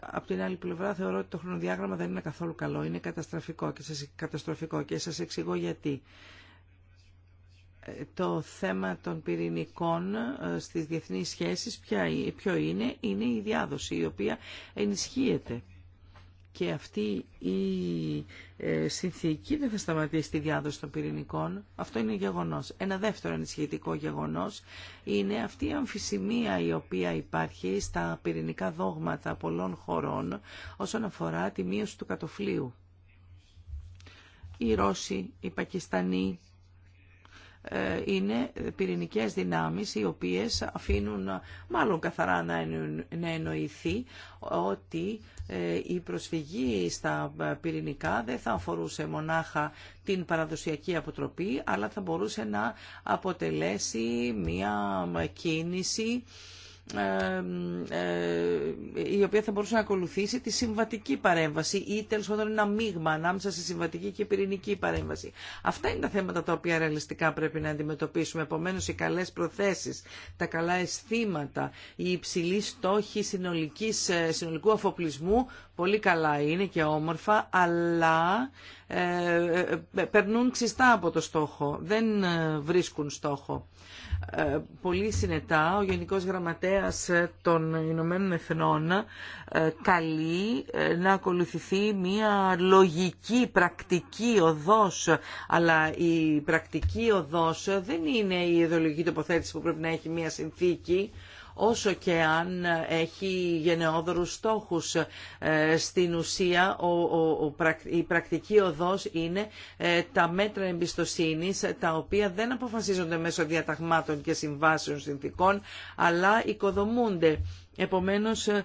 από την άλλη πλευρά θεωρώ ότι το χρονοδιάγραμμα δεν είναι καθόλου καλό, είναι καταστροφικό και σας, καταστροφικό και σας εξηγώ γιατί το θέμα των πυρηνικών ε, στις διεθνείς σχέσεις ποιο είναι, είναι η διάδοση η οποία ενισχύεται. Και αυτή η ε, συνθήκη δεν θα σταματήσει τη διάδοση των πυρηνικών. Αυτό είναι γεγονός. Ένα δεύτερο ενισχυτικό γεγονός είναι αυτή η αμφισημία η οποία υπάρχει στα πυρηνικά δόγματα πολλών χωρών όσον αφορά τη μείωση του κατοφλίου. Οι Ρώσοι, οι Πακιστανοί, ε, είναι πυρηνικές δυνάμεις οι οποίες αφήνουν μάλλον καθαρά να εννοηθεί ότι ε, η προσφυγή στα ε, πυρηνικά δεν θα αφορούσε μονάχα την παραδοσιακή αποτροπή αλλά θα μπορούσε να αποτελέσει μια κίνηση ε, ε, η οποία θα μπορούσε να ακολουθήσει τη συμβατική παρέμβαση ή τέλος πάντων ένα μείγμα ανάμεσα στη συμβατική και πυρηνική παρέμβαση. Αυτά είναι τα θέματα τα οποία ρεαλιστικά πρέπει να αντιμετωπίσουμε. Επομένω, οι καλές προθέσεις, τα καλά αισθήματα, η τέλο στόχη συνολικής, ε, συνολικού αφοπλισμού, πολύ καλά είναι και πυρηνικη παρεμβαση αυτα ειναι τα θεματα τα οποια ρεαλιστικα πρεπει να αντιμετωπισουμε επομενω οι καλε προθεσει τα καλα αισθηματα οι υψηλη στόχοι συνολικου αφοπλισμου πολυ καλα ειναι και ομορφα αλλα περνούν ξιστά από το στόχο, δεν βρίσκουν στόχο. Ε, πολύ συνετά ο Γενικός Γραμματέας των Ηνωμένων Εθνών ε, καλεί ε, να ακολουθηθεί μια λογική πρακτική οδός αλλά η πρακτική οδός δεν είναι η ιδεολογική τοποθέτηση που πρέπει να έχει μια συνθήκη όσο και αν έχει γενναιόδορους στόχους. Ε, στην ουσία ο, η πρακτική οδός είναι ε, τα μέτρα εμπιστοσύνης τα οποία δεν αποφασίζονται μέσω διαταγμάτων και συμβάσεων συνθήκων αλλά οικοδομούνται. Επομένως, ε,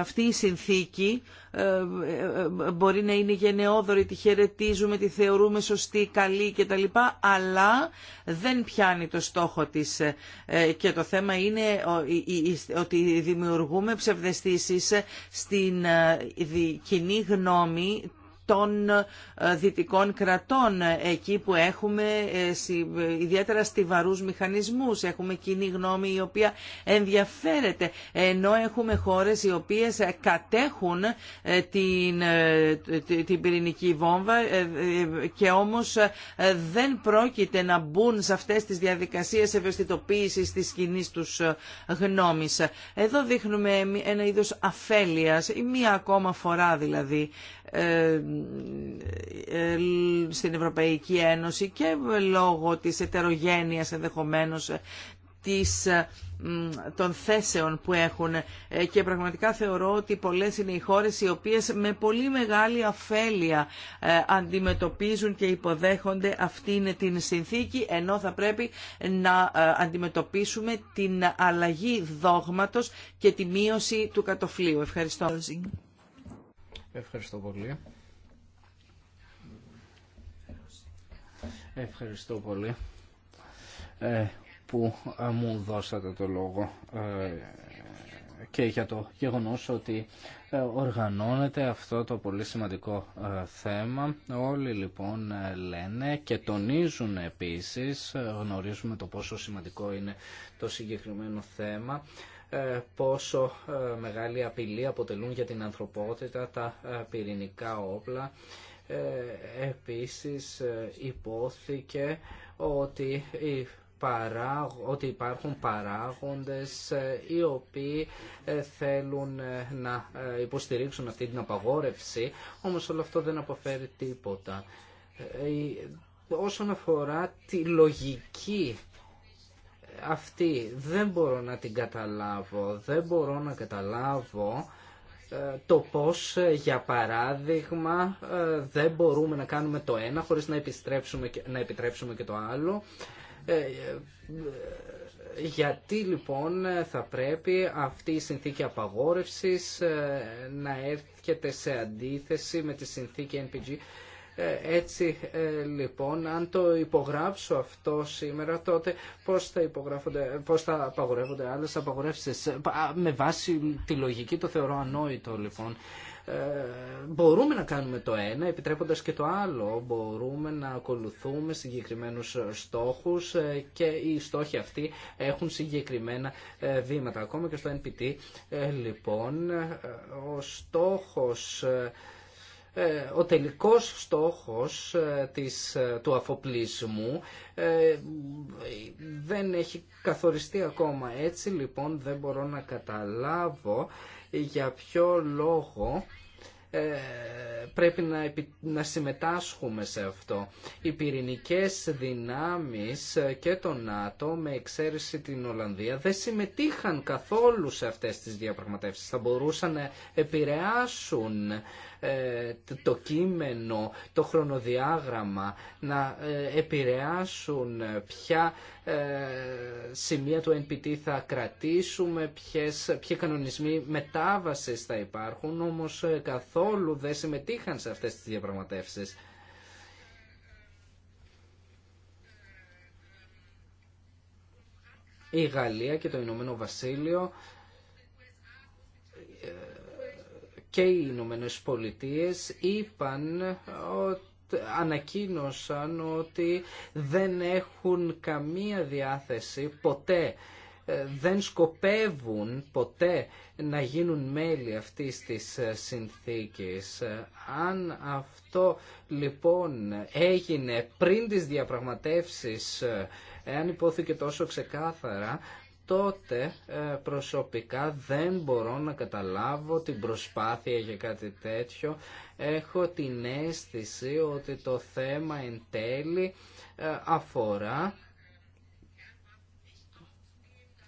αυτή η συνθήκη ε, ε, μπορεί να είναι γενναιόδορη, τη χαιρετίζουμε, τη θεωρούμε σωστή, καλή κτλ. Αλλά δεν πιάνει το στόχο της και το θέμα είναι ότι δημιουργούμε ψευδεστήσεις στην κοινή γνώμη των ε, δυτικών κρατών, ε, εκεί που έχουμε ε, ιδιαίτερα στιβαρούς μηχανισμούς, έχουμε κοινή γνώμη η οποία ενδιαφέρεται, ενώ έχουμε χώρες οι οποίες κατέχουν την, την πυρηνική βόμβα και όμως δεν πρόκειται να μπουν σε αυτές τις διαδικασίες ευαισθητοποίησης της κοινή τους γνώμης. Εδώ δείχνουμε ένα είδος αφέλειας, μία ακόμα φορά δηλαδή, ε, ε, στην Ευρωπαϊκή Ένωση και λόγω της ετερογένειας ενδεχομένως της, ε, των θέσεων που έχουν και πραγματικά θεωρώ ότι πολλές είναι οι χώρες οι οποίες με πολύ μεγάλη αφέλεια αντιμετωπίζουν και υποδέχονται αυτήν την συνθήκη ενώ θα πρέπει να αντιμετωπίσουμε την αλλαγή δόγματος και τη μείωση του κατοφλίου. Ευχαριστώ. Ευχαριστώ πολύ. Ευχαριστώ πολύ ε, που ε, μου δώσατε το λόγο ε, και για το γεγονός ότι οργανώνεται αυτό το πολύ σημαντικό θέμα. Όλοι λοιπόν λένε και τονίζουν επίσης, γνωρίζουμε το πόσο σημαντικό είναι το συγκεκριμένο θέμα, ε, πόσο ε, μεγάλη απειλή αποτελούν για την ανθρωπότητα τα ε, πυρηνικά όπλα. Επίσης υπόθηκε ότι ότι υπάρχουν παράγοντες οι οποίοι θέλουν να υποστηρίξουν αυτή την απαγόρευση, όμως όλο αυτό δεν αποφέρει τίποτα. Όσον αφορά τη λογική αυτή δεν μπορώ να την καταλάβω. Δεν μπορώ να καταλάβω ε, το πώς, ε, για παράδειγμα, ε, δεν μπορούμε να κάνουμε το ένα χωρίς να, επιστρέψουμε, να επιτρέψουμε και το άλλο. Γιατί λοιπόν θα πρέπει αυτή η συνθήκη απαγόρευσης να έρχεται σε αντίθεση με τη συνθήκη NPG ε, έτσι ε, λοιπόν, αν το υπογράψω αυτό σήμερα, τότε πώς θα, υπογράφονται, πώς θα απαγορεύονται άλλες απαγορεύσεις. Ε, με βάση τη λογική το θεωρώ ανόητο λοιπόν. Ε, μπορούμε να κάνουμε το ένα επιτρέποντας και το άλλο. Μπορούμε να ακολουθούμε συγκεκριμένους στόχους και οι στόχοι αυτοί έχουν συγκεκριμένα βήματα. Ακόμα και στο NPT, λοιπόν, ο στόχος ε, ο τελικός στόχος ε, της, ε, του αφοπλισμού δεν έχει καθοριστεί ακόμα. Έτσι λοιπόν δεν μπορώ να καταλάβω για ποιο λόγο πρέπει να, να συμμετάσχουμε σε αυτό. Οι πυρηνικές δυνάμεις και το ΝΑΤΟ με εξαίρεση την Ολλανδία δεν συμμετείχαν καθόλου σε αυτές τις διαπραγματεύσεις. Θα μπορούσαν να επηρεάσουν ε, το κείμενο, το χρονοδιάγραμμα, να ε, επηρεάσουν ε, ποια σημεία του NPT θα κρατήσουμε, ποιες, ποιοι κανονισμοί μετάβασης θα υπάρχουν, όμως καθόλου δεν συμμετείχαν σε αυτές τις διαπραγματεύσεις. Η Γαλλία και το Ηνωμένο Βασίλειο και οι Ηνωμένε Πολιτείε είπαν ότι ανακοίνωσαν ότι δεν έχουν καμία διάθεση ποτέ ε, δεν σκοπεύουν ποτέ να γίνουν μέλη αυτής της ε, συνθήκης. Ε, αν αυτό λοιπόν έγινε πριν τις διαπραγματεύσεις, εάν υπόθηκε τόσο ξεκάθαρα, τότε ε, προσωπικά δεν μπορώ να καταλάβω την προσπάθεια για κάτι τέτοιο. Έχω την αίσθηση ότι το θέμα εν τέλει ε, αφορά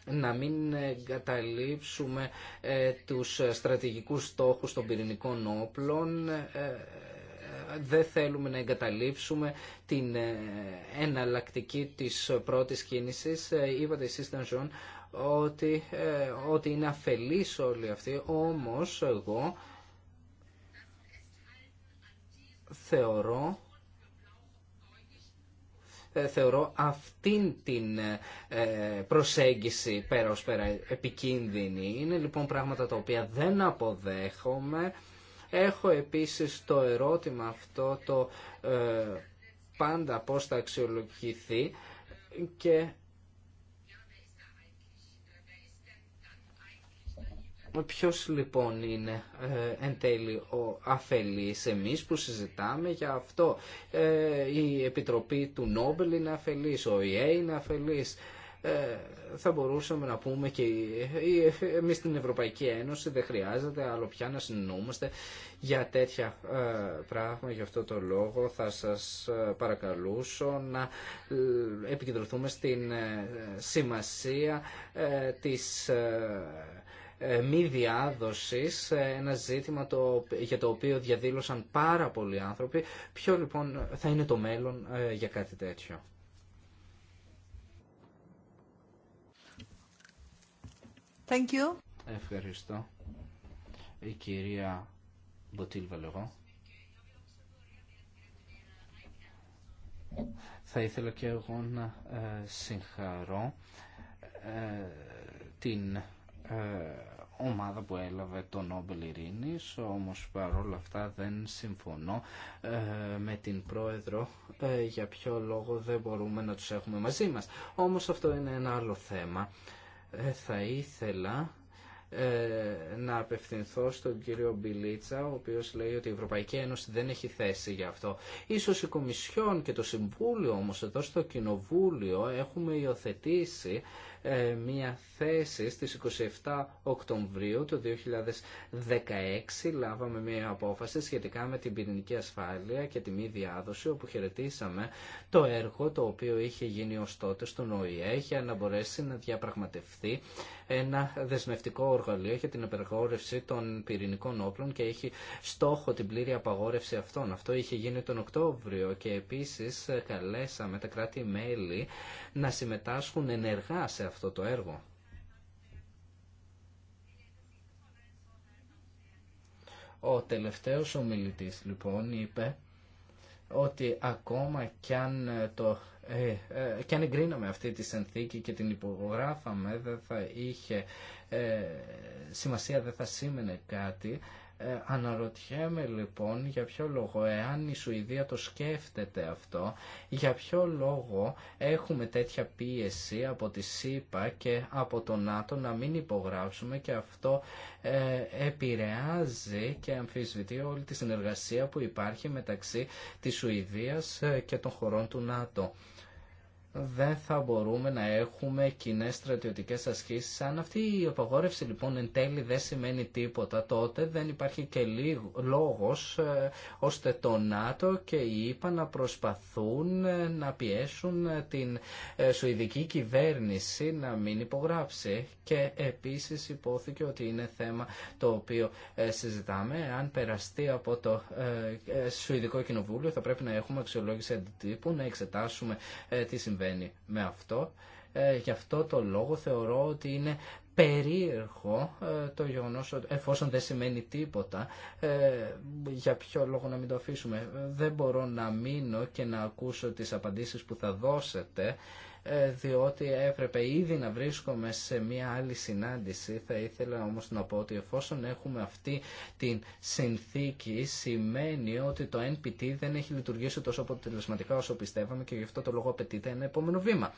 να μην καταλήψουμε ε, τους στρατηγικούς στόχους των πυρηνικών όπλων δεν θέλουμε να εγκαταλείψουμε την ε, εναλλακτική της πρώτης κίνησης. Ε, είπατε εσείς, Τανζόν, ότι, ε, ότι είναι αφελής όλοι αυτοί, όμως εγώ θεωρώ θεωρώ αυτήν την προσέγγιση πέρα ως πέρα επικίνδυνη. Είναι λοιπόν πράγματα τα οποία δεν αποδέχομαι Έχω επίσης το ερώτημα αυτό το ε, πάντα πώς θα αξιολογηθεί και Ποιος λοιπόν είναι ε, εν τέλει ο αφελής, εμείς που συζητάμε για αυτό. Ε, η Επιτροπή του Νόμπελ είναι αφελής, ο ΙΕ είναι αφελής. Ε, θα μπορούσαμε να πούμε και εμείς στην Ευρωπαϊκή Ένωση δεν χρειάζεται άλλο πια να συνεννοούμαστε για τέτοια ε, πράγματα, γι' αυτό το λόγο θα σας ε, παρακαλούσω να επικεντρωθούμε στην σημασία της μη διάδοση, ένα ζήτημα το, για το οποίο διαδήλωσαν πάρα πολλοί άνθρωποι. Ποιο λοιπόν θα είναι το μέλλον για κάτι τέτοιο. Ευχαριστώ. Η κυρία Μποτίλβα λεγό. Θα ήθελα και εγώ να ε, συγχαρώ ε, την ε, ομάδα που έλαβε το Νόμπελ Ειρήνης, όμως παρόλα αυτά δεν συμφωνώ με την πρόεδρο για ποιο λόγο δεν μπορούμε να τους έχουμε μαζί μας. Όμως αυτό είναι ένα άλλο θέμα. Ε, θα ήθελα ε, να απευθυνθώ στον κύριο Μπιλίτσα, ο οποίος λέει ότι η Ευρωπαϊκή Ένωση δεν έχει θέση για αυτό. Ίσως η Κομισιόν και το Συμβούλιο όμως εδώ στο Κοινοβούλιο έχουμε υιοθετήσει ε, μία θέση στις 27 Οκτωβρίου του 2016 λάβαμε μία απόφαση σχετικά με την πυρηνική ασφάλεια και τη μη διάδοση όπου χαιρετήσαμε το έργο το οποίο είχε γίνει ως τότε στον ΟΗΕ για να μπορέσει να διαπραγματευτεί ένα δεσμευτικό οργαλείο για την απεργόρευση των πυρηνικών όπλων και έχει στόχο την πλήρη απαγόρευση αυτών. Αυτό είχε γίνει τον Οκτώβριο και επίσης καλέσαμε τα κράτη-μέλη να συμμετάσχουν ενεργά σε αυτό το έργο. Ο τελευταίος ομιλητής λοιπόν είπε ότι ακόμα κι αν, το, ε, ε, εγκρίναμε αυτή τη συνθήκη και την υπογράφαμε δεν θα είχε ε, σημασία, δεν θα σήμαινε κάτι ε, αναρωτιέμαι λοιπόν για ποιο λόγο, εάν η Σουηδία το σκέφτεται αυτό, για ποιο λόγο έχουμε τέτοια πίεση από τη ΣΥΠΑ και από το ΝΑΤΟ να μην υπογράψουμε και αυτό ε, επηρεάζει και αμφισβητεί όλη τη συνεργασία που υπάρχει μεταξύ της Σουηδίας ε, και των χωρών του ΝΑΤΟ δεν θα μπορούμε να έχουμε κοινέ στρατιωτικέ ασκήσεις. Αν αυτή η απαγόρευση λοιπόν εν τέλει δεν σημαίνει τίποτα, τότε δεν υπάρχει και λίγο, λόγος ε, ώστε το ΝΑΤΟ και οι ΙΠΑ να προσπαθούν ε, να πιέσουν ε, την ε, σουηδική κυβέρνηση να μην υπογράψει. Και επίσης υπόθηκε ότι είναι θέμα το οποίο συζητάμε. Αν περαστεί από το Σουηδικό Κοινοβούλιο θα πρέπει να έχουμε αξιολόγηση αντιτύπου, να εξετάσουμε τι συμβαίνει με αυτό. Ε, γι' αυτό το λόγο θεωρώ ότι είναι περίεργο ε, το γεγονό ότι εφόσον δεν σημαίνει τίποτα, ε, για ποιο λόγο να μην το αφήσουμε. Δεν μπορώ να μείνω και να ακούσω τις απαντήσεις που θα δώσετε ε, διότι έπρεπε ήδη να βρίσκομαι σε μια άλλη συνάντηση. Θα ήθελα όμως να πω ότι εφόσον έχουμε αυτή την συνθήκη σημαίνει ότι το NPT δεν έχει λειτουργήσει τόσο αποτελεσματικά όσο πιστεύαμε και γι' αυτό το λόγο απαιτείται ένα επόμενο βήμα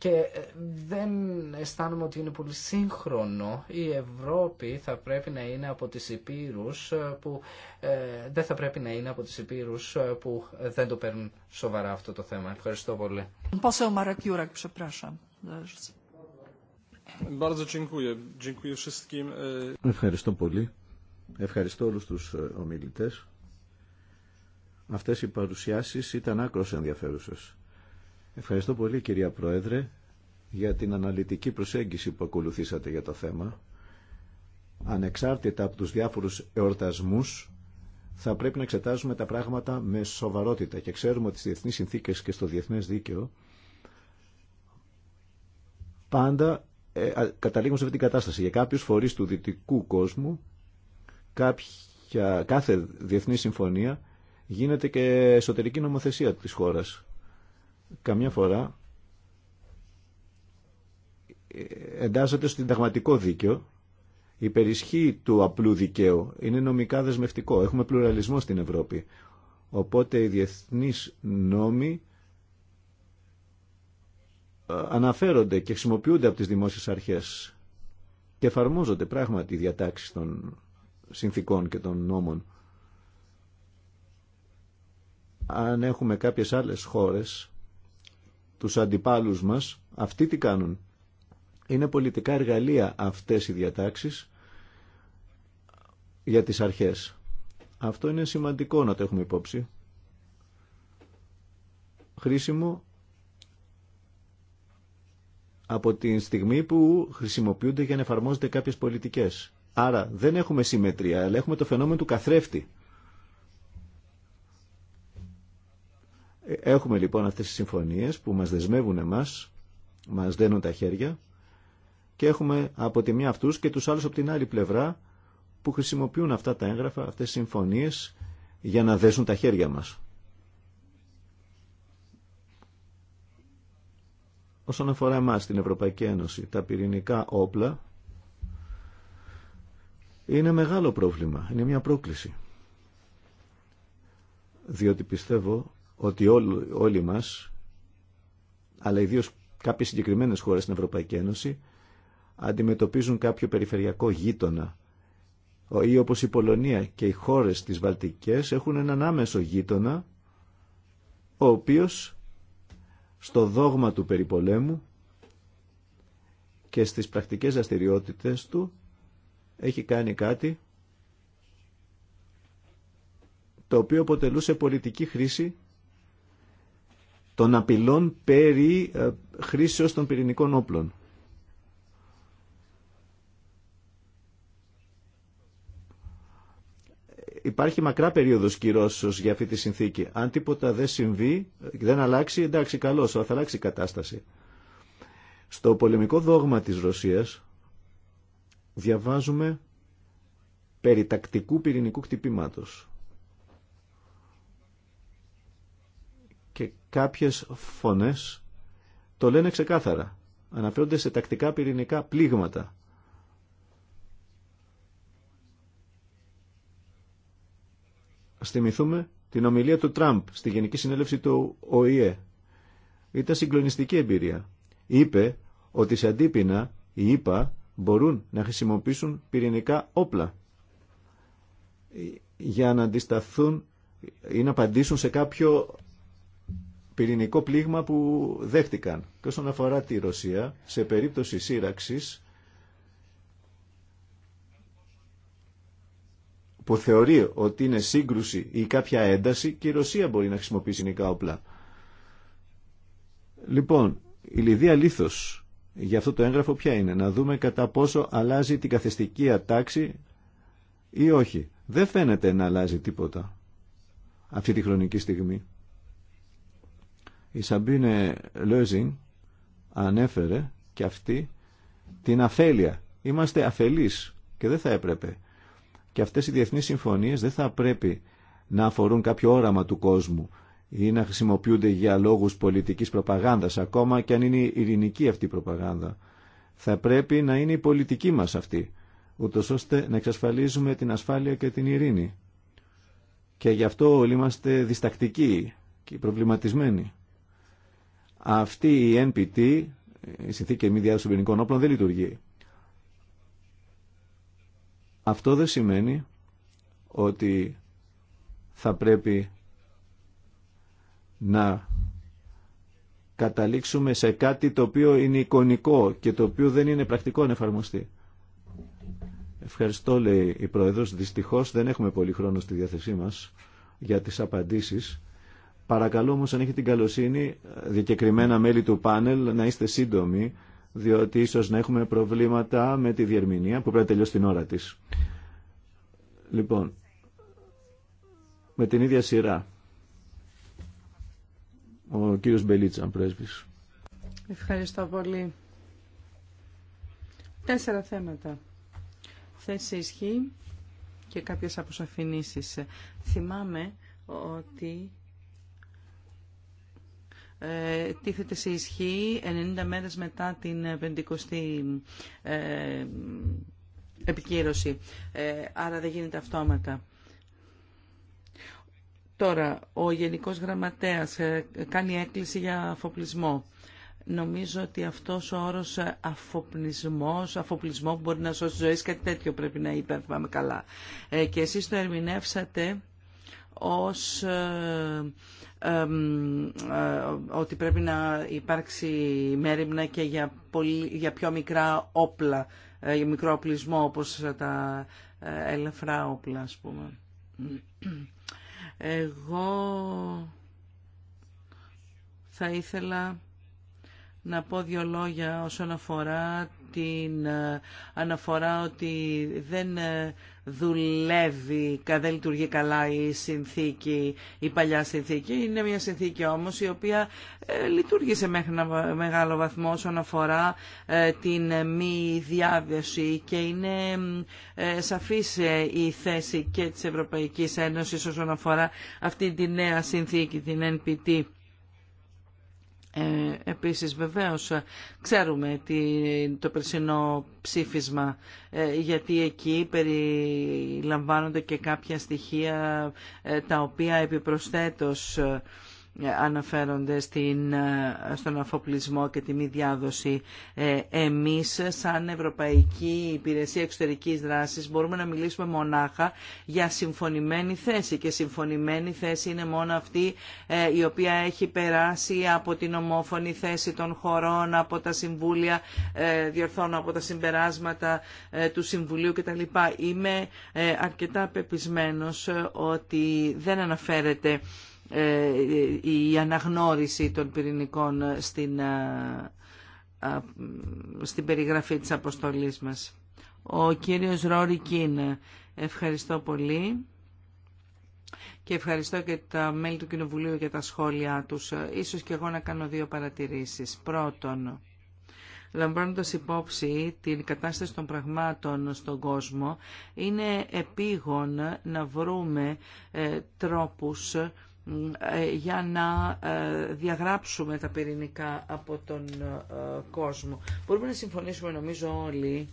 και ε, δεν αισθάνομαι ότι είναι πολύ σύγχρονο. Η Ευρώπη θα πρέπει να είναι από τις υπήρους ε, που ε, δεν θα πρέπει να είναι από τις υπήρους που δεν το παίρνουν σοβαρά αυτό το θέμα. Ευχαριστώ πολύ. E, Ευχαριστώ πολύ. Ευχαριστώ όλους τους ομιλητές. Αυτές οι παρουσιάσεις ήταν άκρως ενδιαφέρουσες. Ευχαριστώ πολύ κυρία Πρόεδρε για την αναλυτική προσέγγιση που ακολουθήσατε για το θέμα. Ανεξάρτητα από τους διάφορους εορτασμούς θα πρέπει να εξετάζουμε τα πράγματα με σοβαρότητα και ξέρουμε ότι στις διεθνείς συνθήκες και στο διεθνές δίκαιο πάντα ε, καταλήγουμε σε αυτή την κατάσταση. Για κάποιους φορείς του δυτικού κόσμου κάθε διεθνή συμφωνία γίνεται και εσωτερική νομοθεσία της χώρας καμιά φορά ε, εντάσσεται στο συνταγματικό δίκαιο. Η περισχή του απλού δικαίου είναι νομικά δεσμευτικό. Έχουμε πλουραλισμό στην Ευρώπη. Οπότε οι διεθνείς νόμοι ε, αναφέρονται και χρησιμοποιούνται από τις δημόσιες αρχές και εφαρμόζονται πράγματι οι διατάξεις των συνθήκων και των νόμων. Αν έχουμε κάποιες άλλες χώρες τους αντιπάλους μας, αυτοί τι κάνουν. Είναι πολιτικά εργαλεία αυτές οι διατάξεις για τις αρχές. Αυτό είναι σημαντικό να το έχουμε υπόψη. Χρήσιμο από τη στιγμή που χρησιμοποιούνται για να εφαρμόζονται κάποιες πολιτικές. Άρα δεν έχουμε συμμετρία, αλλά έχουμε το φαινόμενο του καθρέφτη. Έχουμε λοιπόν αυτές τις συμφωνίες που μας δεσμεύουν εμάς, μας δένουν τα χέρια και έχουμε από τη μία αυτούς και τους άλλους από την άλλη πλευρά που χρησιμοποιούν αυτά τα έγγραφα, αυτές τις συμφωνίες για να δέσουν τα χέρια μας. Όσον αφορά εμάς την Ευρωπαϊκή Ένωση, τα πυρηνικά όπλα είναι μεγάλο πρόβλημα, είναι μια πρόκληση. Διότι πιστεύω ότι όλοι, όλοι μας, αλλά ιδίως κάποιες συγκεκριμένες χώρες στην Ευρωπαϊκή Ένωση, αντιμετωπίζουν κάποιο περιφερειακό γείτονα. Ή όπως η Πολωνία και οι χώρες της Βαλτικές έχουν έναν άμεσο γείτονα, ο οποίος στο δόγμα του περιπολέμου και στις πρακτικές δραστηριότητε του έχει κάνει κάτι το οποίο αποτελούσε πολιτική χρήση των απειλών περί ε, χρήσεως των πυρηνικών όπλων. Υπάρχει μακρά περίοδος κυρώσεως για αυτή τη συνθήκη. Αν τίποτα δεν συμβεί, δεν αλλάξει, εντάξει καλώς, θα αλλάξει η κατάσταση. Στο πολεμικό δόγμα της Ρωσίας διαβάζουμε περί τακτικού πυρηνικού χτυπήματος. και κάποιες φωνές το λένε ξεκάθαρα. Αναφέρονται σε τακτικά πυρηνικά πλήγματα. Ας θυμηθούμε την ομιλία του Τραμπ στη Γενική Συνέλευση του ΟΗΕ. Ήταν συγκλονιστική εμπειρία. Είπε ότι σε αντίπεινα οι ΙΠΑ μπορούν να χρησιμοποιήσουν πυρηνικά όπλα για να αντισταθούν ή να απαντήσουν σε κάποιο πυρηνικό πλήγμα που δέχτηκαν. Και όσον αφορά τη Ρωσία, σε περίπτωση σύραξης που θεωρεί ότι είναι σύγκρουση ή κάποια ένταση και η Ρωσία μπορεί να χρησιμοποιήσει νικά όπλα. Λοιπόν, η Λιδία Λίθος για αυτό το έγγραφο ποια είναι, να δούμε κατά πόσο αλλάζει την καθεστική ατάξη ή όχι. Δεν φαίνεται να αλλάζει τίποτα αυτή τη χρονική στιγμή. Η Σαμπίνε Λόζιν ανέφερε και αυτή την αφέλεια. Είμαστε αφελείς και δεν θα έπρεπε. Και αυτές οι διεθνείς συμφωνίες δεν θα πρέπει να αφορούν κάποιο όραμα του κόσμου ή να χρησιμοποιούνται για λόγους πολιτικής προπαγάνδας, ακόμα και αν είναι ειρηνική αυτή η προπαγάνδα. Θα πρέπει να είναι η πολιτική μας αυτή, ούτως ώστε να εξασφαλίζουμε την ασφάλεια και την ειρήνη. Και γι' αυτό όλοι είμαστε διστακτικοί και προβληματισμένοι αυτή η NPT, η συνθήκη μη διάδοση των Πυρηνικών όπλων, δεν λειτουργεί. Αυτό δεν σημαίνει ότι θα πρέπει να καταλήξουμε σε κάτι το οποίο είναι εικονικό και το οποίο δεν είναι πρακτικό να εφαρμοστεί. Ευχαριστώ, λέει η Πρόεδρος. Δυστυχώς δεν έχουμε πολύ χρόνο στη διάθεσή μας για τις απαντήσεις. Παρακαλώ όμως αν έχετε την καλοσύνη, διακεκριμένα μέλη του πάνελ, να είστε σύντομοι, διότι ίσως να έχουμε προβλήματα με τη διερμηνία που πρέπει να τελειώσει την ώρα της. Λοιπόν, με την ίδια σειρά. Ο κύριος Μπελίτσα, πρέσβης. Ευχαριστώ πολύ. Τέσσερα θέματα. Θέση ισχύ και κάποιες αποσαφηνήσεις. Θυμάμαι ότι ε, τίθεται σε ισχύ 90 μέρες μετά την πεντηκοστή ε, επικύρωση. Ε, άρα δεν γίνεται αυτόματα. Τώρα, ο Γενικός Γραμματέας κάνει έκκληση για αφοπλισμό. Νομίζω ότι αυτός ο όρος αφοπλισμός, αφοπλισμό που μπορεί να σώσει ζωές, κάτι τέτοιο πρέπει να είπε, πάμε καλά. Και εσείς το ερμηνεύσατε ως ε, ε, ότι πρέπει να υπάρξει μέρημνα και για, πιο μικρά όπλα, ε, για μικρό οπλισμό όπως τα ελαφρά όπλα ας πούμε. Εγώ θα ήθελα να πω δύο λόγια όσον αφορά την ε, αναφορά ότι δεν ε, δουλεύει, δεν λειτουργεί καλά η συνθήκη, η παλιά συνθήκη. Είναι μια συνθήκη όμως η οποία ε, λειτουργήσε μέχρι ένα μεγάλο βαθμό όσον αφορά την μη διάβευση και είναι σαφής η θέση και της Ευρωπαϊκής Ένωσης όσον αφορά αυτή τη νέα συνθήκη, την NPT. Ε, επίσης βεβαίως ξέρουμε τι, το περσινό ψήφισμα ε, γιατί εκεί περιλαμβάνονται και κάποια στοιχεία ε, τα οποία επιπροσθέτως ε, αναφέρονται στην, ε, στον αφοπλισμό και τη μη διάδοση. Ε, εμείς σαν Ευρωπαϊκή Υπηρεσία Εξωτερικής Δράσης μπορούμε να μιλήσουμε μονάχα για συμφωνημένη θέση και συμφωνημένη θέση είναι μόνο αυτή ε, η οποία έχει περάσει από την ομόφωνη θέση των χωρών, από τα συμβούλια, διορθώνω από τα συμπεράσματα του Συμβουλίου κτλ. Είμαι αρκετά πεπισμένος ότι δεν αναφέρεται ε, η αναγνώριση των πυρηνικών στην, ε, στην περιγραφή της αποστολής μας. Ο κύριος Ρόρι Κίν, ευχαριστώ πολύ και ευχαριστώ και τα μέλη του Κοινοβουλίου για τα σχόλιά τους. Ίσως και εγώ να κάνω δύο παρατηρήσεις. Πρώτον, λαμβάνοντας υπόψη την κατάσταση των πραγμάτων στον κόσμο, είναι επίγον να βρούμε ε, τρόπους ε, για να ε, διαγράψουμε τα πυρηνικά από τον ε, κόσμο. Μπορούμε να συμφωνήσουμε νομίζω όλοι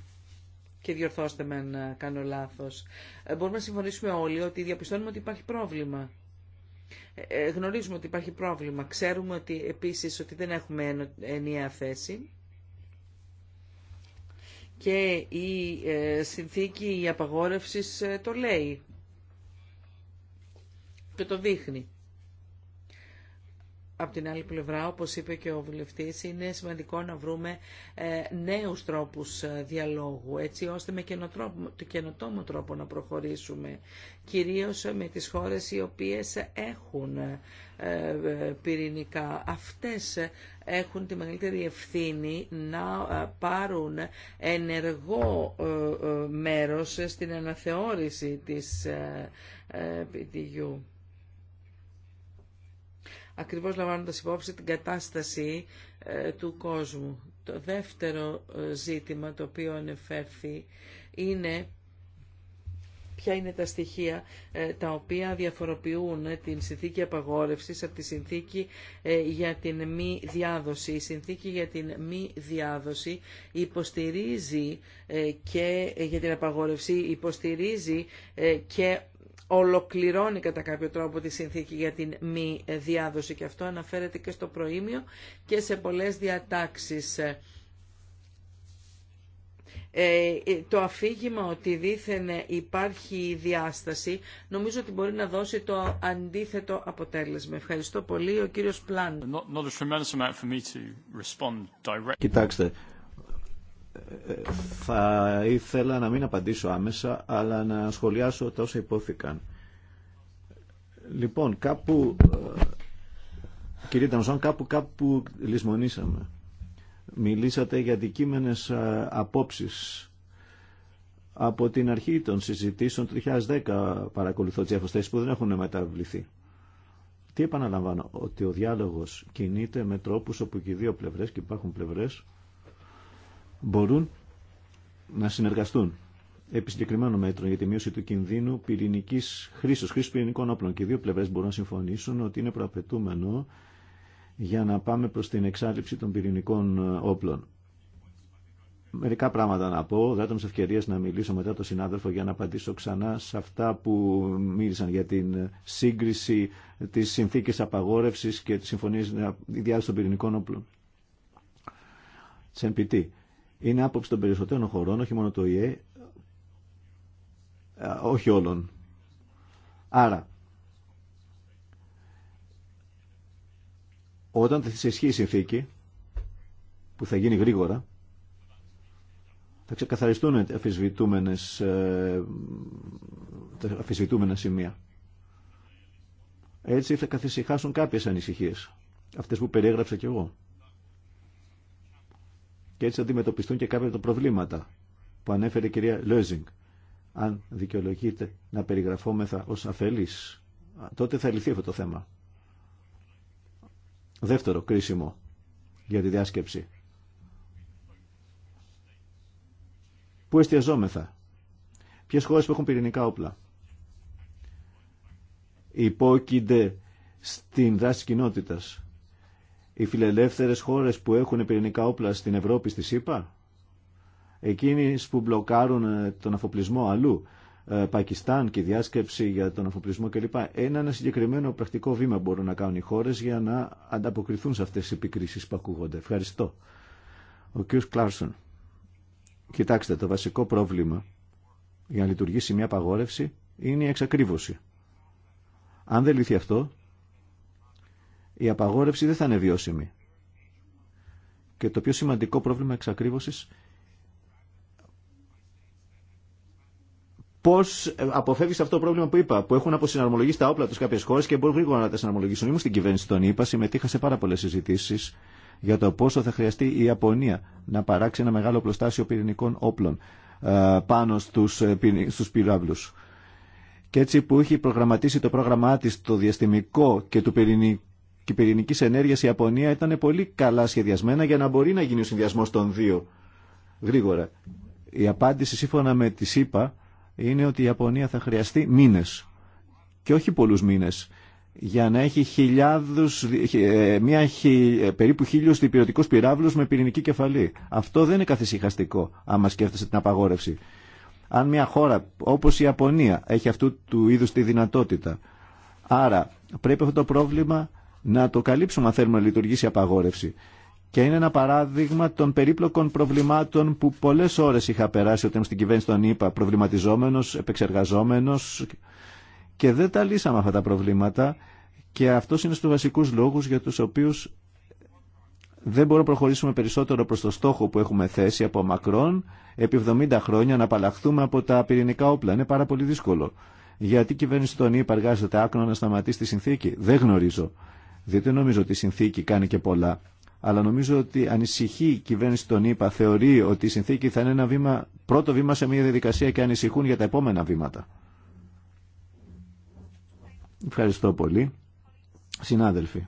και διορθώστε με αν κάνω λάθος. Μπορούμε να συμφωνήσουμε όλοι ότι διαπιστώνουμε ότι υπάρχει πρόβλημα. Γνωρίζουμε ότι υπάρχει πρόβλημα. Ξέρουμε ότι επίσης ότι δεν έχουμε ενιαία θέση και η συνθήκη η απαγόρευσης το λέει και το δείχνει από την άλλη πλευρά, όπως είπε και ο βουλευτής, είναι σημαντικό να βρούμε ε, νέους τρόπους ε, διαλόγου, έτσι ώστε με το καινοτόμο τρόπο να προχωρήσουμε, κυρίως με τις χώρες οι οποίες έχουν ε, πυρηνικά. Αυτές έχουν τη μεγαλύτερη ευθύνη να πάρουν ενεργό μέρος στην αναθεώρηση της πτυγιού ακριβώς λαμβάνοντας υπόψη την κατάσταση ε, του κόσμου. Το δεύτερο ε, ζήτημα το οποίο ανεφέρθη είναι ποια είναι τα στοιχεία ε, τα οποία διαφοροποιούν την συνθήκη απαγόρευσης από τη συνθήκη για την μη διάδοση. Η συνθήκη για την μη διάδοση υποστηρίζει και για την απαγόρευση υποστηρίζει και ολοκληρώνει κατά κάποιο τρόπο τη συνθήκη για την μη διάδοση και αυτό αναφέρεται και στο προήμιο και σε πολλές διατάξεις. Ε, ε, το αφήγημα ότι δήθεν υπάρχει διάσταση νομίζω ότι μπορεί να δώσει το αντίθετο αποτέλεσμα. Ευχαριστώ πολύ. Ο κύριος Πλάν. Κοιτάξτε, θα ήθελα να μην απαντήσω άμεσα, αλλά να σχολιάσω τα όσα υπόθηκαν. Λοιπόν, κάπου, ε, κύριε Ταμσόν, κάπου, κάπου λησμονήσαμε. Μιλήσατε για αντικείμενες ε, απόψεις. Από την αρχή των συζητήσεων του 2010 παρακολουθώ τις που δεν έχουν μεταβληθεί. Τι επαναλαμβάνω, ότι ο διάλογος κινείται με τρόπους όπου και οι δύο πλευρές και υπάρχουν πλευρές μπορούν να συνεργαστούν επί συγκεκριμένων μέτρων για τη μείωση του κινδύνου πυρηνική χρήση, χρήση πυρηνικών όπλων. Και οι δύο πλευρέ μπορούν να συμφωνήσουν ότι είναι προαπαιτούμενο για να πάμε προ την εξάλληψη των πυρηνικών ε, όπλων. Μερικά πράγματα να πω, δάτω μου ευκαιρία να μιλήσω μετά τον συνάδελφο για να απαντήσω ξανά σε αυτά που μίλησαν για την σύγκριση τη συνθήκη απαγόρευση και τη συμφωνία ε, διάδοση των πυρηνικών όπλων. Σε είναι άποψη των περισσότερων χωρών, όχι μόνο το ΙΕ, όχι όλων. Άρα, όταν θα σε ισχύει η συνθήκη, που θα γίνει γρήγορα, θα ξεκαθαριστούν αφισβητούμενες, ε, τα αφισβητούμενα σημεία. Έτσι θα καθησυχάσουν κάποιες ανησυχίες, αυτές που περιέγραψα κι εγώ και έτσι αντιμετωπιστούν και κάποια τα προβλήματα που ανέφερε η κυρία Λόζινγκ. Αν δικαιολογείται να περιγραφόμεθα ως αφελής, τότε θα λυθεί αυτό το θέμα. Δεύτερο κρίσιμο για τη διάσκεψη. Πού εστιαζόμεθα. Ποιες χώρες που έχουν πυρηνικά όπλα. Υπόκεινται στην δράση κοινότητας οι φιλελεύθερες χώρες που έχουν πυρηνικά όπλα στην Ευρώπη, στη ΣΥΠΑ, εκείνες που μπλοκάρουν ε, τον αφοπλισμό αλλού, ε, Πακιστάν και η διάσκεψη για τον αφοπλισμό κλπ. Είναι ένα συγκεκριμένο πρακτικό βήμα μπορούν να κάνουν οι χώρες για να ανταποκριθούν σε αυτές τις επικρίσεις που ακούγονται. Ευχαριστώ. Ο κ. Κλάρσον. Κοιτάξτε, το βασικό πρόβλημα για να λειτουργήσει μια απαγόρευση είναι η εξακρίβωση. Αν δεν λυθεί αυτό, η απαγόρευση δεν θα είναι βιώσιμη. Και το πιο σημαντικό πρόβλημα εξακρίβωσης Πώ αποφεύγει αυτό το πρόβλημα που είπα, που έχουν αποσυναρμολογήσει τα όπλα του κάποιε χώρε και μπορούν γρήγορα να τα συναρμολογήσουν. Ήμουν στην κυβέρνηση των ΗΠΑ, συμμετείχα σε πάρα πολλέ συζητήσει για το πόσο θα χρειαστεί η Ιαπωνία να παράξει ένα μεγάλο πλωστάσιο πυρηνικών όπλων ε, πάνω στου ε, πυράβλου. Και έτσι που έχει προγραμματίσει το πρόγραμμά τη το διαστημικό και του πυρηνικού και πυρηνική ενέργεια η Ιαπωνία ήταν πολύ καλά σχεδιασμένα για να μπορεί να γίνει ο συνδυασμό των δύο γρήγορα. Η απάντηση σύμφωνα με τη ΣΥΠΑ είναι ότι η Ιαπωνία θα χρειαστεί μήνε και όχι πολλού μήνε για να έχει χιλιάδους, ε, μια χι, ε, περίπου χίλιου διπυρωτικού πυράβλου με πυρηνική κεφαλή. Αυτό δεν είναι καθησυχαστικό, άμα σκέφτεσαι την απαγόρευση. Αν μια χώρα όπω η Ιαπωνία έχει αυτού του είδου τη δυνατότητα. Άρα πρέπει αυτό το πρόβλημα να το καλύψουμε αν θέλουμε να λειτουργήσει η απαγόρευση. Και είναι ένα παράδειγμα των περίπλοκων προβλημάτων που πολλέ ώρε είχα περάσει όταν στην κυβέρνηση των ΗΠΑ, προβληματιζόμενο, επεξεργαζόμενο και δεν τα λύσαμε αυτά τα προβλήματα. Και αυτό είναι στου βασικού λόγου για του οποίου δεν μπορούμε να προχωρήσουμε περισσότερο προ το στόχο που έχουμε θέσει από μακρόν επί 70 χρόνια να απαλλαχθούμε από τα πυρηνικά όπλα. Είναι πάρα πολύ δύσκολο. Γιατί η κυβέρνηση των ΗΠΑ εργάζεται άκρο να σταματήσει τη συνθήκη. Δεν γνωρίζω. Διότι νομίζω ότι η συνθήκη κάνει και πολλά. Αλλά νομίζω ότι ανησυχεί η κυβέρνηση των ΗΠΑ, θεωρεί ότι η συνθήκη θα είναι ένα βήμα, πρώτο βήμα σε μια διαδικασία και ανησυχούν για τα επόμενα βήματα. Ευχαριστώ πολύ. Συνάδελφοι,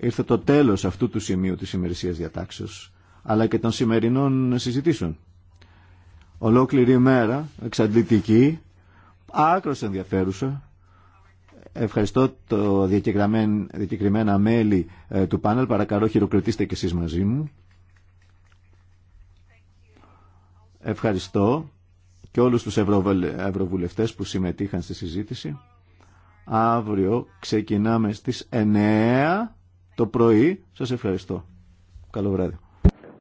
ήρθε το τέλος αυτού του σημείου της ημερησίας διατάξεως, αλλά και των σημερινών συζητήσεων. Ολόκληρη ημέρα, εξαντλητική, άκρος ενδιαφέρουσα, Ευχαριστώ το διακεκριμένα μέλη ε, του πάνελ. Παρακαλώ χειροκροτήστε και εσείς μαζί μου. Ευχαριστώ και όλους τους ευρωβουλευτές που συμμετείχαν στη συζήτηση. Αύριο ξεκινάμε στις 9 το πρωί. Σας ευχαριστώ. Καλό βράδυ.